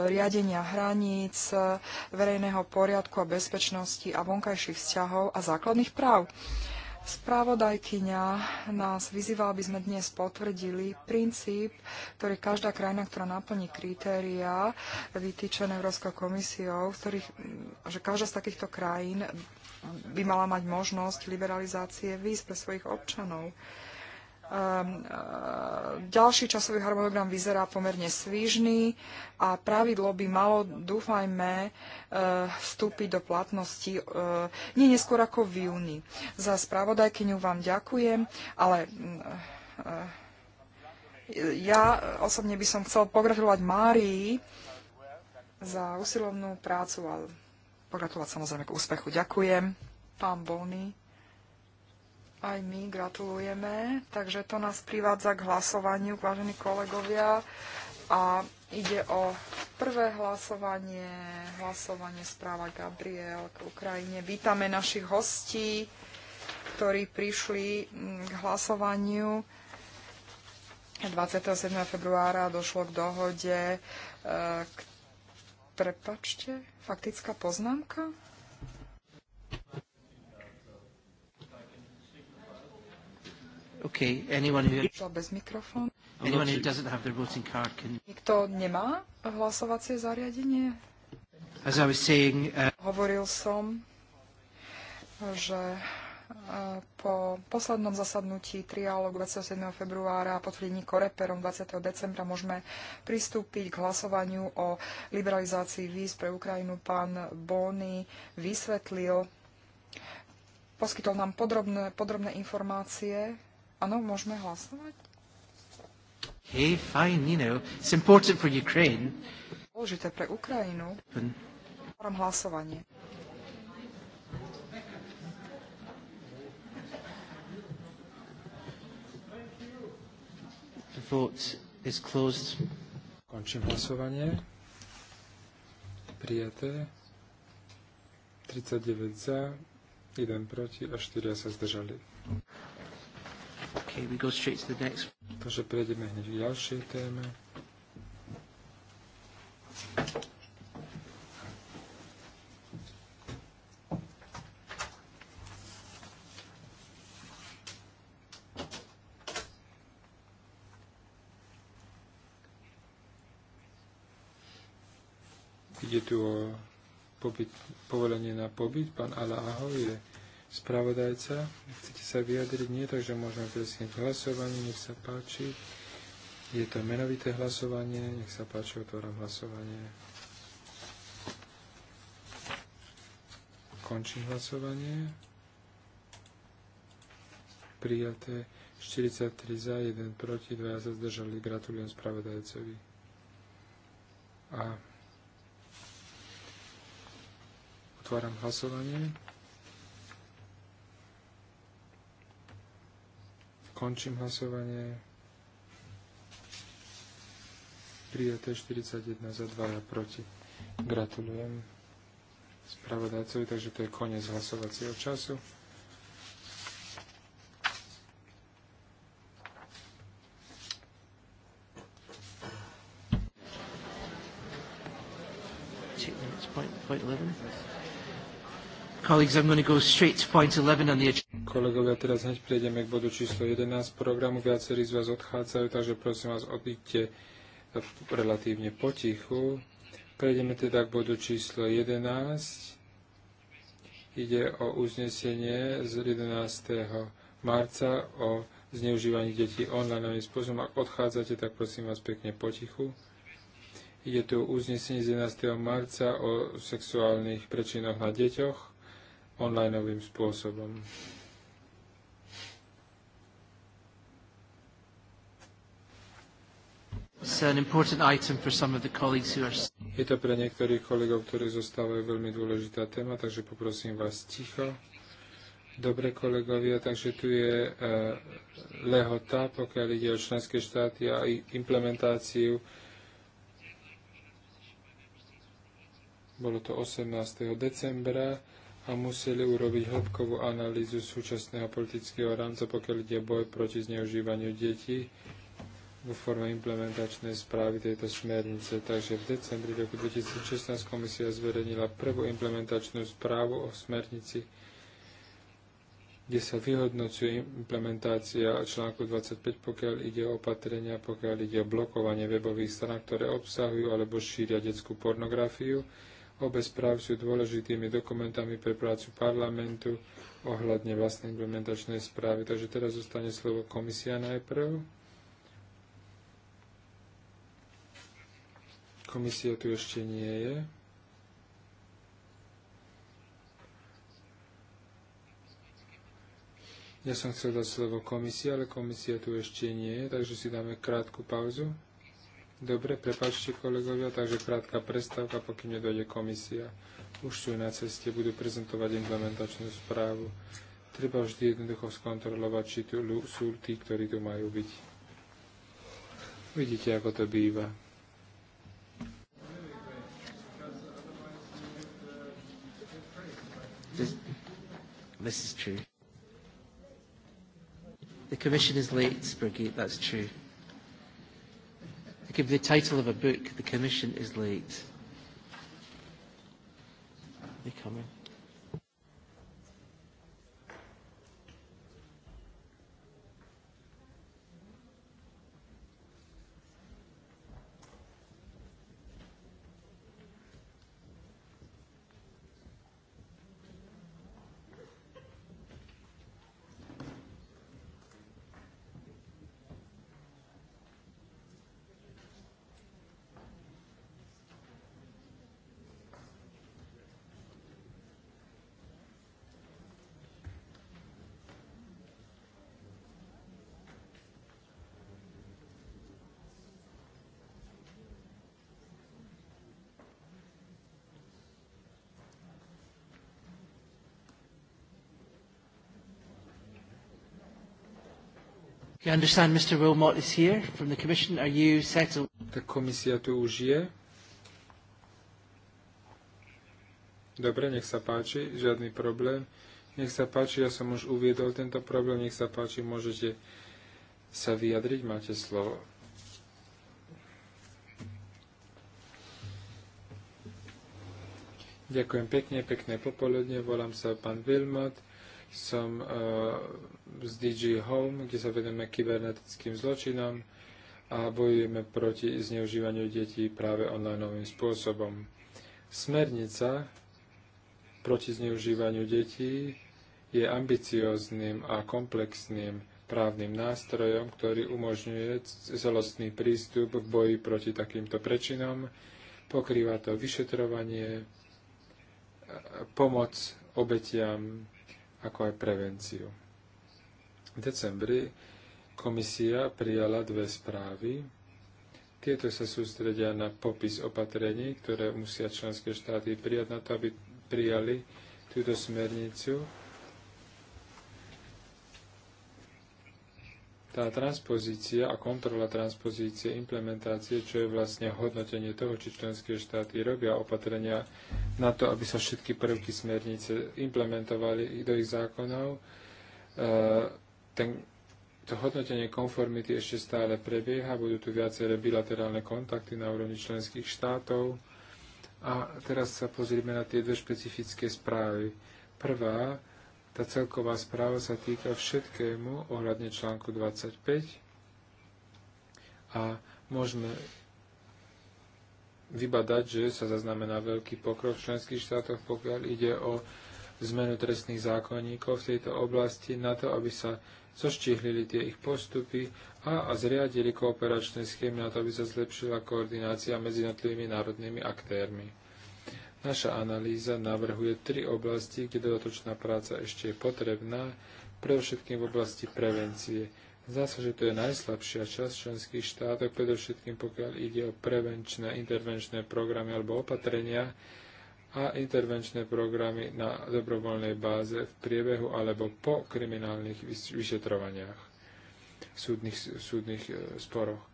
riadenia hraníc, verejného poriadku a bezpečnosti a vonkajších vzťahov a základných práv. Spravodajkyňa nás vyzýva, aby sme dnes potvrdili princíp, ktorý každá krajina, ktorá naplní kritériá vytýčené Európskou komisiou, ktorých, že každá z takýchto krajín by mala mať možnosť liberalizácie víz pre svojich občanov. Uh, Ehm, e, ďalší časový harmonogram vyzerá pomerne svížný a pravidlo by malo, dúfajme, e, vstúpiť do platnosti e, nie neskôr ako v júni. Za spravodajkyňu vám ďakujem, ale mm, ja osobne by som chcel pogratulovať Márii za usilovnú prácu a pogratulovať samozrejme k úspechu. Ďakujem, pán Bolný. Aj my gratulujeme. Takže to nás privádza k hlasovaniu, vážení kolegovia. A ide o prvé hlasovanie, hlasovanie správa Gabriel k Ukrajine. Vítame našich hostí, ktorí prišli mm, k hlasovaniu. 27. februára došlo k dohode e, Prepačte, faktická poznámka? Okay, anyone who... bez Anyone who doesn't have their voting card can... Nikto nemá hlasovacie zariadenie? As I was saying, uh... Hovoril som, že uh, po poslednom zasadnutí triálogu 27. februára a potvrdení koreperom 20. decembra môžeme pristúpiť k hlasovaniu o liberalizácii víz pre Ukrajinu. Pán Bony vysvetlil, poskytol nám podrobné, podrobné informácie Áno, môžeme hlasovať? Hey, fine, you know, it's important for Ukraine. Dôležité pre Ukrajinu. Otváram hlasovanie. The vote is closed. Končím hlasovanie. Prijaté. 39 za, 1 proti a 4 sa zdržali. Okay, we go straight to the next. Takže prejdeme hneď k ďalšej téme. Ide tu o pobyt, povolenie na pobyt. Pán Aláho je Spravodajca, chcete sa vyjadriť? Nie, takže môžeme presiť hlasovanie, nech sa páči. Je to menovité hlasovanie, nech sa páči, otváram hlasovanie. Končím hlasovanie. Prijaté 43 za, 1 proti, 2 sa zdržali. Gratulujem spravodajcovi. A otváram hlasovanie. Končím hlasovanie. Prijaté 41 za 2 a proti. Gratulujem spravodajcovi, takže to je koniec hlasovacieho času. Colleagues, I'm going to go straight to point 11 on the agenda kolegovia, teraz hneď prejdeme k bodu číslo 11 programu. Viacerí z vás odchádzajú, takže prosím vás, odíďte relatívne potichu. Prejdeme teda k bodu číslo 11. Ide o uznesenie z 11. marca o zneužívaní detí online spôsobom. Ak odchádzate, tak prosím vás pekne potichu. Ide tu uznesenie z 11. marca o sexuálnych prečinoch na deťoch onlineovým spôsobom. Je to pre niektorých kolegov, ktorí zostávajú veľmi dôležitá téma, takže poprosím vás ticho. Dobre, kolegovia, takže tu je uh, lehota, pokiaľ ide o členské štáty a implementáciu. Bolo to 18. decembra a museli urobiť hĺbkovú analýzu súčasného politického rámca, pokiaľ ide boj proti zneužívaniu detí vo forme implementačnej správy tejto smernice. Takže v decembri roku 2016 komisia zverejnila prvú implementačnú správu o smernici, kde sa vyhodnocuje implementácia článku 25, pokiaľ ide o opatrenia, pokiaľ ide o blokovanie webových stran, ktoré obsahujú alebo šíria detskú pornografiu. Obe správy sú dôležitými dokumentami pre prácu parlamentu ohľadne vlastnej implementačnej správy. Takže teraz zostane slovo komisia najprv. komisia tu ešte nie je. Ja som chcel dať slovo komisia, ale komisia tu ešte nie je, takže si dáme krátku pauzu. Dobre, prepáčte kolegovia, takže krátka prestávka, pokým nedojde komisia. Už sú na ceste, budú prezentovať implementačnú správu. Treba vždy jednoducho skontrolovať, či tu sú tí, ktorí tu majú byť. Vidíte, ako to býva. This, this is true. The Commission is late, Brigitte, that's true. It could be the title of a book, The Commission is Late. They're coming. You understand Mr. Wilmot is here from the Commission. Are you settled? Tak komisia tu už je. Dobre, nech sa páči, žiadny problém. Nech sa páči, ja som už uviedol tento problém, nech sa páči, môžete sa vyjadriť, máte slovo. Ďakujem pekne, pekné popoludne, volám sa pán Wilmot som e, z DG Home, kde sa vedeme kybernetickým zločinom a bojujeme proti zneužívaniu detí práve online spôsobom. Smernica proti zneužívaniu detí je ambiciozným a komplexným právnym nástrojom, ktorý umožňuje celostný prístup v boji proti takýmto prečinom. Pokrýva to vyšetrovanie, pomoc obetiam ako aj prevenciu. V decembri komisia prijala dve správy. Tieto sa sústredia na popis opatrení, ktoré musia členské štáty prijať na to, aby prijali túto smernicu tá transpozícia a kontrola transpozície, implementácie, čo je vlastne hodnotenie toho, či členské štáty robia opatrenia na to, aby sa všetky prvky smernice implementovali do ich zákonov. E, ten, to hodnotenie konformity ešte stále prebieha, budú tu viaceré bilaterálne kontakty na úrovni členských štátov. A teraz sa pozrieme na tie dve špecifické správy. Prvá, tá celková správa sa týka všetkému ohľadne článku 25 a môžeme vybadať, že sa zaznamená veľký pokrok v členských štátoch, pokiaľ ide o zmenu trestných zákonníkov v tejto oblasti na to, aby sa zoštihlili tie ich postupy a, a zriadili kooperačné schémy na to, aby sa zlepšila koordinácia medzi jednotlivými národnými aktérmi. Naša analýza navrhuje tri oblasti, kde dodatočná práca ešte je potrebná, predovšetkým v oblasti prevencie. Zdá sa, že to je najslabšia časť členských štátov, predovšetkým pokiaľ ide o prevenčné intervenčné programy alebo opatrenia a intervenčné programy na dobrovoľnej báze v priebehu alebo po kriminálnych vyšetrovaniach, súdnych, súdnych e, sporoch.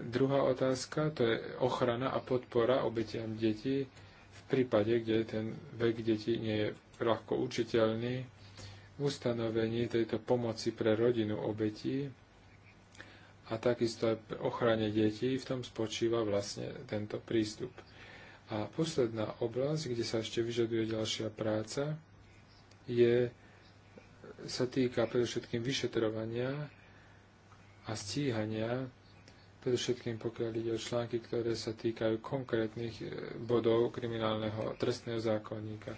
Druhá otázka, to je ochrana a podpora obetiam detí v prípade, kde ten vek detí nie je ľahko učiteľný. V ustanovení tejto pomoci pre rodinu obetí a takisto aj ochrane detí v tom spočíva vlastne tento prístup. A posledná oblasť, kde sa ešte vyžaduje ďalšia práca, je, sa týka predovšetkým vyšetrovania a stíhania predovšetkým pokiaľ ide o články, ktoré sa týkajú konkrétnych e, bodov kriminálneho trestného zákonníka.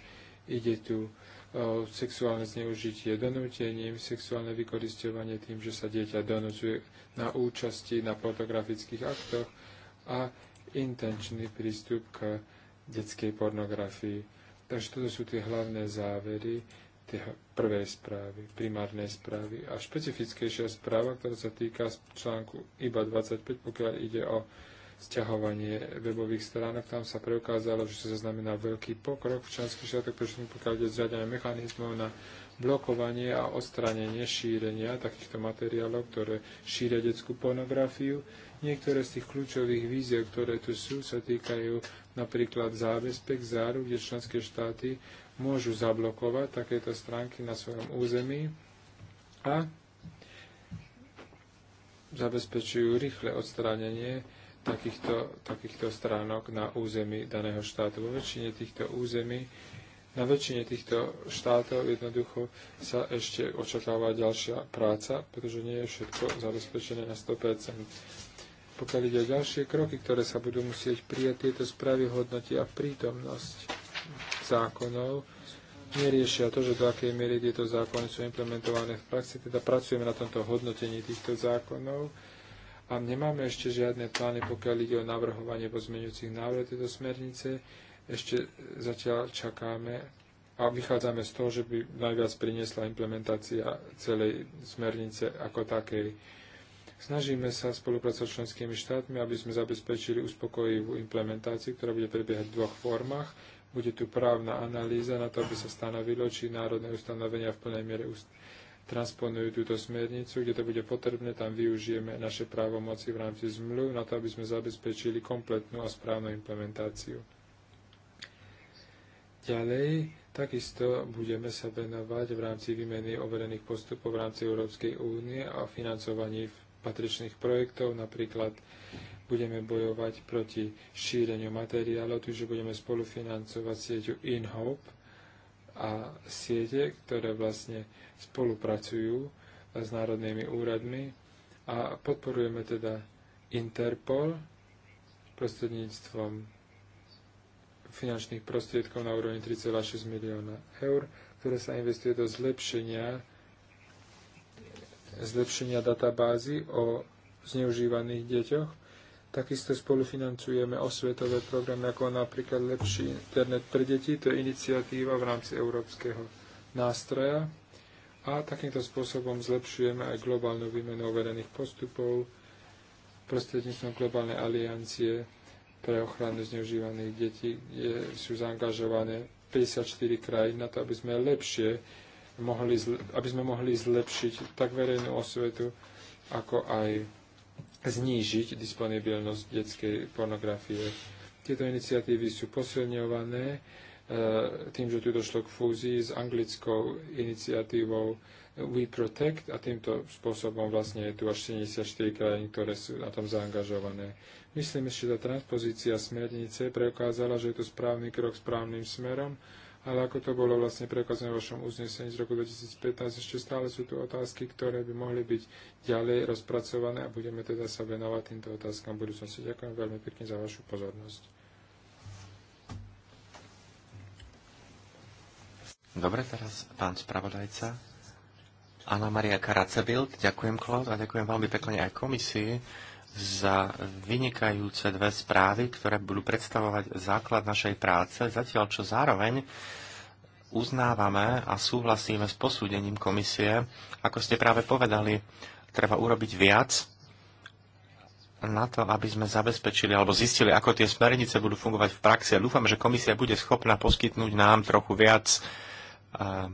Ide tu e, o sexuálne zneužitie donútením, sexuálne vykoristovanie tým, že sa dieťa donúcuje na účasti na pornografických aktoch a intenčný prístup k detskej pornografii. Takže toto sú tie hlavné závery tie prvej správy, primárnej správy. A špecifickejšia správa, ktorá sa týka článku IBA 25, pokiaľ ide o sťahovanie webových stránok, tam sa preukázalo, že sa zaznamená veľký pokrok v členských štátoch, pretože pokiaľ ide zriadenie mechanizmov na blokovanie a odstranenie šírenia takýchto materiálov, ktoré šíria detskú pornografiu. Niektoré z tých kľúčových víziev, ktoré tu sú, sa týkajú napríklad zábezpek, záru, kde členské štáty môžu zablokovať takéto stránky na svojom území a zabezpečujú rýchle odstránenie takýchto, takýchto stránok na území daného štátu. Vo väčšine týchto území, na väčšine týchto štátov jednoducho sa ešte očakáva ďalšia práca, pretože nie je všetko zabezpečené na 100%. Pokiaľ ide o ďalšie kroky, ktoré sa budú musieť prijať, tieto správy hodnotia prítomnosť zákonov neriešia to, že do akej miery tieto zákony sú implementované v praxi, teda pracujeme na tomto hodnotení týchto zákonov a nemáme ešte žiadne plány, pokiaľ ide o navrhovanie pozmeňujúcich návrhov tejto smernice. Ešte zatiaľ čakáme a vychádzame z toho, že by najviac priniesla implementácia celej smernice ako takej. Snažíme sa spolupracovať s členskými štátmi, aby sme zabezpečili uspokojivú implementáciu, ktorá bude prebiehať v dvoch formách. Bude tu právna analýza na to, aby sa stanovilo, či národné ustanovenia v plnej miere transponujú túto smernicu, kde to bude potrebné, tam využijeme naše právomoci v rámci zmluv na to, aby sme zabezpečili kompletnú a správnu implementáciu. Ďalej, takisto budeme sa venovať v rámci výmeny overených postupov v rámci Európskej únie a financovaní patričných projektov, napríklad budeme bojovať proti šíreniu materiálov, takže budeme spolufinancovať sieťu InHope a siete, ktoré vlastne spolupracujú s národnými úradmi a podporujeme teda Interpol prostredníctvom finančných prostriedkov na úrovni 3,6 milióna eur, ktoré sa investuje do zlepšenia zlepšenia databázy o zneužívaných deťoch Takisto spolufinancujeme osvetové programy, ako napríklad Lepší internet pre deti, to je iniciatíva v rámci európskeho nástroja. A takýmto spôsobom zlepšujeme aj globálnu výmenu overených postupov prostredníctvom globálnej aliancie pre ochranu zneužívaných detí, kde sú zaangažované 54 krajín na to, aby sme lepšie mohli, aby sme mohli zlepšiť tak verejnú osvetu, ako aj znížiť disponibilnosť detskej pornografie. Tieto iniciatívy sú posilňované e, tým, že tu došlo k fúzii s anglickou iniciatívou We Protect a týmto spôsobom vlastne je tu až 74 krajín, ktoré sú na tom zaangažované. Myslím, že tá transpozícia smernice preukázala, že je to správny krok správnym smerom ale ako to bolo vlastne prekazené v vašom uznesení z roku 2015, ešte stále sú tu otázky, ktoré by mohli byť ďalej rozpracované a budeme teda sa venovať týmto otázkam v budúcnosti. Ďakujem veľmi pekne za vašu pozornosť. Dobre, teraz pán spravodajca. Anna Maria Karacebild, ďakujem Klaus a ďakujem veľmi pekne aj komisii za vynikajúce dve správy, ktoré budú predstavovať základ našej práce, zatiaľ čo zároveň uznávame a súhlasíme s posúdením komisie. Ako ste práve povedali, treba urobiť viac na to, aby sme zabezpečili alebo zistili, ako tie smernice budú fungovať v praxi. A dúfam, že komisia bude schopná poskytnúť nám trochu viac eh,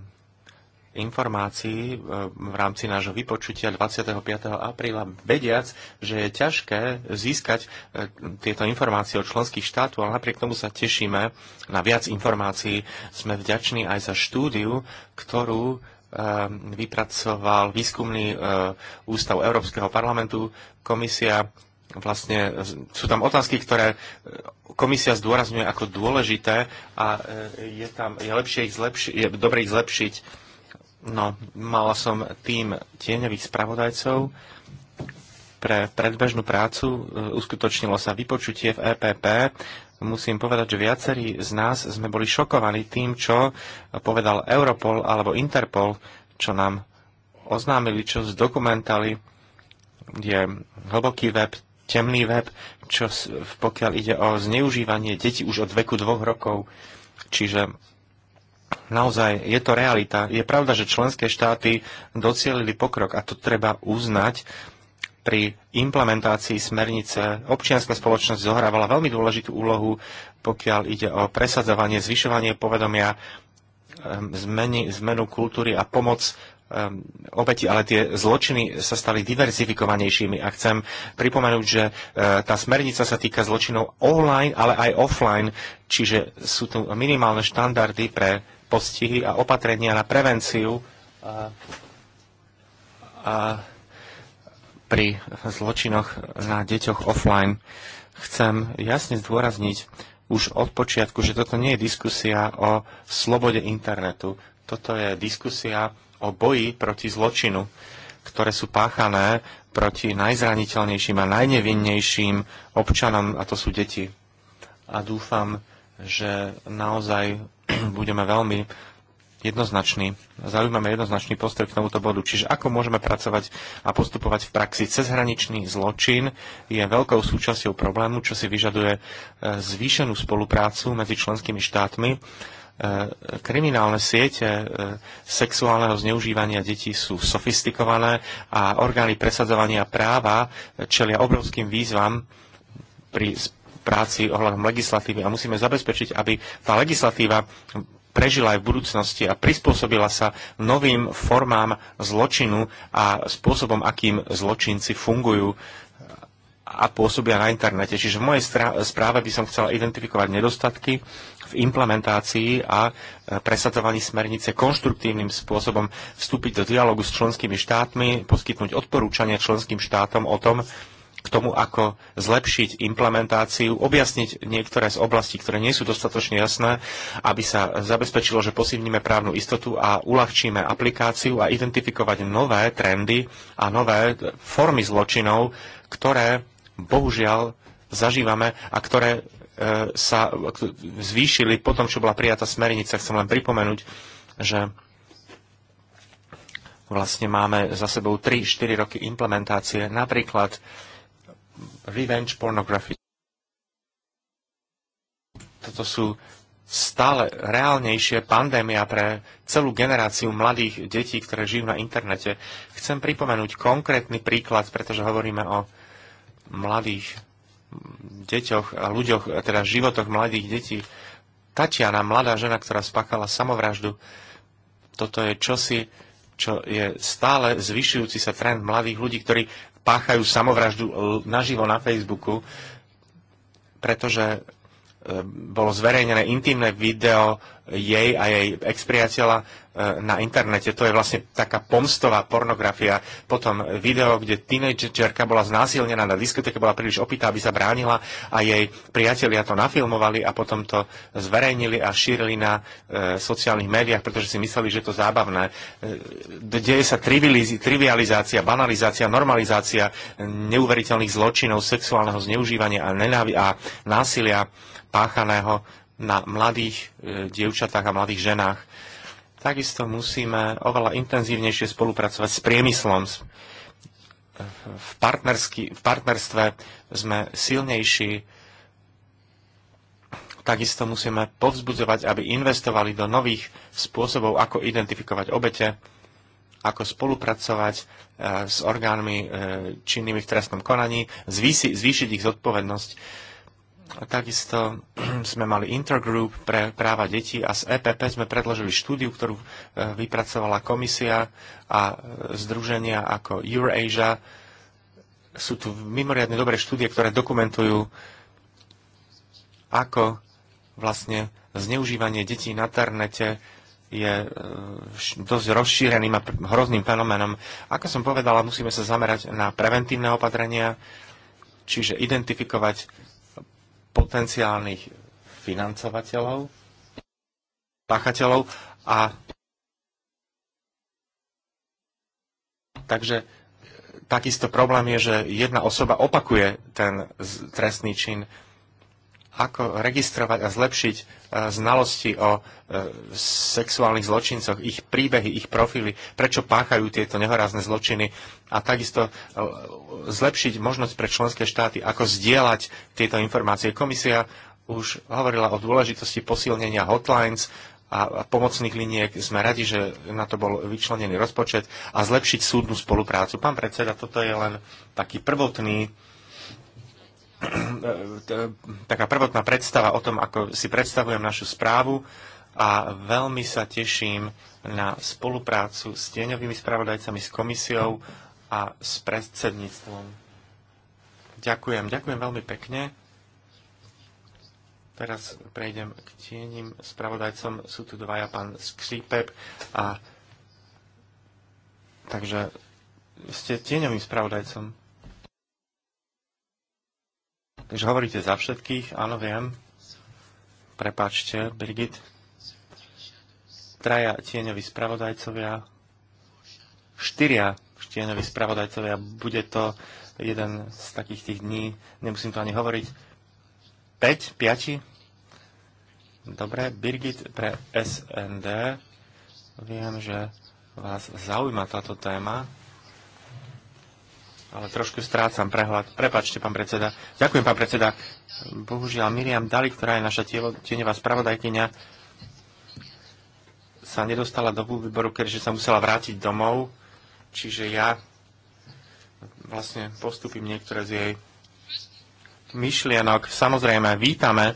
informácií e, v rámci nášho vypočutia 25. apríla, vediac, že je ťažké získať e, tieto informácie od členských štátov, ale napriek tomu sa tešíme na viac informácií. Sme vďační aj za štúdiu, ktorú e, vypracoval výskumný ústav Európskeho parlamentu. Komisia vlastne sú tam otázky, ktoré komisia zdôrazňuje ako dôležité a je tam je lepšie ich zlepši, je dobre ich zlepšiť No, mala som tým tieňových spravodajcov pre predbežnú prácu. E, uskutočnilo sa vypočutie v EPP. Musím povedať, že viacerí z nás sme boli šokovaní tým, čo povedal Europol alebo Interpol, čo nám oznámili, čo zdokumentali. Je hlboký web, temný web, čo pokiaľ ide o zneužívanie detí už od veku dvoch rokov. Čiže Naozaj, je to realita. Je pravda, že členské štáty docielili pokrok a to treba uznať pri implementácii smernice občianská spoločnosť zohrávala veľmi dôležitú úlohu, pokiaľ ide o presadzovanie, zvyšovanie povedomia, ehm, zmeni, zmenu kultúry a pomoc ehm, obeti, ale tie zločiny sa stali diverzifikovanejšími. A chcem pripomenúť, že ehm, tá smernica sa týka zločinov online, ale aj offline, čiže sú tu minimálne štandardy pre postihy a opatrenia na prevenciu a, a pri zločinoch na deťoch offline. Chcem jasne zdôrazniť už od počiatku, že toto nie je diskusia o slobode internetu. Toto je diskusia o boji proti zločinu, ktoré sú páchané proti najzraniteľnejším a najnevinnejším občanom, a to sú deti. A dúfam, že naozaj budeme veľmi jednoznačný, zaujímame jednoznačný postrek k tomuto bodu. Čiže ako môžeme pracovať a postupovať v praxi. Cezhraničný zločin je veľkou súčasťou problému, čo si vyžaduje e, zvýšenú spoluprácu medzi členskými štátmi. E, kriminálne siete e, sexuálneho zneužívania detí sú sofistikované a orgány presadzovania práva čelia obrovským výzvam pri práci ohľadom legislatívy a musíme zabezpečiť, aby tá legislatíva prežila aj v budúcnosti a prispôsobila sa novým formám zločinu a spôsobom, akým zločinci fungujú a pôsobia na internete. Čiže v mojej správe by som chcela identifikovať nedostatky v implementácii a e, presadzovaní smernice konštruktívnym spôsobom vstúpiť do dialogu s členskými štátmi, poskytnúť odporúčania členským štátom o tom, k tomu, ako zlepšiť implementáciu, objasniť niektoré z oblastí, ktoré nie sú dostatočne jasné, aby sa zabezpečilo, že posilníme právnu istotu a uľahčíme aplikáciu a identifikovať nové trendy a nové formy zločinov, ktoré bohužiaľ zažívame a ktoré e, sa zvýšili po tom, čo bola prijatá smernica. Chcem len pripomenúť, že vlastne máme za sebou 3-4 roky implementácie. Napríklad revenge pornography. Toto sú stále reálnejšie pandémia pre celú generáciu mladých detí, ktoré žijú na internete. Chcem pripomenúť konkrétny príklad, pretože hovoríme o mladých deťoch a ľuďoch, teda životoch mladých detí. Tatiana, mladá žena, ktorá spakala samovraždu, toto je čosi, čo je stále zvyšujúci sa trend mladých ľudí, ktorí páchajú samovraždu naživo na Facebooku, pretože bolo zverejnené intimné video jej a jej expriateľa e, na internete. To je vlastne taká pomstová pornografia. Potom video, kde teenagerka bola znásilnená na diskoteke, bola príliš opitá, aby sa bránila a jej priatelia to nafilmovali a potom to zverejnili a šírili na e, sociálnych médiách, pretože si mysleli, že je to zábavné. E, deje sa trivializácia, banalizácia, normalizácia neuveriteľných zločinov, sexuálneho zneužívania a, a násilia páchaného na mladých e, dievčatách a mladých ženách. Takisto musíme oveľa intenzívnejšie spolupracovať s priemyslom. V, v partnerstve sme silnejší. Takisto musíme povzbudzovať, aby investovali do nových spôsobov, ako identifikovať obete, ako spolupracovať e, s orgánmi e, činnými v trestnom konaní, zvýšiť ich zodpovednosť Takisto sme mali Intergroup pre práva detí a z EPP sme predložili štúdiu, ktorú e, vypracovala komisia a e, združenia ako Eurasia. Sú tu mimoriadne dobré štúdie, ktoré dokumentujú, ako vlastne zneužívanie detí na internete je e, dosť rozšíreným a hrozným fenoménom. Ako som povedala, musíme sa zamerať na preventívne opatrenia, čiže identifikovať potenciálnych financovateľov, páchateľov a takže e, takisto problém je, že jedna osoba opakuje ten trestný čin ako registrovať a zlepšiť e, znalosti o e, sexuálnych zločincoch, ich príbehy, ich profily, prečo páchajú tieto nehorázne zločiny a takisto e, zlepšiť možnosť pre členské štáty, ako zdieľať tieto informácie. Komisia už hovorila o dôležitosti posilnenia hotlines a pomocných liniek. Sme radi, že na to bol vyčlenený rozpočet a zlepšiť súdnu spoluprácu. Pán predseda, toto je len taký prvotný taká prvotná predstava o tom, ako si predstavujem našu správu a veľmi sa teším na spoluprácu s tieňovými spravodajcami, s komisiou a s predsedníctvom. Ďakujem, ďakujem veľmi pekne. Teraz prejdem k tieňim spravodajcom. Sú tu dvaja pán Skřípep a takže ste tieňovým spravodajcom. Takže hovoríte za všetkých, áno, viem. Prepačte, Brigit. Traja tieňoví spravodajcovia. Štyria tieňoví spravodajcovia. Bude to jeden z takých tých dní, nemusím to ani hovoriť. 5, 5. Dobre, Birgit pre SND. Viem, že vás zaujíma táto téma ale trošku strácam prehľad. Prepačte, pán predseda. Ďakujem, pán predseda. Bohužiaľ, Miriam Dali, ktorá je naša tieňová spravodajkynia, sa nedostala do výboru, keďže sa musela vrátiť domov. Čiže ja vlastne postupím niektoré z jej myšlienok. Samozrejme, vítame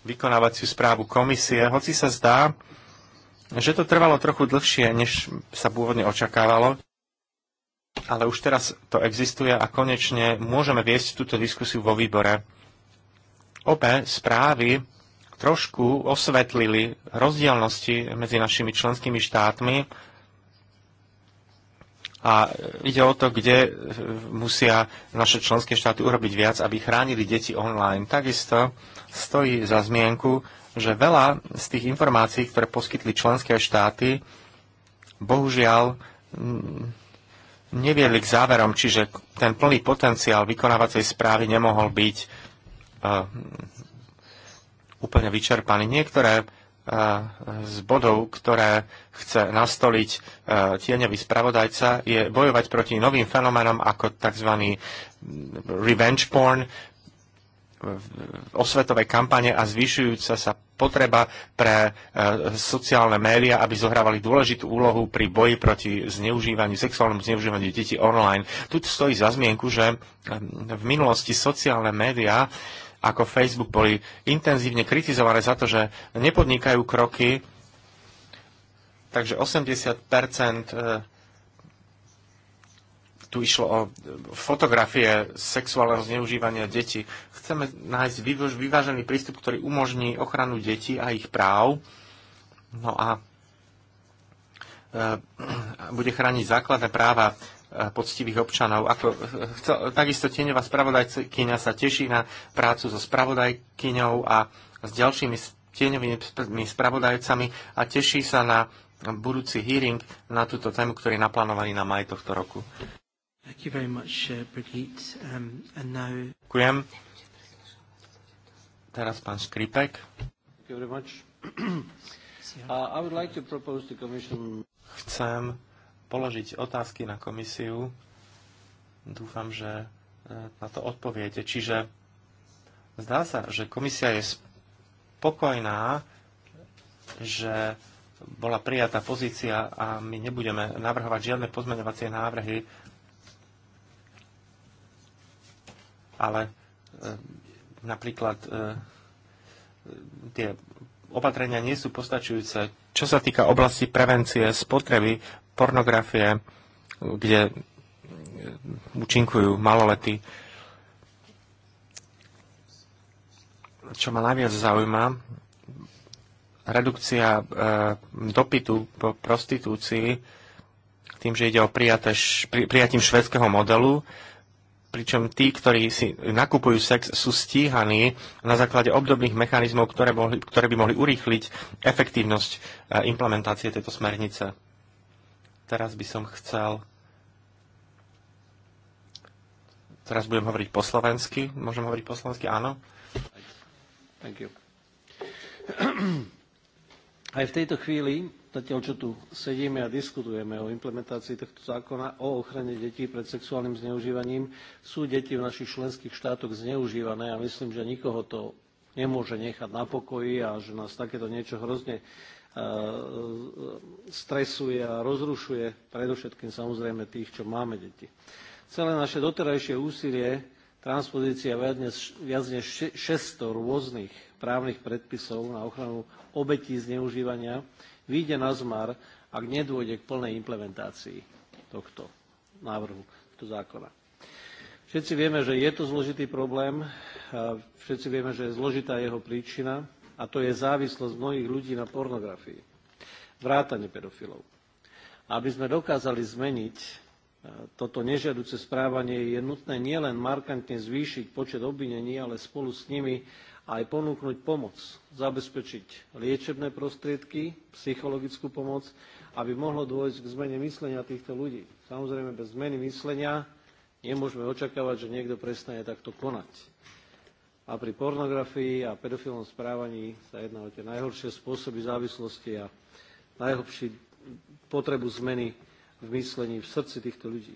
vykonávaciu správu komisie, hoci sa zdá, že to trvalo trochu dlhšie, než sa pôvodne očakávalo ale už teraz to existuje a konečne môžeme viesť túto diskusiu vo výbore. Obe správy trošku osvetlili rozdielnosti medzi našimi členskými štátmi a ide o to, kde musia naše členské štáty urobiť viac, aby chránili deti online. Takisto stojí za zmienku, že veľa z tých informácií, ktoré poskytli členské štáty, bohužiaľ neviedli k záverom, čiže ten plný potenciál vykonávacej správy nemohol byť uh, úplne vyčerpaný. Niektoré eh, z bodov, ktoré chce nastoliť eh, tieňový spravodajca, je bojovať proti novým fenoménom ako tzv. revenge porn, osvetové kampane a zvyšujúca sa potreba pre e, sociálne médiá, aby zohrávali dôležitú úlohu pri boji proti zneužívaniu, sexuálnemu zneužívaniu detí online. Tu stojí za zmienku, že e, v minulosti sociálne médiá ako Facebook boli intenzívne kritizované za to, že nepodnikajú kroky, takže 80 tu išlo o fotografie sexuálneho zneužívania detí. Chceme nájsť vyvážený prístup, ktorý umožní ochranu detí a ich práv. No a e, bude chrániť základné práva e, poctivých občanov. Ako, e, chcel, takisto tieňová spravodajkyňa sa teší na prácu so spravodajkyňou a s ďalšími tieňovými spravodajcami a teší sa na budúci hearing na túto tému, ktorý je naplánovaný na maj tohto roku. Thank you very much, uh, Brigitte. Um, and now... Ďakujem. Teraz pán Škripek. Thank you very much. uh, I would like to propose the commission... Chcem položiť otázky na komisiu. Dúfam, že e, na to odpoviete. Čiže zdá sa, že komisia je spokojná, že bola prijatá pozícia a my nebudeme navrhovať žiadne pozmeňovacie návrhy ale eh, napríklad eh, tie opatrenia nie sú postačujúce. Čo sa týka oblasti prevencie, spotreby, pornografie, kde eh, účinkujú maloletí, čo ma najviac zaujíma, redukcia e, dopytu po prostitúcii tým, že ide o prijaté, pri, prijatím švedského modelu, pričom tí, ktorí si nakupujú sex, sú stíhaní na základe obdobných mechanizmov, ktoré, mohli, ktoré by mohli urýchliť efektívnosť e, implementácie tejto smernice. Teraz by som chcel... Teraz budem hovoriť po slovensky. Môžem hovoriť po slovensky? Áno. Aj v tejto chvíli zatiaľ čo tu sedíme a diskutujeme o implementácii tohto zákona o ochrane detí pred sexuálnym zneužívaním, sú deti v našich členských štátoch zneužívané a myslím, že nikoho to nemôže nechať na pokoji a že nás takéto niečo hrozne e, stresuje a rozrušuje, predovšetkým samozrejme tých, čo máme deti. Celé naše doterajšie úsilie transpozícia viac než 600 rôznych právnych predpisov na ochranu obetí zneužívania vyjde na zmar, ak nedôjde k plnej implementácii tohto návrhu, tohto zákona. Všetci vieme, že je to zložitý problém, všetci vieme, že je zložitá jeho príčina a to je závislosť mnohých ľudí na pornografii, vrátane pedofilov. Aby sme dokázali zmeniť e, toto nežiaduce správanie, je nutné nielen markantne zvýšiť počet obvinení, ale spolu s nimi aj ponúknuť pomoc, zabezpečiť liečebné prostriedky, psychologickú pomoc, aby mohlo dôjsť k zmene myslenia týchto ľudí. Samozrejme, bez zmeny myslenia nemôžeme očakávať, že niekto prestane takto konať. A pri pornografii a pedofilnom správaní sa jedná o tie najhoršie spôsoby závislosti a najhorší potrebu zmeny v myslení v srdci týchto ľudí.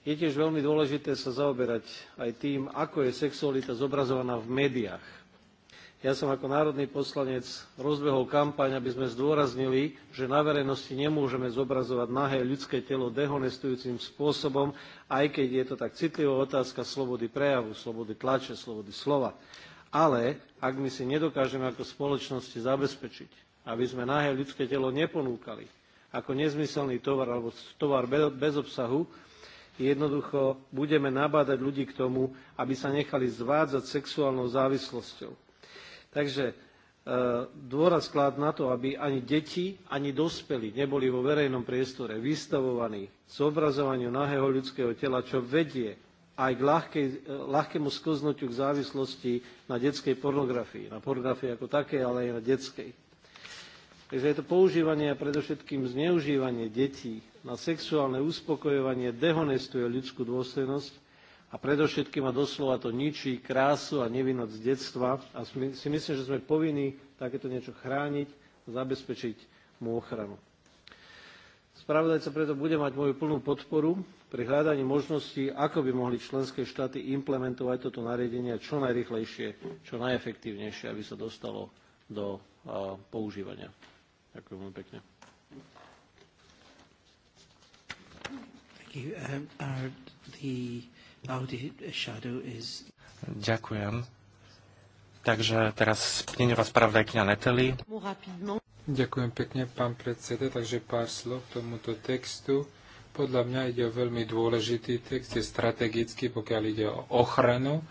Je tiež veľmi dôležité sa zaoberať aj tým, ako je sexualita zobrazovaná v médiách. Ja som ako národný poslanec rozbehol kampaň, aby sme zdôraznili, že na verejnosti nemôžeme zobrazovať nahé ľudské telo dehonestujúcim spôsobom, aj keď je to tak citlivá otázka slobody prejavu, slobody tlače, slobody slova. Ale ak my si nedokážeme ako spoločnosti zabezpečiť, aby sme nahé ľudské telo neponúkali ako nezmyselný tovar alebo tovar bez obsahu, jednoducho budeme nabádať ľudí k tomu, aby sa nechali zvádzať sexuálnou závislosťou. Takže e, dôraz klad na to, aby ani deti, ani dospelí neboli vo verejnom priestore vystavovaní zobrazovaniu nahého ľudského tela, čo vedie aj k ľahkej, e, ľahkému skoznutiu k závislosti na detskej pornografii. Na pornografii ako také, ale aj na detskej. Takže je to používanie a predovšetkým zneužívanie detí na sexuálne uspokojovanie dehonestuje ľudskú dôstojnosť a predovšetkým a doslova to ničí krásu a nevinnosť detstva a si myslím, že sme povinní takéto niečo chrániť a zabezpečiť mu ochranu. Spravodajca preto bude mať moju plnú podporu pri hľadaní možností, ako by mohli členské štáty implementovať toto nariadenie čo najrychlejšie, čo najefektívnejšie, aby sa dostalo do používania. Ďakujem veľmi pekne. Um, uh, Ďakujem. Takže teraz spneňová spravodajkňa Neteli. Ďakujem pekne, pán predseda. Takže pár slov k tomuto textu. Podľa mňa ide o veľmi dôležitý text, je strategický, pokiaľ ide o ochranu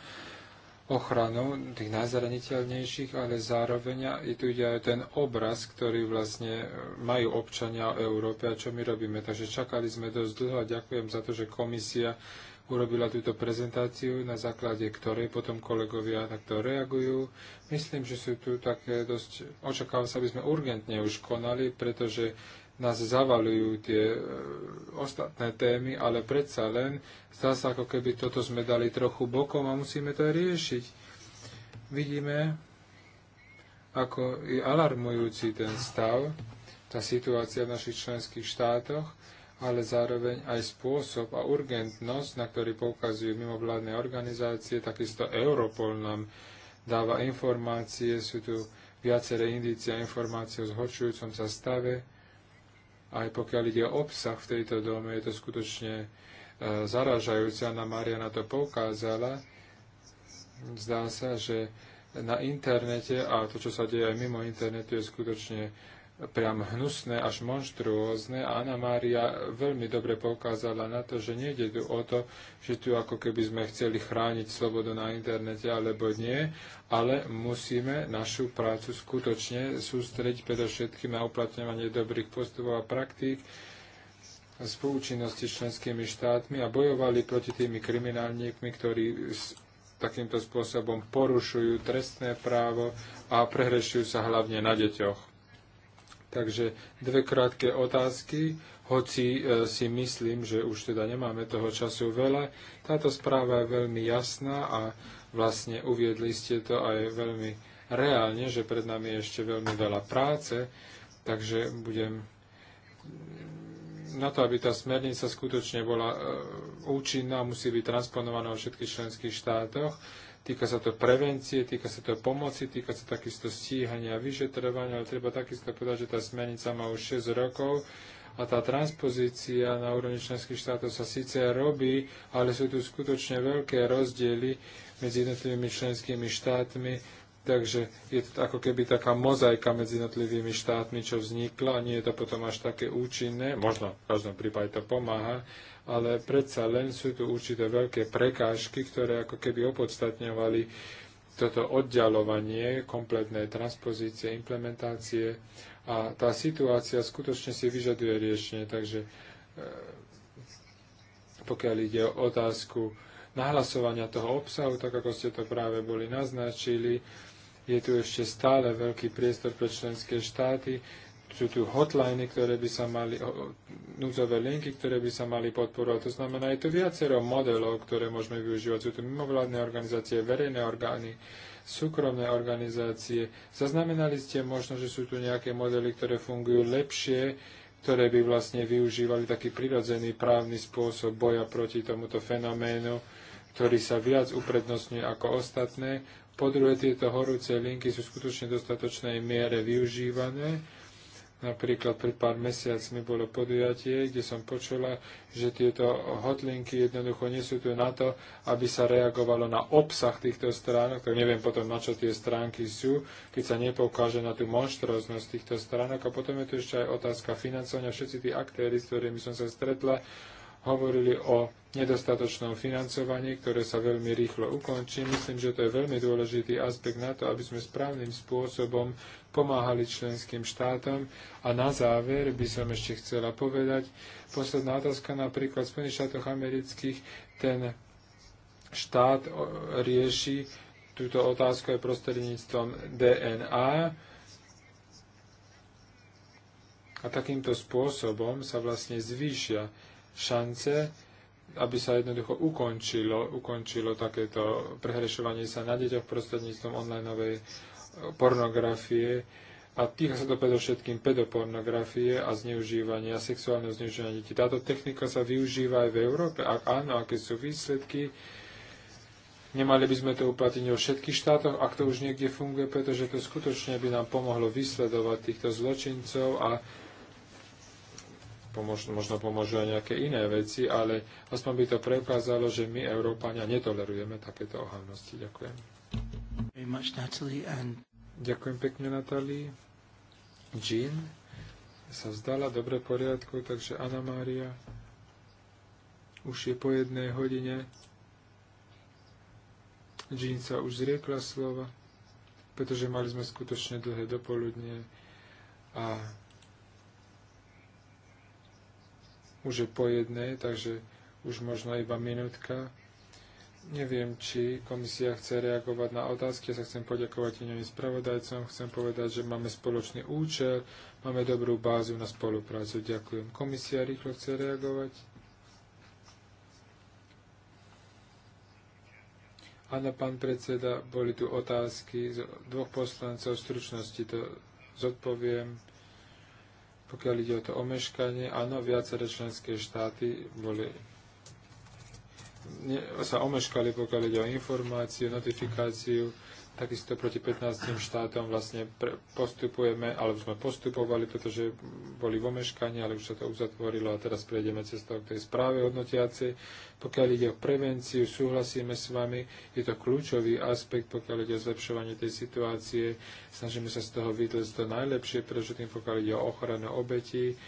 ochranu tých najzraniteľnejších, ale zároveň je tu ide aj ten obraz, ktorý vlastne e, majú občania o Európe a čo my robíme. Takže čakali sme dosť dlho a ďakujem za to, že komisia urobila túto prezentáciu, na základe ktorej potom kolegovia takto reagujú. Myslím, že sú tu také dosť... Očakávam sa, aby sme urgentne už konali, pretože nás zavalujú tie e, ostatné témy, ale predsa len zdá sa, ako keby toto sme dali trochu bokom a musíme to aj riešiť. Vidíme, ako je alarmujúci ten stav, tá situácia v našich členských štátoch, ale zároveň aj spôsob a urgentnosť, na ktorý poukazujú mimovládne organizácie, takisto Europol nám dáva informácie, sú tu viaceré indície a informácie o zhorčujúcom sa stave, aj pokiaľ ide o obsah v tejto dome, je to skutočne e, zaražajúce. Anna Maria na to poukázala. Zdá sa, že na internete a to, čo sa deje aj mimo internetu, je skutočne priam hnusné až monštruózne a Anna Mária veľmi dobre poukázala na to, že nejde tu o to, že tu ako keby sme chceli chrániť slobodu na internete alebo nie, ale musíme našu prácu skutočne sústrediť predovšetkým na uplatňovanie dobrých postupov a praktík z poučinnosti členskými štátmi a bojovali proti tými kriminálníkmi, ktorí takýmto spôsobom porušujú trestné právo a prehrešujú sa hlavne na deťoch. Takže dve krátke otázky, hoci e, si myslím, že už teda nemáme toho času veľa. Táto správa je veľmi jasná a vlastne uviedli ste to aj veľmi reálne, že pred nami je ešte veľmi veľa práce, takže budem na to, aby tá smernica skutočne bola e, účinná, musí byť transponovaná vo všetkých členských štátoch Týka sa to prevencie, týka sa to pomoci, týka sa takisto stíhania, a vyšetrovania, ale treba takisto povedať, že tá smernica má už 6 rokov a tá transpozícia na úrovni členských štátov sa síce robí, ale sú tu skutočne veľké rozdiely medzi jednotlivými členskými štátmi, takže je to ako keby taká mozaika medzi jednotlivými štátmi, čo vznikla, nie je to potom až také účinné, možno v každom prípade to pomáha, ale predsa len sú tu určité veľké prekážky, ktoré ako keby opodstatňovali toto oddialovanie kompletnej transpozície, implementácie a tá situácia skutočne si vyžaduje riešenie. Takže e, pokiaľ ide o otázku nahlasovania toho obsahu, tak ako ste to práve boli naznačili, je tu ešte stále veľký priestor pre členské štáty, sú tu hotliny, ktoré by sa mali, núdzové linky, ktoré by sa mali podporovať. To znamená, je tu viacero modelov, ktoré môžeme využívať. Sú tu mimovládne organizácie, verejné orgány, súkromné organizácie. Zaznamenali ste možno, že sú tu nejaké modely, ktoré fungujú lepšie, ktoré by vlastne využívali taký prirodzený právny spôsob boja proti tomuto fenoménu, ktorý sa viac uprednostňuje ako ostatné. Po druhé, tieto horúce linky sú skutočne v dostatočnej miere využívané Napríklad pred pár mesiacmi bolo podujatie, kde som počula, že tieto hotlinky jednoducho nie sú tu na to, aby sa reagovalo na obsah týchto stránok, tak neviem potom, na čo tie stránky sú, keď sa nepoukáže na tú monštroznosť týchto stránok. A potom je tu ešte aj otázka financovania. Všetci tí aktéry, s ktorými som sa stretla, hovorili o nedostatočnom financovaní, ktoré sa veľmi rýchlo ukončí. Myslím, že to je veľmi dôležitý aspekt na to, aby sme správnym spôsobom pomáhali členským štátom. A na záver by som ešte chcela povedať, posledná otázka napríklad v Spojených štátoch amerických, ten štát rieši túto otázku aj prostredníctvom DNA. A takýmto spôsobom sa vlastne zvýšia šance aby sa jednoducho ukončilo, ukončilo takéto prehrešovanie sa na deťoch prostredníctvom onlineovej e, pornografie a týka sa to predovšetkým pedopornografie a zneužívania, sexuálneho zneužívania detí. Táto technika sa využíva aj v Európe? Ak áno, aké sú výsledky? Nemali by sme to uplatniť vo všetkých štátoch, ak to už niekde funguje, pretože to skutočne by nám pomohlo vysledovať týchto zločincov a možno pomôžu aj nejaké iné veci, ale aspoň by to preukázalo, že my, Európania, netolerujeme takéto ohavnosti. Ďakujem. Ďakujem pekne, Natalie. Jean sa vzdala, dobre poriadku, takže Anna Mária už je po jednej hodine. Jean sa už zriekla slova, pretože mali sme skutočne dlhé dopoludne a už je po jednej, takže už možno iba minútka. Neviem, či komisia chce reagovať na otázky. Ja sa chcem poďakovať iným spravodajcom. Chcem povedať, že máme spoločný účel, máme dobrú bázu na spoluprácu. Ďakujem. Komisia rýchlo chce reagovať. Áno, pán predseda, boli tu otázky z dvoch poslancov. V stručnosti to zodpoviem. Pokiaľ ide o to omeškanie, áno, viaceré členské štáty boli ne, sa omeškali, pokiaľ ide o informáciu, notifikáciu Takisto proti 15 štátom vlastne postupujeme, alebo sme postupovali, pretože boli v omeškaní, ale už sa to uzatvorilo a teraz prejdeme cestou k tej správe hodnotiacej. Pokiaľ ide o prevenciu, súhlasíme s vami, je to kľúčový aspekt, pokiaľ ide o zlepšovanie tej situácie. Snažíme sa z toho vytlesť to najlepšie, pretože tým pokiaľ ide o ochranu obetí,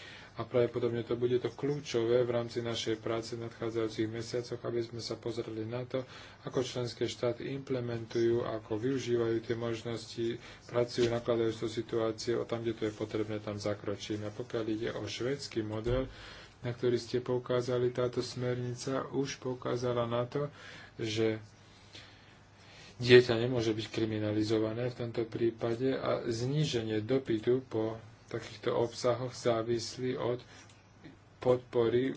a pravdepodobne to bude to kľúčové v rámci našej práce v nadchádzajúcich mesiacoch, aby sme sa pozreli na to, ako členské štáty implementujú, ako využívajú tie možnosti, pracujú, nakladajú so situácie, a tam, kde to je potrebné, tam zakročíme. A pokiaľ ide o švedský model, na ktorý ste poukázali, táto smernica už poukázala na to, že dieťa nemôže byť kriminalizované v tomto prípade a zníženie dopytu po takýchto obsahoch závislí od podpory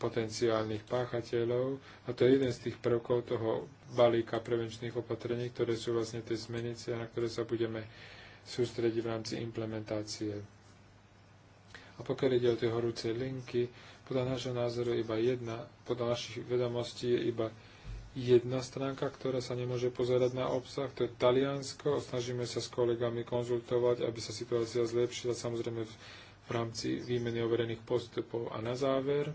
potenciálnych páchateľov a to je jeden z tých prvkov toho balíka prevenčných opatrení, ktoré sú vlastne tie zmenice, na ktoré sa budeme sústrediť v rámci implementácie. A pokiaľ ide o tie horúce linky, podľa nášho názoru iba jedna, podľa našich vedomostí je iba jedna stránka, ktorá sa nemôže pozerať na obsah, to je Taliansko. Snažíme sa s kolegami konzultovať, aby sa situácia zlepšila, samozrejme v, v rámci výmeny overených postupov. A na záver,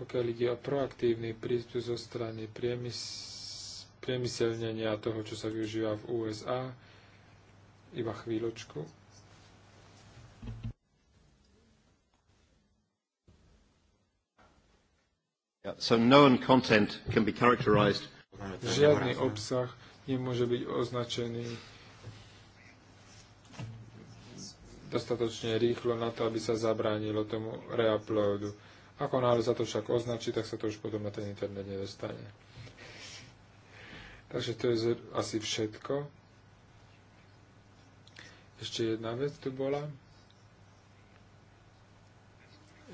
pokiaľ ide o proaktívny prístup zo strany priemys- priemyselnenia toho, čo sa využíva v USA, iba chvíľočku. Žiadny obsah nemôže byť označený dostatočne rýchlo na to, aby sa zabránilo tomu reuploadu. Ako náhle sa to však označí, tak sa to už potom na ten internet nedostane. Takže to je asi všetko. Ešte jedna vec tu bola.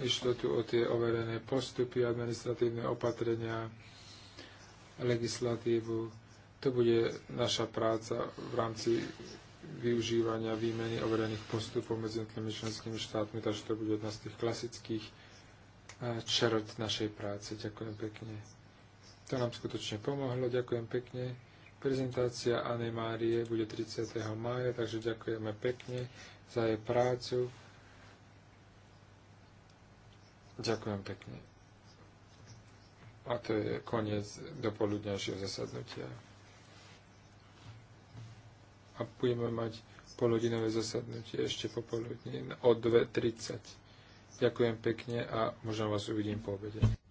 Išlo tu o tie overené postupy, administratívne opatrenia, legislatívu. To bude naša práca v rámci využívania výmeny overených postupov medzi jednotlivými členskými štátmi, takže to bude jedna z tých klasických čerot našej práce. Ďakujem pekne. To nám skutočne pomohlo. Ďakujem pekne. Prezentácia Anne Márie bude 30. mája, takže ďakujeme pekne za jej prácu. Ďakujem pekne. A to je koniec dopoludňajšieho zasadnutia. A budeme mať poludinové zasadnutie ešte popoludne o 2.30. Ďakujem pekne a možno vás uvidím po obede.